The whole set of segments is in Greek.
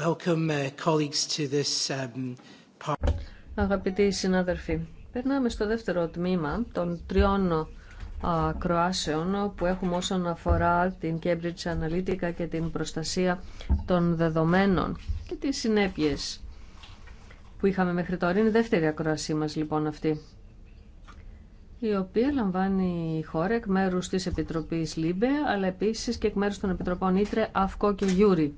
Uh, um, Αγαπητοί συνάδελφοι, περνάμε στο δεύτερο τμήμα των τριών ακροάσεων που έχουμε όσον αφορά την Cambridge Analytica και την προστασία των δεδομένων και τις συνέπειες που είχαμε μέχρι τώρα. Είναι η δεύτερη ακροασή μας λοιπόν αυτή η οποία λαμβάνει η χώρα εκ μέρους της Επιτροπής ΛΥΜΠΕ, αλλά επίσης και εκ μέρους των Επιτροπών Ήτρε, ΑΦΚΟ και Γιούρι.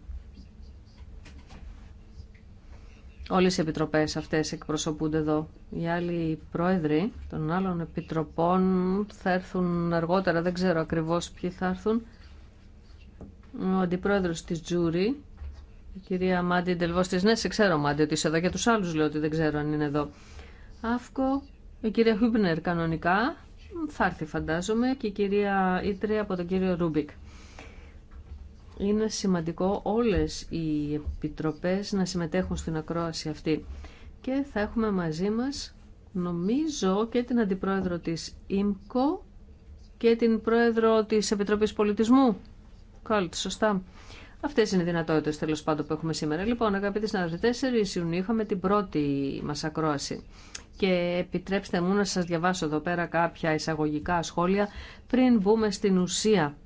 Όλες οι επιτροπές αυτές εκπροσωπούνται εδώ. Οι άλλοι πρόεδροι των άλλων επιτροπών θα έρθουν αργότερα, δεν ξέρω ακριβώς ποιοι θα έρθουν. Ο αντιπρόεδρος της Τζούρι, η κυρία Μάντι Ντελβός της ναι, σε ξέρω Μάντι ότι είσαι εδώ, για τους άλλους λέω ότι δεν ξέρω αν είναι εδώ. Αύκο, η κυρία Χούμπνερ κανονικά, θα έρθει φαντάζομαι, και η κυρία Ήτρε από τον κύριο Ρούμπικ είναι σημαντικό όλες οι επιτροπές να συμμετέχουν στην ακρόαση αυτή. Και θα έχουμε μαζί μας, νομίζω, και την Αντιπρόεδρο της ΙΜΚΟ και την Πρόεδρο της Επιτροπής Πολιτισμού. Κάλτ, σωστά. Αυτέ είναι οι δυνατότητε τέλο πάντων που έχουμε σήμερα. Λοιπόν, αγαπητοί συνάδελφοι, 4 Ιουνίου είχαμε την πρώτη μα ακρόαση. Και επιτρέψτε μου να σα διαβάσω εδώ πέρα κάποια εισαγωγικά σχόλια πριν μπούμε στην ουσία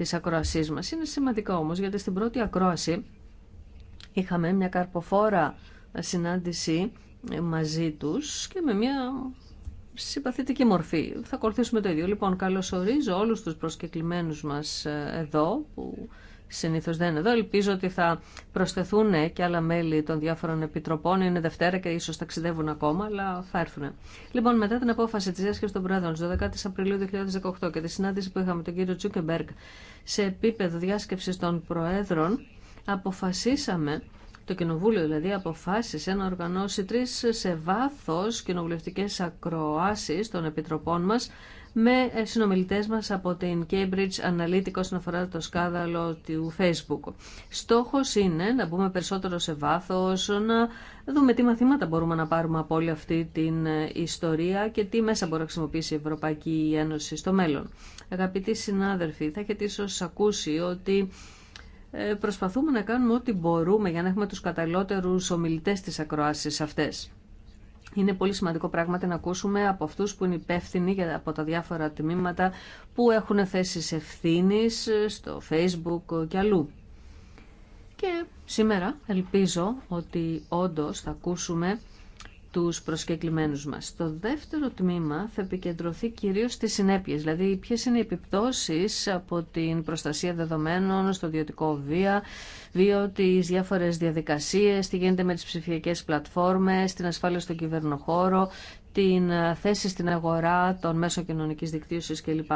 της ακρόασής μας. Είναι σημαντικό όμως γιατί στην πρώτη ακρόαση είχαμε μια καρποφόρα συνάντηση μαζί τους και με μια συμπαθητική μορφή. Θα ακολουθήσουμε το ίδιο. Λοιπόν, καλωσορίζω όλους τους προσκεκλημένους μας ε, εδώ που συνήθως δεν είναι εδώ. Ελπίζω ότι θα προσθεθούν και άλλα μέλη των διάφορων επιτροπών. Είναι Δευτέρα και ίσως ταξιδεύουν ακόμα, αλλά θα έρθουν. Λοιπόν, μετά την απόφαση της Διάσκεψης των Πρόεδρων στις 12 Απριλίου 2018 και τη συνάντηση που είχαμε τον κύριο Τσούκεμπεργκ σε επίπεδο διάσκεψης των Προέδρων, αποφασίσαμε το Κοινοβούλιο δηλαδή αποφάσισε να οργανώσει τρεις σε βάθος κοινοβουλευτικές ακροάσεις των επιτροπών μας με ε, συνομιλητές μας από την Cambridge Analytica όσον αφορά το σκάδαλο του Facebook. Στόχος είναι να μπούμε περισσότερο σε βάθος, να δούμε τι μαθήματα μπορούμε να πάρουμε από όλη αυτή την ε, ιστορία και τι μέσα μπορεί να χρησιμοποιήσει η Ευρωπαϊκή Ένωση στο μέλλον. Αγαπητοί συνάδελφοι, θα έχετε ίσως ακούσει ότι ε, προσπαθούμε να κάνουμε ό,τι μπορούμε για να έχουμε τους καταλληλότερους ομιλητές τη ακροάσεις αυτές. Είναι πολύ σημαντικό πράγματι να ακούσουμε από αυτού που είναι υπεύθυνοι από τα διάφορα τμήματα που έχουν θέσει ευθύνης στο facebook και αλλού. Και σήμερα ελπίζω ότι όντως θα ακούσουμε τους προσκεκλημένους μας. Το δεύτερο τμήμα θα επικεντρωθεί κυρίως στις συνέπειες, δηλαδή ποιες είναι οι επιπτώσεις από την προστασία δεδομένων στο ιδιωτικό βία, βίο, τις διάφορες διαδικασίες, τι γίνεται με τις ψηφιακές πλατφόρμες, την ασφάλεια στον κυβερνοχώρο, την ε, θέση στην αγορά των μέσων κοινωνικής δικτύωσης κλπ.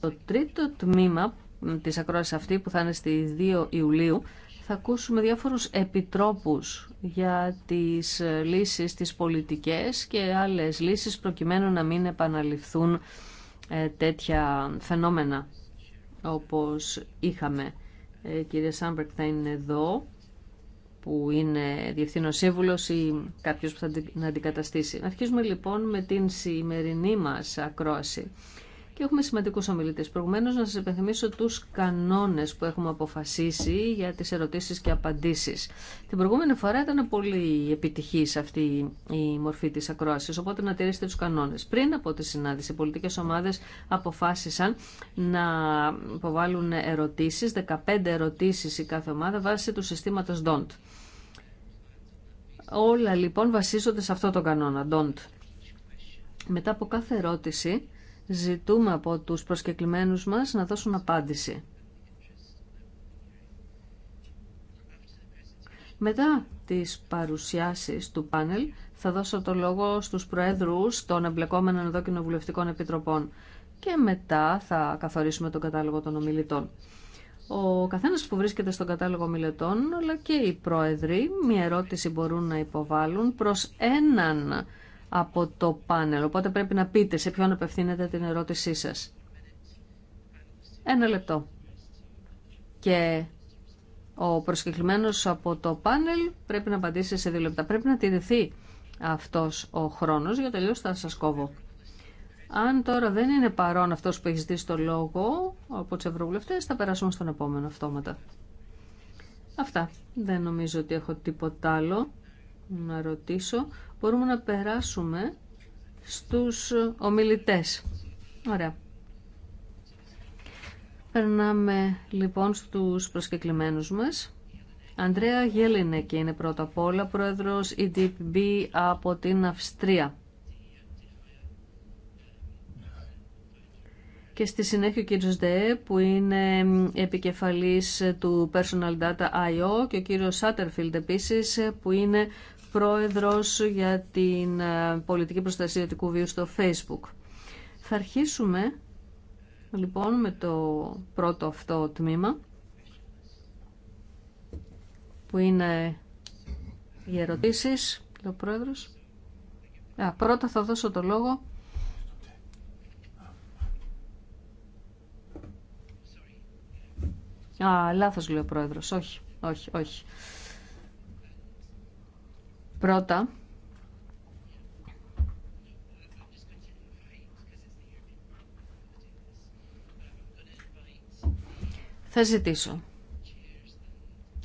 Το τρίτο τμήμα της ακρόασης αυτή που θα είναι στις 2 Ιουλίου θα ακούσουμε διάφορους επιτρόπους για τις λύσεις, τις πολιτικές και άλλες λύσεις προκειμένου να μην επαναληφθούν ε, τέτοια φαινόμενα όπως είχαμε. Ε, κυρία Σάμπερκ θα είναι εδώ που είναι διευθύνων σύμβουλο ή κάποιος που θα την αντικαταστήσει. Αρχίζουμε λοιπόν με την σημερινή μας ακρόαση. Και έχουμε σημαντικούς ομιλητές. Προηγουμένως να σας επενθυμίσω τους κανόνες που έχουμε αποφασίσει για τις ερωτήσεις και απαντήσεις. Την προηγούμενη φορά ήταν πολύ επιτυχής αυτή η μορφή της ακρόασης, οπότε να τηρήσετε τους κανόνες. Πριν από τη συνάντηση, οι πολιτικές ομάδες αποφάσισαν να υποβάλουν ερωτήσεις, 15 ερωτήσεις η κάθε ομάδα βάσει του συστήματος DONT. Όλα λοιπόν βασίζονται σε αυτό το κανόνα, DONT. Μετά από κάθε ερώτηση ζητούμε από τους προσκεκλημένους μας να δώσουν απάντηση. Μετά τις παρουσιάσεις του πάνελ θα δώσω το λόγο στους προέδρους των εμπλεκόμενων εδώ κοινοβουλευτικών επιτροπών και μετά θα καθορίσουμε τον κατάλογο των ομιλητών. Ο καθένας που βρίσκεται στον κατάλογο ομιλητών αλλά και οι πρόεδροι μια ερώτηση μπορούν να υποβάλουν προς έναν από το πάνελ. Οπότε πρέπει να πείτε σε ποιον απευθύνεται την ερώτησή σας. Ένα λεπτό. Και ο προσκεκλημένος από το πάνελ πρέπει να απαντήσει σε δύο λεπτά. Πρέπει να τηρηθεί αυτός ο χρόνος, για τελείως θα σας κόβω. Αν τώρα δεν είναι παρόν αυτός που έχει ζητήσει το λόγο από τους ευρωβουλευτές, θα περάσουμε στον επόμενο αυτόματα. Αυτά. Δεν νομίζω ότι έχω τίποτα άλλο να ρωτήσω μπορούμε να περάσουμε στους ομιλητές. Ωραία. Περνάμε λοιπόν στους προσκεκλημένους μας. Ανδρέα και είναι πρώτα απ' όλα πρόεδρος EDB από την Αυστρία. Και στη συνέχεια ο κύριος ΔΕ που είναι επικεφαλής του Personal Data IO και ο κύριος Σάτερφιλντ επίσης που είναι πρόεδρος για την ε, πολιτική προστασία του βίου στο Facebook. Θα αρχίσουμε λοιπόν με το πρώτο αυτό τμήμα που είναι οι ερωτήσεις, ο πρόεδρος. Α, πρώτα θα δώσω το λόγο Α, λάθος λέει ο πρόεδρος. Όχι, όχι, όχι. Πρώτα, θα ζητήσω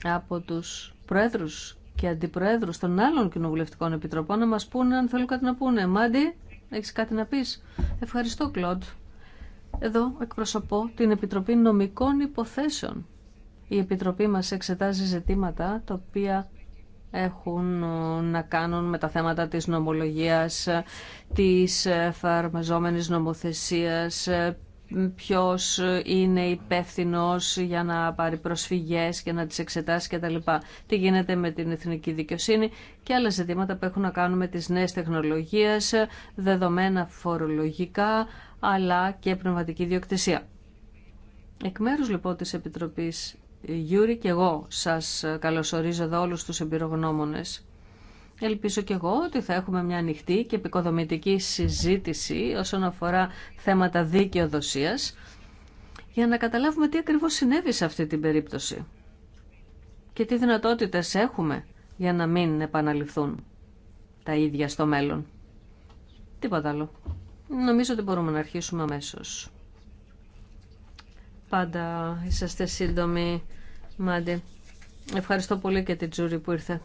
από τους προέδρους και αντιπροέδρους των άλλων κοινοβουλευτικών επιτροπών να μας πούνε αν θέλουν κάτι να πούνε. Μάντι, έχεις κάτι να πεις. Ευχαριστώ, Κλοντ. Εδώ εκπροσωπώ την Επιτροπή Νομικών Υποθέσεων. Η Επιτροπή μας εξετάζει ζητήματα τα οποία έχουν ε, να κάνουν με τα θέματα της νομολογίας, ε, της ε, φαρμαζόμενης νομοθεσίας, ποιος είναι υπεύθυνο για να πάρει προσφυγές και να τις εξετάσει κτλ. Τι γίνεται με την εθνική δικαιοσύνη και άλλα ζητήματα που έχουν να κάνουν με τις νέες τεχνολογίες, δεδομένα φορολογικά, αλλά και πνευματική διοκτησία. Εκ μέρους λοιπόν της Επιτροπής Γιούρι και εγώ σας καλωσορίζω εδώ όλους τους εμπειρογνώμονες. Ελπίζω και εγώ ότι θα έχουμε μια ανοιχτή και επικοδομητική συζήτηση όσον αφορά θέματα δικαιοδοσίας για να καταλάβουμε τι ακριβώς συνέβη σε αυτή την περίπτωση και τι δυνατότητες έχουμε για να μην επαναληφθούν τα ίδια στο μέλλον. Τίποτα άλλο. Νομίζω ότι μπορούμε να αρχίσουμε αμέσως. Πάντα είσαστε σύντομοι, Μάντι. Ευχαριστώ πολύ και την Τζούρι που ήρθε.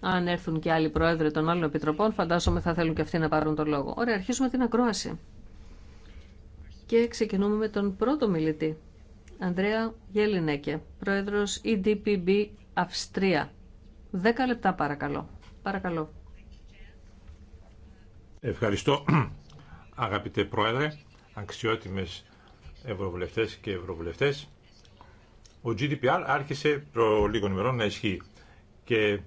Αν έρθουν και άλλοι πρόεδροι των άλλων επιτροπών, φαντάζομαι θα θέλουν και αυτοί να πάρουν τον λόγο. Ωραία, αρχίζουμε την ακρόαση. Και ξεκινούμε με τον πρώτο μιλητή, Ανδρέα Γελινέκε, πρόεδρος EDPB Αυστρία. Δέκα λεπτά παρακαλώ. Παρακαλώ. Ευχαριστώ, αγαπητέ πρόεδρε αξιότιμες ευρωβουλευτές και ευρωβουλευτές, ο GDPR άρχισε προ λίγων ημερών να ισχύει και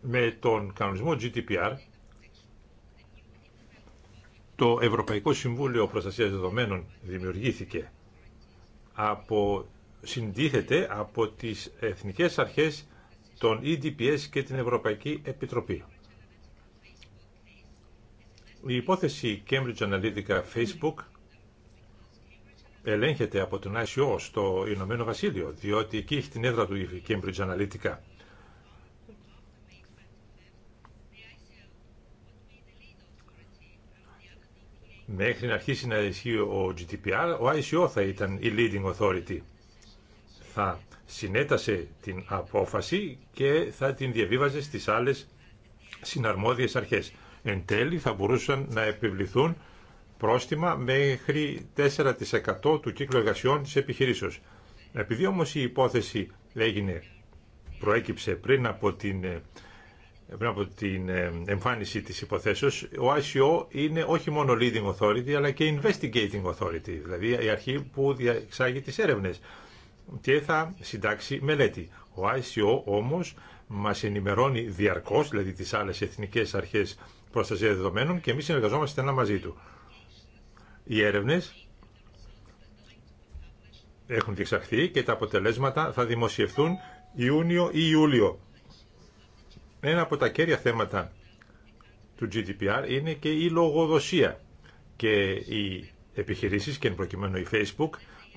με τον κανονισμό GDPR το Ευρωπαϊκό Συμβούλιο Προστασίας Δεδομένων δημιουργήθηκε από, συντίθεται από τις Εθνικές Αρχές, των EDPS και την Ευρωπαϊκή Επιτροπή. Η υπόθεση Cambridge Analytica Facebook ελέγχεται από τον ICO στο Ηνωμένο Βασίλειο, διότι εκεί έχει την έδρα του η Cambridge Analytica. Μέχρι να αρχίσει να ισχύει ο GDPR, ο ICO θα ήταν η leading authority. Θα συνέτασε την απόφαση και θα την διαβίβαζε στις άλλες συναρμόδιες αρχές. Εν τέλει θα μπορούσαν να επιβληθούν πρόστιμα μέχρι 4% του κύκλου εργασιών της επιχειρήσεως. Επειδή όμως η υπόθεση έγινε, προέκυψε πριν από την, ε, πριν από την ε, εμφάνιση της υποθέσεως, ο ICO είναι όχι μόνο leading authority αλλά και investigating authority, δηλαδή η αρχή που διεξάγει τις έρευνες και θα συντάξει μελέτη. Ο ICO όμως μας ενημερώνει διαρκώς, δηλαδή τις άλλες εθνικές αρχές προστασία δεδομένων και εμεί συνεργαζόμαστε στενά μαζί του. Οι έρευνε έχουν διεξαχθεί και τα αποτελέσματα θα δημοσιευθούν Ιούνιο ή Ιούλιο. Ένα από τα κέρια θέματα του GDPR είναι και η λογοδοσία και οι επιχειρήσεις και εν προκειμένου η Facebook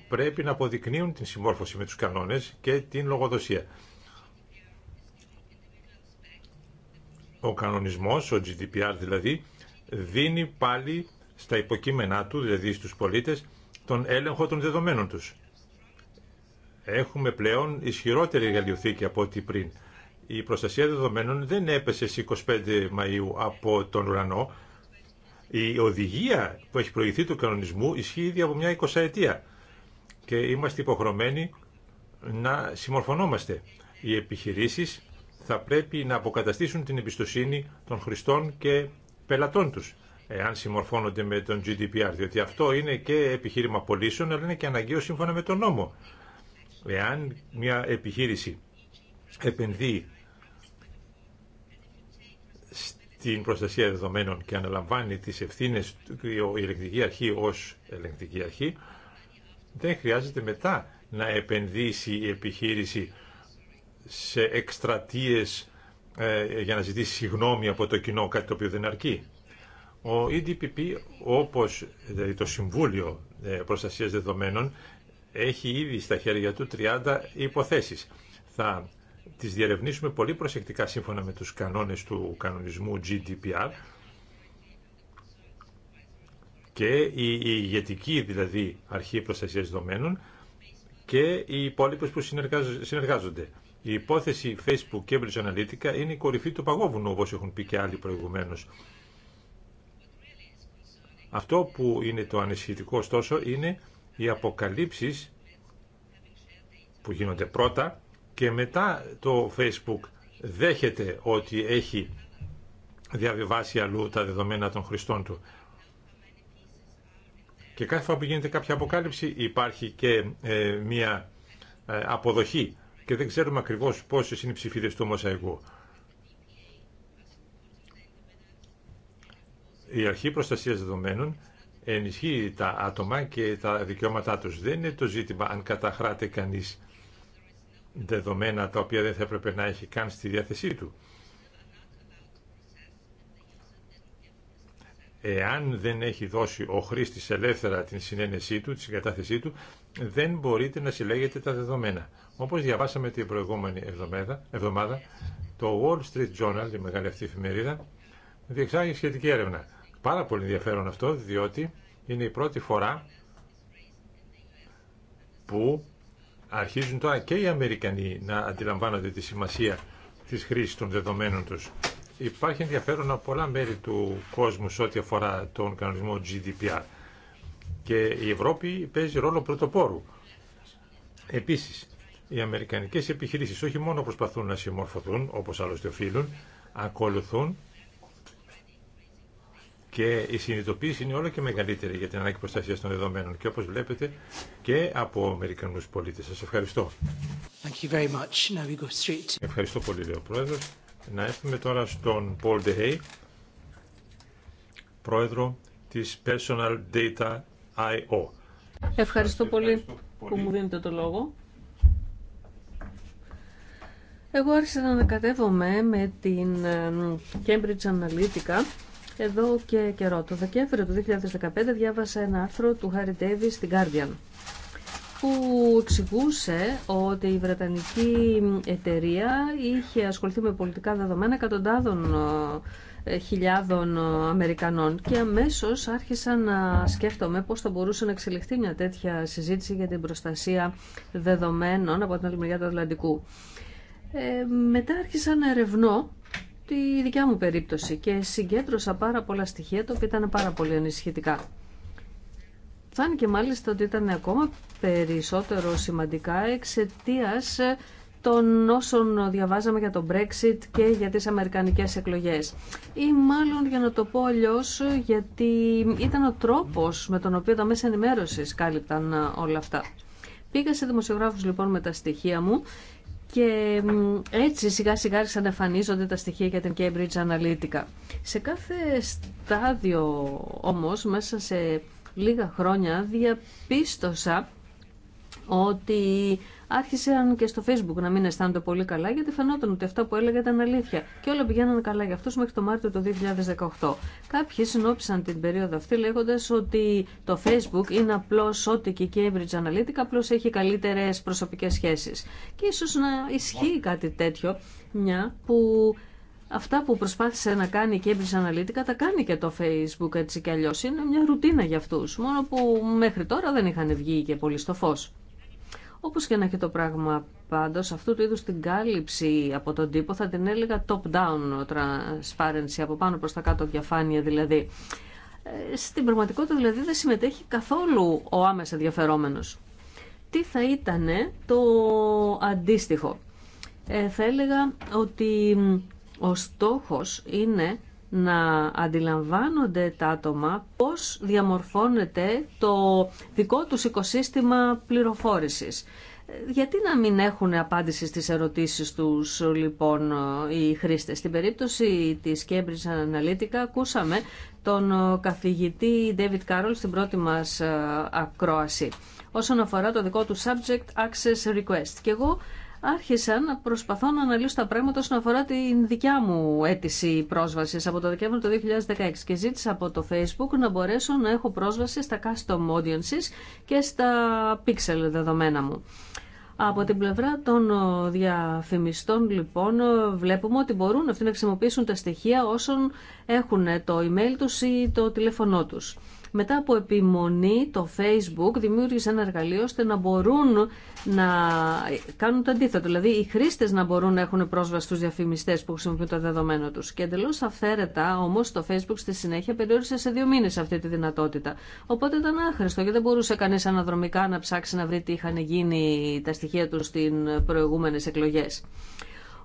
πρέπει να αποδεικνύουν την συμμόρφωση με τους κανόνες και την λογοδοσία. Ο κανονισμός, ο GDPR δηλαδή, δίνει πάλι στα υποκείμενά του, δηλαδή στους πολίτες, τον έλεγχο των δεδομένων τους. Έχουμε πλέον ισχυρότερη εργαλειοθήκη από ό,τι πριν. Η προστασία δεδομένων δεν έπεσε στις 25 Μαΐου από τον ουρανό. Η οδηγία που έχει προηγηθεί του κανονισμού ισχύει ήδη από μια 20 ετία και είμαστε υποχρεωμένοι να συμμορφωνόμαστε. Οι επιχειρήσεις θα πρέπει να αποκαταστήσουν την εμπιστοσύνη των χρηστών και πελατών τους εάν συμμορφώνονται με τον GDPR, διότι αυτό είναι και επιχείρημα πωλήσεων, αλλά είναι και αναγκαίο σύμφωνα με τον νόμο. Εάν μια επιχείρηση επενδύει στην προστασία δεδομένων και αναλαμβάνει τις ευθύνες η ελεγκτική αρχή ως ελεγκτική αρχή, δεν χρειάζεται μετά να επενδύσει η επιχείρηση σε εκστρατείες ε, για να ζητήσει γνώμη από το κοινό, κάτι το οποίο δεν αρκεί. Ο EDPP, όπως δηλαδή το Συμβούλιο ε, Προστασίας Δεδομένων, έχει ήδη στα χέρια του 30 υποθέσεις. Θα τις διερευνήσουμε πολύ προσεκτικά σύμφωνα με τους κανόνες του κανονισμού GDPR και η ηγετική δηλαδή αρχή προστασίας δεδομένων και οι υπόλοιπε που συνεργάζονται. Η υπόθεση Facebook Cambridge Analytica είναι η κορυφή του παγόβουνου, όπως έχουν πει και άλλοι προηγουμένως. Αυτό που είναι το ανησυχητικό, ωστόσο, είναι οι αποκαλύψεις που γίνονται πρώτα και μετά το Facebook δέχεται ότι έχει διαβιβάσει αλλού τα δεδομένα των χρηστών του. Και κάθε φορά που γίνεται κάποια αποκάλυψη υπάρχει και ε, μία ε, αποδοχή και δεν ξέρουμε ακριβώς πόσες είναι οι ψηφίδες του Μωσαϊκού. Η Αρχή Προστασίας Δεδομένων ενισχύει τα άτομα και τα δικαιώματά τους. Δεν είναι το ζήτημα αν καταχράται κανείς δεδομένα τα οποία δεν θα έπρεπε να έχει καν στη διάθεσή του. Εάν δεν έχει δώσει ο χρήστης ελεύθερα την συνένεσή του, την συγκατάθεσή του, δεν μπορείτε να συλλέγετε τα δεδομένα. Όπως διαβάσαμε την προηγούμενη εβδομάδα, εβδομάδα το Wall Street Journal, τη μεγάλη αυτή εφημερίδα, διεξάγει σχετική έρευνα. Πάρα πολύ ενδιαφέρον αυτό, διότι είναι η πρώτη φορά που αρχίζουν τώρα και οι Αμερικανοί να αντιλαμβάνονται τη σημασία της χρήσης των δεδομένων τους. Υπάρχει ενδιαφέρον από πολλά μέρη του κόσμου σε ό,τι αφορά τον κανονισμό GDPR. Και η Ευρώπη παίζει ρόλο πρωτοπόρου. Επίσης, οι αμερικανικές επιχειρήσεις όχι μόνο προσπαθούν να συμμορφωθούν, όπως άλλωστε οφείλουν, ακολουθούν και η συνειδητοποίηση είναι όλο και μεγαλύτερη για την ανάγκη προστασία των δεδομένων και όπως βλέπετε και από Αμερικανούς πολίτες. Σας ευχαριστώ. Thank you very much. Ευχαριστώ πολύ, λέει ο Πρόεδρος. Να έρθουμε τώρα στον Paul DeHay, Πρόεδρο της Personal Data I.O. Ευχαριστώ, ευχαριστώ πολύ που μου δίνετε το λόγο. Εγώ άρχισα να ανακατεύομαι με την ε, Cambridge Analytica εδώ και καιρό. Το Δεκέμβριο του 2015 διάβασα ένα άρθρο του Harry Davis στην Guardian που εξηγούσε ότι η Βρετανική εταιρεία είχε ασχοληθεί με πολιτικά δεδομένα εκατοντάδων ε, χιλιάδων ε, Αμερικανών και αμέσως άρχισα να σκέφτομαι πώς θα μπορούσε να εξελιχθεί μια τέτοια συζήτηση για την προστασία δεδομένων από την άλλη μεριά του Ατλαντικού. Ε, μετά άρχισα να ερευνώ τη δικιά μου περίπτωση και συγκέντρωσα πάρα πολλά στοιχεία τα οποία ήταν πάρα πολύ ανησυχητικά. Φάνηκε μάλιστα ότι ήταν ακόμα περισσότερο σημαντικά εξαιτία των όσων διαβάζαμε για το Brexit και για τις αμερικανικές εκλογές. Ή μάλλον για να το πω αλλιώ, γιατί ήταν ο τρόπος με τον οποίο τα μέσα ενημέρωσης κάλυπταν ε, όλα αυτά. Πήγα σε δημοσιογράφους λοιπόν με τα στοιχεία μου και έτσι σιγά σιγά ξαναφανίζονται τα στοιχεία για την Cambridge Analytica. Σε κάθε στάδιο όμως, μέσα σε λίγα χρόνια, διαπίστωσα ότι άρχισαν και στο Facebook να μην αισθάνονται πολύ καλά γιατί φαινόταν ότι αυτά που έλεγα ήταν αλήθεια. Και όλα πηγαίνανε καλά για αυτού μέχρι το Μάρτιο του 2018. Κάποιοι συνόψαν την περίοδο αυτή λέγοντα ότι το Facebook είναι απλώ ό,τι και η Cambridge Analytica, απλώ έχει καλύτερε προσωπικέ σχέσει. Και ίσω να ισχύει κάτι τέτοιο, μια που αυτά που προσπάθησε να κάνει η Cambridge Analytica τα κάνει και το Facebook έτσι κι αλλιώς. Είναι μια ρουτίνα για αυτούς, μόνο που μέχρι τώρα δεν είχαν βγει και πολύ στο φως. Όπως και να έχει το πράγμα πάντως, αυτού του είδους την κάλυψη από τον τύπο θα την έλεγα top-down transparency, από πάνω προς τα κάτω διαφάνεια δηλαδή. Ε, στην πραγματικότητα δηλαδή δεν συμμετέχει καθόλου ο άμεσα ενδιαφερόμενος. Τι θα ήταν το αντίστοιχο. Ε, θα έλεγα ότι ο στόχος είναι να αντιλαμβάνονται τα άτομα πώς διαμορφώνεται το δικό τους οικοσύστημα πληροφόρησης. Γιατί να μην έχουν απάντηση στις ερωτήσεις τους λοιπόν οι χρήστες. Στην περίπτωση της Cambridge Analytica ακούσαμε τον καθηγητή David Carroll στην πρώτη μας ε, ακρόαση όσον αφορά το δικό του subject access request. Και εγώ άρχισα να προσπαθώ να αναλύσω τα πράγματα όσον αφορά την δικιά μου αίτηση πρόσβαση από το Δεκέμβριο του 2016 και ζήτησα από το Facebook να μπορέσω να έχω πρόσβαση στα custom audiences και στα pixel δεδομένα μου. Από την πλευρά των διαφημιστών, λοιπόν, βλέπουμε ότι μπορούν αυτοί να χρησιμοποιήσουν τα στοιχεία όσων έχουν το email τους ή το τηλέφωνό τους. Μετά από επιμονή το Facebook δημιούργησε ένα εργαλείο ώστε να μπορούν να κάνουν το αντίθετο. Δηλαδή οι χρήστε να μπορούν να έχουν πρόσβαση στου διαφημιστέ που χρησιμοποιούν το δεδομένο του. Και εντελώ αυθαίρετα όμω το Facebook στη συνέχεια περιόρισε σε δύο μήνες αυτή τη δυνατότητα. Οπότε ήταν άχρηστο και δεν μπορούσε κανεί αναδρομικά να ψάξει να βρει τι είχαν γίνει τα στοιχεία του στις προηγούμενε εκλογέ.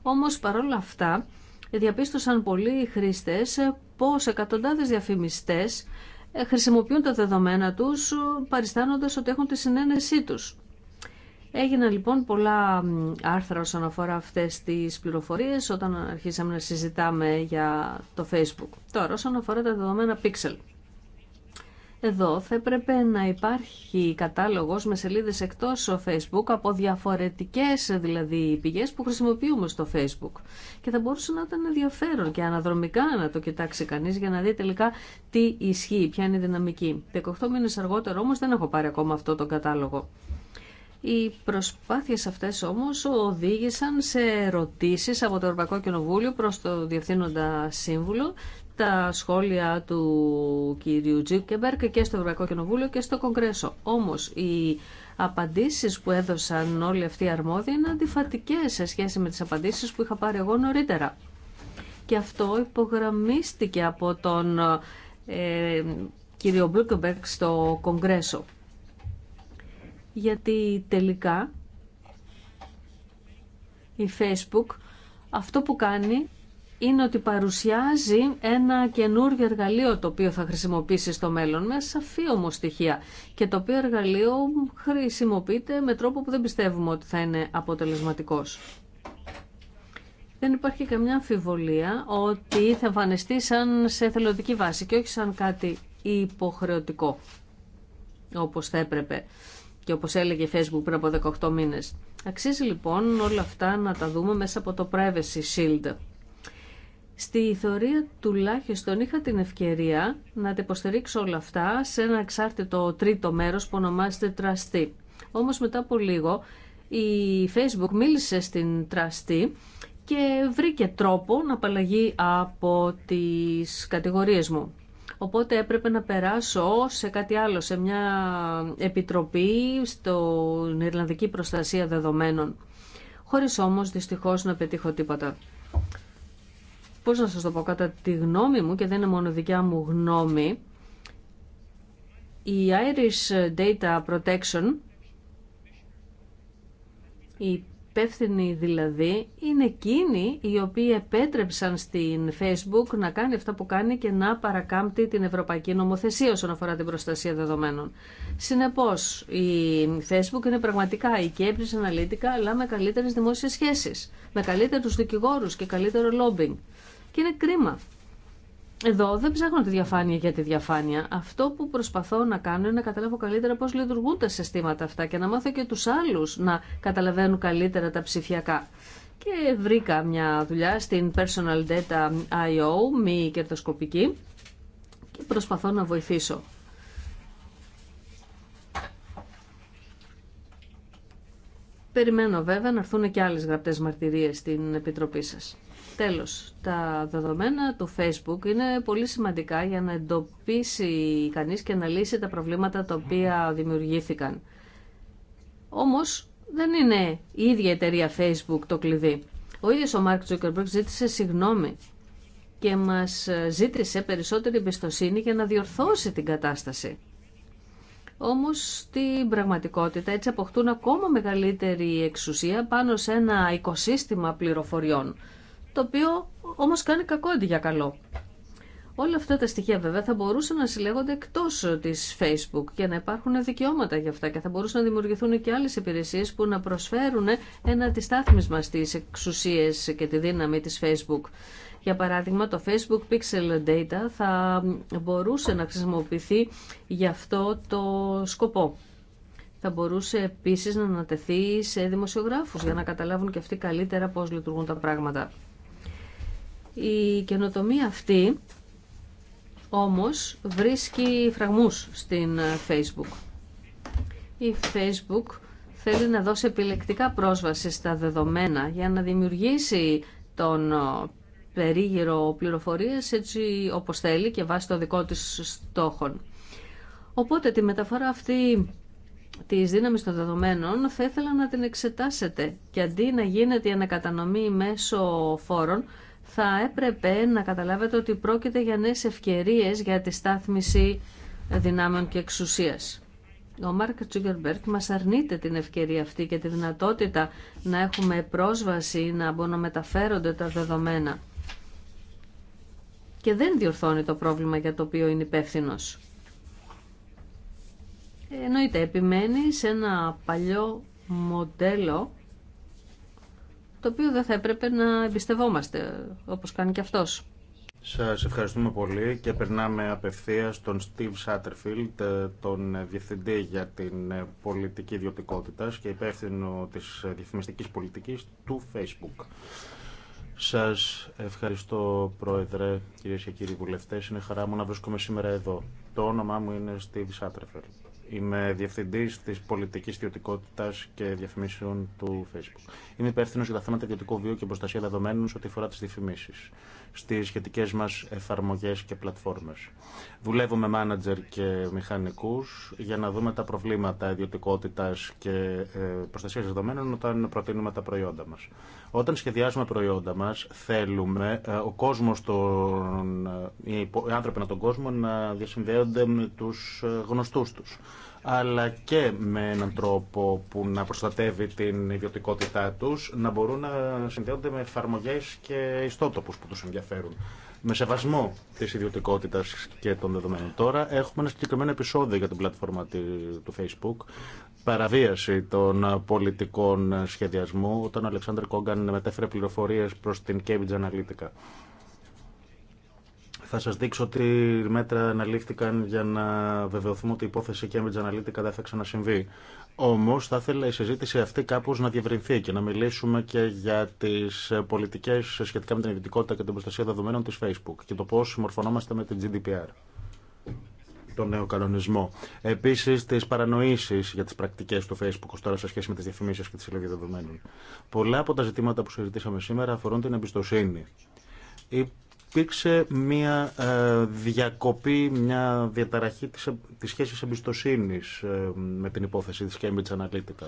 Όμω, παρόλα αυτά διαπίστωσαν πολλοί χρήστε πω εκατοντάδε διαφημιστέ χρησιμοποιούν τα δεδομένα τους παριστάνοντας ότι έχουν τη συνένεσή τους. Έγιναν λοιπόν πολλά άρθρα όσον αφορά αυτές τις πληροφορίες όταν αρχίσαμε να συζητάμε για το Facebook. Τώρα όσον αφορά τα δεδομένα Pixel. Εδώ θα έπρεπε να υπάρχει κατάλογος με σελίδες εκτός στο Facebook από διαφορετικές δηλαδή πηγές που χρησιμοποιούμε στο Facebook. Και θα μπορούσε να ήταν ενδιαφέρον και αναδρομικά να το κοιτάξει κανείς για να δει τελικά τι ισχύει, ποια είναι η δυναμική. 18 μήνες αργότερα όμως δεν έχω πάρει ακόμα αυτό το κατάλογο. Οι προσπάθειες αυτές όμως οδήγησαν σε ερωτήσεις από το Ευρωπαϊκό Κοινοβούλιο προς το Διευθύνοντα Σύμβουλο τα σχόλια του κυρίου Τζίκεμπερκ και στο Ευρωπαϊκό Κοινοβούλιο και στο Κογκρέσο. Όμως οι απαντήσεις που έδωσαν όλοι αυτοί οι αρμόδιοι είναι αντιφατικές σε σχέση με τις απαντήσεις που είχα πάρει εγώ νωρίτερα. Και αυτό υπογραμμίστηκε από τον ε, κύριο Μπλούκεμπερκ στο Κογκρέσο. Γιατί τελικά η Facebook αυτό που κάνει είναι ότι παρουσιάζει ένα καινούργιο εργαλείο το οποίο θα χρησιμοποιήσει στο μέλλον, με σαφή όμω στοιχεία. Και το οποίο εργαλείο χρησιμοποιείται με τρόπο που δεν πιστεύουμε ότι θα είναι αποτελεσματικός. Δεν υπάρχει καμιά αμφιβολία ότι θα εμφανιστεί σαν σε θελοντική βάση και όχι σαν κάτι υποχρεωτικό, όπως θα έπρεπε και όπως έλεγε Facebook πριν από 18 μήνες. Αξίζει λοιπόν όλα αυτά να τα δούμε μέσα από το Privacy Shield. Στη θεωρία τουλάχιστον είχα την ευκαιρία να τα όλα αυτά σε ένα εξάρτητο τρίτο μέρος που ονομάζεται τραστή. Όμως μετά από λίγο η Facebook μίλησε στην τραστή και βρήκε τρόπο να απαλλαγεί από τις κατηγορίες μου. Οπότε έπρεπε να περάσω σε κάτι άλλο, σε μια επιτροπή στην Ιρλανδική Προστασία Δεδομένων. Χωρίς όμως δυστυχώς να πετύχω τίποτα πώς να σας το πω, κατά τη γνώμη μου και δεν είναι μόνο δικιά μου γνώμη, η Irish Data Protection, η υπεύθυνη δηλαδή, είναι εκείνοι η οποία επέτρεψαν στην Facebook να κάνει αυτά που κάνει και να παρακάμπτει την ευρωπαϊκή νομοθεσία όσον αφορά την προστασία δεδομένων. Συνεπώς, η Facebook είναι πραγματικά η Cambridge Analytica, αλλά με καλύτερες δημόσιες σχέσεις, με καλύτερους δικηγόρους και καλύτερο lobbying. Και είναι κρίμα. Εδώ δεν ψάχνω τη διαφάνεια για τη διαφάνεια. Αυτό που προσπαθώ να κάνω είναι να καταλάβω καλύτερα πώς λειτουργούν τα συστήματα αυτά και να μάθω και τους άλλους να καταλαβαίνουν καλύτερα τα ψηφιακά. Και βρήκα μια δουλειά στην Personal Data I.O., μη κερδοσκοπική, και προσπαθώ να βοηθήσω. Περιμένω βέβαια να έρθουν και άλλες γραπτές μαρτυρίες στην Επιτροπή σας. Τέλος, τα δεδομένα του Facebook είναι πολύ σημαντικά για να εντοπίσει κανείς και να λύσει τα προβλήματα τα οποία δημιουργήθηκαν. Όμως δεν είναι η ίδια εταιρεία Facebook το κλειδί. Ο ίδιος ο Μάρκ Zuckerberg ζήτησε συγγνώμη και μας ζήτησε περισσότερη εμπιστοσύνη για να διορθώσει την κατάσταση. Όμως στην πραγματικότητα έτσι αποκτούν ακόμα μεγαλύτερη εξουσία πάνω σε ένα οικοσύστημα πληροφοριών το οποίο όμως κάνει κακό αντί για καλό. Όλα αυτά τα στοιχεία βέβαια θα μπορούσαν να συλλέγονται εκτός της Facebook και να υπάρχουν δικαιώματα για αυτά και θα μπορούσαν να δημιουργηθούν και άλλες υπηρεσίες που να προσφέρουν ένα αντιστάθμισμα στις εξουσίες και τη δύναμη της Facebook. Για παράδειγμα, το Facebook Pixel Data θα μπορούσε να χρησιμοποιηθεί για αυτό το σκοπό. Θα μπορούσε επίσης να ανατεθεί σε δημοσιογράφους για να καταλάβουν και αυτοί καλύτερα πώς λειτουργούν τα πράγματα. Η καινοτομία αυτή όμως βρίσκει φραγμούς στην Facebook. Η Facebook θέλει να δώσει επιλεκτικά πρόσβαση στα δεδομένα για να δημιουργήσει τον ε, περίγυρο πληροφορίες έτσι όπως θέλει και βάσει το δικό της στόχων. Οπότε τη μεταφορά αυτή της δύναμης των δεδομένων θα ήθελα να την εξετάσετε και αντί να γίνεται η ανακατανομή μέσω φόρων θα έπρεπε να καταλάβετε ότι πρόκειται για νέες ευκαιρίες για τη στάθμιση δυνάμεων και εξουσίας. Ο Μάρκ Τσούγκερμπερκ μας αρνείται την ευκαιρία αυτή και τη δυνατότητα να έχουμε πρόσβαση, να μπορούν να μεταφέρονται τα δεδομένα. Και δεν διορθώνει το πρόβλημα για το οποίο είναι υπεύθυνο. Ε, εννοείται, επιμένει σε ένα παλιό μοντέλο το οποίο δεν θα έπρεπε να εμπιστευόμαστε, όπως κάνει και αυτός. Σας ευχαριστούμε πολύ και περνάμε απευθείας στον Steve Satterfield, ε, τον Διευθυντή για την ε, Πολιτική Ιδιωτικότητα και υπεύθυνο της ε, Διαφημιστικής Πολιτικής του Facebook. Σας ευχαριστώ Πρόεδρε, κυρίες και κύριοι βουλευτές. Είναι χαρά μου να βρίσκομαι σήμερα εδώ. Το όνομά μου είναι Steve Satterfield Είμαι διευθυντή τη πολιτική ιδιωτικότητα και διαφημίσεων του Facebook. Είμαι υπεύθυνο για τα θέματα ιδιωτικού βίου και προστασία δεδομένων σε ό,τι αφορά τι διαφημίσει στις σχετικές μας εφαρμογές και πλατφόρμες. Δουλεύουμε μάνατζερ και μηχανικούς για να δούμε τα προβλήματα ιδιωτικότητας και ε, προστασίας δεδομένων όταν προτείνουμε τα προϊόντα μας. Όταν σχεδιάζουμε προϊόντα μας θέλουμε ε, ο κόσμος των, ε, οι άνθρωποι τον κόσμο να διασυνδέονται με τους γνωστούς τους αλλά και με έναν τρόπο που να προστατεύει την ιδιωτικότητά τους, να μπορούν να συνδέονται με εφαρμογές και ιστότοπους που τους ενδιαφέρουν. Με σεβασμό της ιδιωτικότητας και των δεδομένων τώρα, έχουμε ένα συγκεκριμένο επεισόδιο για την πλατφόρμα του Facebook, παραβίαση των πολιτικών σχεδιασμού, όταν ο Αλεξάνδρ Κόγκαν μετέφερε πληροφορίες προς την Cambridge Analytica. Θα σα δείξω τι μέτρα αναλήφθηκαν για να βεβαιωθούμε ότι η υπόθεση Cambridge Analytica δεν θα ξανασυμβεί. Όμω θα ήθελα η συζήτηση αυτή κάπω να διευρυνθεί και να μιλήσουμε και για τι πολιτικέ σχετικά με την ειδικότητα και την προστασία δεδομένων τη Facebook και το πώ συμμορφωνόμαστε με την GDPR τον νέο κανονισμό. Επίση, τι παρανοήσει για τι πρακτικέ του Facebook ω τώρα σε σχέση με τι διαφημίσει και τη συλλογή δεδομένων. Πολλά από τα ζητήματα που συζητήσαμε σήμερα αφορούν την εμπιστοσύνη. Η υπήρξε μια ε, διακοπή, μια διαταραχή της, της σχέσης εμπιστοσύνης ε, με την υπόθεση της Cambridge Analytica.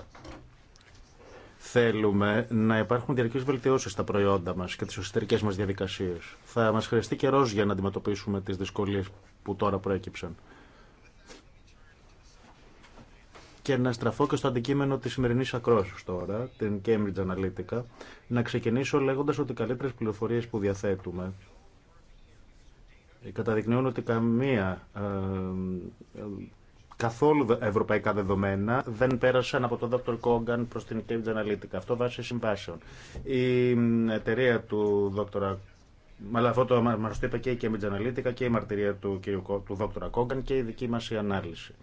Θέλουμε να υπάρχουν διαρκείς βελτιώσεις στα προϊόντα μας και τις εσωτερικές μας διαδικασίες. Θα μας χρειαστεί καιρό για να αντιμετωπίσουμε τις δυσκολίες που τώρα προέκυψαν. και να στραφώ και στο αντικείμενο της σημερινή ακρόσης τώρα, την Cambridge Analytica, να ξεκινήσω λέγοντας ότι οι καλύτερες πληροφορίες που διαθέτουμε ε, καταδεικνύουν ότι καμία ε, ε, καθόλου ευρωπαϊκά δεδομένα δεν πέρασαν από τον Dr. Kogan προς την Cambridge Analytica. Αυτό βάσει συμβάσεων. Η εταιρεία του Dr. Αλλά αυτό το μα το είπε και η Cambridge Analytica και η μαρτυρία του, του Dr. Kogan και η δική μας η ανάλυση.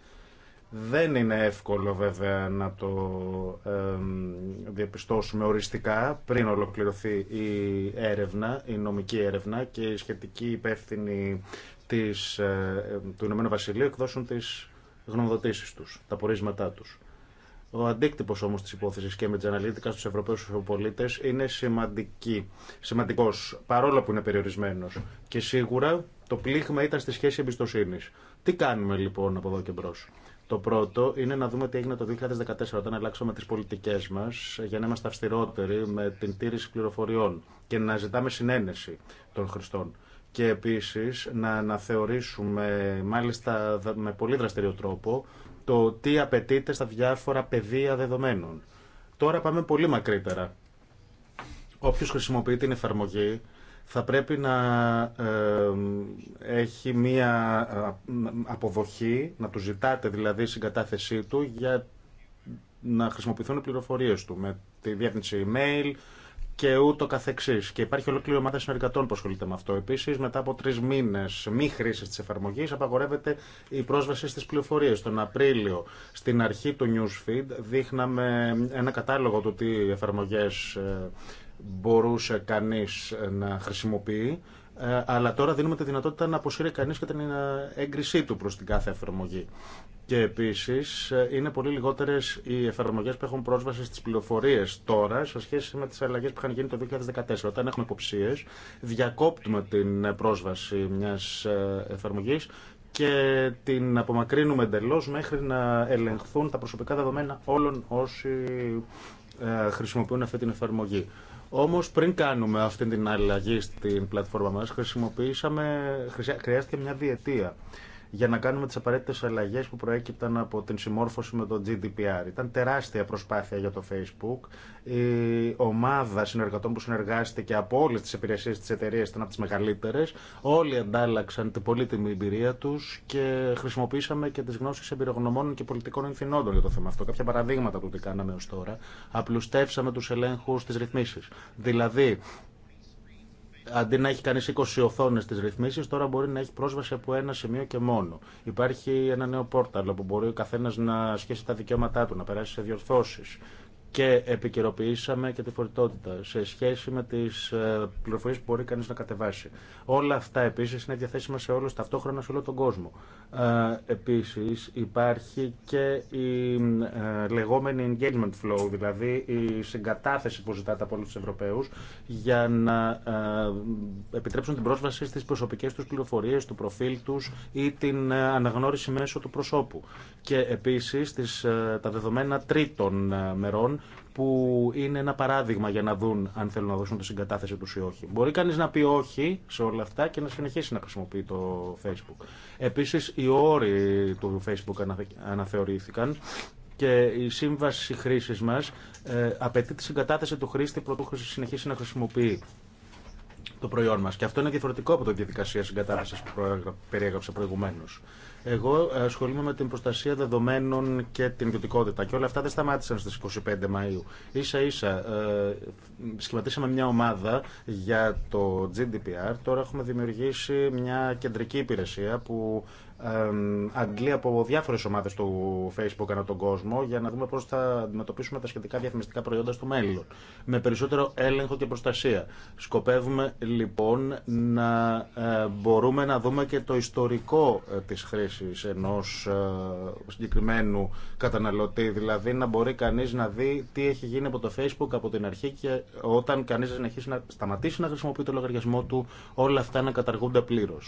Δεν είναι εύκολο βέβαια να το ε, διαπιστώσουμε οριστικά πριν ολοκληρωθεί η έρευνα, η νομική έρευνα και οι σχετικοί υπεύθυνοι της, ε, του Ηνωμένου Βασιλείου εκδώσουν τις γνωμοδοτήσεις τους, τα πορίσματά τους. Ο αντίκτυπος όμως της υπόθεσης και με τις αναλύτικα στους Ευρωπαίους πολίτες είναι σημαντική, σημαντικός, παρόλο που είναι περιορισμένος. Και σίγουρα το πλήγμα ήταν στη σχέση εμπιστοσύνη. Τι κάνουμε λοιπόν από εδώ και μπρος. Το πρώτο είναι να δούμε τι έγινε το 2014 όταν αλλάξαμε τι πολιτικές μας για να είμαστε αυστηρότεροι με την τήρηση πληροφοριών και να ζητάμε συνένεση των χρηστών. Και επίσης να αναθεωρήσουμε μάλιστα με πολύ δραστηριό τρόπο το τι απαιτείται στα διάφορα πεδία δεδομένων. Τώρα πάμε πολύ μακρύτερα. Όποιο χρησιμοποιεί την εφαρμογή θα πρέπει να έχει μία ε, αποδοχή, να του ζητάτε δηλαδή συγκατάθεσή του για να χρησιμοποιηθούν οι πληροφορίες του με τη διεύθυνση email και ούτω καθεξής. Και υπάρχει ολόκληρη ομάδα συνεργατών που ασχολείται με αυτό. Επίσης, μετά από τρεις μήνες μη χρήση της εφαρμογής, απαγορεύεται η πρόσβαση στις πληροφορίες. Τον Απρίλιο, στην αρχή του Newsfeed, δείχναμε ένα κατάλογο του τι εφαρμογές ε, μπορούσε κανείς να χρησιμοποιεί, ε, αλλά τώρα δίνουμε τη δυνατότητα να αποσύρει κανείς και την ε, έγκρισή του προς την κάθε εφαρμογή. Και επίσης ε, είναι πολύ λιγότερες οι εφαρμογές που έχουν πρόσβαση στις πληροφορίες τώρα σε σχέση με τις αλλαγές που είχαν γίνει το 2014. Όταν έχουμε υποψίες, διακόπτουμε την πρόσβαση μιας εφαρμογής και την απομακρύνουμε εντελώ μέχρι να ελεγχθούν τα προσωπικά δεδομένα όλων όσοι χρησιμοποιούν αυτή την εφαρμογή. Όμω πριν κάνουμε αυτή την αλλαγή στην πλατφόρμα μα, χρειάστηκε μια διετία για να κάνουμε τις απαραίτητες αλλαγές που προέκυπταν από την συμμόρφωση με το GDPR. Ήταν τεράστια προσπάθεια για το Facebook. Η ομάδα συνεργατών που συνεργάστηκε από όλες τις υπηρεσίες της εταιρείας ήταν από τις μεγαλύτερες. Όλοι αντάλλαξαν την πολύτιμη εμπειρία τους και χρησιμοποίησαμε και τις γνώσεις εμπειρογνωμών και πολιτικών ενθυνόντων για το θέμα αυτό. Κάποια παραδείγματα του τι κάναμε ως τώρα. Απλουστεύσαμε τους ελέγχους, τις ρυθμίσεις. Δηλαδή, αντί να έχει κάνει 20 οθόνε στις ρυθμίσεις, τώρα μπορεί να έχει πρόσβαση από ένα σημείο και μόνο. Υπάρχει ένα νέο πόρταλ όπου μπορεί ο καθένας να σχέσει τα δικαιώματά του, να περάσει σε διορθώσεις, και επικαιροποιήσαμε και τη φορητότητα σε σχέση με τι ε, πληροφορίε που μπορεί κανεί να κατεβάσει. Όλα αυτά επίση είναι διαθέσιμα σε όλου ταυτόχρονα σε όλο τον κόσμο. Ε, επίση υπάρχει και η ε, λεγόμενη engagement flow, δηλαδή η συγκατάθεση που ζητάτε από όλου του Ευρωπαίου για να επιτρέψουν την πρόσβαση στι προσωπικέ του πληροφορίε, του προφίλ του ή την αναγνώριση μέσω του προσώπου. Και επίση τα δεδομένα τρίτων μερών που είναι ένα παράδειγμα για να δουν αν θέλουν να δώσουν τη συγκατάθεση του ή όχι. Μπορεί κανείς να πει όχι σε όλα αυτά και να συνεχίσει να χρησιμοποιεί το Facebook. Επίσης οι όροι του Facebook αναθεωρήθηκαν και η σύμβαση χρήσης μας ε, απαιτεί τη συγκατάθεση του χρήστη πρωτού συνεχίσει να χρησιμοποιεί το προϊόν μας. Και αυτό είναι διαφορετικό από τη διαδικασία συγκατάθεση που περιέγραψα προηγουμένω. Εγώ ασχολούμαι με την προστασία δεδομένων και την ιδιωτικότητα και όλα αυτά δεν σταμάτησαν στις 25 Μαΐου. Ίσα ίσα ε, σχηματίσαμε μια ομάδα για το GDPR. Τώρα έχουμε δημιουργήσει μια κεντρική υπηρεσία που Αγγλία από διάφορε ομάδε του Facebook ανά τον κόσμο για να δούμε πώ θα αντιμετωπίσουμε τα σχετικά διαφημιστικά προϊόντα στο μέλλον. Με περισσότερο έλεγχο και προστασία. Σκοπεύουμε λοιπόν να ε, μπορούμε να δούμε και το ιστορικό ε, τη χρήση ενό ε, συγκεκριμένου καταναλωτή. Δηλαδή να μπορεί κανεί να δει τι έχει γίνει από το Facebook από την αρχή και όταν κανεί να σταματήσει να χρησιμοποιεί το λογαριασμό του όλα αυτά να καταργούνται πλήρω.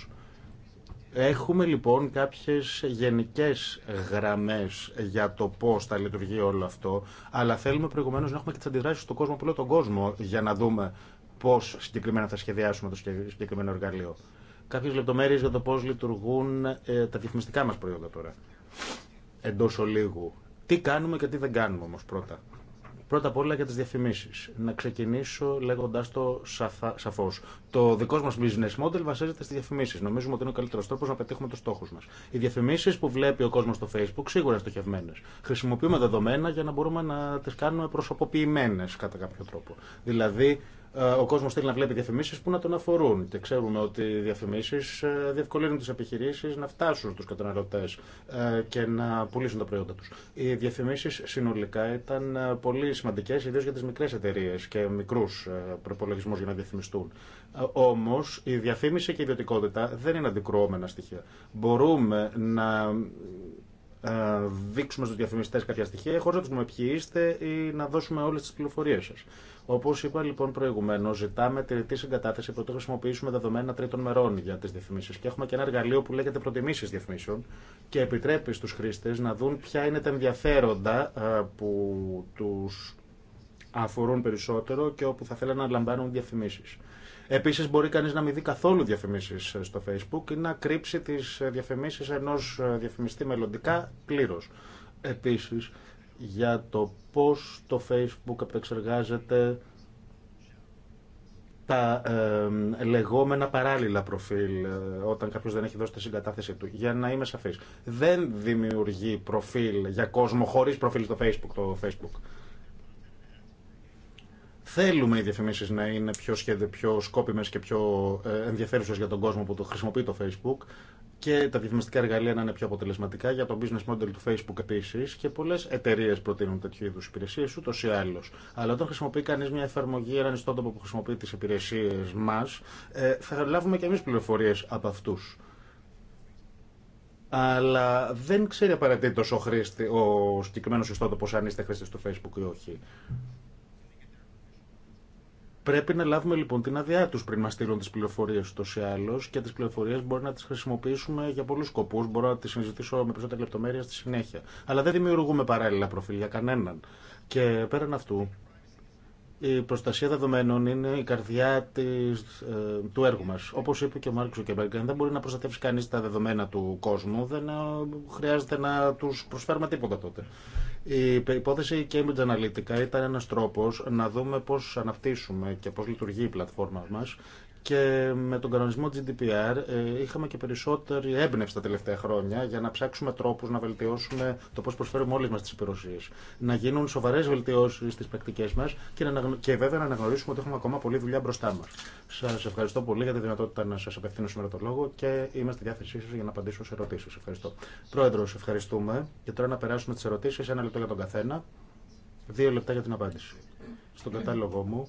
Έχουμε λοιπόν κάποιες γενικές γραμμές για το πώς θα λειτουργεί όλο αυτό, αλλά θέλουμε προηγουμένως να έχουμε και τις αντιδράσεις στον κόσμο, που τον κόσμο, για να δούμε πώς συγκεκριμένα θα σχεδιάσουμε το συγκεκριμένο εργαλείο. Κάποιες λεπτομέρειες για το πώς λειτουργούν ε, τα διαφημιστικά μας προϊόντα τώρα, εντός ολίγου. Τι κάνουμε και τι δεν κάνουμε όμως πρώτα. Πρώτα απ' όλα για τι διαφημίσει. Να ξεκινήσω λέγοντά το σαφώ. Το δικό μα business model βασίζεται στι διαφημίσει. Νομίζουμε ότι είναι ο καλύτερο τρόπο να πετύχουμε του στόχου μα. Οι διαφημίσει που βλέπει ο κόσμο στο Facebook σίγουρα είναι στοχευμένε. Χρησιμοποιούμε δεδομένα για να μπορούμε να τι κάνουμε προσωποποιημένε κατά κάποιο τρόπο. Δηλαδή ε, ο κόσμο θέλει να βλέπει διαφημίσει που να τον αφορούν. Και ξέρουμε ότι οι διαφημίσει ε, διευκολύνουν τι επιχειρήσει να φτάσουν στου καταναλωτέ ε, και να πουλήσουν τα προϊόντα του. Οι διαφημίσει συνολικά ήταν πολύ σημαντικέ, ιδίω για τι μικρέ εταιρείε και μικρού προπολογισμού για να διαφημιστούν. Όμω η διαφήμιση και η ιδιωτικότητα δεν είναι αντικρουόμενα στοιχεία. Μπορούμε να δείξουμε στου διαφημιστέ κάποια στοιχεία χωρί να του πούμε ποιοι είστε ή να δώσουμε όλε τι πληροφορίε. σα. Όπω είπα λοιπόν προηγουμένω, ζητάμε τη ρητή συγκατάθεση πρωτού χρησιμοποιήσουμε δεδομένα τρίτων μερών για τι διαφημίσει. και έχουμε και ένα εργαλείο που λέγεται προτιμήσει διαφημίσεων και επιτρέπει στου χρήστε να δουν ποια είναι τα ενδιαφέροντα ε, που του αφορούν περισσότερο και όπου θα θέλανε να λαμβάνουν διαφημίσει. Επίση, μπορεί κανεί να μην δει καθόλου διαφημίσει ε, στο Facebook ή να κρύψει τι ε, διαφημίσει ενό ε, διαφημιστή μελλοντικά πλήρω. Επίση, για το πώ το Facebook επεξεργάζεται τα λεγόμενα παράλληλα προφίλ όταν κάποιος δεν έχει δώσει τη συγκατάθεσή του. Για να είμαι σαφής, δεν δημιουργεί προφίλ για κόσμο χωρίς προφίλ στο Facebook. Το Facebook. Θέλουμε οι διαφημίσει να είναι πιο, σχέδιο, πιο σκόπιμες και πιο ε, ενδιαφέρουσε για τον κόσμο που το χρησιμοποιεί το Facebook και τα διαφημιστικά εργαλεία να είναι πιο αποτελεσματικά για το business model του Facebook επίση και πολλέ εταιρείε προτείνουν τέτοιου είδου υπηρεσίε ούτω ή άλλω. Αλλά όταν χρησιμοποιεί κανεί μια εφαρμογή, έναν ιστότοπο που χρησιμοποιεί τι υπηρεσίε μα, ε, θα λάβουμε και εμεί πληροφορίε από αυτού. Αλλά δεν ξέρει απαραίτητο ο, χρήστη, ο συγκεκριμένο ιστότοπο αν είστε χρήστη του Facebook ή όχι. Πρέπει να λάβουμε λοιπόν την αδειά του πριν μα στείλουν τι πληροφορίε ούτω ή άλλω και τι πληροφορίε μπορεί να τι χρησιμοποιήσουμε για πολλού σκοπού. Μπορώ να τι συζητήσω με περισσότερα λεπτομέρεια στη συνέχεια. Αλλά δεν δημιουργούμε παράλληλα προφίλ για κανέναν. Και πέραν αυτού, η προστασία δεδομένων είναι η καρδιά της, ε, του έργου μα. Όπω είπε και ο Μάρκο Ζουκεμπέργκ, δεν μπορεί να προστατεύσει κανεί τα δεδομένα του κόσμου, δεν ε, χρειάζεται να του προσφέρουμε τίποτα τότε. Η υπόθεση Cambridge Analytica ήταν ένας τρόπος να δούμε πώς αναπτύσσουμε και πώς λειτουργεί η πλατφόρμα μας και με τον κανονισμό GDPR ε, είχαμε και περισσότερη έμπνευση τα τελευταία χρόνια για να ψάξουμε τρόπου να βελτιώσουμε το πώ προσφέρουμε όλε μα τι υπηρεσίε. Να γίνουν σοβαρέ βελτιώσει στι πρακτικέ μα και, να... και βέβαια να αναγνωρίσουμε ότι έχουμε ακόμα πολλή δουλειά μπροστά μα. Σα ευχαριστώ πολύ για τη δυνατότητα να σα απευθύνω σήμερα το λόγο και είμαι στη διάθεσή σα για να απαντήσω σε ερωτήσει. Ευχαριστώ. Πρόεδρο, ευχαριστούμε. Και τώρα να περάσουμε τι ερωτήσει. Ένα λεπτό για τον καθένα. Δύο λεπτά για την απάντηση. Στον κατάλογο μου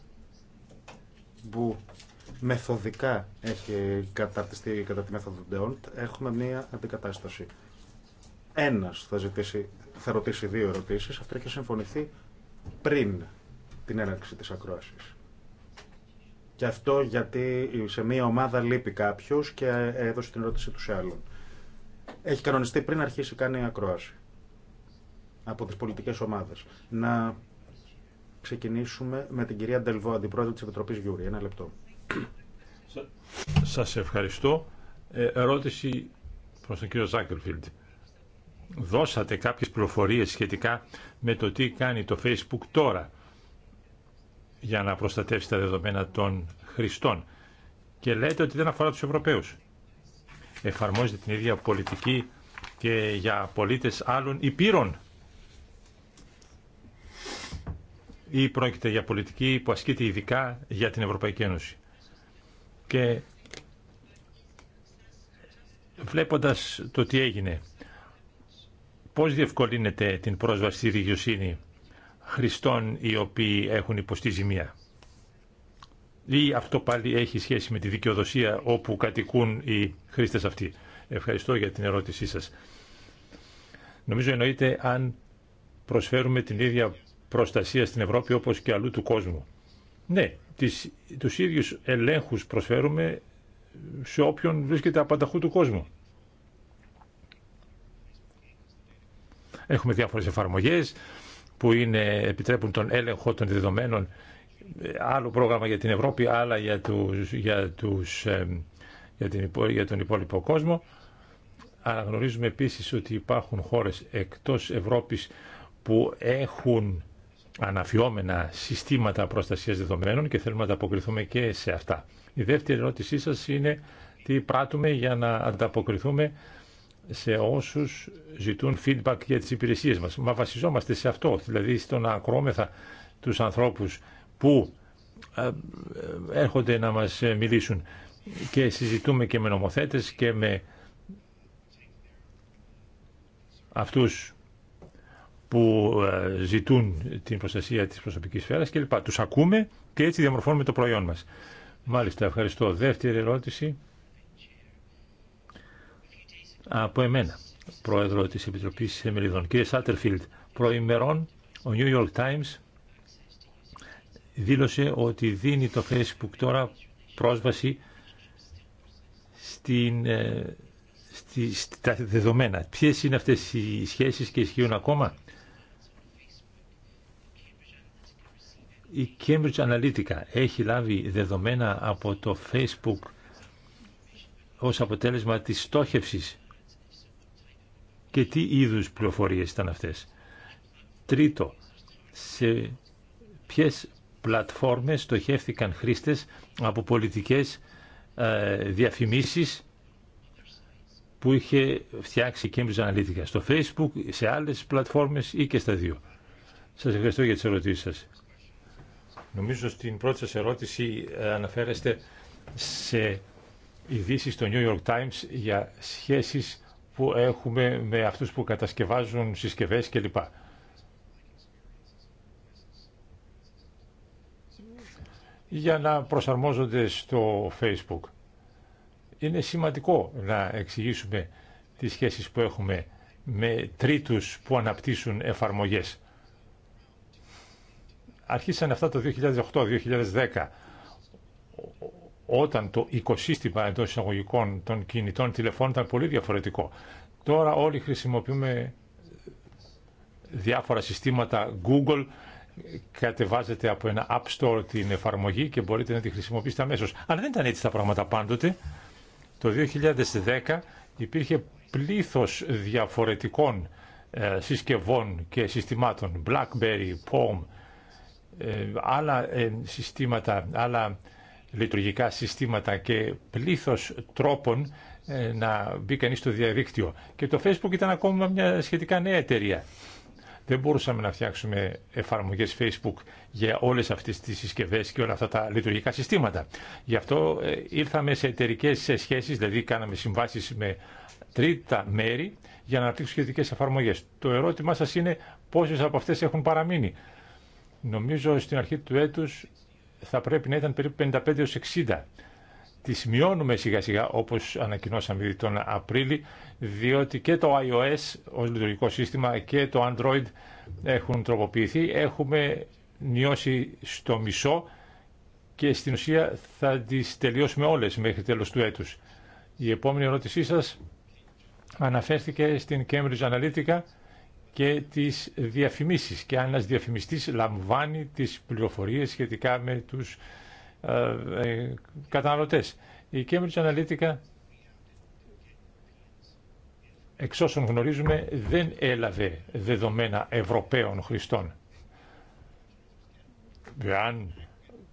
μεθοδικά έχει καταρτιστεί κατά τη μέθοδο Ντεόντ, έχουμε μία αντικατάσταση. Ένα θα, ζητήσει, θα ρωτήσει δύο ερωτήσει, αυτό έχει συμφωνηθεί πριν την έναρξη τη ακρόαση. Και αυτό γιατί σε μία ομάδα λείπει κάποιο και έδωσε την ερώτηση του σε άλλον. Έχει κανονιστεί πριν αρχίσει καν η ακρόαση από τι πολιτικέ ομάδε. Να ξεκινήσουμε με την κυρία Ντελβό, αντιπρόεδρο τη Επιτροπή Γιούρι Ένα λεπτό. Σας ευχαριστώ. Ε, ερώτηση προς τον κύριο Ζάκελφιλντ. Δώσατε κάποιες πληροφορίες σχετικά με το τι κάνει το Facebook τώρα για να προστατεύσει τα δεδομένα των χρηστών και λέτε ότι δεν αφορά τους Ευρωπαίους. Εφαρμόζεται την ίδια πολιτική και για πολίτες άλλων υπήρων. Ή πρόκειται για πολιτική που ασκείται ειδικά για την Ευρωπαϊκή Ένωση και βλέποντας το τι έγινε, πώς διευκολύνεται την πρόσβαση στη δικαιοσύνη χριστών οι οποίοι έχουν υποστεί ζημία. Ή αυτό πάλι έχει σχέση με τη δικαιοδοσία όπου κατοικούν οι χρήστες αυτοί. Ευχαριστώ για την ερώτησή σας. Νομίζω εννοείται αν προσφέρουμε την ίδια προστασία στην Ευρώπη όπως και αλλού του κόσμου. Ναι, τις, τους ίδιους ελέγχους προσφέρουμε σε όποιον βρίσκεται απανταχού του κόσμου. Έχουμε διάφορες εφαρμογές που είναι, επιτρέπουν τον έλεγχο των δεδομένων. Ε, άλλο πρόγραμμα για την Ευρώπη, άλλα για, τους, για, τους, ε, για, την, για τον υπόλοιπο κόσμο. Αναγνωρίζουμε επίσης ότι υπάρχουν χώρες εκτός Ευρώπης που έχουν αναφιόμενα συστήματα προστασία δεδομένων και θέλουμε να ανταποκριθούμε και σε αυτά. Η δεύτερη ερώτησή σας είναι τι πράττουμε για να ανταποκριθούμε σε όσους ζητούν feedback για τις υπηρεσίες μας. Μα βασιζόμαστε σε αυτό, δηλαδή στο να ακρόμεθα τους ανθρώπους που ε, ε, έρχονται να μας μιλήσουν και συζητούμε και με νομοθέτες και με αυτούς που ε, ζητούν την προστασία της προσωπικής σφαίρας κλπ. Τους ακούμε και έτσι διαμορφώνουμε το προϊόν μας. Μάλιστα, ευχαριστώ. Δεύτερη ερώτηση από εμένα, πρόεδρο της Επιτροπής Εμελιδών. Κύριε Σάτερφιλτ, προημερών ο New York Times δήλωσε ότι δίνει το Facebook τώρα πρόσβαση στην, ε, στη, στα δεδομένα. Ποιες είναι αυτές οι σχέσεις και ισχύουν ακόμα. η Cambridge Analytica έχει λάβει δεδομένα από το Facebook ως αποτέλεσμα της στόχευσης και τι είδους πληροφορίες ήταν αυτές. Τρίτο, σε ποιες πλατφόρμες στοχεύτηκαν χρήστες από πολιτικές ε, διαφημίσεις που είχε φτιάξει η Cambridge Analytica στο Facebook, σε άλλες πλατφόρμες ή και στα δύο. Σας ευχαριστώ για τις ερωτήσεις σας. Νομίζω στην πρώτη σας ερώτηση ε, αναφέρεστε σε ειδήσει στο New York Times για σχέσεις που έχουμε με αυτούς που κατασκευάζουν συσκευές κλπ. για να προσαρμόζονται στο Facebook. Είναι σημαντικό να εξηγήσουμε τις σχέσεις που έχουμε με τρίτους που αναπτύσσουν εφαρμογές αρχίσαν αυτά το 2008-2010 όταν το οικοσύστημα εντό εισαγωγικών των κινητών τηλεφώνων ήταν πολύ διαφορετικό. Τώρα όλοι χρησιμοποιούμε διάφορα συστήματα Google, κατεβάζεται από ένα App Store την εφαρμογή και μπορείτε να τη χρησιμοποιήσετε αμέσω. Αλλά δεν ήταν έτσι τα πράγματα πάντοτε. Το 2010 υπήρχε πλήθος διαφορετικών ε, συσκευών και συστημάτων, BlackBerry, Palm... Ε, άλλα ε, συστήματα, άλλα λειτουργικά συστήματα και πλήθος τρόπων ε, να μπει κανείς στο διαδίκτυο. Και το Facebook ήταν ακόμα μια σχετικά νέα εταιρεία. Δεν μπορούσαμε να φτιάξουμε εφαρμογές Facebook για όλες αυτές τις συσκευές και όλα αυτά τα λειτουργικά συστήματα. Γι' αυτό ήρθαμε σε εταιρικέ σχέσεις, δηλαδή κάναμε συμβάσεις με τρίτα μέρη για να αναπτύξουμε σχετικές εφαρμογές. Το ερώτημά σας είναι πόσες από αυτές έχουν παραμείνει. Νομίζω στην αρχή του έτους θα πρέπει να ήταν περίπου 55 60. Τις μειώνουμε σιγά σιγά όπως ανακοινώσαμε ήδη τον Απρίλη διότι και το iOS ως λειτουργικό σύστημα και το Android έχουν τροποποιηθεί. Έχουμε μειώσει στο μισό και στην ουσία θα τις τελειώσουμε όλες μέχρι τέλος του έτους. Η επόμενη ερώτησή σας αναφέρθηκε στην Cambridge Analytica και τις διαφημίσεις και αν ένας διαφημιστής λαμβάνει τις πληροφορίες σχετικά με τους ε, ε καταναλωτές. Η Cambridge Analytica, εξ όσων γνωρίζουμε, δεν έλαβε δεδομένα Ευρωπαίων χρηστών. Εάν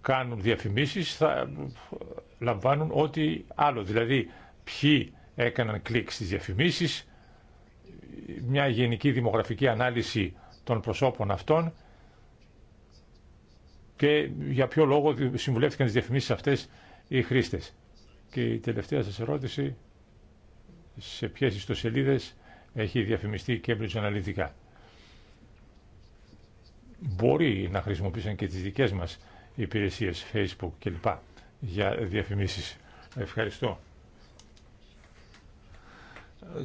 κάνουν διαφημίσεις θα λαμβάνουν ό,τι άλλο. Δηλαδή, ποιοι έκαναν κλικ στις διαφημίσεις, μια γενική δημογραφική ανάλυση των προσώπων αυτών και για ποιο λόγο συμβουλεύτηκαν τις διαφημίσεις αυτές οι χρήστες. Και η τελευταία σας ερώτηση, σε ποιες ιστοσελίδες έχει διαφημιστεί Cambridge Analytica. Μπορεί να χρησιμοποιήσουν και τις δικές μας υπηρεσίες, Facebook κλπ. για διαφημίσεις. Ευχαριστώ.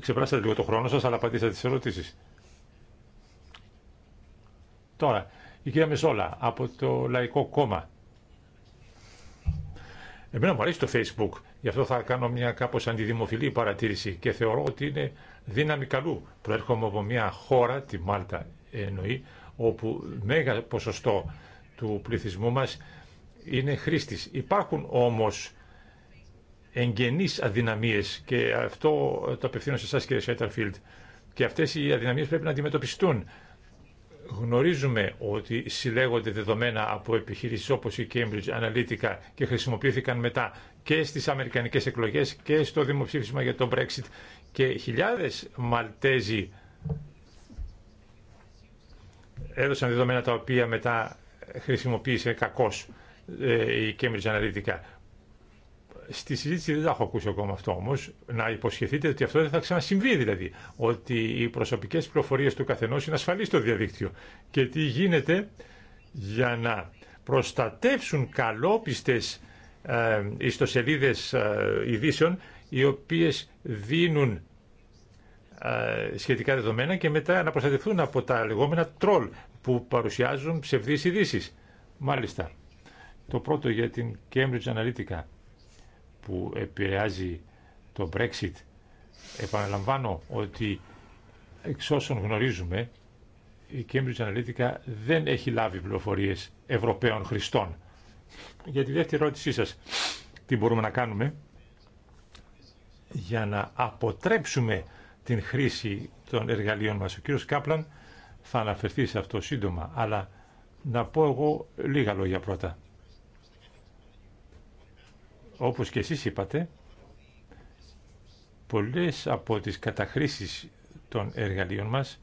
Ξεπεράσατε λίγο το χρόνο σας, αλλά απαντήσατε τις ερωτήσεις. Τώρα, η κυρία Μεσόλα από το Λαϊκό Κόμμα. Εμένα μου αρέσει το Facebook, γι' αυτό θα κάνω μια κάπως αντιδημοφιλή παρατήρηση και θεωρώ ότι είναι δύναμη καλού. Προέρχομαι από μια χώρα, τη Μάλτα εννοεί, όπου μέγα ποσοστό του πληθυσμού μας είναι χρήστης. Υπάρχουν όμως εγγενείς αδυναμίες και αυτό το απευθύνω σε εσάς κύριε Σέτερφιλτ. και αυτές οι αδυναμίες πρέπει να αντιμετωπιστούν. Γνωρίζουμε ότι συλλέγονται δεδομένα από επιχειρήσεις όπως η Cambridge Analytica και χρησιμοποιήθηκαν μετά και στις Αμερικανικές εκλογές και στο δημοψήφισμα για το Brexit και χιλιάδες Μαλτέζοι έδωσαν δεδομένα τα οποία μετά χρησιμοποίησε κακώς ε, η Cambridge Analytica. Στη συζήτηση δεν τα έχω ακούσει ακόμα αυτό όμω. Να υποσχεθείτε ότι αυτό δεν θα ξανασυμβεί δηλαδή. Ότι οι προσωπικέ πληροφορίε του καθενό είναι ασφαλεί στο διαδίκτυο. Και τι γίνεται για να προστατεύσουν καλόπιστε ιστοσελίδε ε, ειδήσεων οι οποίε δίνουν ε, σχετικά δεδομένα και μετά να προστατευτούν από τα λεγόμενα τρόλ που παρουσιάζουν ψευδείς ειδήσει. Μάλιστα. Το πρώτο για την Cambridge Analytica που επηρεάζει το Brexit. Επαναλαμβάνω ότι εξ όσων γνωρίζουμε η Cambridge Analytica δεν έχει λάβει πληροφορίες Ευρωπαίων χρηστών. Για τη δεύτερη ερώτησή σας, τι μπορούμε να κάνουμε για να αποτρέψουμε την χρήση των εργαλείων μας. Ο κύριος Κάπλαν θα αναφερθεί σε αυτό σύντομα, αλλά να πω εγώ λίγα λόγια πρώτα. Όπως και εσείς είπατε, πολλές από τις καταχρήσεις των εργαλείων μας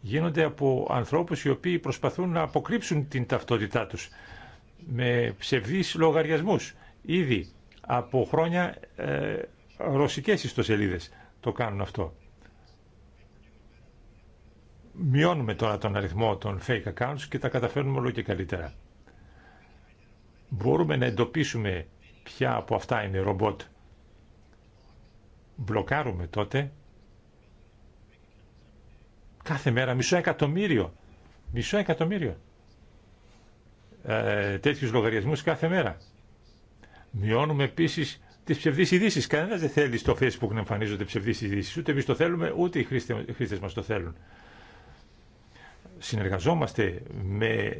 γίνονται από ανθρώπους οι οποίοι προσπαθούν να αποκρύψουν την ταυτότητά τους με ψευδείς λογαριασμούς. Ήδη από χρόνια ε, ρωσικές ιστοσελίδες το κάνουν αυτό. Μειώνουμε τώρα τον αριθμό των fake accounts και τα καταφέρνουμε όλο και καλύτερα. Μπορούμε να ποια από αυτά είναι ρομπότ. Μπλοκάρουμε τότε κάθε μέρα μισό εκατομμύριο. Μισό εκατομμύριο. Ε, τέτοιους λογαριασμούς κάθε μέρα. Μειώνουμε επίσης τις ψευδείς ειδήσει. Κανένας δεν θέλει στο facebook να εμφανίζονται ψευδείς ειδήσει. Ούτε εμείς το θέλουμε, ούτε οι χρήστες μας το θέλουν συνεργαζόμαστε με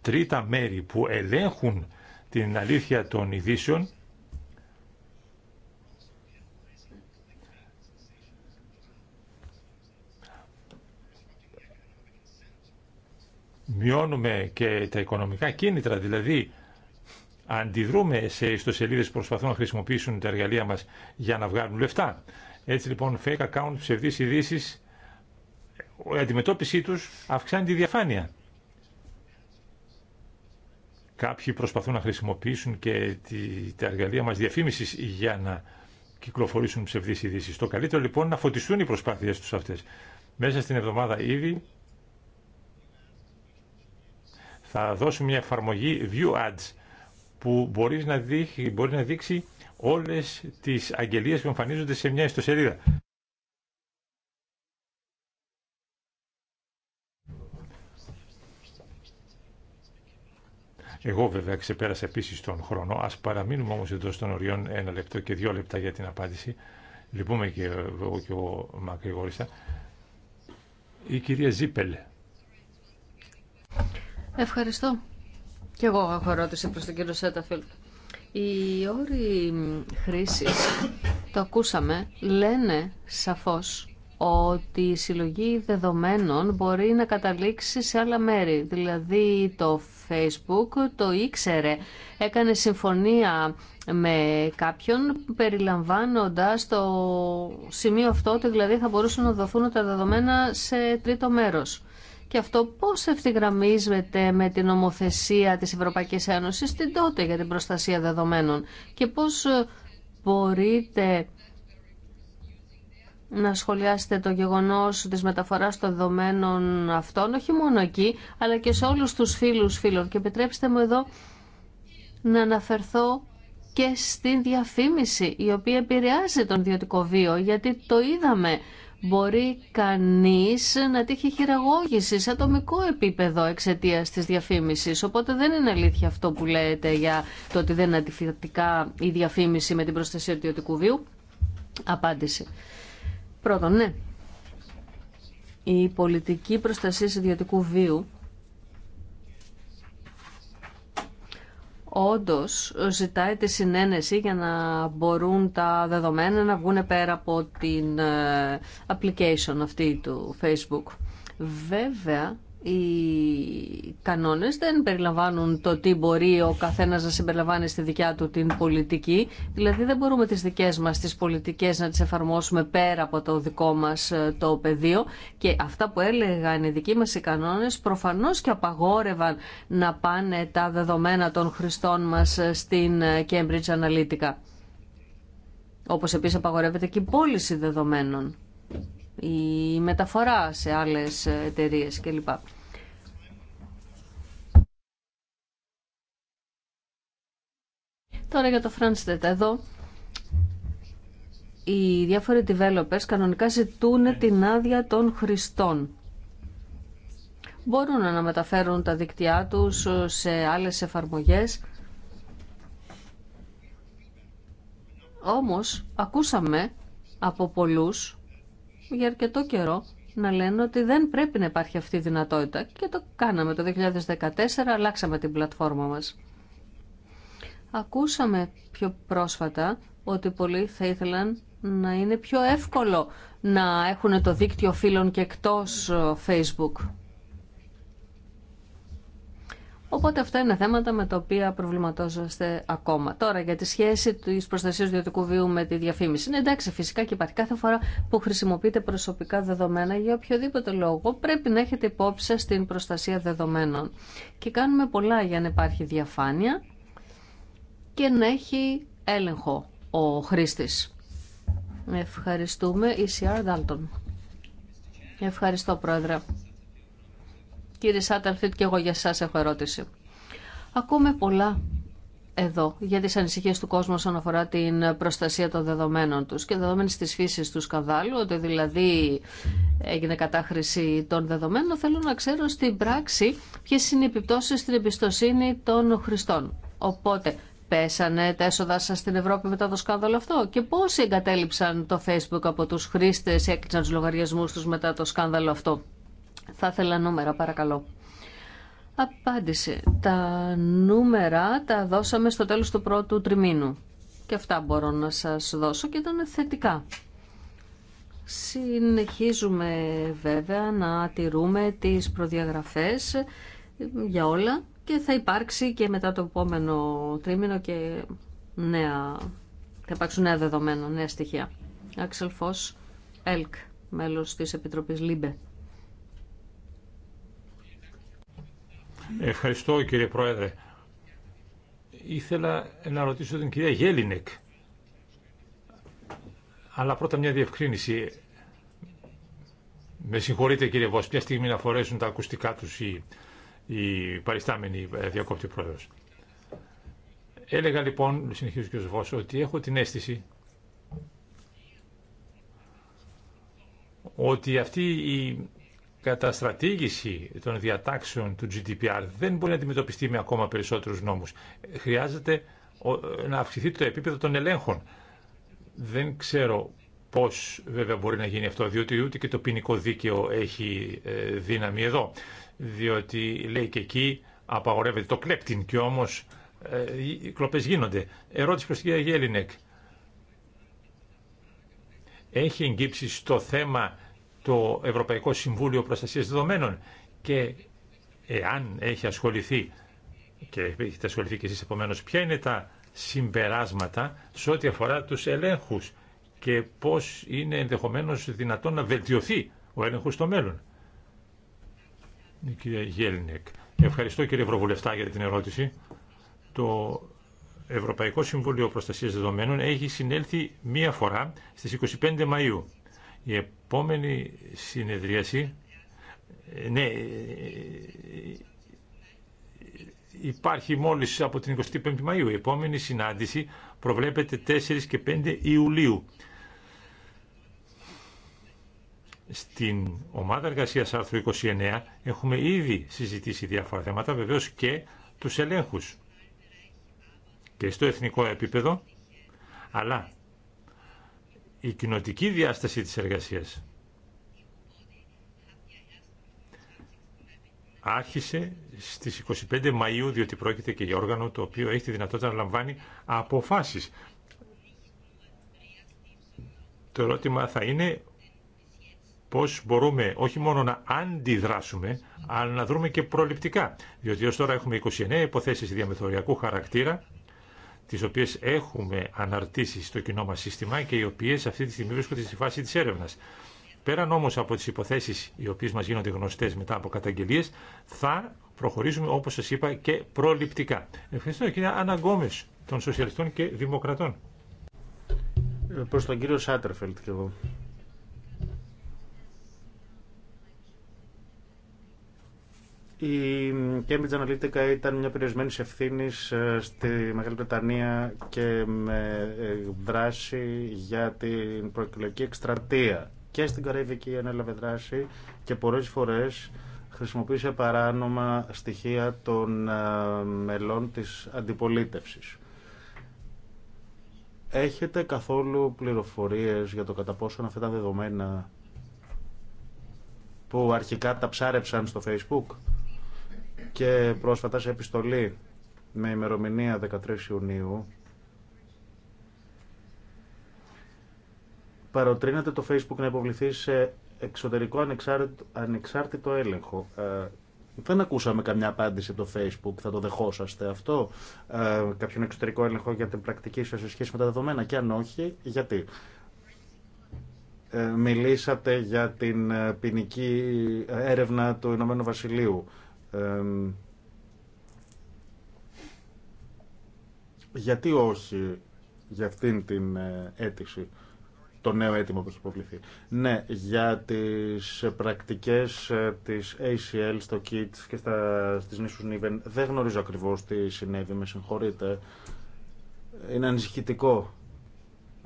τρίτα μέρη που ελέγχουν την αλήθεια των ειδήσεων μειώνουμε και τα οικονομικά κίνητρα, δηλαδή αντιδρούμε σε ιστοσελίδες που προσπαθούν να χρησιμοποιήσουν τα εργαλεία μας για να βγάλουν λεφτά. Έτσι λοιπόν, fake accounts, ψευδείς ειδήσει, η αντιμετώπιση τους αυξάνει τη διαφάνεια. Κάποιοι προσπαθούν να χρησιμοποιήσουν και τα εργαλεία μας διαφήμισης για να κυκλοφορήσουν ψευδείς ειδήσει. Το καλύτερο λοιπόν να φωτιστούν οι προσπάθειές τους αυτές. Μέσα στην εβδομάδα ήδη θα δώσουμε μια εφαρμογή View Ads που μπορείς να μπορεί να δείξει όλες τις αγγελίες που εμφανίζονται σε μια ιστοσελίδα. Εγώ βέβαια ξεπέρασα επίση τον χρόνο. Α παραμείνουμε όμω εντό των οριών ένα λεπτό και δύο λεπτά για την απάντηση. Λυπούμε και εγώ και εγώ μακρηγόρησα. Η κυρία Ζίπελ. Ευχαριστώ. Και εγώ έχω ερώτηση προς τον κύριο Σέταφιλ. Οι όροι χρήσης, το ακούσαμε, λένε σαφώς ότι η συλλογή δεδομένων μπορεί να καταλήξει σε άλλα μέρη. Δηλαδή το Facebook το ήξερε, έκανε συμφωνία με κάποιον περιλαμβάνοντας το σημείο αυτό ότι δηλαδή θα μπορούσαν να δοθούν τα δεδομένα σε τρίτο μέρος. Και αυτό πώς ευθυγραμμίζεται με την νομοθεσία της Ευρωπαϊκής Ένωσης την τότε για την προστασία δεδομένων και πώς μπορείτε να σχολιάσετε το γεγονός της μεταφοράς των δεδομένων αυτών, όχι μόνο εκεί, αλλά και σε όλους τους φίλους φίλων. Και επιτρέψτε μου εδώ να αναφερθώ και στην διαφήμιση, η οποία επηρεάζει τον ιδιωτικό βίο, γιατί το είδαμε. Μπορεί κανείς να τύχει χειραγώγηση σε ατομικό επίπεδο εξαιτία της διαφήμισης. Οπότε δεν είναι αλήθεια αυτό που λέτε για το ότι δεν είναι η διαφήμιση με την προστασία του ιδιωτικού βίου. Απάντηση. Πρώτον, ναι, η πολιτική προστασία ιδιωτικού βίου όντω ζητάει τη συνένεση για να μπορούν τα δεδομένα να βγουν πέρα από την ε, application αυτή του Facebook. Βέβαια, οι κανόνες δεν περιλαμβάνουν το τι μπορεί ο καθένας να συμπεριλαμβάνει στη δικιά του την πολιτική. Δηλαδή δεν μπορούμε τις δικές μας τις πολιτικές να τις εφαρμόσουμε πέρα από το δικό μας ε, το πεδίο. Και αυτά που έλεγαν οι δικοί μας οι κανόνες προφανώς και απαγόρευαν να πάνε τα δεδομένα των χρηστών μας ε, στην ε, Cambridge Analytica. Όπως επίσης απαγορεύεται και η πώληση δεδομένων η μεταφορά σε άλλες εταιρείε κλπ. Τώρα για το φράνστετ εδώ οι διάφοροι developers κανονικά ζητούν την άδεια των χρηστών. Μπορούν να μεταφέρουν τα δίκτυά τους σε άλλες εφαρμογές. Όμως ακούσαμε από πολλούς για αρκετό καιρό να λένε ότι δεν πρέπει να υπάρχει αυτή η δυνατότητα και το κάναμε το 2014, αλλάξαμε την πλατφόρμα μας. Ακούσαμε πιο πρόσφατα ότι πολλοί θα ήθελαν να είναι πιο εύκολο να έχουν το δίκτυο φίλων και εκτός ε, Facebook. Οπότε αυτά είναι θέματα με τα οποία προβληματόσατε ακόμα. Τώρα για τη σχέση τη προστασία ιδιωτικού βίου με τη διαφήμιση. Είναι εντάξει, φυσικά και υπάρχει κάθε φορά που χρησιμοποιείτε προσωπικά δεδομένα για οποιοδήποτε λόγο πρέπει να έχετε υπόψη στην προστασία δεδομένων. Και κάνουμε πολλά για να υπάρχει διαφάνεια και να έχει έλεγχο ο χρήστη. Ευχαριστούμε. ECR Dalton. Ευχαριστώ, Πρόεδρε. Κύριε Σάταλφιτ και εγώ για εσά έχω ερώτηση. Ακούμε πολλά εδώ για τις ανησυχίες του κόσμου όσον αφορά την προστασία των δεδομένων τους και δεδομένης της φύσης του σκανδάλου, ότι δηλαδή έγινε κατάχρηση των δεδομένων, θέλω να ξέρω στην πράξη ποιες είναι οι επιπτώσεις στην εμπιστοσύνη των χρηστών. Οπότε, πέσανε τα έσοδά σας στην Ευρώπη μετά το σκάνδαλο αυτό και πώς εγκατέλειψαν το Facebook από τους χρήστες, έκλεισαν του λογαριασμούς του μετά το σκάνδαλο αυτό. Θα ήθελα νούμερα, παρακαλώ. Απάντηση. Τα νούμερα τα δώσαμε στο τέλος του πρώτου τριμήνου. Και αυτά μπορώ να σας δώσω και ήταν θετικά. Συνεχίζουμε βέβαια να τηρούμε τις προδιαγραφές για όλα και θα υπάρξει και μετά το επόμενο τρίμηνο και νέα, θα υπάρξουν νέα δεδομένα, νέα στοιχεία. Άξελ Φως, ΕΛΚ, μέλος της Επιτροπής ΛΥΜΠΕ. Ευχαριστώ κύριε Πρόεδρε. Ήθελα να ρωτήσω την κυρία Γέλινεκ. Αλλά πρώτα μια διευκρίνηση. Με συγχωρείτε κύριε Βος, ποια στιγμή να φορέσουν τα ακουστικά τους οι, οι παριστάμενοι ε, διακόπτη πρόεδρος. Έλεγα λοιπόν, συνεχίζει ο ότι έχω την αίσθηση ότι αυτή η καταστρατήγηση των διατάξεων του GDPR δεν μπορεί να αντιμετωπιστεί με ακόμα περισσότερους νόμους. Χρειάζεται να αυξηθεί το επίπεδο των ελέγχων. Δεν ξέρω πώς βέβαια μπορεί να γίνει αυτό, διότι ούτε και το ποινικό δίκαιο έχει ε, δύναμη εδώ. Διότι λέει και εκεί απαγορεύεται το κλέπτην και όμως ε, οι κλοπές γίνονται. Ερώτηση προς την κυρία Γέλινεκ. Έχει εγγύψει στο θέμα το Ευρωπαϊκό Συμβούλιο Προστασίας Δεδομένων και εάν έχει ασχοληθεί και έχετε ασχοληθεί και εσείς επομένως ποια είναι τα συμπεράσματα σε ό,τι αφορά τους ελέγχους και πώς είναι ενδεχομένως δυνατόν να βελτιωθεί ο έλεγχος στο μέλλον. Ευχαριστώ κύριε Ευρωβουλευτά για την ερώτηση. Το Ευρωπαϊκό Συμβούλιο Προστασίας Δεδομένων έχει συνέλθει μία φορά στις 25 Μαΐου επόμενη συνεδρίαση ναι, υπάρχει μόλις από την 25η Μαΐου. Η επόμενη συνάντηση προβλέπεται 4 και 5 Ιουλίου. Στην ομάδα εργασίας άρθρου 29 έχουμε ήδη συζητήσει διάφορα θέματα, βεβαίως και τους ελέγχους και στο εθνικό επίπεδο, αλλά η κοινοτική διάσταση της εργασίας άρχισε στις 25 Μαΐου, διότι πρόκειται και για όργανο το οποίο έχει τη δυνατότητα να λαμβάνει αποφάσεις. Το ερώτημα θα είναι πώς μπορούμε όχι μόνο να αντιδράσουμε, αλλά να δρούμε και προληπτικά. Διότι ως τώρα έχουμε 29 υποθέσεις διαμεθοριακού χαρακτήρα, τις οποίες έχουμε αναρτήσει στο κοινό μας σύστημα και οι οποίες αυτή τη στιγμή βρίσκονται στη φάση της έρευνας. Πέραν όμως από τις υποθέσεις οι οποίες μας γίνονται γνωστές μετά από καταγγελίες, θα προχωρήσουμε όπως σας είπα και προληπτικά. Ευχαριστώ κυρία Αναγκόμες των Σοσιαλιστών και Δημοκρατών. Ε, προς τον κύριο Σάτερφελτ και εγώ. Η Cambridge Analytica ήταν μια περιορισμένη ευθύνη ε, στη Μεγάλη Βρετανία και με ε, δράση για την προεκλογική εκστρατεία. Και στην Καραϊβική ανέλαβε δράση και πολλές φορές χρησιμοποίησε παράνομα στοιχεία των ε, μελών της αντιπολίτευσης. Έχετε καθόλου πληροφορίες για το κατά πόσο αυτά τα δεδομένα που αρχικά τα ψάρεψαν στο Facebook και πρόσφατα σε επιστολή με ημερομηνία 13 Ιουνίου παροτρύνεται το Facebook να υποβληθεί σε εξωτερικό ανεξάρτητο, έλεγχο. Ε, δεν ακούσαμε καμιά απάντηση από το Facebook. Θα το δεχόσαστε αυτό, ε, κάποιον εξωτερικό έλεγχο για την πρακτική σας σε σχέση με τα δεδομένα. Και αν όχι, γιατί. Ε, μιλήσατε για την ε, ποινική ε, έρευνα του Ηνωμένου Βασιλείου γιατί όχι για αυτήν την ε, αίτηση, το νέο αίτημα που έχει υποβληθεί. Ναι, για τις πρακτικές ε, της ACL στο KITS και στα, στις νήσους Νίβεν δεν γνωρίζω ακριβώς τι συνέβη, με συγχωρείτε. Είναι ανησυχητικό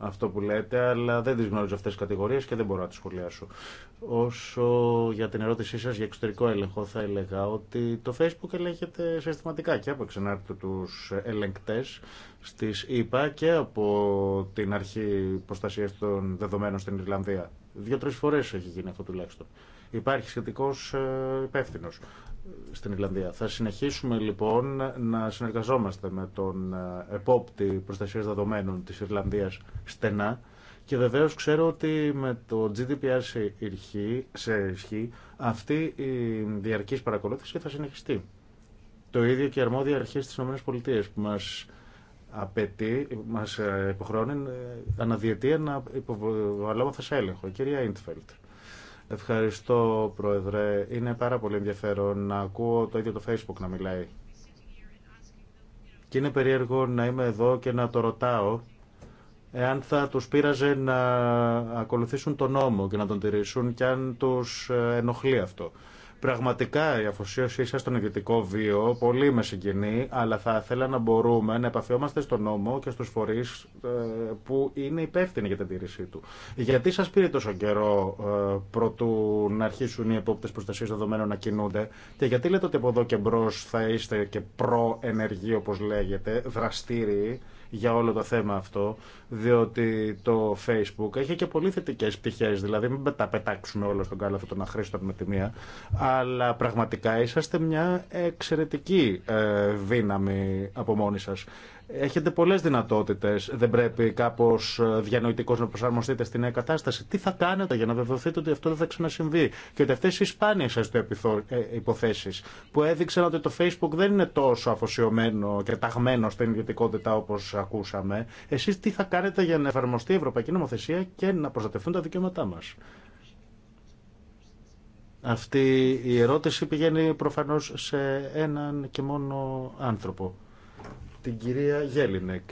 αυτό που λέτε, αλλά δεν τις γνωρίζω αυτές τις κατηγορίες και δεν μπορώ να τις σχολιάσω. Όσο για την ερώτησή σας για εξωτερικό έλεγχο θα έλεγα ότι το Facebook ελέγχεται συστηματικά και από εξενάρτητο τους ελεγκτές στις ίπα και από την αρχή προστασία των δεδομένων στην Ιρλανδία. Δύο-τρεις φορές έχει γίνει αυτό τουλάχιστον. Υπάρχει σχετικός ε, υπεύθυνο στην Ιρλανδία. Θα συνεχίσουμε λοιπόν να συνεργαζόμαστε με τον ε, επόπτη προστασίας δεδομένων της Ιρλανδίας στενά και βεβαίως ξέρω ότι με το GDPR σε ισχύ, σε ισχύ αυτή η διαρκής παρακολούθηση θα συνεχιστεί. Το ίδιο και η αρμόδια αρχή στις ΗΠΑ που μας απαιτεί, μας ε, υποχρώνει ε, αναδιαιτία να σε έλεγχο. κυρία Ιντφελτ. Ευχαριστώ, Πρόεδρε. Είναι πάρα πολύ ενδιαφέρον να ακούω το ίδιο το Facebook να μιλάει. Και είναι περίεργο να είμαι εδώ και να το ρωτάω εάν θα τους πείραζε να ακολουθήσουν τον νόμο και να τον τηρήσουν και αν τους ε, ενοχλεί αυτό. Πραγματικά η αφοσίωσή σα στον ιδιωτικό βίο πολύ με συγκινεί, αλλά θα ήθελα να μπορούμε να επαφιόμαστε στον νόμο και στου φορεί ε, που είναι υπεύθυνοι για την τήρησή του. Γιατί σα πήρε τόσο καιρό ε, πρωτού να αρχίσουν οι επόπτε προστασία δεδομένων να κινούνται και γιατί λέτε ότι από εδώ και μπρο θα είστε και προ όπω λέγεται, δραστήριοι για όλο το θέμα αυτό, διότι το Facebook έχει και πολύ θετικέ πτυχέ. Δηλαδή, μην τα πετάξουμε όλα στον κάλαθο των αχρήστων με τη μία, αλλά πραγματικά είσαστε μια εξαιρετική ε, δύναμη από μόνοι σα. Έχετε πολλέ δυνατότητε. Δεν πρέπει κάπω ε, διανοητικό να προσαρμοστείτε στη νέα κατάσταση. Τι θα κάνετε για να βεβαιωθείτε ότι αυτό δεν θα ξανασυμβεί και ότι αυτέ οι σπάνιε υποθέσει που έδειξαν ότι το Facebook δεν είναι τόσο αφοσιωμένο και ταγμένο στην ιδιωτικότητα όπω ακούσαμε, εσεί τι θα κάνετε για να εφαρμοστεί η Ευρωπαϊκή Νομοθεσία και να προστατευτούν τα δικαιώματά μα. Αυτή η ερώτηση πηγαίνει προφανώς σε έναν και μόνο άνθρωπο την κυρία Γέλινεκ.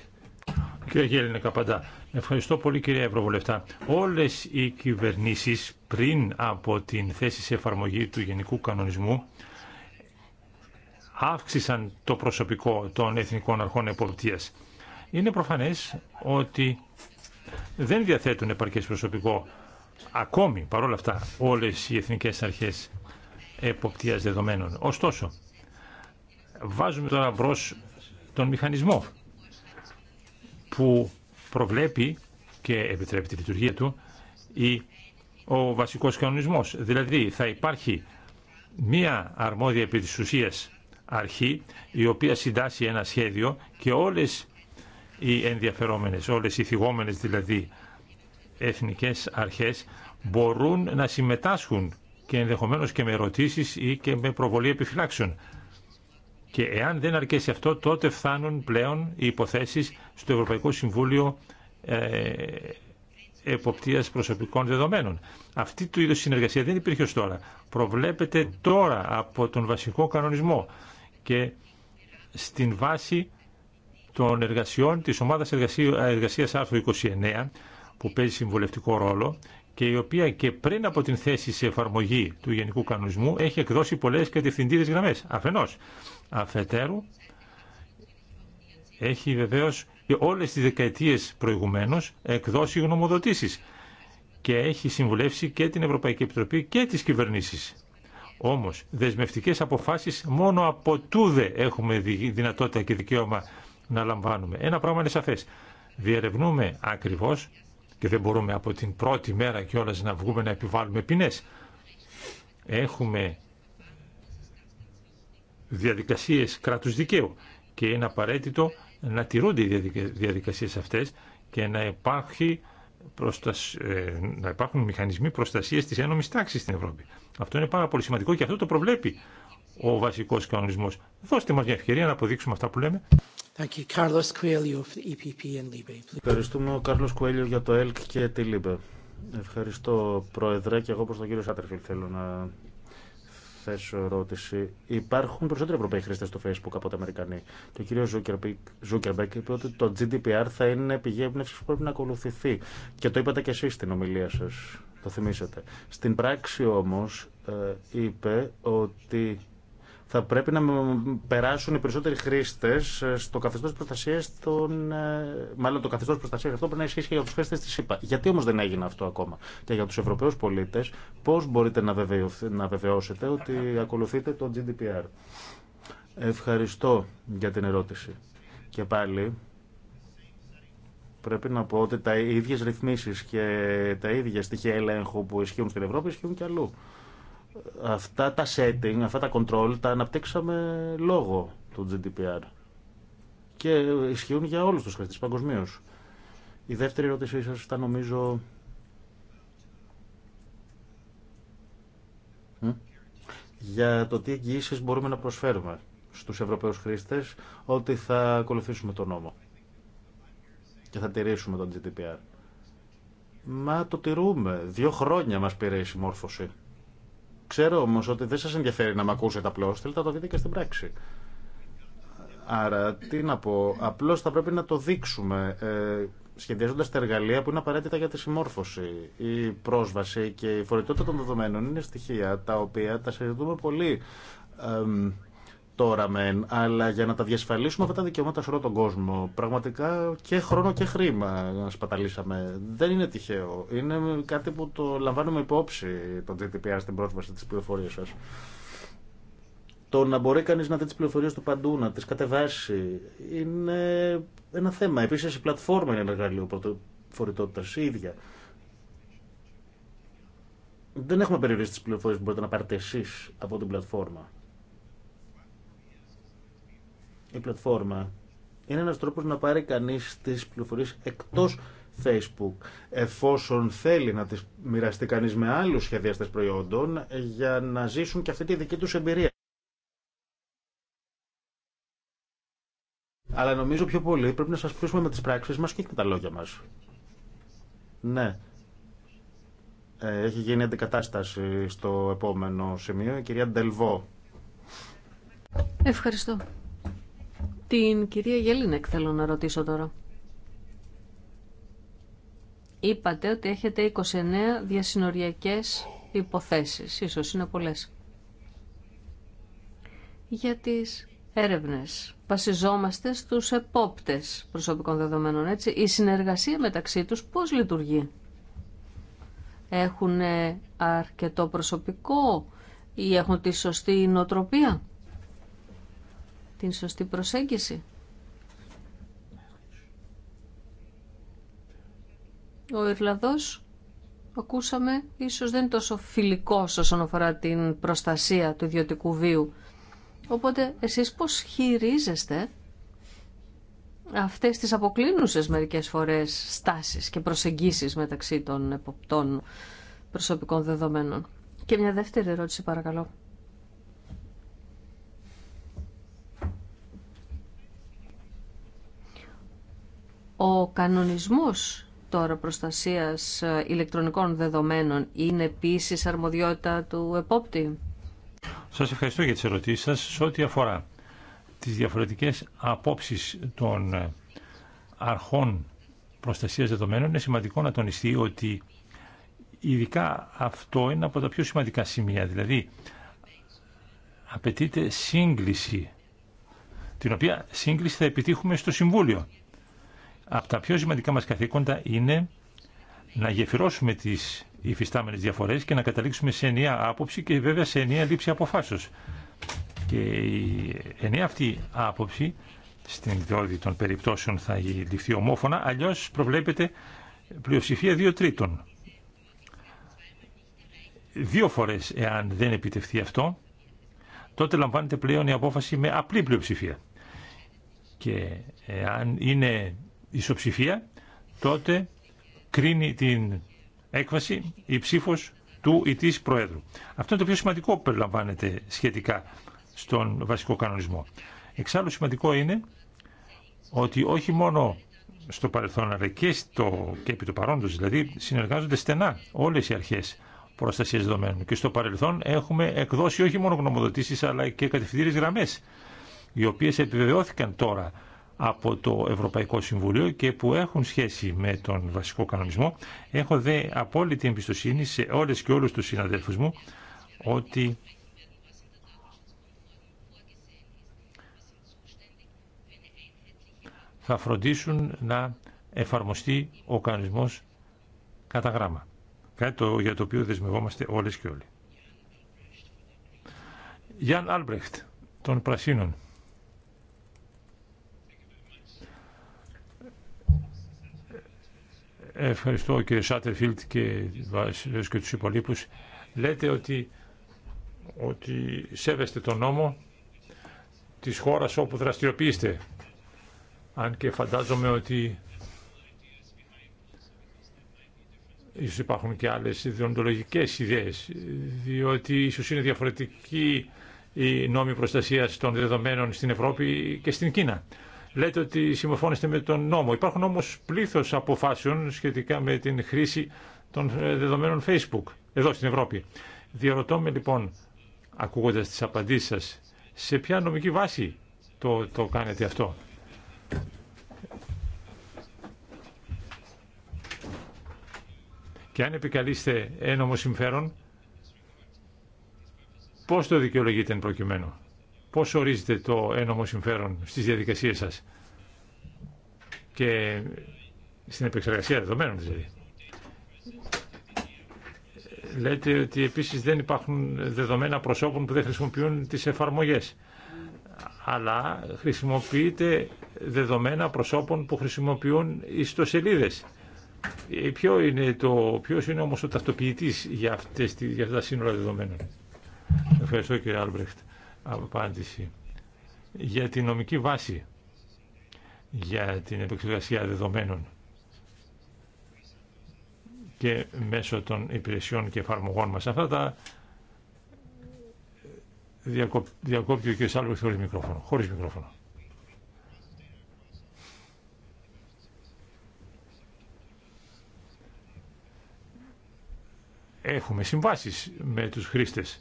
Κύριε Γέλινεκ, απαντά. Ευχαριστώ πολύ κυρία Ευρωβουλευτά. Όλες οι κυβερνήσεις πριν από την θέση σε εφαρμογή του Γενικού Κανονισμού αύξησαν το προσωπικό των Εθνικών Αρχών Εποπτείας. Είναι προφανές ότι δεν διαθέτουν επαρκές προσωπικό ακόμη παρόλα αυτά όλες οι Εθνικές Αρχές Εποπτείας Δεδομένων. Ωστόσο, βάζουμε τώρα μπρος τον μηχανισμό που προβλέπει και επιτρέπει τη λειτουργία του η, ο βασικός κανονισμός. Δηλαδή θα υπάρχει μία αρμόδια επί αρχή η οποία συντάσσει ένα σχέδιο και όλες οι ενδιαφερόμενες, όλες οι θυγόμενες δηλαδή εθνικές αρχές μπορούν να συμμετάσχουν και ενδεχομένως και με ερωτήσει ή και με προβολή επιφυλάξεων. Και εάν δεν αρκέσει αυτό, τότε φτάνουν πλέον οι υποθέσεις στο Ευρωπαϊκό Συμβούλιο ε, Εποπτείας Προσωπικών Δεδομένων. Αυτή του είδους συνεργασία δεν υπήρχε ως τώρα. Προβλέπεται τώρα από τον βασικό κανονισμό και στην βάση των εργασιών της ομάδας ε, εργασίας Άρθρο 29 που παίζει συμβουλευτικό ρόλο και η οποία και πριν από την θέση σε εφαρμογή του Γενικού Κανονισμού έχει εκδώσει πολλές κατευθυντήρες γραμμές. Αφενός, αφετέρου, έχει βεβαίως και όλες τις δεκαετίες προηγουμένως εκδώσει γνωμοδοτήσεις και έχει συμβουλεύσει και την Ευρωπαϊκή Επιτροπή και τις κυβερνήσεις. Όμως, δεσμευτικές αποφάσεις μόνο από τούδε έχουμε δυνατότητα και δικαίωμα να λαμβάνουμε. Ένα πράγμα είναι σαφές. Διερευνούμε ακριβώς και δεν μπορούμε από την πρώτη μέρα κιόλας να βγούμε να επιβάλλουμε ποινές. Έχουμε διαδικασίες κράτους δικαίου και είναι απαραίτητο να τηρούνται οι διαδικασίες αυτές και να, υπάρχει προστασ... Ε, να υπάρχουν μηχανισμοί προστασίας της ένωμης τάξης στην Ευρώπη. Αυτό είναι πάρα πολύ σημαντικό και αυτό το προβλέπει ο βασικός κανονισμός. Δώστε μας μια ευκαιρία να αποδείξουμε αυτά που λέμε. Ευχαριστούμε ο Κάρλος Κουέλιο για το ΕΛΚ και τη ΛΥΜΠΕ. Ευχαριστώ Πρόεδρε και εγώ προς τον κύριο Σάτερφιλ θέλω να θέσω ερώτηση. Υπάρχουν περισσότεροι Ευρωπαίοι χρήστε στο Facebook από τα Αμερικανοί. Και ο κύριο Ζούκερμπεκ είπε ότι το GDPR θα είναι πηγή έμπνευση που πρέπει να ακολουθηθεί. Και το είπατε και εσεί στην ομιλία σα. Το θυμήσατε. Στην πράξη όμω ε, είπε ότι θα πρέπει να περάσουν οι περισσότεροι χρήστε ε, στο καθεστώ προστασία των. Ε, μάλλον το καθεστώ προστασία αυτό πρέπει να ισχύσει και για του χρήστε τη ΕΠΑ. Γιατί όμω δεν έγινε αυτό ακόμα. Και για του Ευρωπαίου πολίτε, πώ μπορείτε να, να βεβαιώσετε ότι ακολουθείτε το GDPR. Ευχαριστώ για την ερώτηση. Και πάλι πρέπει να πω ότι τα ίδιες ρυθμίσει και τα ίδια στοιχεία ελέγχου που ισχύουν στην Ευρώπη ισχύουν και αλλού. Αυτά τα setting, αυτά τα control τα αναπτύξαμε λόγω του GDPR και ισχύουν για όλους τους χρήστες παγκοσμίω. Η δεύτερη ερώτησή σας ήταν νομίζω... Για το τι εγγυήσει μπορούμε να προσφέρουμε στους Ευρωπαίους χρήστες ότι θα ακολουθήσουμε τον νόμο και θα τηρήσουμε τον GDPR. Μα το τηρούμε. Δύο χρόνια μας πήρε η συμμόρφωση. Ξέρω όμω ότι δεν σα ενδιαφέρει να με ακούσετε απλώ. Θέλετε να το δείτε και στην πράξη. Άρα, τι να πω. Απλώ θα πρέπει να το δείξουμε. Ε, Σχεδιάζοντα τα εργαλεία που είναι απαραίτητα για τη συμμόρφωση. Η πρόσβαση και η φορητότητα των δεδομένων είναι στοιχεία τα οποία τα συζητούμε πολύ. Ε, τώρα μεν, αλλά για να τα διασφαλίσουμε αυτά τα δικαιώματα σε όλο τον κόσμο, πραγματικά και χρόνο και χρήμα να σπαταλήσαμε. Δεν είναι τυχαίο. Είναι κάτι που το λαμβάνουμε υπόψη το GDPR στην πρόσβαση τη πληροφορία σα. Το να μπορεί κανεί να δει τι πληροφορίε του παντού, να τι κατεβάσει, είναι ένα θέμα. Επίση, η πλατφόρμα είναι ένα εργαλείο πρωτοφορητότητα η ίδια. Δεν έχουμε περιορίσει τι πληροφορίε που μπορείτε να πάρετε εσεί από την πλατφόρμα η πλατφόρμα είναι ένας τρόπος να πάρει κανείς τις πληροφορίες εκτός Facebook εφόσον θέλει να τις μοιραστεί κανείς με άλλους σχεδιαστές προϊόντων για να ζήσουν και αυτή τη δική τους εμπειρία. Αλλά νομίζω πιο πολύ πρέπει να σας πείσουμε με τις πράξεις μας και με τα λόγια μας. Ναι. Ε, έχει γίνει αντικατάσταση στο επόμενο σημείο. Η κυρία Ντελβό. Ευχαριστώ. Την κυρία Γελίνεκ θέλω να ρωτήσω τώρα. Είπατε ότι έχετε 29 διασυνοριακές υποθέσεις, ίσως είναι πολλές. Για τις έρευνες Πασιζόμαστε στους επόπτες προσωπικών δεδομένων, έτσι. Η συνεργασία μεταξύ τους πώς λειτουργεί. Έχουν αρκετό προσωπικό ή έχουν τη σωστή νοοτροπία την σωστή προσέγγιση. Ο Ιρλανδός, ακούσαμε, ίσως δεν είναι τόσο φιλικός όσον αφορά την προστασία του ιδιωτικού βίου. Οπότε εσείς πώς χειρίζεστε αυτές τις αποκλίνουσες μερικές φορές στάσεις και προσεγγίσεις μεταξύ των εποπτών προσωπικών δεδομένων. Και μια δεύτερη ερώτηση παρακαλώ. Ο κανονισμός τώρα προστασίας ε, ηλεκτρονικών δεδομένων είναι επίση αρμοδιότητα του επόπτη. Σας ευχαριστώ για τις ερωτήσεις σας. Σε ό,τι αφορά τις διαφορετικές απόψεις των ε, αρχών προστασίας δεδομένων, είναι σημαντικό να τονιστεί ότι ειδικά αυτό είναι από τα πιο σημαντικά σημεία. Δηλαδή, απαιτείται σύγκληση, την οποία σύγκληση θα επιτύχουμε στο Συμβούλιο. Από τα πιο σημαντικά μας καθήκοντα είναι να γεφυρώσουμε τις υφιστάμενες διαφορές και να καταλήξουμε σε ενιαία άποψη και βέβαια σε ενιαία λήψη αποφάσεως. Και η ενιαία αυτή άποψη στην διόδη των περιπτώσεων θα ληφθεί ομόφωνα, αλλιώς προβλέπεται πλειοψηφία δύο τρίτων. Δύο φορές εάν δεν επιτευχθεί αυτό, τότε λαμβάνεται πλέον η απόφαση με απλή πλειοψηφία. Και εάν είναι ισοψηφία, τότε κρίνει την έκβαση η ψήφος του ή της Προέδρου. Αυτό είναι το πιο σημαντικό που περιλαμβάνεται σχετικά στον βασικό κανονισμό. Εξάλλου σημαντικό είναι ότι όχι μόνο στο παρελθόν αλλά και, στο, και επί το παρόντος, δηλαδή συνεργάζονται στενά όλες οι αρχές προστασίας δεδομένων και στο παρελθόν έχουμε εκδώσει όχι μόνο γνωμοδοτήσεις αλλά και κατευθυντήρες γραμμές οι οποίες επιβεβαιώθηκαν τώρα από το Ευρωπαϊκό Συμβουλίο και που έχουν σχέση με τον βασικό κανονισμό. Έχω δε απόλυτη εμπιστοσύνη σε όλες και όλους τους συναδέλφους μου ότι θα φροντίσουν να εφαρμοστεί ο κανονισμός κατά γράμμα. Κάτι το, για το οποίο δεσμευόμαστε όλες και όλοι. Γιάνν Άλμπρεχτ των Πρασίνων. Ευχαριστώ κύριε Σάτερφιλτ και και τους υπολείπους. Λέτε ότι, ότι σέβεστε τον νόμο της χώρας όπου δραστηριοποιείστε. Αν και φαντάζομαι ότι ίσως υπάρχουν και άλλες ιδεοντολογικές ιδέες, διότι ίσως είναι διαφορετική η νόμη προστασίας των δεδομένων στην Ευρώπη και στην Κίνα λέτε ότι συμμορφώνεστε με τον νόμο. Υπάρχουν όμως πλήθος αποφάσεων σχετικά με την χρήση των ε, δεδομένων Facebook εδώ στην Ευρώπη. Διαρωτώ με λοιπόν, ακούγοντας τις απαντήσεις σας, σε ποια νομική βάση το, το κάνετε αυτό. Και αν επικαλείστε ένομο συμφέρον, πώς το δικαιολογείτε εν προκειμένου. Πώς ορίζετε το ένομο συμφέρον στις διαδικασίες σας και στην επεξεργασία δεδομένων δηλαδή. Λέτε ότι επίσης δεν υπάρχουν δεδομένα προσώπων που δεν χρησιμοποιούν τις εφαρμογές. Αλλά χρησιμοποιείτε δεδομένα προσώπων που χρησιμοποιούν ιστοσελίδες. Ε, ποιο είναι το, ποιος είναι όμως ο ταυτοποιητής για, αυτές, για αυτά τα σύνορα δεδομένων. Ευχαριστώ κύριε Άλμπρεχτ απάντηση. Για την νομική βάση για την επεξεργασία δεδομένων και μέσω των υπηρεσιών και εφαρμογών μας. Αυτά τα διακόπτει ο κ. Σάλβος χωρίς μικρόφωνο. Χωρίς μικρόφωνο. Έχουμε συμβάσεις με τους χρήστες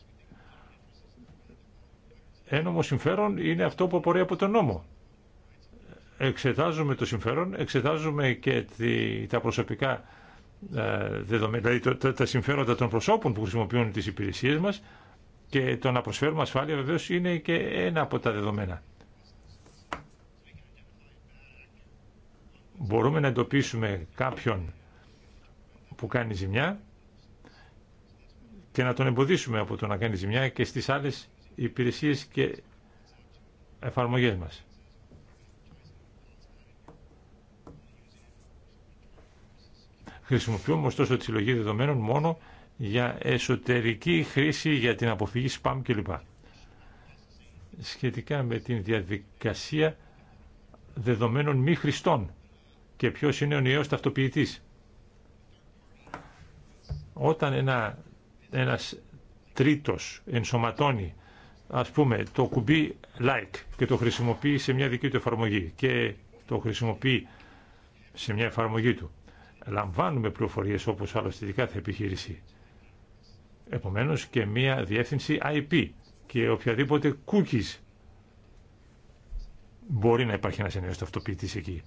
ένομο συμφέρον είναι αυτό που απορρέει από τον νόμο. Εξετάζουμε το συμφέρον, εξετάζουμε και τη, τα προσωπικά ε, δεδομένα, δηλαδή τα, συμφέροντα των προσώπων που χρησιμοποιούν τις υπηρεσίες μας και το να προσφέρουμε ασφάλεια βεβαίως είναι και ένα από τα δεδομένα. Μπορούμε να εντοπίσουμε κάποιον που κάνει ζημιά και να τον εμποδίσουμε από το να κάνει ζημιά και στις άλλες υπηρεσίες και εφαρμογές μας. Χρησιμοποιούμε ωστόσο τη συλλογή δεδομένων μόνο για εσωτερική χρήση για την αποφυγή spam κλπ. Σχετικά με την διαδικασία δεδομένων μη χρηστών και ποιος είναι ο νέος ταυτοποιητής. Όταν ένα, ένας τρίτος ενσωματώνει ας πούμε, το κουμπί like και το χρησιμοποιεί σε μια δική του εφαρμογή και το χρησιμοποιεί σε μια εφαρμογή του. Λαμβάνουμε πληροφορίες όπως άλλωστε η κάθε επιχείρηση. Επομένως και μια διεύθυνση IP και οποιαδήποτε cookies μπορεί να υπάρχει ένα ενέργειο ταυτοποιητή εκεί.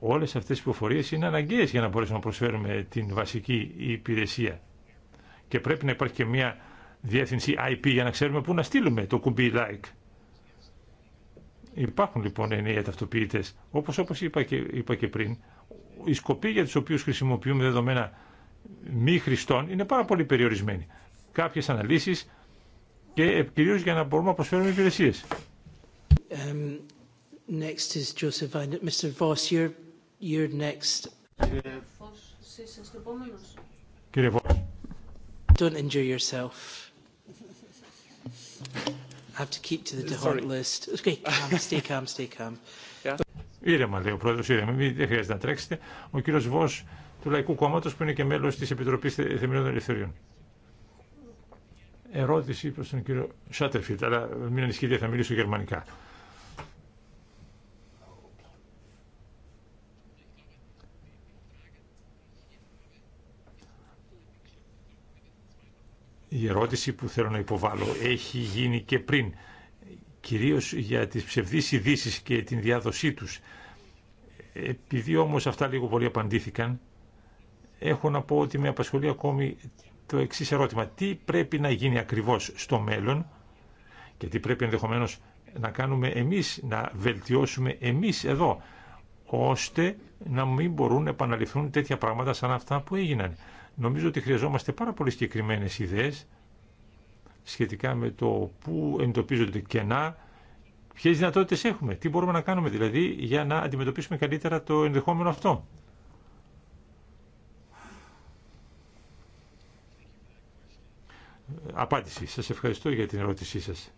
Όλες αυτές οι πληροφορίε είναι αναγκαίες για να μπορέσουμε να προσφέρουμε την βασική υπηρεσία. Και πρέπει να υπάρχει και μια διεύθυνση IP για να ξέρουμε πού να στείλουμε το κουμπί like. Υπάρχουν λοιπόν ενιαίοι ταυτοποιητές. Όπως, όπως είπα, και, είπα και πριν, οι σκοποί για τους οποίους χρησιμοποιούμε δεδομένα μη χρηστών είναι πάρα πολύ περιορισμένοι. Κάποιες αναλύσεις και ε, κυρίω για να μπορούμε να προσφέρουμε υπηρεσίε. Um, next is Joseph Mr. Don't injure yourself. I have to keep to the default list. Okay, calm, stay calm, stay calm. Yeah. Ήρεμα, λέει ο πρόεδρο, ήρεμα. Μην, δεν χρειάζεται να τρέξετε. Ο κύριο Βό του Λαϊκού Κόμματο, που είναι και μέλο τη Επιτροπή Θεμελιών Ελευθεριών. Ερώτηση προ τον κύριο Σάτερφιλτ, αλλά μην ανησυχείτε, θα μιλήσω γερμανικά. Η ερώτηση που θέλω να υποβάλω έχει γίνει και πριν, κυρίως για τις ψευδείς ειδήσει και την διάδοσή τους. Επειδή όμως αυτά λίγο πολύ απαντήθηκαν, έχω να πω ότι με απασχολεί ακόμη το εξή ερώτημα. Τι πρέπει να γίνει ακριβώς στο μέλλον και τι πρέπει ενδεχομένως να κάνουμε εμείς, να βελτιώσουμε εμείς εδώ, ώστε να μην μπορούν να επαναληφθούν τέτοια πράγματα σαν αυτά που έγιναν. Νομίζω ότι χρειαζόμαστε πάρα πολύ συγκεκριμένες ιδέες σχετικά με το πού εντοπίζονται κενά, ποιες δυνατότητες έχουμε, τι μπορούμε να κάνουμε δηλαδή για να αντιμετωπίσουμε καλύτερα το ενδεχόμενο αυτό. Απάντηση. Σας ευχαριστώ για την ερώτησή σας.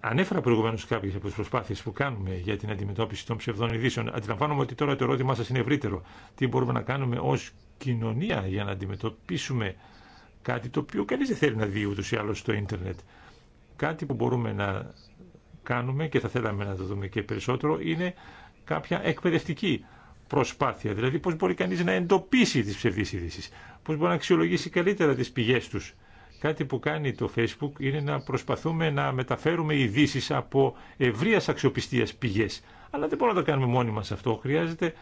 Ανέφερα προηγουμένω κάποιε από τι προσπάθειε που κάνουμε για την αντιμετώπιση των ψευδών ειδήσεων. Αντιλαμβάνομαι ότι τώρα το ερώτημά σα είναι ευρύτερο. Τι μπορούμε να κάνουμε ω κοινωνία για να αντιμετωπίσουμε κάτι το οποίο κανεί δεν θέλει να δει ούτως ή άλλως στο ίντερνετ. Κάτι που μπορούμε να κάνουμε και θα θέλαμε να το δούμε και περισσότερο είναι κάποια εκπαιδευτική προσπάθεια. Δηλαδή πώς μπορεί κανείς να εντοπίσει τις ψευδείς ειδήσει, πώς μπορεί να αξιολογήσει καλύτερα τις πηγές τους. Κάτι που κάνει το Facebook είναι να προσπαθούμε να μεταφέρουμε ειδήσει από ευρεία αξιοπιστία πηγέ. Αλλά δεν μπορούμε να το κάνουμε μόνοι μα αυτό. Χρειάζεται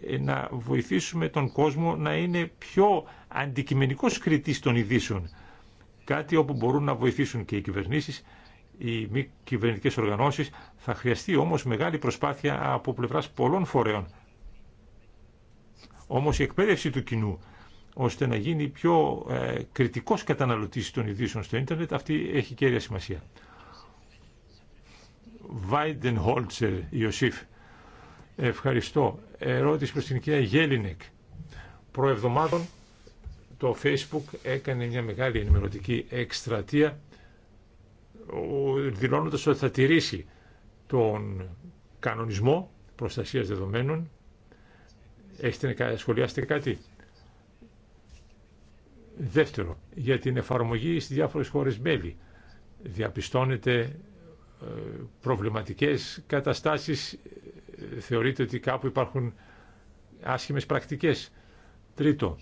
ε, να βοηθήσουμε τον κόσμο να είναι πιο αντικειμενικός κριτής των ειδήσεων. Κάτι όπου μπορούν να βοηθήσουν και οι κυβερνήσεις, οι μη κυβερνητικές οργανώσεις. Θα χρειαστεί όμως μεγάλη προσπάθεια από πλευράς πολλών φορέων. Όμως η εκπαίδευση του κοινού, ώστε να γίνει πιο ε, κριτικός καταναλωτής των ειδήσεων στο ίντερνετ, αυτή έχει κέρια σημασία. Βάιντεν Χόλτσερ Ιωσήφ Ευχαριστώ. Ερώτηση προς την κυρία Γέλινεκ. Προεβδομάδων το Facebook έκανε μια μεγάλη ενημερωτική εκστρατεία δηλώνοντας ότι θα τηρήσει τον κανονισμό προστασίας δεδομένων. Έχετε να σχολιάσετε κάτι. Δεύτερο, για την εφαρμογή στις διάφορες χώρες μέλη. Διαπιστώνεται ε, προβληματικές καταστάσεις θεωρείτε ότι κάπου υπάρχουν άσχημες πρακτικές. Τρίτο,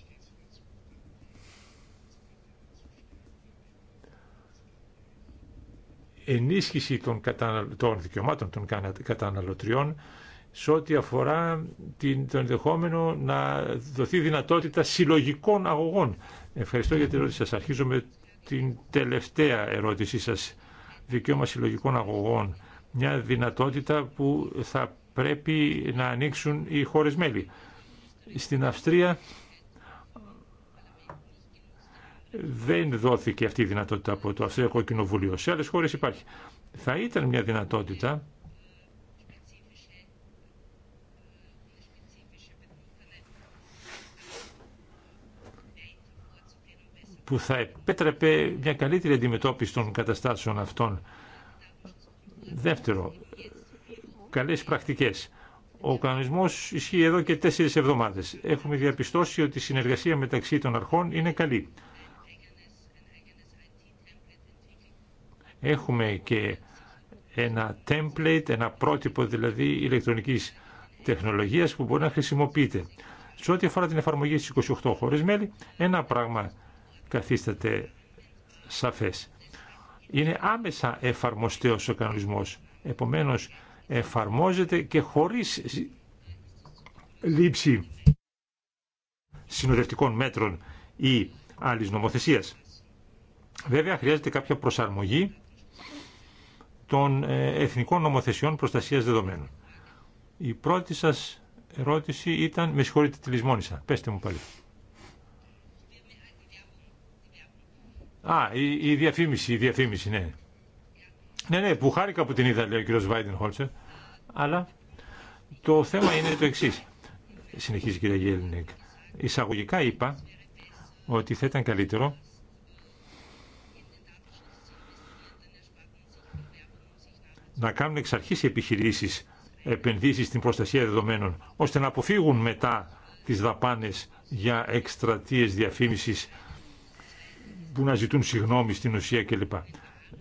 ενίσχυση των, των δικαιωμάτων των καταναλωτριών σε ό,τι αφορά την... το ενδεχόμενο να δοθεί δυνατότητα συλλογικών αγωγών. Ευχαριστώ για την ερώτηση σας. Αρχίζω με την τελευταία ερώτησή σας. Δικαίωμα συλλογικών αγωγών. Μια δυνατότητα που θα πρέπει να ανοίξουν οι χώρες μέλη. Στην Αυστρία δεν δόθηκε αυτή η δυνατότητα από το Αυστριακό Κοινοβούλιο. Σε άλλες χώρες υπάρχει. Θα ήταν μια δυνατότητα που θα επέτρεπε μια καλύτερη αντιμετώπιση των καταστάσεων αυτών. Δεύτερο, Καλέ πρακτικές. Ο κανονισμό ισχύει εδώ και τέσσερι εβδομάδε. Έχουμε διαπιστώσει ότι η συνεργασία μεταξύ των αρχών είναι καλή. Έχουμε και ένα template, ένα πρότυπο δηλαδή ηλεκτρονική τεχνολογία που μπορεί να χρησιμοποιείται. Σε ό,τι αφορά την εφαρμογή στι 28 χώρε μέλη, ένα πράγμα καθίσταται σαφέ. Είναι άμεσα εφαρμοστέο ο κανονισμό, Επομένως, εφαρμόζεται και χωρίς λήψη συνοδευτικών μέτρων ή άλλης νομοθεσίας. Βέβαια χρειάζεται κάποια προσαρμογή των ε, εθνικών νομοθεσιών προστασίας δεδομένων. Η πρώτη σας ερώτηση ήταν, με συγχωρείτε τη λησμόνησα, πέστε μου πάλι. Α, η, η διαφήμιση, η διαφήμιση, ναι. Ναι, ναι, που χάρηκα που την είδα, λέει ο κύριος Βάιντεν Χόλτσερ, αλλά το θέμα είναι το εξής. Συνεχίζει η κυρία Γέλνικ. Εισαγωγικά είπα ότι θα ήταν καλύτερο να κάνουν εξ αρχή επιχειρήσει επιχειρήσεις επενδύσεις στην προστασία δεδομένων, ώστε να αποφύγουν μετά τις δαπάνες για εκστρατείες διαφήμισης που να ζητούν συγγνώμη στην ουσία κλπ.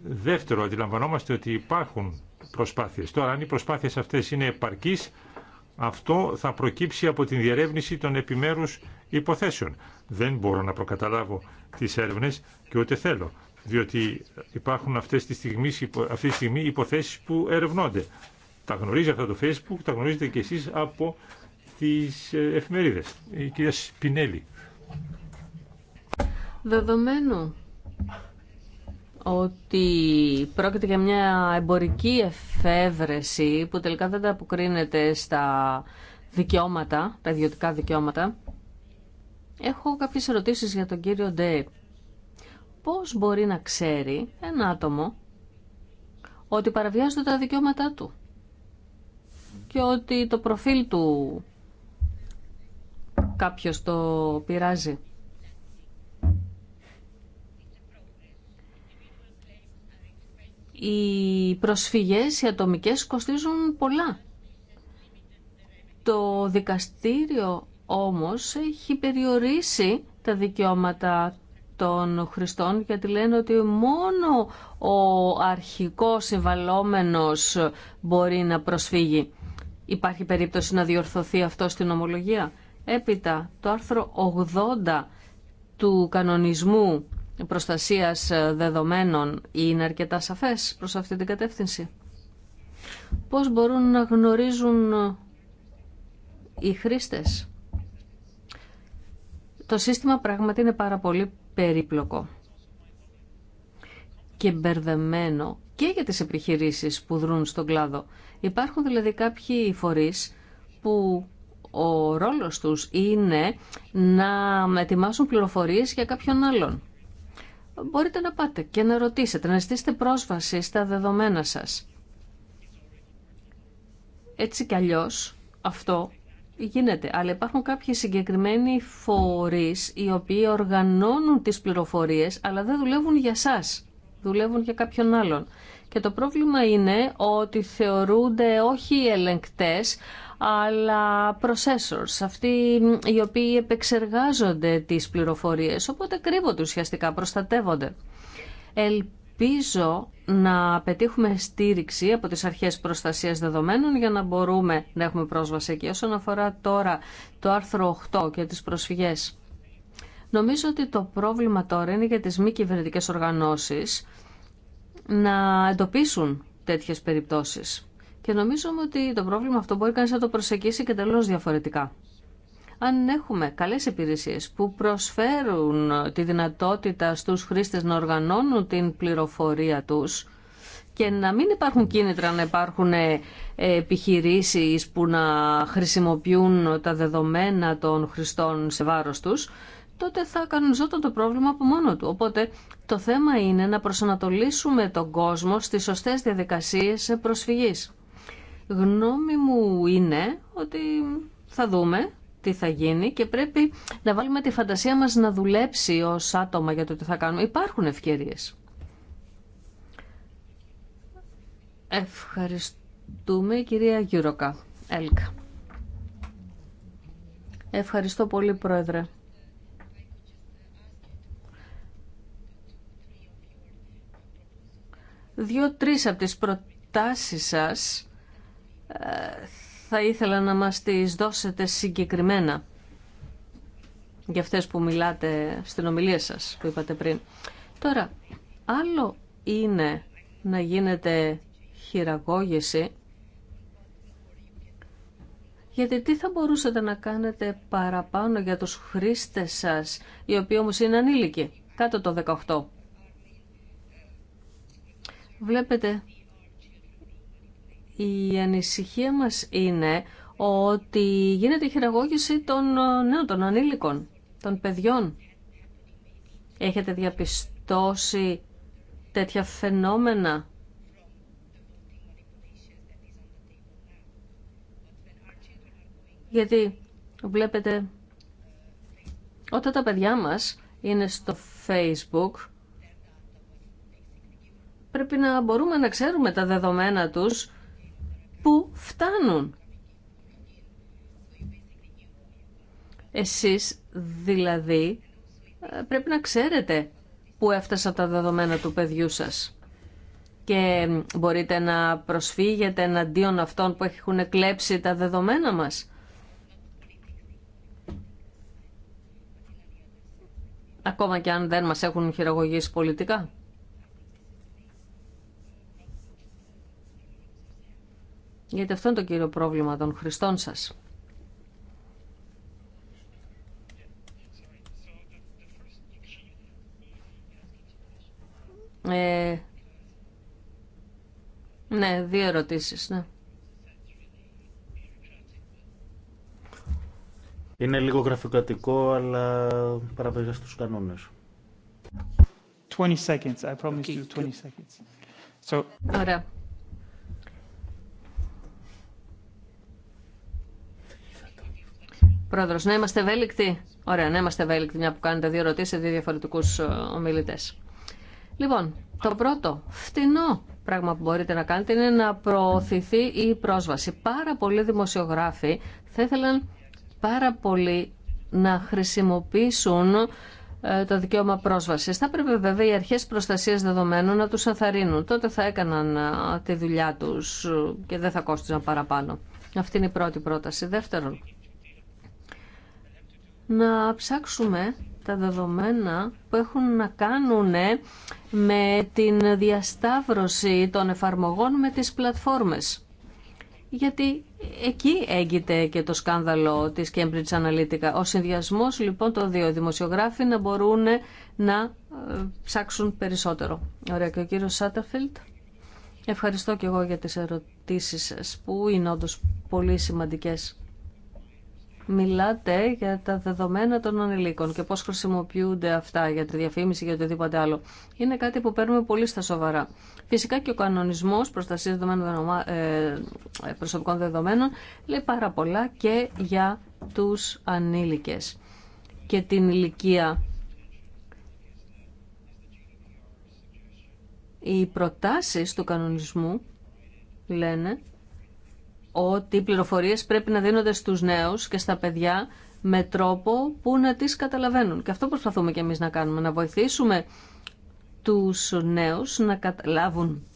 Δεύτερο, αντιλαμβανόμαστε ότι υπάρχουν προσπάθειες. Τώρα, αν οι προσπάθειες αυτές είναι επαρκείς, αυτό θα προκύψει από την διερεύνηση των επιμέρους υποθέσεων. Δεν μπορώ να προκαταλάβω τις έρευνες και ούτε θέλω, διότι υπάρχουν αυτές τις στιγμές αυτή τη στιγμή υποθέσεις που ερευνώνται. Τα γνωρίζει αυτά το Facebook, τα γνωρίζετε και εσείς από τις ε, εφημερίδες. Η κυρία Σπινέλη. Δεδομένου ότι πρόκειται για μια εμπορική εφεύρεση που τελικά δεν τα αποκρίνεται στα δικαιώματα, τα ιδιωτικά δικαιώματα. Έχω κάποιες ερωτήσεις για τον κύριο Ντέι. Πώς μπορεί να ξέρει ένα άτομο ότι παραβιάζονται τα δικαιώματά του και ότι το προφίλ του κάποιος το πειράζει. Οι προσφυγές, οι ατομικές κοστίζουν πολλά. Το δικαστήριο όμως έχει περιορίσει τα δικαιώματα των Χριστών γιατί λένε ότι μόνο ο αρχικός συμβαλόμενος μπορεί να προσφύγει. Υπάρχει περίπτωση να διορθωθεί αυτό στην ομολογία. Έπειτα, το άρθρο 80 του κανονισμού προστασίας ε, δεδομένων είναι αρκετά σαφές προς αυτή την κατεύθυνση. Πώς μπορούν να γνωρίζουν ε, οι χρήστες. Το σύστημα πράγματι είναι πάρα πολύ περίπλοκο και μπερδεμένο και για τις επιχειρήσεις που δρούν στον κλάδο. Υπάρχουν δηλαδή κάποιοι φορείς που ο ρόλος τους είναι να ετοιμάσουν πληροφορίες για κάποιον άλλον μπορείτε να πάτε και να ρωτήσετε, να ζητήσετε πρόσβαση στα δεδομένα σας. Έτσι κι αλλιώς αυτό γίνεται, αλλά υπάρχουν κάποιοι συγκεκριμένοι φορείς οι οποίοι οργανώνουν τις πληροφορίες, αλλά δεν δουλεύουν για σας, δουλεύουν για κάποιον άλλον. Και το πρόβλημα είναι ότι θεωρούνται όχι οι ελεγκτές, αλλά processors, αυτοί οι οποίοι επεξεργάζονται τις πληροφορίες, οπότε κρύβονται ουσιαστικά, προστατεύονται. Ελπίζω να πετύχουμε στήριξη από τις αρχές προστασίας δεδομένων για να μπορούμε να έχουμε πρόσβαση εκεί. Όσον αφορά τώρα το άρθρο 8 και τις προσφυγές, νομίζω ότι το πρόβλημα τώρα είναι για τις μη κυβερνητικέ οργανώσεις να εντοπίσουν τέτοιες περιπτώσεις και νομίζω ότι το πρόβλημα αυτό μπορεί κανείς να το προσεγγίσει και τελώς διαφορετικά. Αν έχουμε καλές υπηρεσίες που προσφέρουν τη δυνατότητα στους χρήστες να οργανώνουν την πληροφορία τους και να μην υπάρχουν κίνητρα να υπάρχουν ε, επιχειρήσεις που να χρησιμοποιούν τα δεδομένα των χρηστών σε βάρος τους, τότε θα κανονιζόταν το πρόβλημα από μόνο του. Οπότε το θέμα είναι να προσανατολίσουμε τον κόσμο στις σωστές διαδικασίες προσφυγής. Γνώμη μου είναι ότι θα δούμε τι θα γίνει και πρέπει να βάλουμε τη φαντασία μας να δουλέψει ως άτομα για το τι θα κάνουμε. Υπάρχουν ευκαιρίες. Ευχαριστούμε κυρία Γιούροκα. Έλκα. Ευχαριστώ πολύ πρόεδρε. Δύο-τρεις από τις προτάσεις σας θα ήθελα να μας τις δώσετε συγκεκριμένα για αυτές που μιλάτε στην ομιλία σας που είπατε πριν. Τώρα, άλλο είναι να γίνεται χειραγώγηση γιατί τι θα μπορούσατε να κάνετε παραπάνω για τους χρήστες σας, οι οποίοι όμως είναι ανήλικοι, κάτω το 18. Βλέπετε η ανησυχία μας είναι ότι γίνεται η χειραγώγηση των ε, νέων, των ανήλικων, των παιδιών. Έχετε διαπιστώσει τέτοια φαινόμενα. Γιατί βλέπετε όταν τα παιδιά μας είναι στο facebook πρέπει να μπορούμε να ξέρουμε τα δεδομένα τους που φτάνουν. Εσείς δηλαδή ε, πρέπει να ξέρετε που έφτασαν τα δεδομένα του παιδιού σας και μπορείτε να προσφύγετε εναντίον αυτών που έχουν κλέψει τα δεδομένα μας. Ακόμα και αν δεν μας έχουν χειραγωγήσει πολιτικά. Γιατί αυτό είναι το κύριο πρόβλημα των χρηστών σας. Ε, ναι, δύο ερωτήσεις, ναι. Είναι λίγο γραφικατικό, αλλά παραβαίνει στους κανόνες. 20 seconds, I promise you 20 seconds. So... Ωραία. Πρόεδρο, να είμαστε ευέλικτοι. Ωραία, να είμαστε ευέλικτοι, μια που κάνετε δύο ερωτήσει σε δύο διαφορετικού ε, ομιλητέ. Λοιπόν, το πρώτο φτηνό πράγμα που μπορείτε να κάνετε είναι να προωθηθεί η πρόσβαση. Πάρα πολλοί δημοσιογράφοι θα ήθελαν πάρα πολύ να χρησιμοποιήσουν ε, το δικαίωμα πρόσβασης. Θα πρέπει βέβαια οι αρχές προστασίας δεδομένων να τους αθαρρύνουν. Τότε θα έκαναν ε, τη δουλειά τους και δεν θα κόστιζαν παραπάνω. Αυτή είναι η πρώτη πρόταση. Δεύτερον, να ψάξουμε τα δεδομένα που έχουν να κάνουν ε, με την διασταύρωση των εφαρμογών με τις πλατφόρμες. Γιατί εκεί έγκυται και το σκάνδαλο της Cambridge Analytica. Ο συνδυασμός λοιπόν των δύο δημοσιογράφων να μπορούν ε, να ε, ψάξουν περισσότερο. Ωραία και ο κύριος Σάταφιλτ. Ευχαριστώ και εγώ για τις ερωτήσεις σας που είναι όντως πολύ σημαντικές μιλάτε για τα δεδομένα των ανηλίκων και πώς χρησιμοποιούνται αυτά για τη διαφήμιση και οτιδήποτε άλλο. Είναι κάτι που παίρνουμε πολύ στα σοβαρά. Φυσικά και ο κανονισμός προστασίας δεδομένων, ε, ε, προσωπικών δεδομένων λέει πάρα πολλά και για τους ανήλικες και την ηλικία. Οι προτάσεις του κανονισμού λένε ότι οι πληροφορίες πρέπει να δίνονται στους νέους και στα παιδιά με τρόπο που να τις καταλαβαίνουν. Και αυτό προσπαθούμε κι εμείς να κάνουμε, να βοηθήσουμε τους νέους να καταλάβουν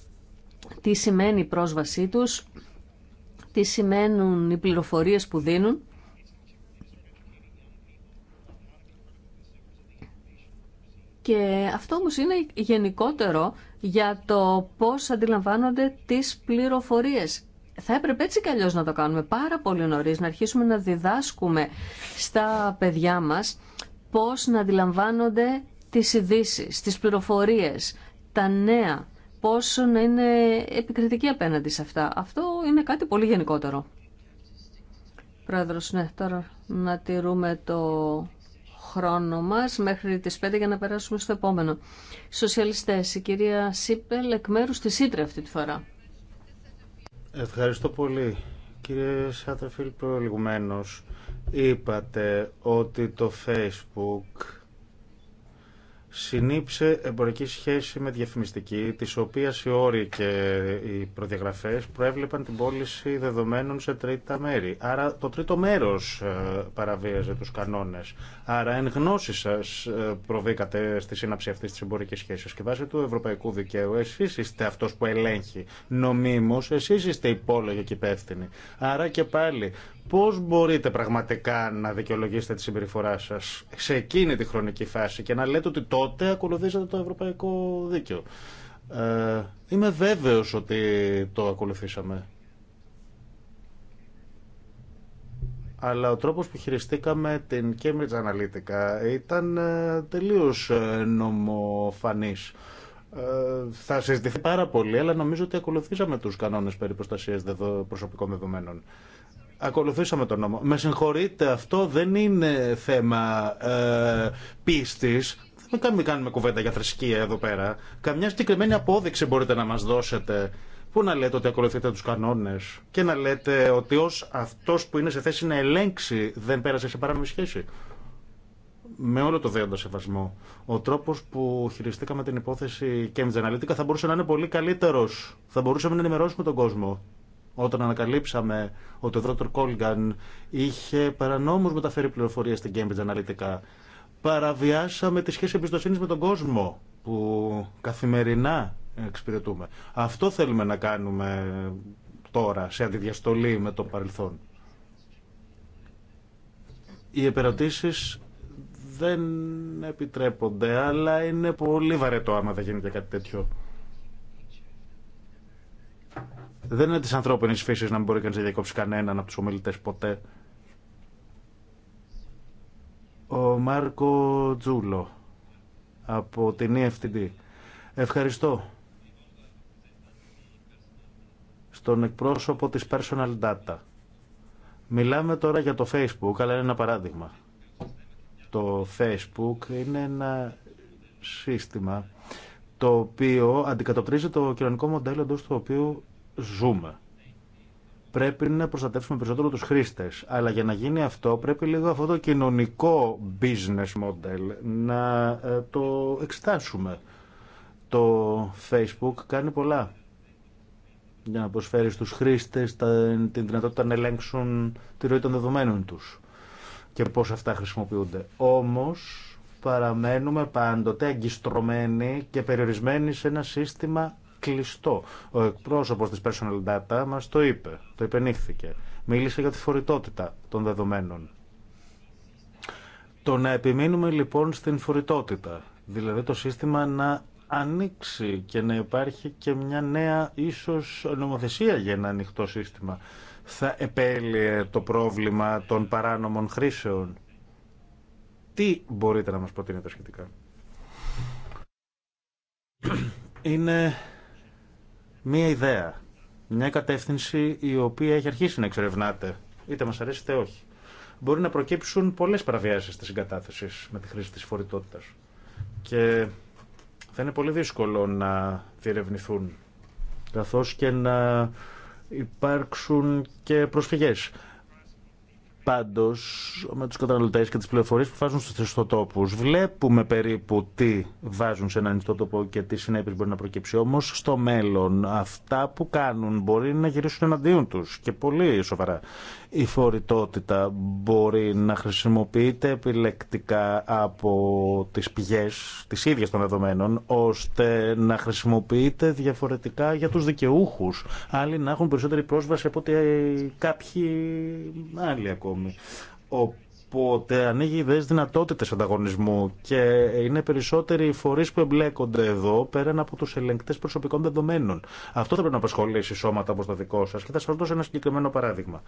τι σημαίνει η πρόσβασή τους, τι σημαίνουν οι πληροφορίες που δίνουν. Και αυτό όμως είναι γενικότερο για το πώς αντιλαμβάνονται τις πληροφορίες θα έπρεπε έτσι κι να το κάνουμε πάρα πολύ νωρίς, να αρχίσουμε να διδάσκουμε στα παιδιά μας πώς να αντιλαμβάνονται τις ειδήσει, τις πληροφορίες, τα νέα, πώς να είναι επικριτικοί απέναντι σε αυτά. Αυτό είναι κάτι πολύ γενικότερο. Πρόεδρος, ναι, τώρα να τηρούμε το χρόνο μας μέχρι τις 5 για να περάσουμε στο επόμενο. Σοσιαλιστές, η κυρία Σίπελ εκ μέρους της Ήτρε αυτή τη φορά. Ευχαριστώ πολύ. Κύριε Σάτερφιλ, προηγουμένως είπατε ότι το Facebook συνήψε εμπορική σχέση με διαφημιστική, της οποίας οι όροι και οι προδιαγραφές προέβλεπαν την πώληση δεδομένων σε τρίτα μέρη. Άρα το τρίτο μέρος ε, παραβίαζε τους κανόνες. Άρα εν γνώση σας ε, προβήκατε στη σύναψη αυτής της εμπορικής σχέσης και βάσει του ευρωπαϊκού δικαίου εσείς είστε αυτός που ελέγχει νομίμως, εσείς είστε υπόλογοι και υπεύθυνοι. Άρα και πάλι Πώς μπορείτε πραγματικά να δικαιολογήσετε τη συμπεριφορά σας σε εκείνη τη χρονική φάση και να λέτε ότι τότε ακολουθήσατε το ευρωπαϊκό δίκαιο. Ε, είμαι βέβαιος ότι το ακολουθήσαμε. αλλά ο τρόπος που χειριστήκαμε την Cambridge Analytica ήταν ε, τελείως ε, νομοφανής. Ε, θα συζητηθεί πάρα πολύ, αλλά νομίζω ότι ακολουθήσαμε τους κανόνες περί προστασίας προσωπικών δεδομένων. Ακολουθήσαμε τον νόμο. Με συγχωρείτε, αυτό δεν είναι θέμα ε, πίστης. Δεν κάνουμε, κάνουμε κουβέντα για θρησκεία εδώ πέρα. Καμιά συγκεκριμένη απόδειξη μπορείτε να μας δώσετε. Πού να λέτε ότι ακολουθείτε τους κανόνες και να λέτε ότι ως αυτός που είναι σε θέση να ελέγξει δεν πέρασε σε παράνομη σχέση. Με όλο το δέοντα σεβασμό, ο τρόπο που χειριστήκαμε την υπόθεση Cambridge Analytica θα μπορούσε να είναι πολύ καλύτερο. Θα μπορούσαμε να ενημερώσουμε τον κόσμο όταν ανακαλύψαμε ότι ο Δρότερ Κόλγαν είχε παρανόμως μεταφέρει πληροφορία στην Cambridge αναλυτικά, παραβιάσαμε τη σχέση εμπιστοσύνη με τον κόσμο που καθημερινά εξυπηρετούμε. Αυτό θέλουμε να κάνουμε τώρα, σε αντιδιαστολή με το παρελθόν. Οι επερωτήσεις δεν επιτρέπονται, αλλά είναι πολύ βαρετό άμα δεν γίνεται κάτι τέτοιο. Δεν είναι τη ανθρώπινη φύση να μην μπορεί κανεί να διακόψει κανέναν από του ομιλητέ ποτέ. Ο Μάρκο Τζούλο από την EFTD. Ευχαριστώ στον εκπρόσωπο της Personal Data. Μιλάμε τώρα για το Facebook, αλλά είναι ένα παράδειγμα. Το Facebook είναι ένα σύστημα το οποίο αντικατοπτρίζει το κοινωνικό μοντέλο εντό του οποίου ζούμε. Πρέπει να προστατεύσουμε περισσότερο τους χρήστες, αλλά για να γίνει αυτό πρέπει λίγο αυτό το κοινωνικό business model να ε, το εξετάσουμε. Το Facebook κάνει πολλά για να προσφέρει στους χρήστες την δυνατότητα να ελέγξουν τη ροή των δεδομένων τους και πώς αυτά χρησιμοποιούνται. Όμως παραμένουμε πάντοτε αγκιστρωμένοι και περιορισμένοι σε ένα σύστημα κλειστό. Ο εκπρόσωπος της Personal Data μα το είπε, το υπενήχθηκε. Μίλησε για τη φορητότητα των δεδομένων. Το να επιμείνουμε λοιπόν στην φορητότητα, δηλαδή το σύστημα να ανοίξει και να υπάρχει και μια νέα ίσως νομοθεσία για ένα ανοιχτό σύστημα. Θα επέλυε το πρόβλημα των παράνομων χρήσεων. Τι μπορείτε να μας προτείνετε σχετικά. Είναι μία ιδέα, μια κατεύθυνση η οποία έχει αρχίσει να εξερευνάται, είτε μας αρέσει είτε όχι. Μπορεί να προκύψουν πολλές παραβιάσεις της συγκατάθεση με τη χρήση της φορητότητας. Και θα είναι πολύ δύσκολο να διερευνηθούν, καθώς και να υπάρξουν και προσφυγές. Πάντω με του καταναλωτέ και τι πληροφορίε που βάζουν στου ιστοτόπου, βλέπουμε περίπου τι βάζουν σε έναν ιστοτόπο και τι συνέπειε μπορεί να προκύψει. Όμω στο μέλλον, αυτά που κάνουν μπορεί να γυρίσουν εναντίον του. και πολύ σοβαρά. Η φορητότητα μπορεί να χρησιμοποιείται επιλεκτικά από τι πηγές τις ίδια των δεδομένων, ώστε να χρησιμοποιείται διαφορετικά για του δικαιούχου Άλλοι να έχουν περισσότερη πρόσβαση από ότι κάποιοι άλλοι ακόμα ακόμη. Οπότε ανοίγει ιδέε δυνατότητε ανταγωνισμού και είναι περισσότεροι οι φορεί που εμπλέκονται εδώ πέραν από του ελεγκτέ προσωπικών δεδομένων. Αυτό θα πρέπει να απασχολήσει σώματα όπω το δικό σα και θα σα δώσω ένα συγκεκριμένο παράδειγμα.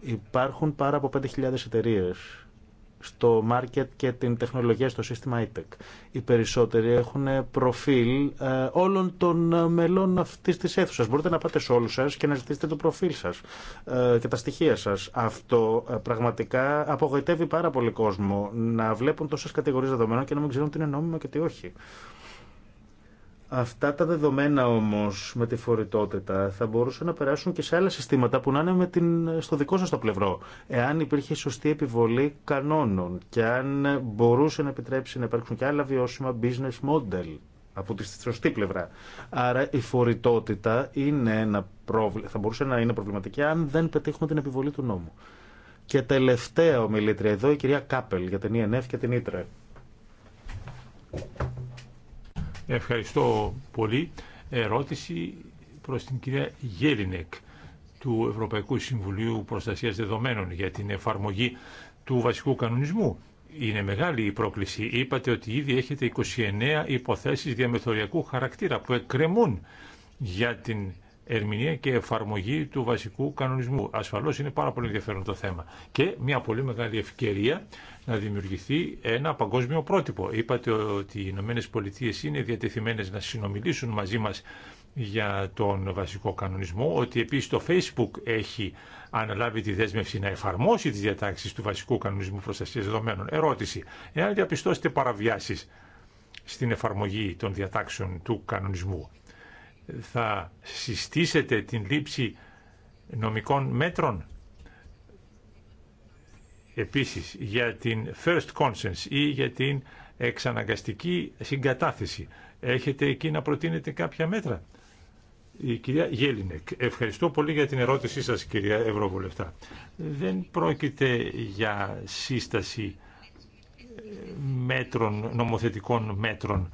Υπάρχουν πάρα από 5.000 εταιρείε στο μάρκετ και την τεχνολογία στο σύστημα ITEC. Οι περισσότεροι έχουν προφίλ ε, όλων των μελών αυτή τη αίθουσα. Μπορείτε να πάτε σε όλου σα και να ζητήσετε το προφίλ σα ε, και τα στοιχεία σα. Αυτό ε, πραγματικά απογοητεύει πάρα πολύ κόσμο να βλέπουν τόσε κατηγορίε δεδομένων και να μην ξέρουν τι είναι νόμιμο και τι όχι. Αυτά τα δεδομένα όμως με τη φορητότητα θα μπορούσαν να περάσουν και σε άλλα συστήματα που να είναι με την, στο δικό σας το πλευρό. Εάν υπήρχε σωστή επιβολή κανόνων και αν μπορούσε να επιτρέψει να υπάρξουν και άλλα βιώσιμα business model από τη σωστή πλευρά. Άρα η φορητότητα είναι ένα πρόβλημα, θα μπορούσε να είναι προβληματική αν δεν πετύχουμε την επιβολή του νόμου. Και τελευταία ομιλήτρια εδώ η κυρία Κάπελ για την ΙΕΝΕΦ e και την Ήτρε. Ευχαριστώ πολύ. Ερώτηση προς την κυρία Γέλινεκ του Ευρωπαϊκού Συμβουλίου Προστασίας Δεδομένων για την εφαρμογή του βασικού κανονισμού. Είναι μεγάλη η πρόκληση. Είπατε ότι ήδη έχετε 29 υποθέσεις διαμεθοριακού χαρακτήρα που εκκρεμούν για την ερμηνεία και εφαρμογή του βασικού κανονισμού. ασφαλώ είναι πάρα πολύ ενδιαφέρον το θέμα. Και μια πολύ μεγάλη ευκαιρία να δημιουργηθεί ένα παγκόσμιο πρότυπο. Είπατε ότι οι Ηνωμένε Πολιτείε είναι διατεθειμένες να συνομιλήσουν μαζί μα για τον βασικό κανονισμό, ότι επίσης το Facebook έχει αναλάβει τη δέσμευση να εφαρμόσει τις διατάξεις του βασικού κανονισμού προστασίας δεδομένων. Ερώτηση. Εάν διαπιστώσετε παραβιάσεις στην εφαρμογή των διατάξεων του κανονισμού, θα συστήσετε την λήψη νομικών μέτρων. Επίσης, για την first conscience ή για την εξαναγκαστική συγκατάθεση. Έχετε εκεί να προτείνετε κάποια μέτρα. Η κυρία Γέλινεκ, ευχαριστώ πολύ για την ερώτησή σας κυρία Ευρωβουλευτά. Δεν πρόκειται για σύσταση ε, μέτρων, νομοθετικών μέτρων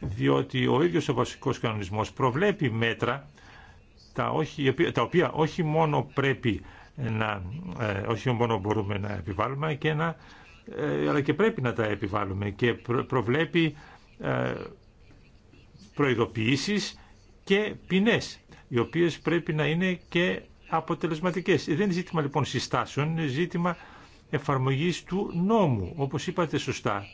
διότι ο ίδιος ο βασικός κανονισμός προβλέπει μέτρα τα, οποία όχι μόνο πρέπει να, ε, όχι μόνο μπορούμε να επιβάλλουμε και να, ε, αλλά και πρέπει να τα επιβάλλουμε και προβλέπει ε, προειδοποιήσεις και πινές οι οποίες πρέπει να είναι και αποτελεσματικές. Δεν είναι ζήτημα λοιπόν συστάσεων, είναι ζήτημα εφαρμογής του νόμου. Όπως είπατε σωστά,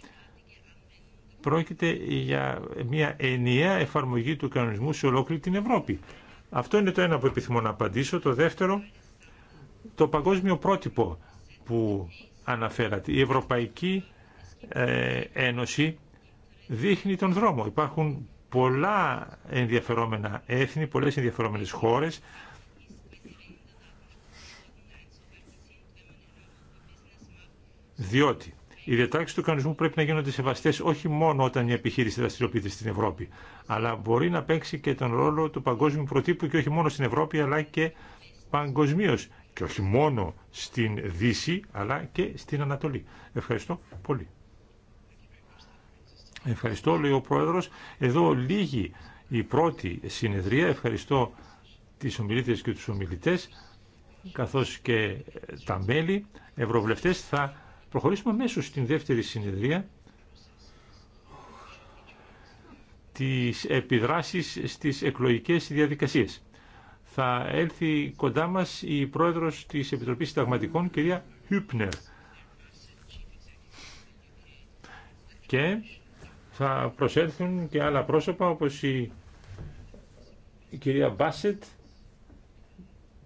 πρόκειται για μια ενιαία εφαρμογή του κανονισμού σε ολόκληρη την Ευρώπη. Αυτό είναι το ένα που επιθυμώ να απαντήσω. Το δεύτερο, το παγκόσμιο πρότυπο που αναφέρατε. Η Ευρωπαϊκή ε, Ένωση δείχνει τον δρόμο. Υπάρχουν πολλά ενδιαφερόμενα έθνη, πολλές ενδιαφερόμενες χώρες. Διότι οι διατάξει του κανονισμού πρέπει να γίνονται σεβαστέ όχι μόνο όταν η επιχείρηση δραστηριοποιείται στην Ευρώπη, αλλά μπορεί να παίξει και τον ρόλο του παγκόσμιου προτύπου και όχι μόνο στην Ευρώπη, αλλά και παγκοσμίω. Και όχι μόνο στην Δύση, αλλά και στην Ανατολή. Ευχαριστώ πολύ. Ευχαριστώ, λέει ο πρόεδρο. Εδώ λίγη η πρώτη συνεδρία. Ευχαριστώ τις ομιλίτε και του ομιλητέ, καθώ και τα μέλη ευρωβουλευτέ. θα προχωρήσουμε αμέσω στην δεύτερη συνεδρία τις επιδράσεις στις εκλογικές διαδικασίες. Θα έλθει κοντά μας η πρόεδρος της Επιτροπής Συνταγματικών, κυρία Χούπνερ. Και θα προσέλθουν και άλλα πρόσωπα όπως η κυρία Μπάσετ,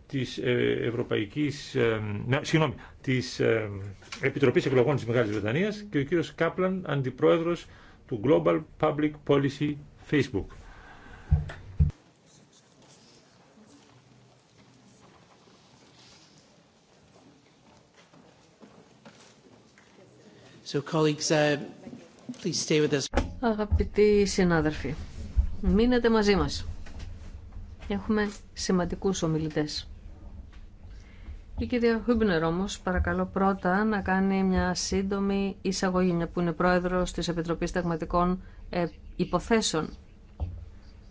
της, ε, Ευρωπαϊκής, ε, συγγνώμη, της ε, Επιτροπής Εκλογών της Μεγάλης Βρετανίας και ο κύριος Κάπλαν, αντιπρόεδρος του Global Public Policy Facebook. So, colleagues, uh, please stay with us. Αγαπητοί συνάδελφοι, μείνετε μαζί μας. Έχουμε σημαντικούς ομιλητές. Η κυρία Χούμπνερ όμως παρακαλώ πρώτα να κάνει μια σύντομη εισαγωγή, μια που είναι πρόεδρος της Επιτροπής Ταγματικών ε, Υποθέσεων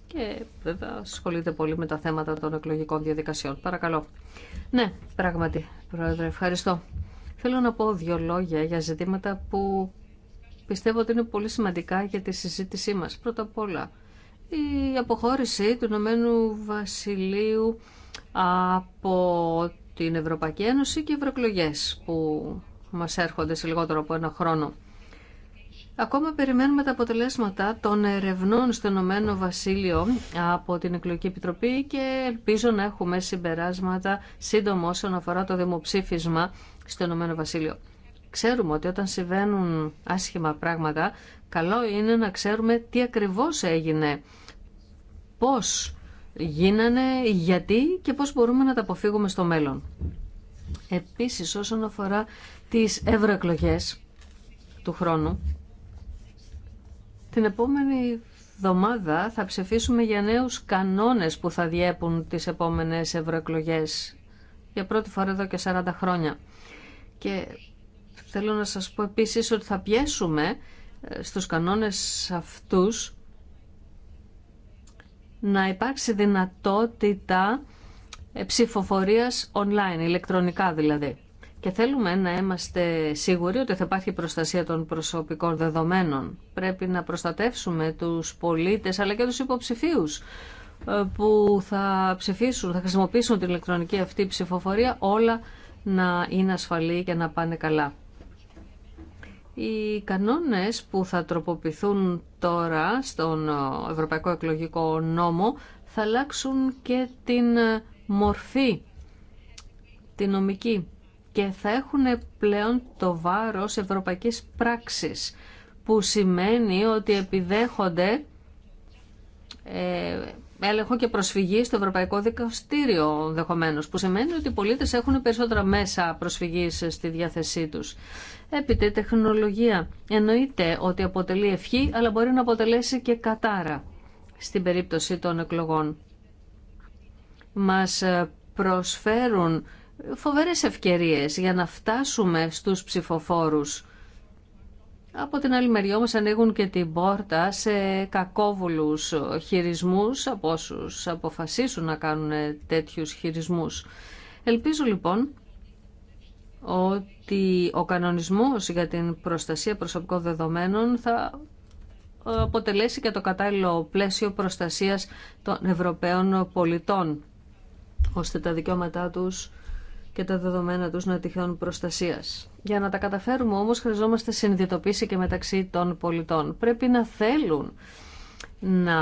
και βέβαια ασχολείται πολύ με τα θέματα των εκλογικών διαδικασιών. Παρακαλώ. Ναι, πράγματι, Πρόεδρε, ευχαριστώ. Θέλω να πω δύο λόγια για ζητήματα που πιστεύω ότι είναι πολύ σημαντικά για τη συζήτησή μα. Πρώτα απ' όλα, η αποχώρηση του Ηνωμένου Βασιλείου από την Ευρωπαϊκή Ένωση και ευρωεκλογέ που μα έρχονται σε λιγότερο από ένα χρόνο. Ακόμα περιμένουμε τα αποτελέσματα των ερευνών στο Ηνωμένο Βασίλειο από την Εκλογική Επιτροπή και ελπίζω να έχουμε συμπεράσματα σύντομα όσον αφορά το δημοψήφισμα στο Ηνωμένο Βασίλειο. Ξέρουμε ότι όταν συμβαίνουν άσχημα πράγματα, καλό είναι να ξέρουμε τι ακριβώς έγινε, πώς γίνανε, γιατί και πώς μπορούμε να τα αποφύγουμε στο μέλλον. Επίσης, όσον αφορά τις ευρωεκλογέ του χρόνου, την επόμενη εβδομάδα θα ψηφίσουμε για νέους κανόνες που θα διέπουν τις επόμενες ευρωεκλογέ για πρώτη φορά εδώ και 40 χρόνια. Και θέλω να σας πω επίσης ότι θα πιέσουμε ε, στους κανόνες αυτούς να υπάρξει δυνατότητα ε, ψηφοφορίας online, ηλεκτρονικά δηλαδή. Και θέλουμε να είμαστε σίγουροι ότι θα υπάρχει προστασία των προσωπικών δεδομένων. Πρέπει να προστατεύσουμε τους πολίτες αλλά και τους υποψηφίους ε, που θα ψηφίσουν, θα χρησιμοποιήσουν την ηλεκτρονική αυτή ψηφοφορία όλα να είναι ασφαλή και να πάνε καλά. Οι κανόνες που θα τροποποιηθούν τώρα στον Ευρωπαϊκό Εκλογικό Νόμο θα αλλάξουν και την μορφή, την νομική και θα έχουν πλέον το βάρος ευρωπαϊκής πράξης που σημαίνει ότι επιδέχονται ε, έλεγχο και προσφυγή στο Ευρωπαϊκό Δικαστήριο δεχομένως, που σημαίνει ότι οι πολίτες έχουν περισσότερα μέσα προσφυγής στη διάθεσή τους. Έπειτα τεχνολογία εννοείται ότι αποτελεί ευχή, αλλά μπορεί να αποτελέσει και κατάρα στην περίπτωση των εκλογών. Μας ε, προσφέρουν φοβερές ευκαιρίες για να φτάσουμε στους ψηφοφόρους. Από την άλλη μεριά όμως ανοίγουν και την πόρτα σε κακόβουλους χειρισμούς από όσου αποφασίσουν να κάνουν τέτοιους χειρισμούς. Ελπίζω λοιπόν ότι ο κανονισμός για την προστασία προσωπικών δεδομένων θα ε, αποτελέσει και το κατάλληλο πλαίσιο προστασίας των Ευρωπαίων πολιτών, ώστε τα δικαιώματά τους και τα δεδομένα τους να τυχαίνουν προστασίας. Για να τα καταφέρουμε όμως χρειαζόμαστε συνειδητοποίηση και μεταξύ των πολιτών. Πρέπει να θέλουν να...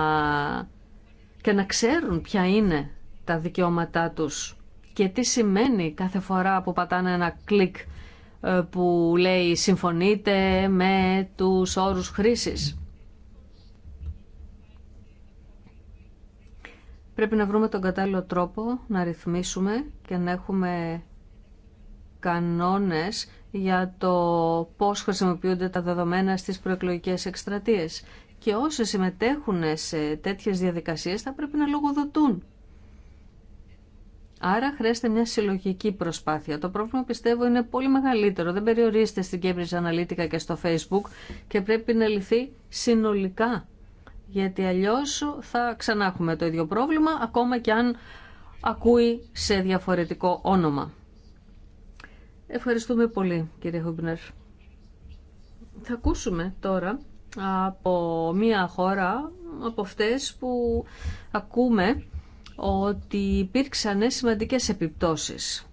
και να ξέρουν ποια είναι τα δικαιώματά τους και τι σημαίνει κάθε φορά που πατάνε ένα κλικ ε, που λέει συμφωνείτε με τους όρους χρήσης. Πρέπει να βρούμε τον κατάλληλο τρόπο να ρυθμίσουμε και να έχουμε κανόνες για το πώς χρησιμοποιούνται τα δεδομένα στις προεκλογικές εκστρατείες. Και όσοι συμμετέχουν σε τέτοιες διαδικασίες θα πρέπει να λογοδοτούν. Άρα χρειάζεται μια συλλογική προσπάθεια. Το πρόβλημα πιστεύω είναι πολύ μεγαλύτερο. Δεν περιορίζεται στην Cambridge Analytica και στο Facebook και πρέπει να λυθεί συνολικά. Γιατί αλλιώς θα ξανά έχουμε το ίδιο πρόβλημα ακόμα και αν ακούει σε διαφορετικό όνομα. Ευχαριστούμε πολύ κύριε Χούμπνερ. Θα ακούσουμε τώρα από μια χώρα από αυτές που ακούμε ότι υπήρξαν σημαντικές επιπτώσεις.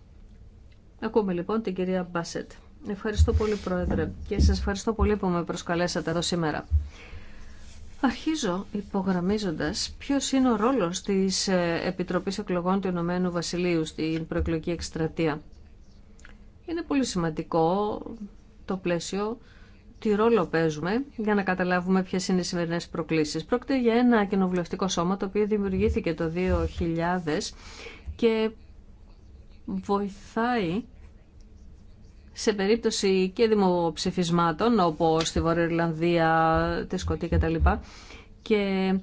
Ακούμε λοιπόν την κυρία Μπάσετ. Ευχαριστώ πολύ Πρόεδρε και σας ευχαριστώ πολύ που με προσκαλέσατε εδώ σήμερα. Αρχίζω υπογραμμίζοντας ποιος είναι ο ρόλος της ε, Επιτροπής Εκλογών του Ηνωμένου Βασιλείου στην προεκλογική εκστρατεία. Είναι πολύ σημαντικό το πλαίσιο τι ρόλο παίζουμε για να καταλάβουμε ποιες είναι οι σημερινές προκλήσεις. Πρόκειται για ένα κοινοβουλευτικό σώμα το οποίο δημιουργήθηκε το 2000 και βοηθάει σε περίπτωση και δημοψηφισμάτων όπως στη Βόρεια Ιρλανδία, τη Σκοτή κτλ. Και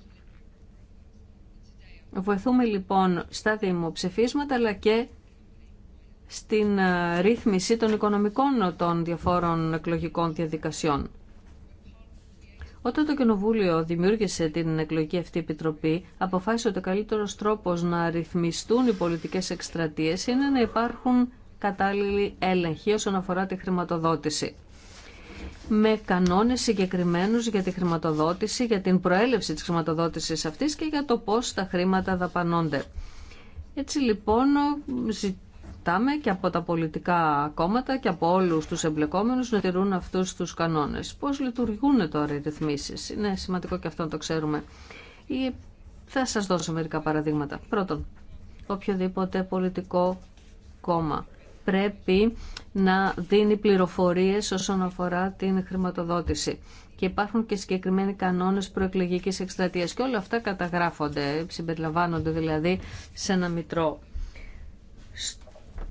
βοηθούμε λοιπόν στα δημοψηφίσματα αλλά και στην ε, ρύθμιση των οικονομικών ε, των διαφόρων εκλογικών διαδικασιών. Όταν το Κοινοβούλιο δημιούργησε την εκλογική αυτή επιτροπή, αποφάσισε ότι ο καλύτερο τρόπο να ρυθμιστούν οι πολιτικές εκστρατείε είναι να υπάρχουν κατάλληλοι έλεγχοι όσον αφορά τη χρηματοδότηση. Με κανόνε συγκεκριμένου για τη χρηματοδότηση, για την προέλευση τη χρηματοδότηση αυτής και για το πώ τα χρήματα δαπανώνται. Έτσι λοιπόν ζητάμε και από τα πολιτικά κόμματα και από όλους τους εμπλεκόμενους να τηρούν αυτούς τους κανόνες. Πώς λειτουργούν τώρα οι ρυθμίσεις. Είναι σημαντικό και αυτό να το ξέρουμε. Θα σας δώσω μερικά παραδείγματα. Πρώτον, οποιοδήποτε πολιτικό κόμμα πρέπει να δίνει πληροφορίες όσον αφορά την χρηματοδότηση. Και υπάρχουν και συγκεκριμένοι κανόνες προεκλογικής εκστρατείας και όλα αυτά καταγράφονται, συμπεριλαμβάνονται δηλαδή σε ένα μητρό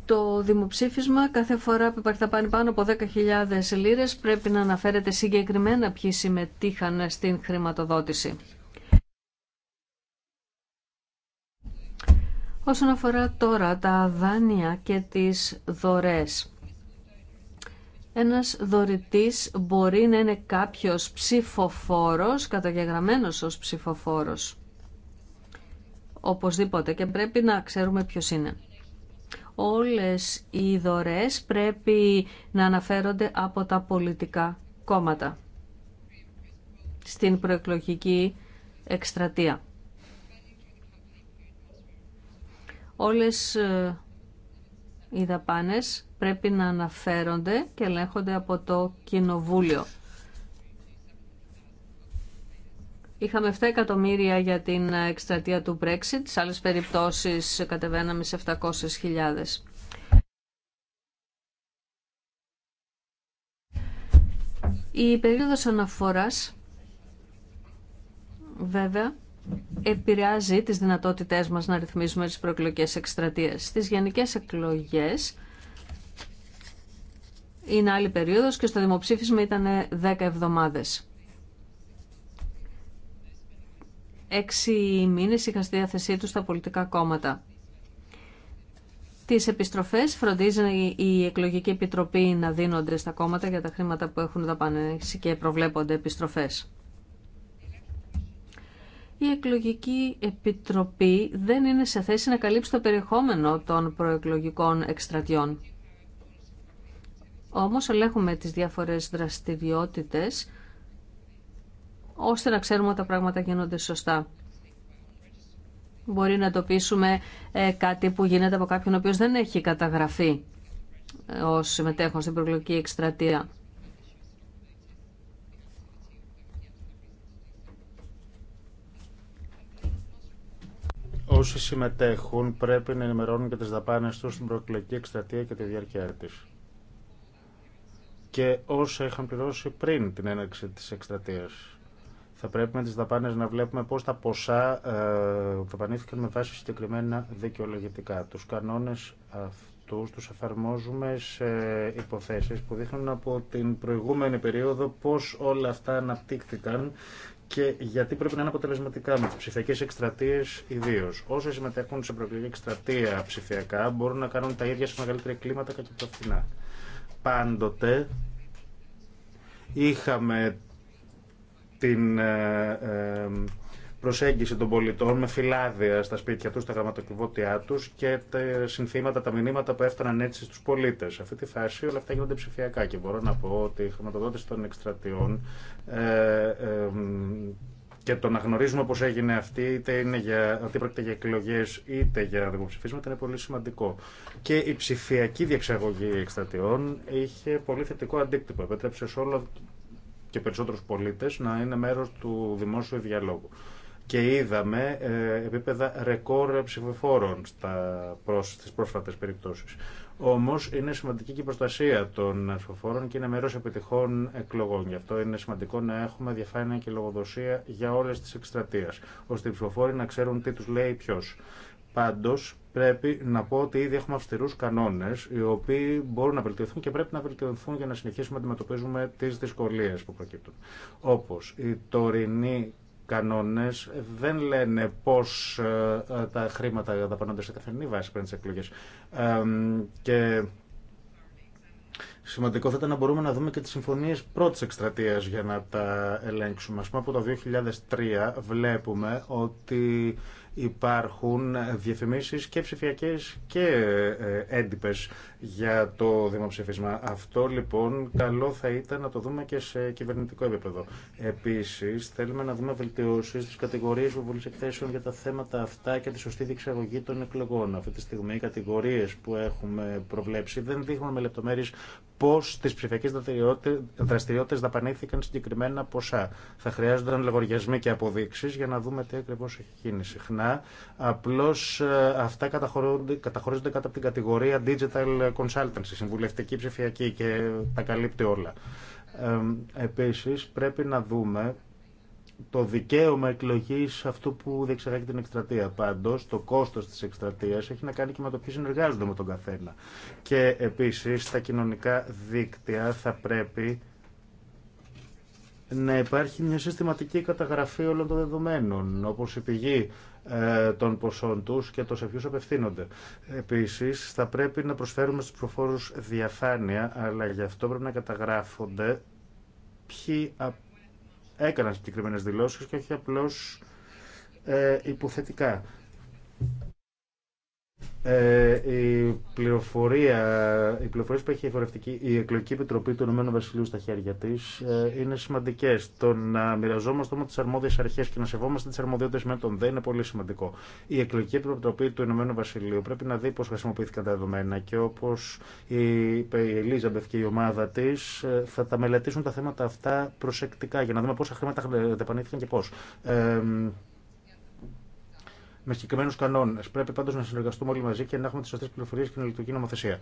το δημοψήφισμα κάθε φορά που θα πάνε πάνω από 10.000 λίρες πρέπει να αναφέρεται συγκεκριμένα ποιοι συμμετείχαν στην χρηματοδότηση. Όσον αφορά τώρα τα δάνεια και τις δωρές. Ένας δωρητής μπορεί να είναι κάποιος ψηφοφόρος, καταγεγραμμένος ως ψηφοφόρος. Οπωσδήποτε και πρέπει να ξέρουμε ποιος είναι όλες οι δωρές πρέπει να αναφέρονται από τα πολιτικά κόμματα στην προεκλογική εκστρατεία. Όλες ε, οι δαπάνες πρέπει να αναφέρονται και ελέγχονται από το Κοινοβούλιο. Είχαμε 7 εκατομμύρια για την εκστρατεία του Brexit, σε άλλες περιπτώσεις κατεβαίναμε σε 700.000. Η περίοδος αναφοράς βέβαια επηρεάζει τις δυνατότητές μας να ρυθμίζουμε τις προεκλογικές εκστρατείες. Στις γενικές εκλογές είναι άλλη περίοδος και στο δημοψήφισμα ήταν 10 εβδομάδες. έξι μήνες είχαν στη διάθεσή τους τα πολιτικά κόμματα. Τις επιστροφές φροντίζει η εκλογική επιτροπή να δίνονται στα κόμματα για τα χρήματα που έχουν δαπανήσει και προβλέπονται επιστροφές. Η εκλογική επιτροπή δεν είναι σε θέση να καλύψει το περιεχόμενο των προεκλογικών εκστρατιών. Όμως ελέγχουμε τις διάφορες δραστηριότητες ώστε να ξέρουμε ότι τα πράγματα γίνονται σωστά. Μπορεί να τοπίσουμε ε, κάτι που γίνεται από κάποιον ο οποίος δεν έχει καταγραφεί ε, ως συμμετέχον στην προκλητική εκστρατεία. Όσοι συμμετέχουν πρέπει να ενημερώνουν και τις δαπάνες τους στην προκλητική εκστρατεία και τη διάρκεια της. Και όσοι είχαν πληρώσει πριν την έναρξη της εκστρατείας. Θα πρέπει με τις δαπάνες να βλέπουμε πώς τα ποσά ε, δαπανήθηκαν με βάση συγκεκριμένα δικαιολογητικά. Τους κανόνες αυτούς τους εφαρμόζουμε σε υποθέσεις που δείχνουν από την προηγούμενη περίοδο πώς όλα αυτά αναπτύχθηκαν και γιατί πρέπει να είναι αποτελεσματικά με τι ψηφιακέ εκστρατείε ιδίω. Όσοι συμμετέχουν σε προεκλογική εκστρατεία ψηφιακά μπορούν να κάνουν τα ίδια σε μεγαλύτερη κλίματα και πιο φθηνά. Πάντοτε είχαμε την ε, ε, προσέγγιση των πολιτών με φυλάδια στα σπίτια τους, στα γραμματοκιβώτια τους και τα συνθήματα, τα μηνύματα που έφταναν έτσι στους πολίτες. Σε αυτή τη φάση όλα αυτά γίνονται ψηφιακά και μπορώ να πω ότι η χρηματοδότηση των εκστρατιών ε, ε και το να γνωρίζουμε πώς έγινε αυτή, είτε είναι για, ότι πρόκειται για εκλογέ είτε για δημοψηφίσματα, είναι πολύ σημαντικό. Και η ψηφιακή διεξαγωγή εκστρατιών είχε πολύ θετικό αντίκτυπο. Επέτρεψε σε όλο και περισσότερους πολίτες να είναι μέρος του δημόσιου διαλόγου. Και είδαμε ε, επίπεδα ρεκόρ ψηφοφόρων στα, στις πρόσφατες περιπτώσεις. Όμω είναι σημαντική και η προστασία των ψηφοφόρων και είναι μέρο επιτυχών εκλογών. Γι' αυτό είναι σημαντικό να έχουμε διαφάνεια και λογοδοσία για όλε τι εκστρατείες, ώστε οι ψηφοφόροι να ξέρουν τι του λέει ποιο. Πάντως πρέπει να πω ότι ήδη έχουμε αυστηρούς κανόνες οι οποίοι μπορούν να βελτιωθούν και πρέπει να βελτιωθούν για να συνεχίσουμε να αντιμετωπίζουμε τις δυσκολίες που προκύπτουν. Όπως οι τωρινοί κανόνες δεν λένε πώς ε, ε, τα χρήματα δαπανώνται σε καθημερινή βάση πριν τις εκλογές. και Σημαντικό θα ήταν να μπορούμε να δούμε και τι συμφωνίε πρώτη εκστρατεία για να τα ελέγξουμε. Ας πούμε από το 2003 βλέπουμε ότι υπάρχουν διαφημίσεις και ψηφιακέ και ε, έντυπε για το δημοψήφισμα. Αυτό λοιπόν καλό θα ήταν να το δούμε και σε κυβερνητικό επίπεδο. Επίση, θέλουμε να δούμε βελτιώσεις στις κατηγορίες βολής εκθέσεων για τα θέματα αυτά και τη σωστή διεξαγωγή των εκλογών. Αυτή τη στιγμή οι κατηγορίε που έχουμε προβλέψει δεν δείχνουν με λεπτομέρειε πώ τι ψηφιακέ δραστηριότητε δαπανήθηκαν συγκεκριμένα ποσά. Θα χρειάζονταν λογαριασμοί και αποδείξει για να δούμε τι ακριβώ έχει γίνει. Συχνά απλώ ε, αυτά καταχωρίζονται κάτω από την κατηγορία digital consultancy, συμβουλευτική ψηφιακή και τα καλύπτει όλα. Ε, επίσης πρέπει να δούμε το δικαίωμα εκλογή αυτού που διεξαγάγει την εκστρατεία. Πάντω, το κόστο τη εκστρατεία έχει να κάνει και με το ποιοι συνεργάζονται με τον καθένα. Και επίση, τα κοινωνικά δίκτυα θα πρέπει να υπάρχει μια συστηματική καταγραφή όλων των δεδομένων, Όπω η πηγή ε, των ποσών του και το σε ποιου απευθύνονται. Επίση, θα πρέπει να προσφέρουμε στου προφόρου διαφάνεια, αλλά γι' αυτό πρέπει να καταγράφονται ποιοι έκαναν συγκεκριμένε δηλώσει και όχι απλώ ε, υποθετικά. Ε, η πληροφορία, οι πληροφορίε που έχει η, η εκλογική επιτροπή του Ηνωμένου Βασιλείου στα χέρια τη ε, είναι σημαντικέ. Το να μοιραζόμαστε όμω τι αρμόδιε αρχέ και να σεβόμαστε τι αρμοδιότητε με τον ΔΕ είναι πολύ σημαντικό. Η εκλογική επιτροπή του Ηνωμένου Βασιλείου πρέπει να δει πώ χρησιμοποιήθηκαν τα δεδομένα και όπω η Ελίζαμπεθ και η ομάδα τη ε, θα τα μελετήσουν τα θέματα αυτά προσεκτικά για να δούμε πόσα χρήματα δεπανήθηκαν και πώ. Ε, με συγκεκριμένου κανόνε. Πρέπει πάντω να συνεργαστούμε όλοι μαζί και να έχουμε τι σωστέ πληροφορίε και να λειτουργεί νομοθεσία.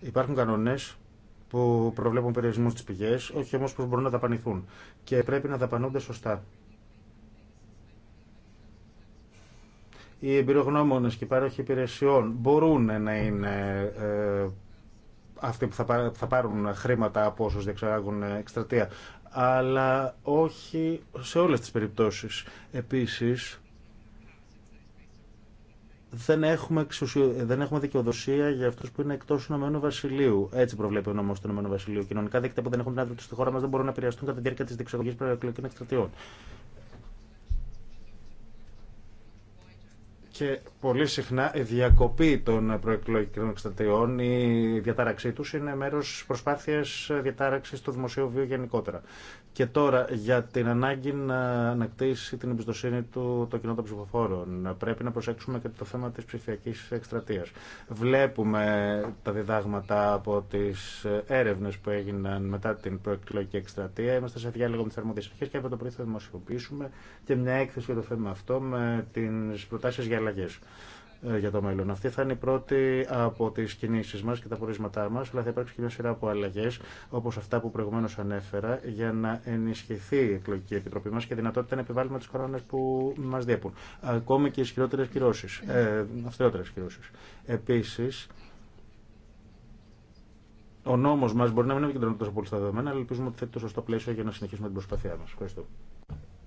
Υπάρχουν κανόνε που προβλέπουν περιορισμού στι πηγέ, όχι όμω που μπορούν να δαπανηθούν. Και πρέπει να δαπανούνται σωστά. Οι εμπειρογνώμονε και οι πάροχοι υπηρεσιών μπορούν να είναι ε, αυτοί που θα πάρουν χρήματα από όσου διεξαγάγουν εκστρατεία. Αλλά όχι σε όλε τι περιπτώσει επίση δεν έχουμε, δεν έχουμε δικαιοδοσία για αυτού που είναι εκτό Ηνωμένου Βασιλείου. Έτσι προβλέπει ο νόμο του Ηνωμένου Βασιλείου. Κοινωνικά δίκτυα που δεν έχουν δυνατότητα στη χώρα μα δεν μπορούν να επηρεαστούν κατά τη διάρκεια τη διεξαγωγή προεκλογικών εκστρατιών. Και πολύ συχνά η διακοπή των προεκλογικών εκστρατιών, η διατάραξή του είναι μέρο προσπάθεια διατάραξη του δημοσίου βίου γενικότερα. Και τώρα για την ανάγκη να ανακτήσει την εμπιστοσύνη του το κοινό των ψηφοφόρων. Πρέπει να προσέξουμε και το θέμα της ψηφιακής εκστρατεία. Βλέπουμε τα διδάγματα από τις έρευνες που έγιναν μετά την προεκλογική εκστρατεία. Είμαστε σε διάλογο με τις αρμόδιες αρχές και από το πρωί θα δημοσιοποιήσουμε και μια έκθεση για το θέμα αυτό με τις προτάσεις για αλλαγές. Ε, για το μέλλον. Αυτή θα είναι η πρώτη από τι κινήσει μα και τα πορίσματά μα, αλλά θα υπάρξει και μια σειρά από αλλαγέ, όπω αυτά που προηγουμένω ανέφερα, για να ενισχυθεί η εκλογική επιτροπή μα και δυνατότητα να επιβάλλουμε τι κορώνε που μα διέπουν. Ακόμη και ισχυρότερε κυρώσει, ε, αυστηρότερε κυρώσει. Επίση, ο νόμο μα μπορεί να μην επικεντρώνεται τόσο πολύ στα δεδομένα, αλλά ελπίζουμε ότι θέτει το σωστό πλαίσιο για να συνεχίσουμε την προσπάθειά μα. Ευχαριστώ.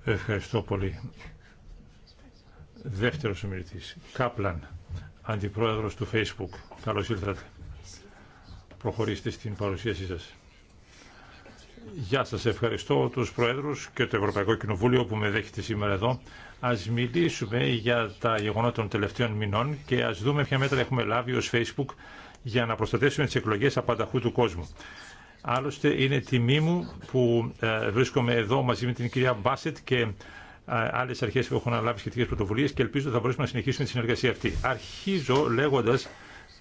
Ευχαριστώ πολύ. Δεύτερο ομιλητή. Κάπλαν, αντιπρόεδρος του Facebook. Καλώς ήλθατε. Προχωρήστε στην παρουσίασή σας. Γεια σας, ευχαριστώ τους Προέδρους και το Ευρωπαϊκό Κοινοβούλιο που με δέχεται σήμερα εδώ. Ας μιλήσουμε για τα γεγονότα των τελευταίων μηνών και ας δούμε ποια μέτρα έχουμε λάβει ως Facebook για να προστατεύσουμε τις εκλογέ απανταχού του κόσμου. Άλλωστε είναι τιμή μου που ε, βρίσκομαι εδώ μαζί με την κυρία Μπάσετ και άλλε αρχέ που έχουν αναλάβει σχετικέ πρωτοβουλίε και ελπίζω ότι θα μπορέσουμε να συνεχίσουμε τη συνεργασία αυτή. Αρχίζω λέγοντα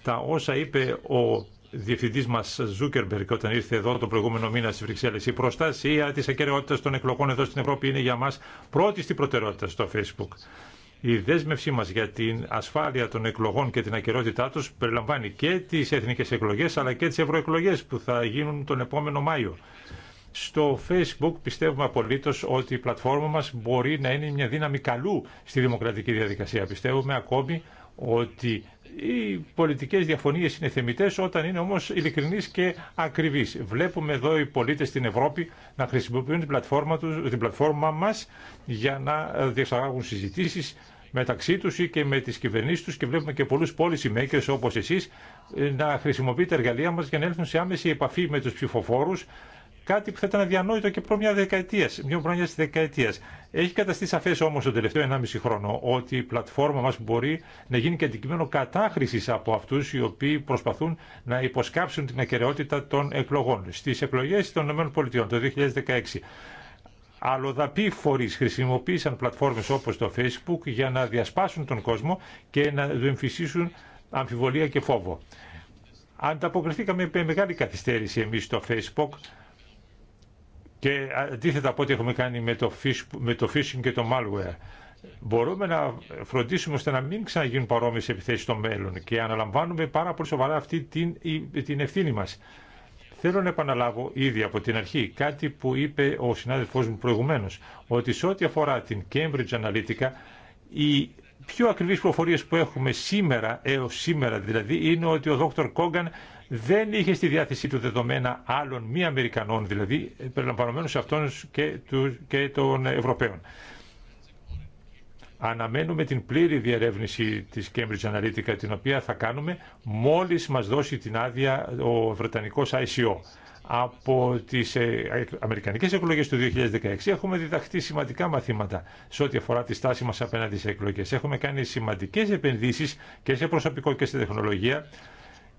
τα όσα είπε ο διευθυντή μα Ζούκερμπεργκ όταν ήρθε εδώ το προηγούμενο μήνα στι Βρυξέλλε. Η προστασία τη ακαιρεότητα των εκλογών εδώ στην Ευρώπη είναι για μα πρώτη στην προτεραιότητα στο Facebook. Η δέσμευσή μα για την ασφάλεια των εκλογών και την ακαιρεότητά του περιλαμβάνει και τι εθνικέ εκλογέ αλλά και τι ευρωεκλογέ που θα γίνουν τον επόμενο Μάιο. Στο Facebook πιστεύουμε απολύτως ότι η πλατφόρμα μας μπορεί να είναι μια δύναμη καλού στη δημοκρατική διαδικασία. Πιστεύουμε ακόμη ότι οι πολιτικές διαφωνίες είναι θεμητές όταν είναι όμως ειλικρινείς και ακριβείς. Βλέπουμε εδώ οι πολίτες στην Ευρώπη να χρησιμοποιούν την πλατφόρμα, τους, πλατφόρμα μας για να διεξαγάγουν συζητήσεις μεταξύ τους ή και με τις κυβερνήσεις τους και βλέπουμε και πολλούς policy makers όπως εσείς να χρησιμοποιείτε εργαλεία μας για να έλθουν σε άμεση επαφή με τους ψηφοφόρους κάτι που θα ήταν αδιανόητο και προ μια δεκαετία, μια δεκαετία. Έχει καταστεί σαφέ όμω τον τελευταίο 1,5 χρόνο ότι η πλατφόρμα μα μπορεί να γίνει και αντικείμενο κατάχρηση από αυτού οι οποίοι προσπαθούν να υποσκάψουν την ακαιρεότητα των εκλογών. Στι εκλογέ των ΗΠΑ το 2016. Αλλοδαποί φορεί χρησιμοποίησαν πλατφόρμες όπως το Facebook για να διασπάσουν τον κόσμο και να του εμφυσίσουν αμφιβολία και φόβο. Ανταποκριθήκαμε με μεγάλη καθυστέρηση εμείς στο Facebook και αντίθετα από ό,τι έχουμε κάνει με το, fish, με το phishing και το malware. Μπορούμε να φροντίσουμε ώστε να μην ξαναγίνουν παρόμοιε επιθέσεις στο μέλλον και αναλαμβάνουμε πάρα πολύ σοβαρά αυτή την, την ευθύνη μα. Θέλω να επαναλάβω ήδη από την αρχή κάτι που είπε ο συνάδελφός μου προηγουμένω ότι σε ό,τι αφορά την Cambridge Analytica, οι πιο ακριβεί προφορίες που έχουμε σήμερα έω σήμερα δηλαδή είναι ότι ο Δόκτωρ Κόγκαν δεν είχε στη διάθεσή του δεδομένα άλλων μη Αμερικανών, δηλαδή περιλαμβανομένους αυτών και, και των Ευρωπαίων. Αναμένουμε την πλήρη διερεύνηση της Cambridge Analytica, την οποία θα κάνουμε μόλις μας δώσει την άδεια ο Βρετανικός ICO. Από τις ε, αμερικανικές εκλογές του 2016 έχουμε διδαχθεί σημαντικά μαθήματα σε ό,τι αφορά τη στάση μας απέναντι σε εκλογές. Έχουμε κάνει σημαντικές επενδύσεις και σε προσωπικό και σε τεχνολογία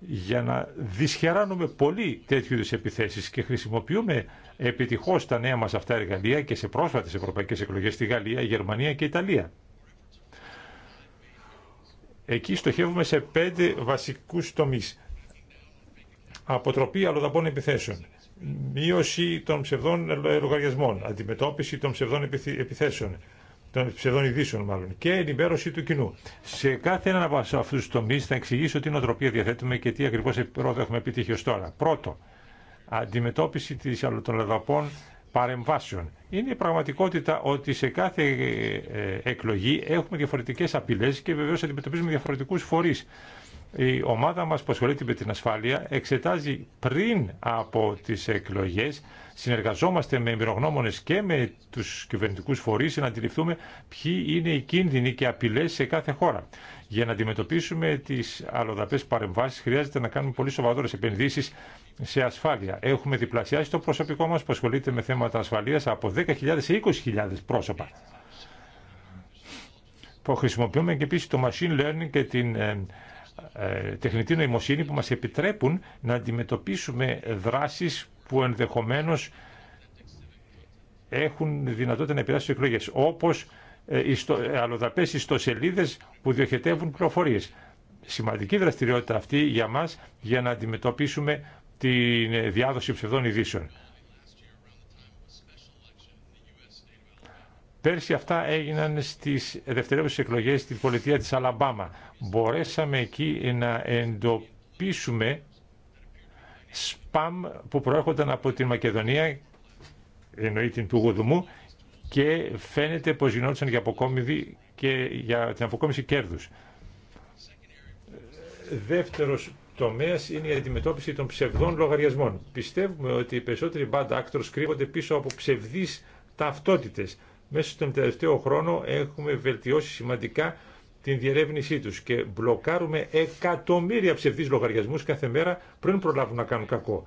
για να δυσχεράνουμε πολύ τέτοιου είδου επιθέσει και χρησιμοποιούμε επιτυχώ τα νέα μα αυτά εργαλεία και σε πρόσφατε ευρωπαϊκέ εκλογέ στη Γαλλία, Γερμανία και Ιταλία. Εκεί στοχεύουμε σε πέντε βασικούς τομεί Αποτροπή αλλοδαπών επιθέσεων, μείωση των ψευδών λογαριασμών, αντιμετώπιση των ψευδών επιθέσεων, των ψευδών ειδήσεων μάλλον και ενημέρωση του κοινού. Σε κάθε έναν από αυτού του τομεί θα εξηγήσω τι νοοτροπία διαθέτουμε και τι ακριβώ πρόοδο έχουμε επιτύχει ω τώρα. Πρώτο, αντιμετώπιση των λαδαπών παρεμβάσεων. Είναι η πραγματικότητα ότι σε κάθε ε, ε, εκλογή έχουμε διαφορετικέ απειλέ και βεβαίω αντιμετωπίζουμε διαφορετικού φορεί. Η ομάδα μας που ασχολείται με την ασφάλεια εξετάζει πριν από τις εκλογές συνεργαζόμαστε με εμπειρογνώμονε και με τους κυβερνητικούς φορείς να αντιληφθούμε ποιοι είναι οι κίνδυνοι και απειλέ σε κάθε χώρα. Για να αντιμετωπίσουμε τι αλλοδαπέ παρεμβάσει. χρειάζεται να κάνουμε πολύ σοβαρότερες επενδύσει σε ασφάλεια. Έχουμε διπλασιάσει το προσωπικό μα που ασχολείται με θέματα ασφαλείας από 10.000 σε 20.000 πρόσωπα που χρησιμοποιούμε και επίση το machine learning και την ε, ε, τεχνητή νοημοσύνη που μα επιτρέπουν να αντιμετωπίσουμε δράσει που ενδεχομένως έχουν δυνατότητα να επηρεάσουν εκλογέ. Όπως ε, ιστο, ε, αλλοδαπές ιστοσελίδες που διοχετεύουν πληροφορίε. Σημαντική δραστηριότητα αυτή για μας για να αντιμετωπίσουμε τη ε, διάδοση ψευδών ειδήσεων. Πέρσι αυτά έγιναν στις δευτερεύουσες εκλογές στην πολιτεία της Αλαμπάμα. Μπορέσαμε εκεί να εντοπίσουμε σπαμ που προέρχονταν από την Μακεδονία, εννοεί την του Γουδουμού, και φαίνεται πως γινόντουσαν για, και για την αποκόμιση κέρδους. Δεύτερος τομέας είναι η αντιμετώπιση των ψευδών λογαριασμών. Πιστεύουμε ότι οι περισσότεροι bad actors κρύβονται πίσω από ψευδείς ταυτότητες. Μέσα στον τελευταίο χρόνο έχουμε βελτιώσει σημαντικά την διερεύνησή του και μπλοκάρουμε εκατομμύρια ψευδεί λογαριασμού κάθε μέρα πριν προλάβουν να κάνουν κακό.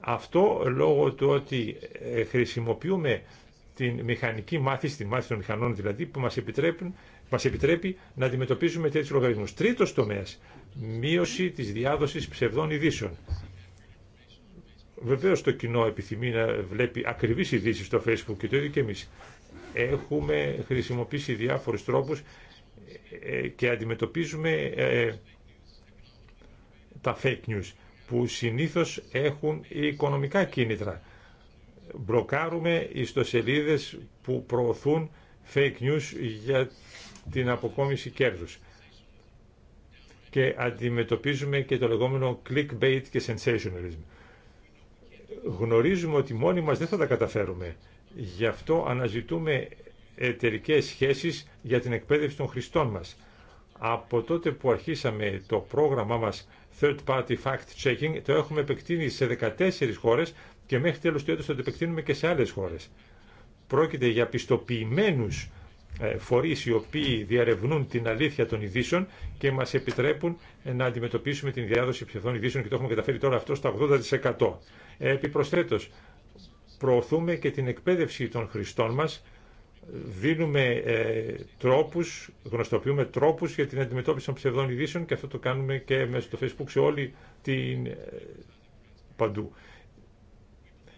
Αυτό λόγω του ότι ε, χρησιμοποιούμε την μηχανική μάθηση, τη μάθηση των μηχανών δηλαδή, που μας, επιτρέπει, μας επιτρέπει να αντιμετωπίζουμε τέτοιους λογαριασμούς. Τρίτος τομέας, μείωση της διάδοσης ψευδών ειδήσεων. Βεβαίω το κοινό επιθυμεί να βλέπει ακριβεί ειδήσει στο Facebook και το ίδιο και εμεί. Έχουμε χρησιμοποιήσει διάφορου τρόπου ε, ε, και αντιμετωπίζουμε ε, τα fake news που συνήθως έχουν οικονομικά κίνητρα. Μπλοκάρουμε ιστοσελίδες που προωθούν fake news για την αποκόμιση κέρδους. Και αντιμετωπίζουμε και το λεγόμενο clickbait και sensationalism. Γνωρίζουμε ότι μόνοι μας δεν θα τα καταφέρουμε. Γι' αυτό αναζητούμε εταιρικέ σχέσεις για την εκπαίδευση των χρηστών μας. Από τότε που αρχίσαμε το πρόγραμμά μας Third Party Fact Checking το έχουμε επεκτείνει σε 14 χώρες και μέχρι τέλος του έτους θα το επεκτείνουμε και σε άλλες χώρες. Πρόκειται για πιστοποιημένους ε, φορείς οι οποίοι διαρευνούν την αλήθεια των ειδήσεων και μας επιτρέπουν να αντιμετωπίσουμε την διάδοση ψευδών ειδήσεων και το έχουμε καταφέρει τώρα αυτό στα 80%. Επιπροσθέτως, προωθούμε και την εκπαίδευση των χρηστών μας δίνουμε ε, τρόπους, γνωστοποιούμε τρόπους για την αντιμετώπιση των ψευδών ειδήσεων και αυτό το κάνουμε και μέσα στο facebook σε όλη την ε, παντού.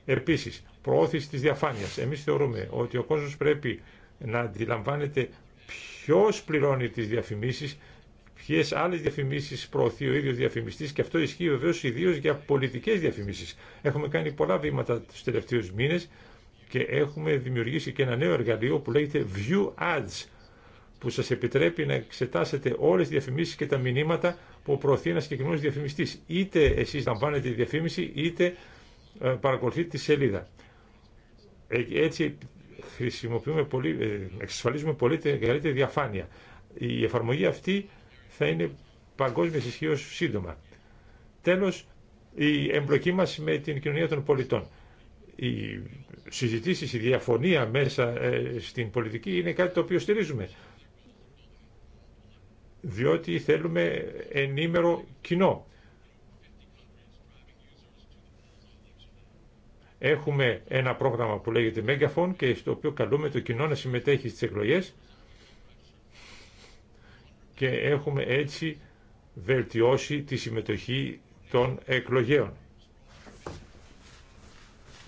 Επίσης, προώθηση της διαφάνειας. Εμείς θεωρούμε ότι ο κόσμος πρέπει να αντιλαμβάνεται ποιος πληρώνει τις διαφημίσεις, ποιες άλλες διαφημίσεις προωθεί ο ίδιος διαφημιστής και αυτό ισχύει βεβαίως ιδίως για πολιτικές διαφημίσεις. Έχουμε κάνει πολλά βήματα τους τελευταίους μήνες και έχουμε δημιουργήσει και ένα νέο εργαλείο που λέγεται View Ads που σας επιτρέπει να εξετάσετε όλες τις διαφημίσεις και τα μηνύματα που προωθεί ένας συγκεκριμένος διαφημιστής. Είτε εσείς λαμβάνετε τη διαφήμιση, είτε ε, παρακολουθείτε τη σελίδα. Ε, έτσι χρησιμοποιούμε πολύ, ε, εξασφαλίζουμε πολύ καλύτερη διαφάνεια. Η εφαρμογή αυτή θα είναι παγκόσμια ισχύω σύντομα. Τέλος, η εμπλοκή μας με την κοινωνία των πολιτών. Η Συζητήσει η διαφωνία μέσα ε, στην πολιτική είναι κάτι το οποίο στηρίζουμε. Διότι θέλουμε ενήμερο κοινό. Έχουμε ένα πρόγραμμα που λέγεται Megaphone και στο οποίο καλούμε το κοινό να συμμετέχει στις εκλογές και έχουμε έτσι βελτιώσει τη συμμετοχή των εκλογέων.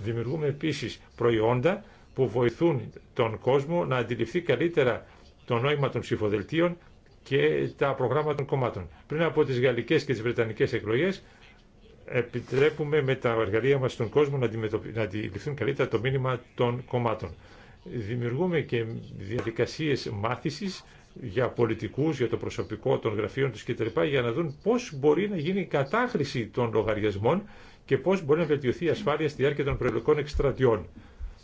Δημιουργούμε επίση προϊόντα που βοηθούν τον κόσμο να αντιληφθεί καλύτερα το νόημα των ψηφοδελτίων και τα προγράμματα των κομμάτων. Πριν από τις γαλλικές και τις βρετανικές εκλογές, επιτρέπουμε με τα εργαλεία μας στον κόσμο να, να αντιληφθούν καλύτερα το μήνυμα των κομμάτων. Δημιουργούμε και διαδικασίες μάθησης για πολιτικούς, για το προσωπικό των γραφείων τους κτλ. για να δουν πώς μπορεί να γίνει η κατάχρηση των λογαριασμών και πώ μπορεί να βελτιωθεί η ασφάλεια στη διάρκεια των προεκλογικών εκστρατιών.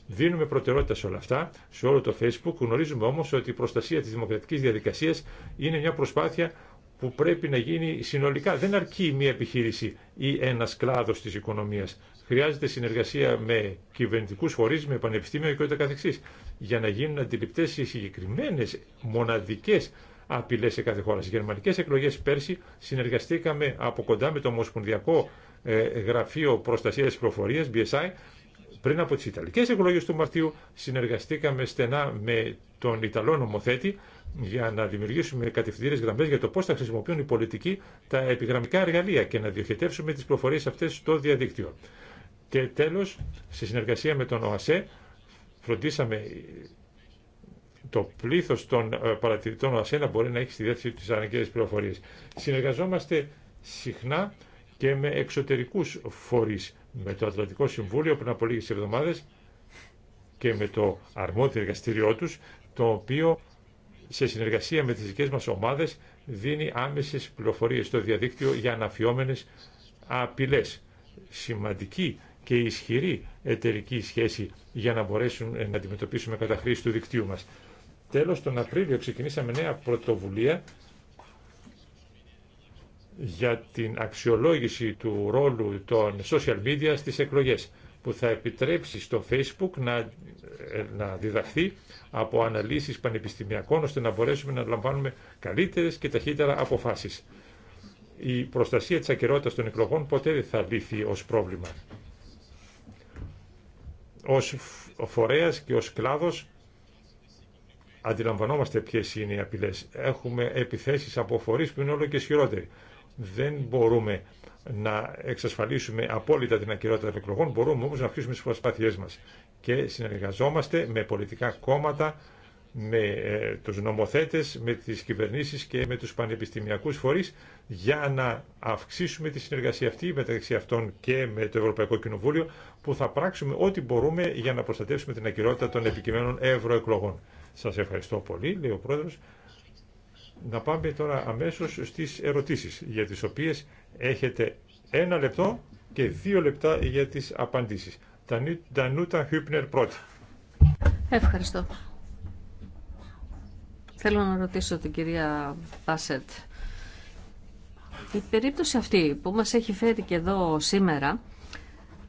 Δίνουμε προτεραιότητα σε όλα αυτά, σε όλο το Facebook. Γνωρίζουμε όμω ότι η προστασία τη δημοκρατική διαδικασία είναι μια προσπάθεια που πρέπει να γίνει συνολικά. Δεν αρκεί μια επιχείρηση ή ένα κλάδο τη οικονομία. Χρειάζεται συνεργασία με κυβερνητικού φορεί, με πανεπιστήμια και ούτε καθεξής, για να γίνουν αντιληπτέ οι συγκεκριμένε μοναδικέ απειλέ σε κάθε χώρα. Στι γερμανικέ εκλογέ πέρσι συνεργαστήκαμε από κοντά με το Ομοσπονδιακό ε, Γραφείο Προστασία τη Προφορίας, BSI, πριν από τις Ιταλικέ εκλογέ του Μαρτίου συνεργαστήκαμε στενά με τον Ιταλό νομοθέτη για να δημιουργήσουμε κατευθυντήρε γραμμέ για το πώ θα χρησιμοποιούν οι πολιτικοί τα επιγραμμικά εργαλεία και να διοχετεύσουμε τι προφορίες αυτέ στο διαδίκτυο. Και τέλο, σε συνεργασία με τον ΟΑΣΕ, φροντίσαμε το πλήθο των ε, παρατηρητών ΟΑΣΕ να μπορεί να έχει στη διάθεση τι αναγκαίε πληροφορίε. Συνεργαζόμαστε συχνά και με εξωτερικούς φορείς, με το Ατλαντικό Συμβούλιο πριν από λίγες εβδομάδες και με το αρμόδιο εργαστήριό του, το οποίο σε συνεργασία με τις δικέ μας ομάδες δίνει άμεσε πληροφορίες στο διαδίκτυο για αναφιόμενε απειλέ. Σημαντική και ισχυρή εταιρική σχέση για να μπορέσουν να αντιμετωπίσουμε χρήση του δικτύου μα. Τέλος, τον Απρίλιο ξεκινήσαμε νέα πρωτοβουλία για την αξιολόγηση του ρόλου των social media στις εκλογές που θα επιτρέψει στο Facebook να, ε, να διδαχθεί από αναλύσεις πανεπιστημιακών ώστε να μπορέσουμε να λαμβάνουμε καλύτερες και ταχύτερα αποφάσεις. Η προστασία της ακαιρότητας των εκλογών ποτέ δεν θα λύθει ως πρόβλημα. Ως φορέας και ως κλάδος αντιλαμβανόμαστε ποιες είναι οι απειλές. Έχουμε επιθέσεις από φορείς που είναι όλο και ισχυρότεροι. Δεν μπορούμε να εξασφαλίσουμε απόλυτα την ακυρότητα των εκλογών, μπορούμε όμως να αυξήσουμε τις προσπάθειές μας. Και συνεργαζόμαστε με πολιτικά κόμματα, με ε, τους νομοθέτες, με τις κυβερνήσεις και με τους πανεπιστημιακούς φορείς για να αυξήσουμε τη συνεργασία αυτή μεταξύ αυτών και με το Ευρωπαϊκό Κοινοβούλιο που θα πράξουμε ό,τι μπορούμε για να προστατεύσουμε την ακυρότητα των επικειμένων ευρωεκλογών. Σας ευχαριστώ πολύ, λέει ο Πρόεδρος. Να πάμε τώρα αμέσως στις ερωτήσεις, για τις οποίες έχετε ένα λεπτό και δύο λεπτά για τις απαντήσεις. τανούτα Χύπνερ πρώτη. Ευχαριστώ. Θέλω να ρωτήσω την κυρία Πάσετ. Η περίπτωση αυτή που μας έχει φέρει και εδώ σήμερα